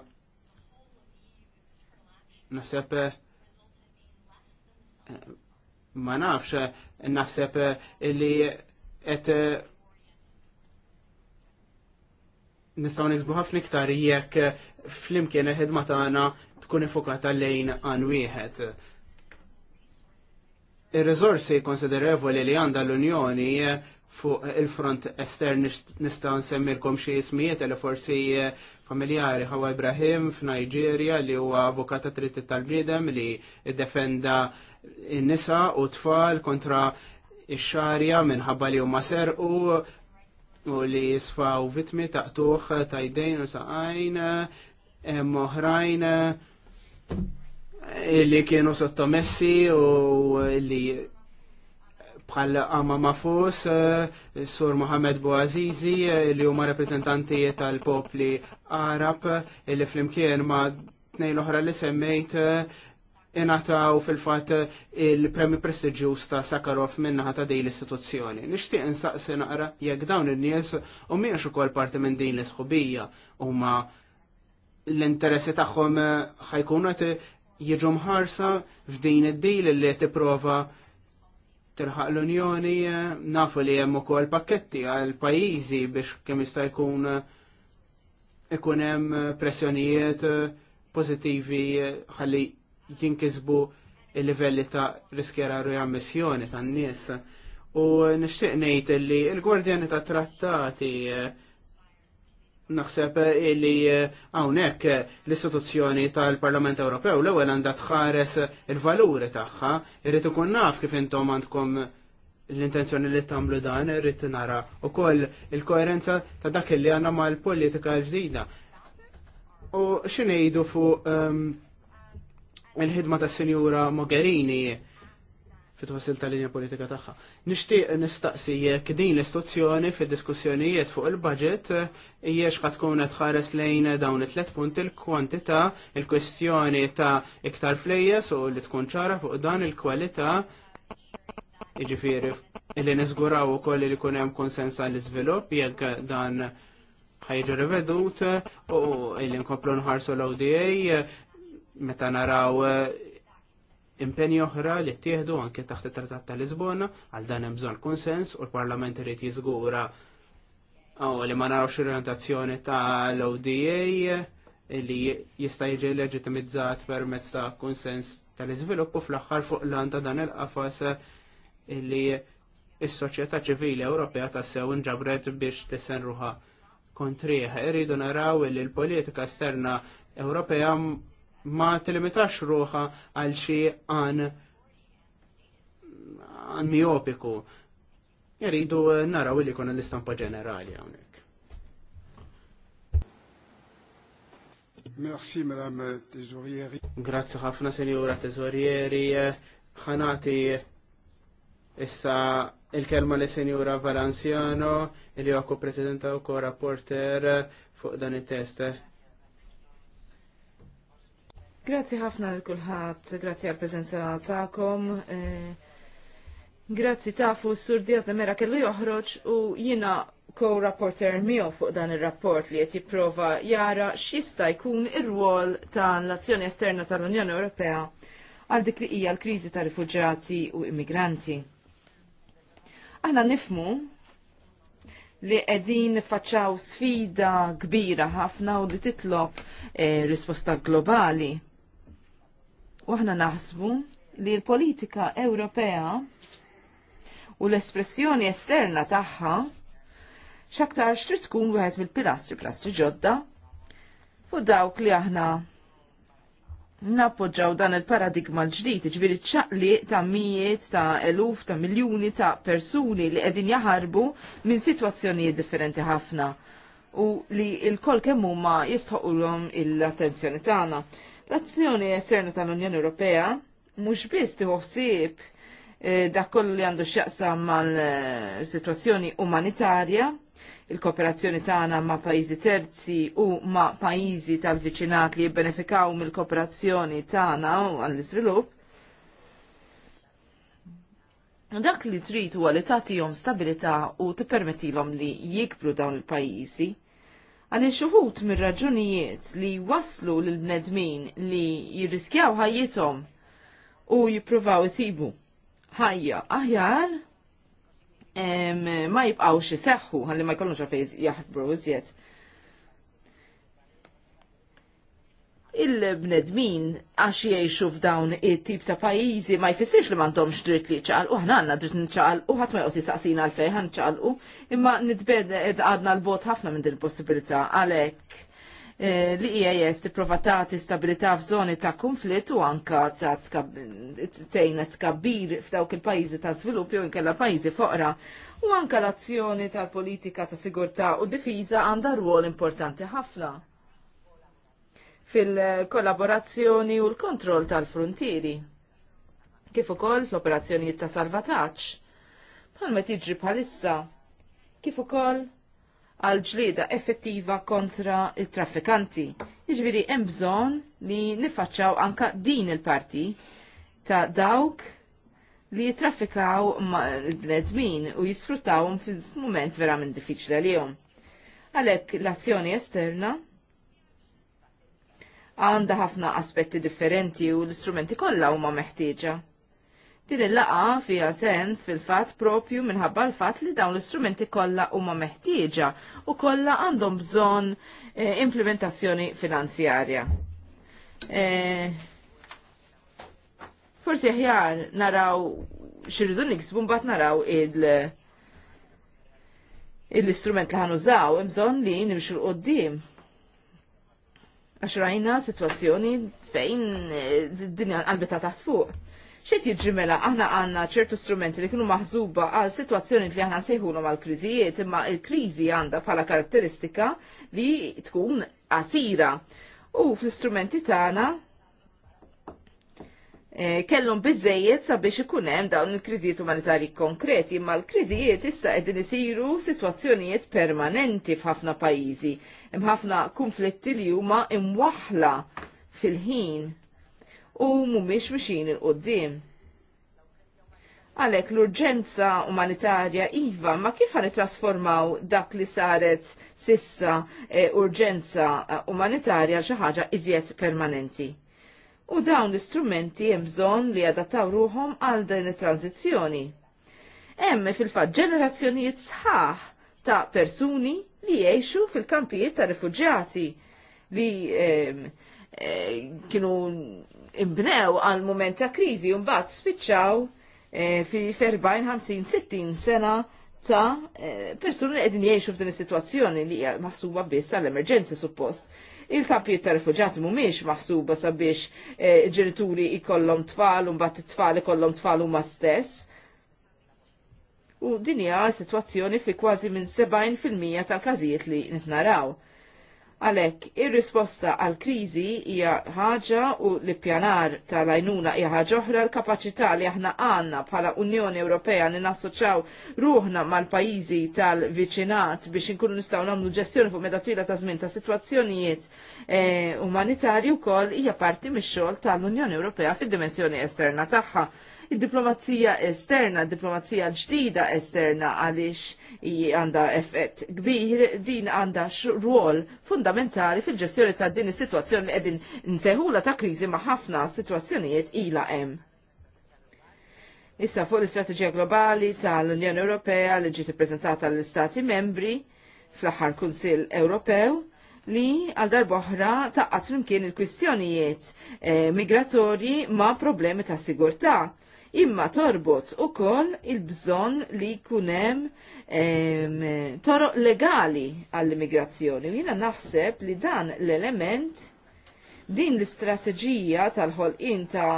Speaker 1: naħseb ma nafx naħseb li qed nistaw nisbu ħafna iktar jekk flimkien il-ħidma tagħna tkun ifukata lejn għan wieħed. Ir-riżorsi konsiderevoli li għandha l-Unjoni fuq il-front estern nista' nsemmilkom xi ismijiet li forsi familjari Hawa Ibrahim f'Nigeria li huwa avukat ta' tal-bniedem li ddefenda n-nisa u tfal kontra ix-xarja minħabba li huma serqu u li jisfaw vitmi taqtuħ tajdejn u saqajn, moħrajn li kienu sottomessi u li bħal Amma Mafus, Sur Mohamed Bouazizi, li huma rappresentanti tal-popli Arab, li flimkien ma' tnej oħra li semmejt inataw fil-fat il-premi prestigjus ta' Sakharov minnaħa ta' din l-istituzzjoni. Nixtieq insaqsi naqra jekk dawn in-nies u miex ukoll parti minn din l-isħubija ma l-interessi tagħhom ħajkunu qed jiġu mħarsa f'din id-dil li tipprova tirħaq l-Unjoni nafu li hemm ukoll pakketti għal pajjiżi biex kemm jista' jkun ikun hemm pressjonijiet pożittivi ħalli jinkisbu il-livelli ta' riskjera u ammissjoni ta' n-nies. U nishtiq ngħid li l-Gwardjani ta' Trattati eh, naħseb li eh, hawnhekk l-istituzzjoni tal-Parlament Ewropew l-ewwel għandha tħares il-valuri tagħha, irrid ikun naf kif intom għandkom l-intenzjoni li tagħmlu dan, irrid nara ukoll il-koerenza ta' dak li għandna mal-politika l ġdida. U x'ngħidu fuq ehm, il-ħidma ta' Sinjura Mogherini fit tfassil tal-linja politika tagħha. Nixtieq nistaqsi jekk din l istuzzjoni fid-diskussjonijiet fuq il-budget hijiex qed tkun qed ħares lejn dawn it-tlet punti il-kwantità, il-kwestjoni ta' iktar flejjes u li tkun ċara fuq dan il-kwalità jiġifieri li niżguraw ukoll li jkun hemm konsens għall-iżvilupp jekk dan ħajġu rivedut u il-inkomplu nħarsu l-ODA meta naraw eh, impenju oħra li ttieħdu anke taħt it-Trattat ta' Lisbona għal dan hemm bżonn konsens u l-Parlament irid jiżgura li ma narawx orientazzjoni ta' l-ODA eh, li jista' jiġi leġitimizzat permezz ta' konsens tal-iżvilupp u fl-aħħar fuq lan ta' dan il-qafas eh, li s soċjetà ċivili Ewropea tassew inġabret biex tisenruha kontriħ. iridu naraw li l-politika esterna Ewropea ma telimitax ruħa għal xi għan għan miopiku. Jeridu u li kuna l-istampa ġenerali għonek. Merci, Madame Tesorieri. Grazie ħafna, senjura Tesorieri. Ħanati issa il-kelma li senjura Valenziano, il joku għaku Presidenta u ko rapporter fuq dan il-test.
Speaker 2: Grazzi ħafna l kulħadd grazie għal preżenza tagħkom. E, grazzi tafu s-sur Diaz mera kellu joħroġ u jina kow rapporter miegħu fuq dan ir-rapport li qed jipprova jara x'jista' jkun ir-rwol tal-azzjoni esterna tal-Unjoni Ewropea għal dik li hija l-kriżi ta' rifuġjati u immigranti. Aħna nifmu li qegħdin faċċaw sfida kbira ħafna u li titlob eh, risposta globali. U aħna naħsbu li l-politika Ewropea u l-espressjoni esterna tagħha x'aktar xtrid tkun wieħed mill-pilastri plastri ġodda fuq dawk li aħna nappoġġaw dan il-paradigma l-ġdid, ġviri ċaqli ta' mijiet, ta' eluf, ta' miljuni ta' persuni li qegħdin jaħarbu minn sitwazzjonijiet differenti ħafna u li il-kol kemm huma jistħoqulhom l-attenzjoni tagħna. L-azzjoni esterna tal-Unjoni Ewropea mhux biss tiħossib eh, dak kollu li għandu x'jaqsam mal-sitwazzjoni umanitarja, il-kooperazzjoni tagħna ma' pajjiżi terzi u ma' pajjiżi tal-viċinat li jibbenefikaw mill-kooperazzjoni tagħna għall-iżvilupp, Dak li trid huwa li tagħtihom stabilità u tippermettilhom li jikbru dawn il-pajjiżi. Għaliex uħut mir-raġunijiet li waslu l-bnedmin li jirriskjaw ħajjithom u jippruvaw jisibu ħajja aħjar ma jibqaw iseħħu ħalli ma jkollux xafiz jaħbru iżjed il-bnedmin għax jiexu f'dawn it-tip ta' pajizi ma jfissirx li m'għandhomx dritt li ċal, u ħna għandna dritt nċal, u ħadd ma jqgħod jisaqsina għal fejn ċal, u imma nitbed għadna l-bot ħafna minn din il-possibilità għalhekk eh, li e IAS tipprova tagħti stabilità f'żoni ta' konflitt u anka ta' tgħinna tkabbir f'dawk il-pajjiżi ta' żvilupp jew inkella pajjiżi foqra u anka l-azzjoni tal-politika ta' sigurtà u difiża għandha rwol importanti ħafna fil-kollaborazzjoni u l-kontroll tal-frontieri, kif ukoll fl-operazzjonijiet ta' salvataġġ. Bħalma tiġri bħalissa, kif ukoll għal ġlieda effettiva kontra il-traffikanti. Iġviri hemm bżonn li nifaċċaw anka din il-parti ta' dawk li jitraffikaw bnedmin u jisfruttawhom f'mument verament diffiċli għalihom. Għalhekk l-azzjoni esterna għandha ħafna aspetti differenti u l-istrumenti kollha huma meħtieġa. Din il-laqa fija sens fil-fat propju minħabba l-fat li dawn l-istrumenti kollha huma meħtieġa u kollha għandhom bżonn eh, implementazzjoni finanzjarja. Eh, Forsi aħjar naraw xirridu niksbu mbagħad naraw il- l-istrument li ħanużaw imżon li nimxu l-qoddim Għax rajna situazzjoni fejn eh, dinja qalbita taħt fuq. ċet jiġri mela aħna għanna ċertu strumenti li kienu maħzuba għal situazzjoni li aħna nsejħulhom għal kriżijiet imma l-kriżi għandha bħala karatteristika li tkun għasira. U fl-istrumenti tagħna Eh, kellhom biżejjed sabiex ikun hemm dawn il-kriżijiet umanitarji konkreti, imma l-kriżijiet issa qegħdin isiru sitwazzjonijiet permanenti f'ħafna pajjiżi. Hemm ħafna konflitti li huma imwaħla fil-ħin u mhumiex mixin il qudiem Għalhekk l-urġenza umanitarja iva ma kif ħan trasformaw dak li saret sissa eh, urġenza eh, umanitarja xi ħaġa iżjed permanenti u dawn l-istrumenti hemm bżonn li adattaw ruhom għal din it-tranzizzjoni. Hemm fil-fatt ġenerazzjonijiet sħaħ ta' persuni li jgħixu fil-kampijiet ta' rifugġati li ehm, eh, kienu imbnew għal moment ta' kriżi u mbagħad spiċċaw eh, fi 40, 50, 60 sena ta' eh, persuni li qegħdin jgħixu f'din is-sitwazzjoni li hija maħsuba biss għall-emerġenzi suppost Il-kampijiet ta' rifuġati mhumiex maħsuba sabiex eh, ġenituri ikollhom tfal u mbagħad it-tfal ikollhom tfal huma stess. U din hija sitwazzjoni fi kważi minn 70% tal-każijiet li nitnaraw. Għalek, ir-risposta għal kriżi hija ħaġa u l-ippjanar tal-għajnuna hija ħaġa oħra l-kapaċità li aħna għandna bħala Unjoni Ewropea li nassoċjaw ruħna mal-pajjiżi tal-viċinat biex inkunu nistgħu nagħmlu ġestjoni fuq meta twila ta' żmien ta' sitwazzjonijiet eh, umanitarji wkoll hija parti mix-xogħol tal-Unjoni Ewropea fid-dimensjoni esterna tagħha id-diplomazija esterna, diplomazija ġdida esterna għaliex għanda effett kbir, din għanda xruol fundamentali fil-ġestjoni ta' din is-sitwazzjoni li qegħdin nseħula ta' kriżi ma' ħafna sitwazzjonijiet ila hemm. Issa fuq l-istrateġija globali tal-Unjoni Ewropea li ġiet ippreżentata l-Istati membri fl-aħħar Kunsill Ewropew li għal darboħra taqqat flimkien il-kwistjonijiet eh, migratorji ma' problemi ta' sigurtà imma torbot ukoll il-bżonn li kunem toro toroq legali għall-immigrazzjoni. Jiena naħseb li dan l-element din l-istrateġija tal-ħolqin ta'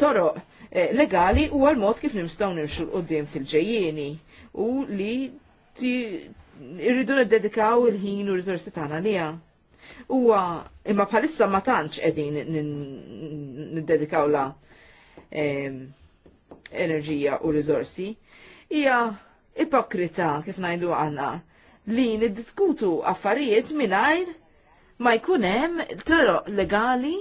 Speaker 2: toroq eh, legali u għal-mod kif nimstaw nimxu l-qoddim fil-ġejjeni u li irridu nededikaw il-ħin u r-rizorsi tagħna liha huwa imma bħalissa ma tantx qegħdin niddedikaw la enerġija u rizorsi. Hija ipokrita kif ngħidu għandna li niddiskutu affarijiet mingħajr ma jkun hemm toroq legali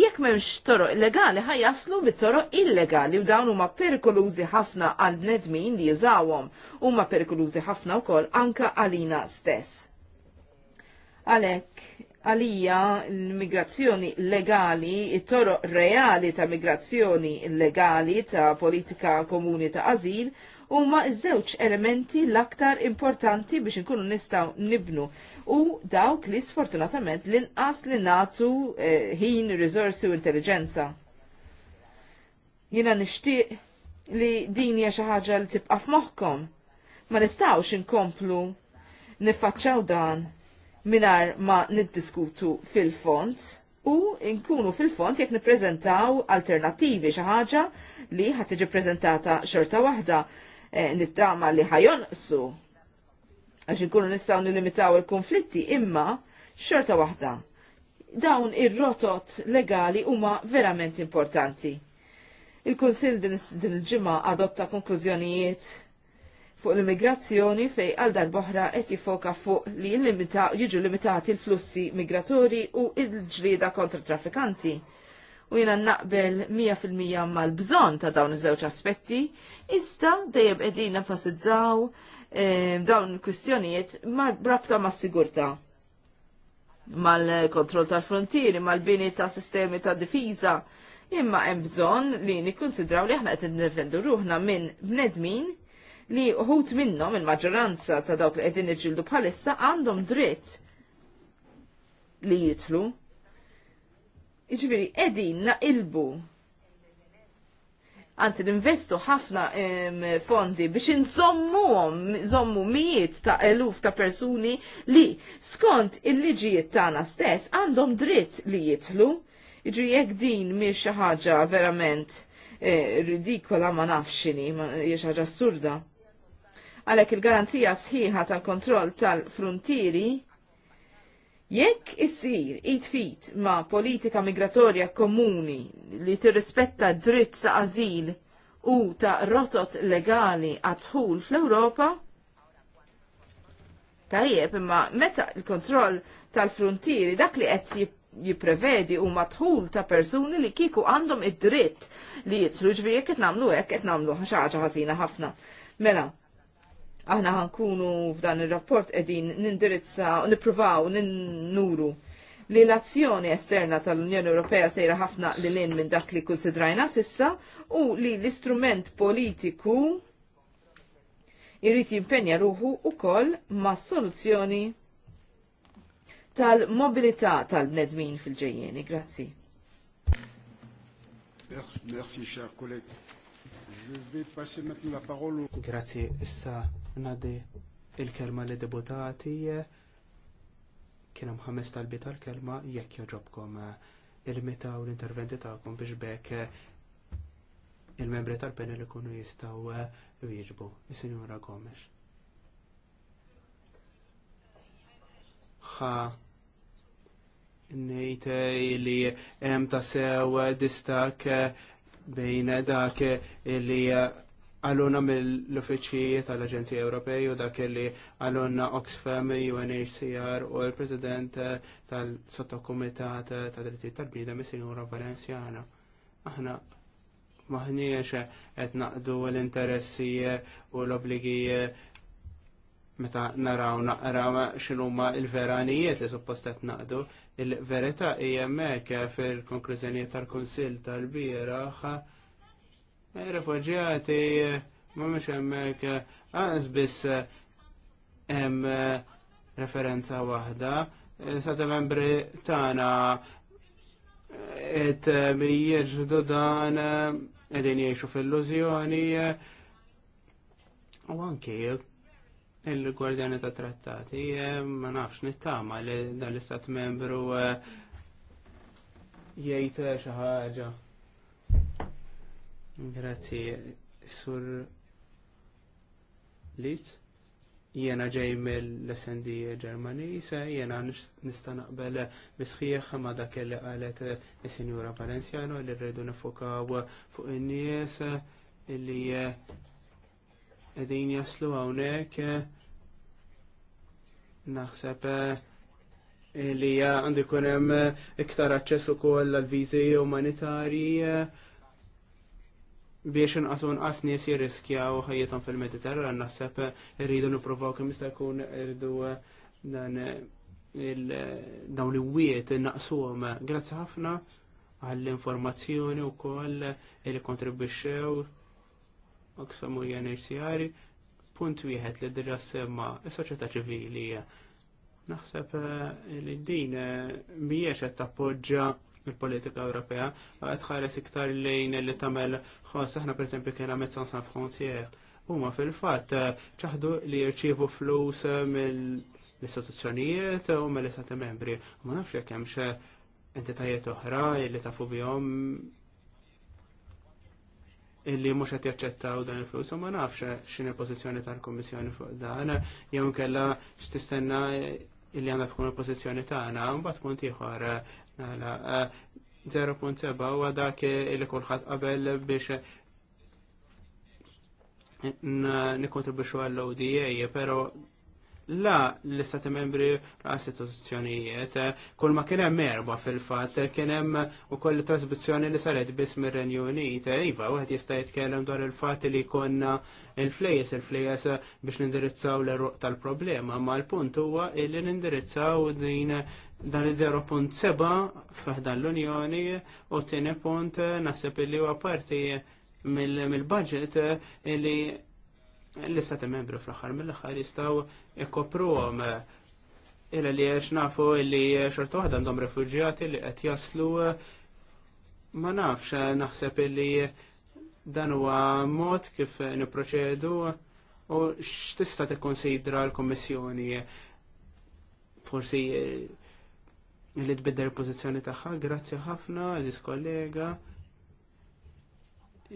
Speaker 2: jekk m'hemmx toroq legali ħajaslu bit-toroq illegali u dawn huma perikolużi ħafna għal bnedmin li jużawhom huma perikolużi ħafna wkoll anka għalina stess. Għalhekk għalija l-migrazzjoni legali, il toro reali ta' migrazzjoni legali ta' politika komuni ta' azil, huma żewġ elementi l-aktar importanti biex nkunu nistaw nibnu u dawk li sfortunatament l-inqas li natu eh, ħin, eh, risorsi u intelligenza. Jina nixtieq li din hija xi ħaġa li tibqa' f'moħħkom. Ma nistgħux inkomplu niffaċċaw dan minar ma niddiskutu fil-font u nkunu fil-font jekk nippreżentaw alternativi xi ħaġa li ħatġi tiġi ppreżentata xorta waħda e, nittama li su għax inkunu nistgħu nilimitaw il-konflitti imma xorta waħda dawn ir-rotot legali huma verament importanti. Il-Kunsill din il-ġimgħa adotta konklużjonijiet fuq l-immigrazzjoni fej għal darboħra qed jifoka fuq li limita, jiġu limitati l-flussi migratori u l-ġrieda kontra traffikanti. U jina naqbel 100% mal-bżon ta' dawn iż-żewġ aspetti, iżda dejjem qegħdin nfasizzaw eh, dawn dawn kwistjonijiet mal rabta ma' sigurta mal-kontroll tal-frontieri, mal-bini ta' sistemi ta' difiża, imma hemm bżonn li nikkunsidraw li aħna qed nifendu ruħna minn bnedmin li uħut minnom il-maġġoranza ta' dawk li qegħdin iġildu bħalissa għandhom dritt li jitlu. Iġviri, qegħdin naqilbu għanti l-investu ħafna fondi biex nżommuhom, zommu mijiet ta' eluf ta' persuni li skont il-liġijiet tagħna stess għandhom dritt li jitlu. Iġri jekk din mhix xi ħaġa verament eh, ridikola ma nafxini ma xi ħaġa assurda. Għalhekk il-garanzija sħiħa tal-kontroll tal-frontieri Jekk issir it-fit ma' politika migratorja komuni li tirrispetta dritt ta' azil u ta' rotot legali għadħul fl-Europa, tajjeb imma meta l-kontroll tal-frontieri dak li qed jipprevedi u matħul ta' persuni li kiku għandhom id-dritt li jitlu ġviri jekk qed nagħmlu hekk qed nagħmlu ħaġa ħażina ħafna. Mela, Aħna ħankunu f'dan ir-rapport qegħdin nindirizza u nippruvaw nuru li l-azzjoni esterna tal-Unjoni Ewropea sejra ħafna li lin minn dak li konsidrajna sissa u li l-istrument politiku irrit jimpenja ruħu u koll ma' soluzzjoni tal-mobilità tal-bnedmin fil-ġejjeni. Grazzi.
Speaker 1: Merci, cher collègue. Grazie, issa nadi il-kelma li deputati kienem ħames talbi tal-kelma jekk joġobkom eh, il-meta u l-interventi ta'kom biex bekk eh, il-membri tal-panel ikunu jistaw eh, wieġbu. Is-Sinjora Gomes. Ħa nejtej li hemm ta' sew distak bejn dak li għaluna mill uffiċijiet tal-Aġenzija Ewropej u dak li għaluna Oxfam, UNHCR u l-President tal-Sottokomitat tal-Drittijiet tal-Bnidem, Sinjura Valenzjana. Aħna maħniex qed naqdu l-interessi u l obbligi meta naraw naqraw x'inhuma l-veranijiet li suppost qed naqdu, il-verità hija hemmhekk fil-konklużjonijiet tal-Kunsill tal-bieraħ ma mhumiex hemmhekk għas biss hemm referenza waħda. ta' membri tagħna et jieġdu dan edin jiexu fil-luzjoni u anki il-Gwardjani ta' Trattati, eh, ma nafx nittama li dal-Istat membru eh, jgħid eh, xi ħaġa. Grazzi, sur Lis, jena ġej mill-SND Germanisa, jena nista' naqbel bisħieħ ma dak li qalet is-Sinjura Valenciano li rridu nifukaw fuq in-nies illi edin jaslu għawnek eh, naħseb eh, li għandu kunem eh, iktar aċċess ukoll l viżi umanitarji biex nqasu nqas nies jirriskjaw ħajjithom fil-Mediterran naħseb irridu nippruvaw kemm jista' jkun irridu dan dawn l-wiet naqsuhom. Grazzi ħafna għall-informazzjoni wkoll li kontribwixxew aksamu UNHCR, punt wieħed li dirra semma s soċjetà ċivili. Naħseb eh, li din eh, mhijiex qed tappoġġa il-politika Ewropea, qed ħares iktar lejn li tagħmel ħoss aħna pereżempju kien għamet sans frontier. Huma fil-fatt eh, ċaħdu li jirċievu flus mill-istituzzjonijiet u mill-istati membri. Ma nafx jekk hemmx entitajiet oħra li tafu bihom illi mhux qed jaċċettaw dan il-flus, u ma nafx x'inhi pożizzjoni tal-Kummissjoni fuq dan, jew inkella x'tistenna illi għandha tkun il-pożizzjoni tagħna, mbagħad punt ieħor 0.7 mela, eh, huwa dak illi kulħadd qabel biex nikontribuxu għall-ODA, pero la l-istati membri l istituzzjonijiet. Kull ma kien hemm erba' fil-fatt, kien hemm ukoll trasbizzjoni li saret biss mir-Renju Unit. Iva, wieħed jista' jitkellem dwar il-fatt li konna il-flejes, il-flejes biex nindirizzaw l-eruq tal-problema, ma l-punt huwa li nindirizzaw din dan il-0.7 f'ħdan l-Unjoni u t-tieni punt naħseb illi huwa parti mill-budget li l-istati membru fl-axar mill-axar jistaw ikopru illa li għax nafu li xorta waħda għandhom refugjati li qed jaslu ma nafx naħseb li dan huwa mod kif niproċedu u x'tista' tikkonsidra l-Kommissjoni forsi li tbidder il-pożizzjoni tagħha, grazzi ħafna, eżis kollega.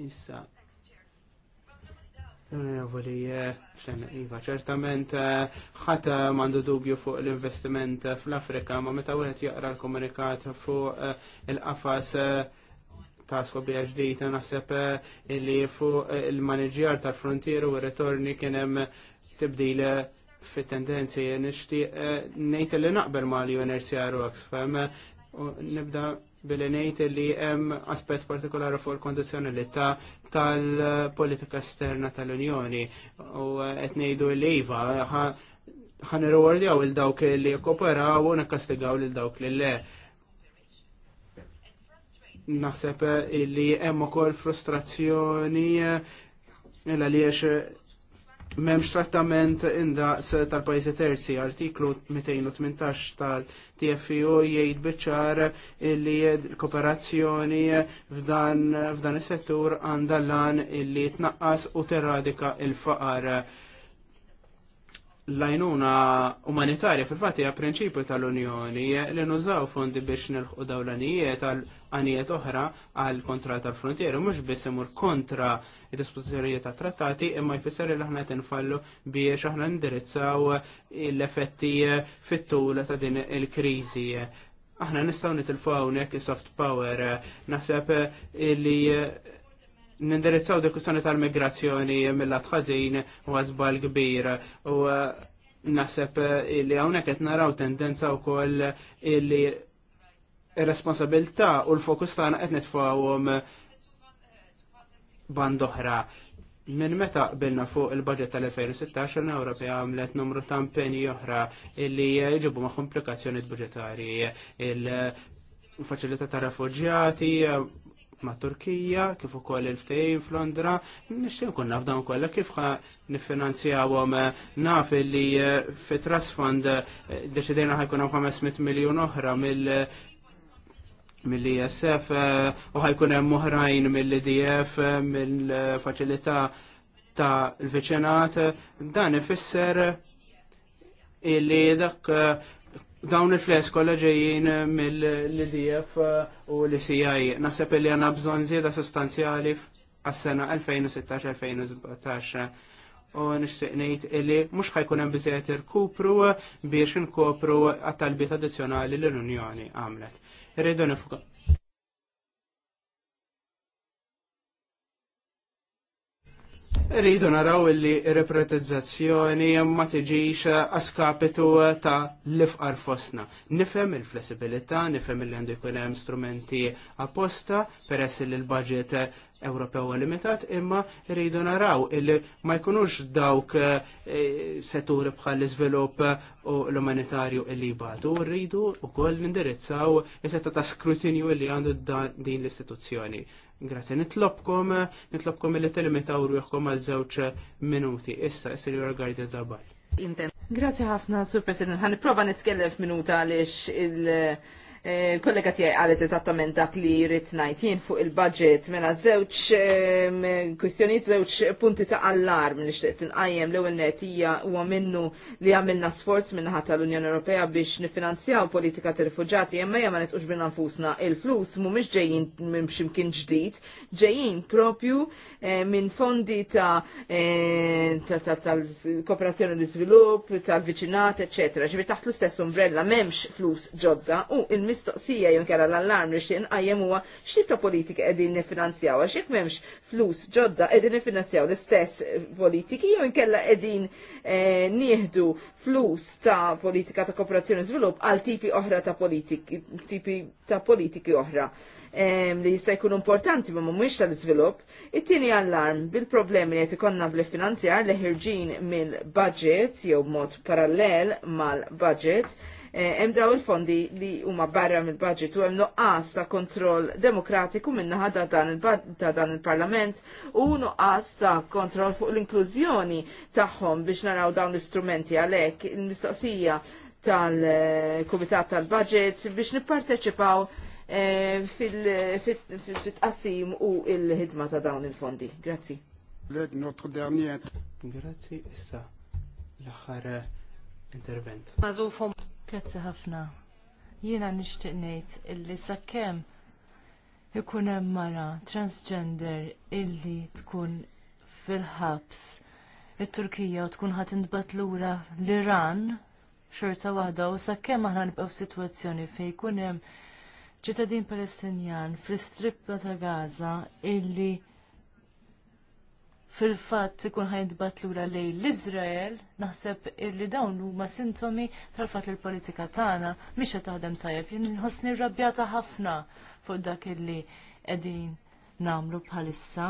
Speaker 1: Issa, Onorevoli, eh, iva, ċertament, eh, ħata eh, mandu dubju fuq l-investiment fl-Afrika, ma meta wieħed jaqra l-komunikat fuq il-qafas ta' skobija ta' naħseb illi fuq il-manager tal-frontieru u ritorni kienem tibdil fit tendenzi nishti nejt li naqbel ma' l-UNRCR u nibda bil ngħid li hemm aspett partikolari fuq il-kondizzjonalità tal-politika esterna tal-Unjoni u qed ngħidu li iva ħan irwardjaw il dawk li kooperaw u nikkastigaw lil dawk li le. Naħseb li hemm ukoll frustrazzjoni għaliex memx trattament indaqs tal-pajzi terzi, artiklu 218 tal-TFU jgħid biċar illi l-kooperazzjoni f'dan is-settur għandha lan illi tnaqqas u terradika il-faqar. Lajnuna umanitarja fil-fatt hija prinċipju tal-Unjoni li nużaw fondi biex nilħu dawlanijiet għal anijiet oħra għal kontra tal-frontiera, mhux biss imur kontra id-dispożizzjonijiet ta' trattati imma jfisser li aħna qed infallu biex aħna indirizzaw l-effetti fit-tul ta' din il-kriżi. Aħna nistgħu nitilfu hawnhekk soft power naħseb li nindirizzaw dikussjoni tal-migrazzjoni mill-lat ħażin u għażbal kbir u naħseb li hawnhekk qed naraw tendenza wkoll li responsabilità u l-fokus tagħna qed nitfgħuhom band oħra. Minn meta bilna fuq il-budget tal-2016 l Ewropea għamlet numru ta' impenji oħra illi ġibu ma' komplikazzjoni budġetarji. Il-faċilità ta' refuġjati ma' Turkija, kif ukoll il-ftejn f'Londra, nixtieq nkun naf dawn kollha kif niffinanzjawhom naf illi fit Trust Fund eh, deċidejna ħajkun hemm 500 miljun oħra mill mill-ISF eh, u ħajkun hemm oħrajn mill-IDF eh, mill-faċilità ta' l-veċenat dan ifisser illi dak eh, dawn il-fles kollha ġejjin mill-IDF u l-CIA. Naħseb li għandna bżonn żieda sostanzjali għas-sena 2016-2017 u nixtieq ngħid illi mhux ħajkun hemm biżejjed irkupru biex inkopru għat-talbiet addizzjonali l-Unjoni għamlet. Irridu nifuka. Rridu naraw illi repretizzazzjoni ma tiġix askapitu ta' l-ifqar fosna. Nifhem il-flessibilità, nifhem il għandu jkun hemm strumenti apposta, peress li l-budget Ewropew limitat imma rridu naraw illi ma jkunux dawk eh, seturi bħal iżvilupp eh, u l-umanitarju illi jibatu rridu wkoll nindirizzaw il-setta ta' skrutinju illi għandu din l-istituzzjoni. Grazie, nitlobkom, eh, nitlobkom illi telimitaw rruħkom għal żewġ minuti. Issa, issa jorgardi zabal.
Speaker 2: Grazie ħafna, Sur President. Għan prova nitkellem f'minuta għaliex il- Eh, kollega tiegħi għalet eżattament dak li jrid ngħid jien fuq il-budget mela żewġ kwistjonijiet żewġ punti ta' allarm li xtieq tinqajjem l-ewwel hija huwa minnu li għamilna sforz minnaħa tal-Unjoni Ewropea biex nifinanzjaw politika tar-rifuġati jemma ma netqux bil nfusna il-flus mhumiex ġejjin minn x'imkien ġdid, ġejjin propju eh, minn fondi ta' eh, tal-kooperazzjoni l-iżvilupp, tal-viċinat, eccetera Ġibi taħt l-istess umbrella m'hemmx flus ġodda u il mistoqsija jonkera l-allarm li xin għajem huwa x'tip politika qegħdin nifinanzjaw għax jekk m'hemmx flus ġodda qegħdin nifinanzjaw l-istess politiki jew inkella qegħdin eh, nieħdu flus ta' politika ta' kooperazzjoni żvilupp għal tipi oħra ta' politiki tipi ta' politiki oħra eh, li jista' jkun importanti ma mhumiex tal-iżvilupp. It-tieni allarm bil-problemi li qed ikollna bl-finanzjar li ħirġin mill-budget jew mod parallel mal-budget Eh, hemm daw il-fondi li huma barra mill-budget u hemm nuqqas ta' kontroll demokratiku minnaħa ta' dan il-Parlament u nuqqas ta' kontroll fuq l-inklużjoni tagħhom biex naraw dawn l-istrumenti għalhekk il-mistoqsija tal-Kumitat tal-Budget biex nipparteċipaw eh, fil tqasim u il-ħidma ta' dawn il-fondi. Grazzi. Notre dernier. Grazzi issa
Speaker 1: l-aħħar eh, intervent.
Speaker 4: Grazzi ħafna. Jiena nixtieq ngħid illi sakemm ikun hemm mara transgender illi tkun fil-ħabs it-Turkija u tkun ħadd intbagħat lura l-Iran xorta waħda u sakemm aħna nibqgħu f'sitwazzjoni fejn jkun hemm ċittadin Palestinjan fl istrippa ta' Gaza illi fil-fatt ikun ħajntbat lura lej l-Izrael, naħseb illi dawn huma sintomi tal-fatt li l-politika tagħna mhix qed taħdem tajjeb. Jien nħossni rrabjata ħafna fuq dak illi qegħdin nagħmlu bħalissa.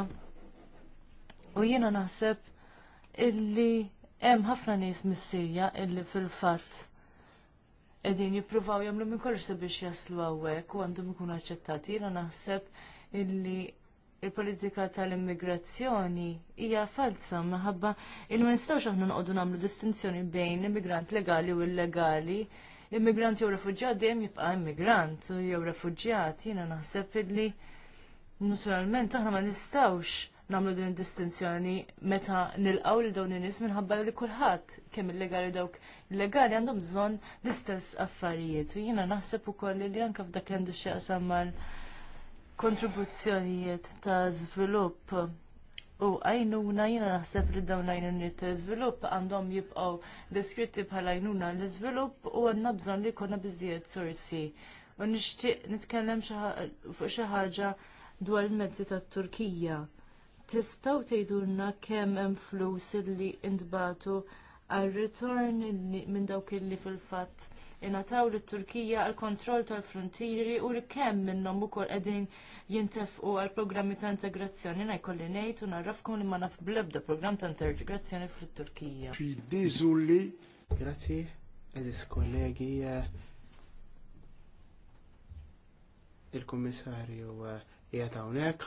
Speaker 4: U jiena naħseb illi hemm ħafna nies mis-Sirja illi fil-fatt qegħdin jippruvaw jagħmlu minn kollox sabiex jaslu hawnhekk u għandhom ikunu aċċettati. Jiena naħseb illi il-politika tal-immigrazzjoni hija falsa minħabba il ma nistgħux aħna noqogħdu nagħmlu distinzjoni bejn immigrant legali u illegali. Immigrant jew refuġjat dejjem jibqa' immigrant jew refuġjat jiena naħseb li naturalment aħna ma nistgħux nagħmlu din id-distinzjoni meta nilqgħu lil dawn in-nies minħabba li kulħadd kemm illegali dawk illegali għandhom bżonn l-istess affarijiet u jiena naħseb ukoll li anke f'dak l għandu xi qasam mal- kontribuzzjonijiet ta' żvilupp u għajnuna jiena naħseb li dawn għajnuniet ta' zvilupp għandhom jibqgħu deskritti bħala għajnuna l-iżvilupp u għandna bżonn li jkollna biżjed sorsi. U nixtieq nitkellem fuq xi ħaġa dwar il-mezzi tat-Turkija. Tistgħu tgħidulna kemm hemm flus li ntbatu għar-ritorn minn dawk illi fil-fatt ingħataw lit turkija għall kontroll tal-frontieri u li kemm minnhom ukoll qegħdin jintefqu għal programmi ta' integrazzjoni ngħid ngħid u narrafkom li ma naf bl-ebda programm ta' integrazzjoni fit turkija
Speaker 1: Fidiżulli. Grazzi, eżis kollegi. Eh, Il-Kummissarju eh, jgħat għonek,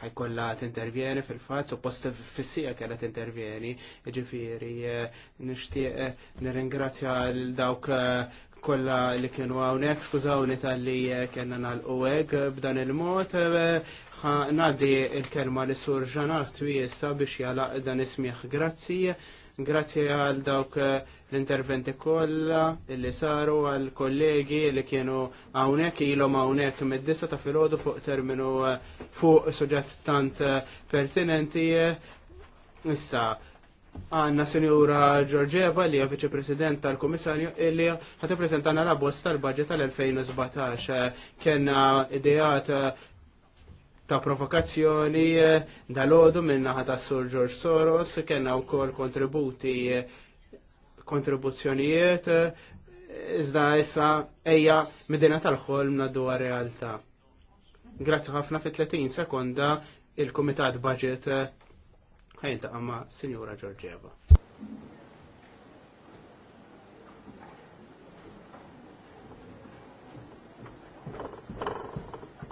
Speaker 1: ħajkolla t-intervjeni fil-fat, post fissija kella t-intervjeni, ġifiri, eh, nishtiq eh, nir l-dawk eh, kolla li kienu għawnek, skużawni tal-li kienna nal-uweg b'dan il mot nadi il-kelma li sur ġanar twisa biex jala dan ismiħ grazzi. Grazzi għal dawk eh, l-interventi kollha illi saru għal kollegi li kienu hawnhekk ilhom hawnhekk mid-disa ta' filgħodu fuq terminu eh, fuq suġġett tant eh, pertinenti. Issa għanna senjura Giorgieva li hija viċi President tal-Kummissarju illi ħadd prezentana la bosta tal-budget tal-2017. Kenna ideat ta' provokazzjoni eh, dal-ħodu minnaħa ta' Sur George Soros, kena u kol kontributi eh, kontribuzzjonijiet, eh, iżda issa eja midina tal-ħolm naddu realtà. Grazzi ħafna fit 30 sekonda il-Komitat Budget ħajltaqa ma' Signora Giorgieva.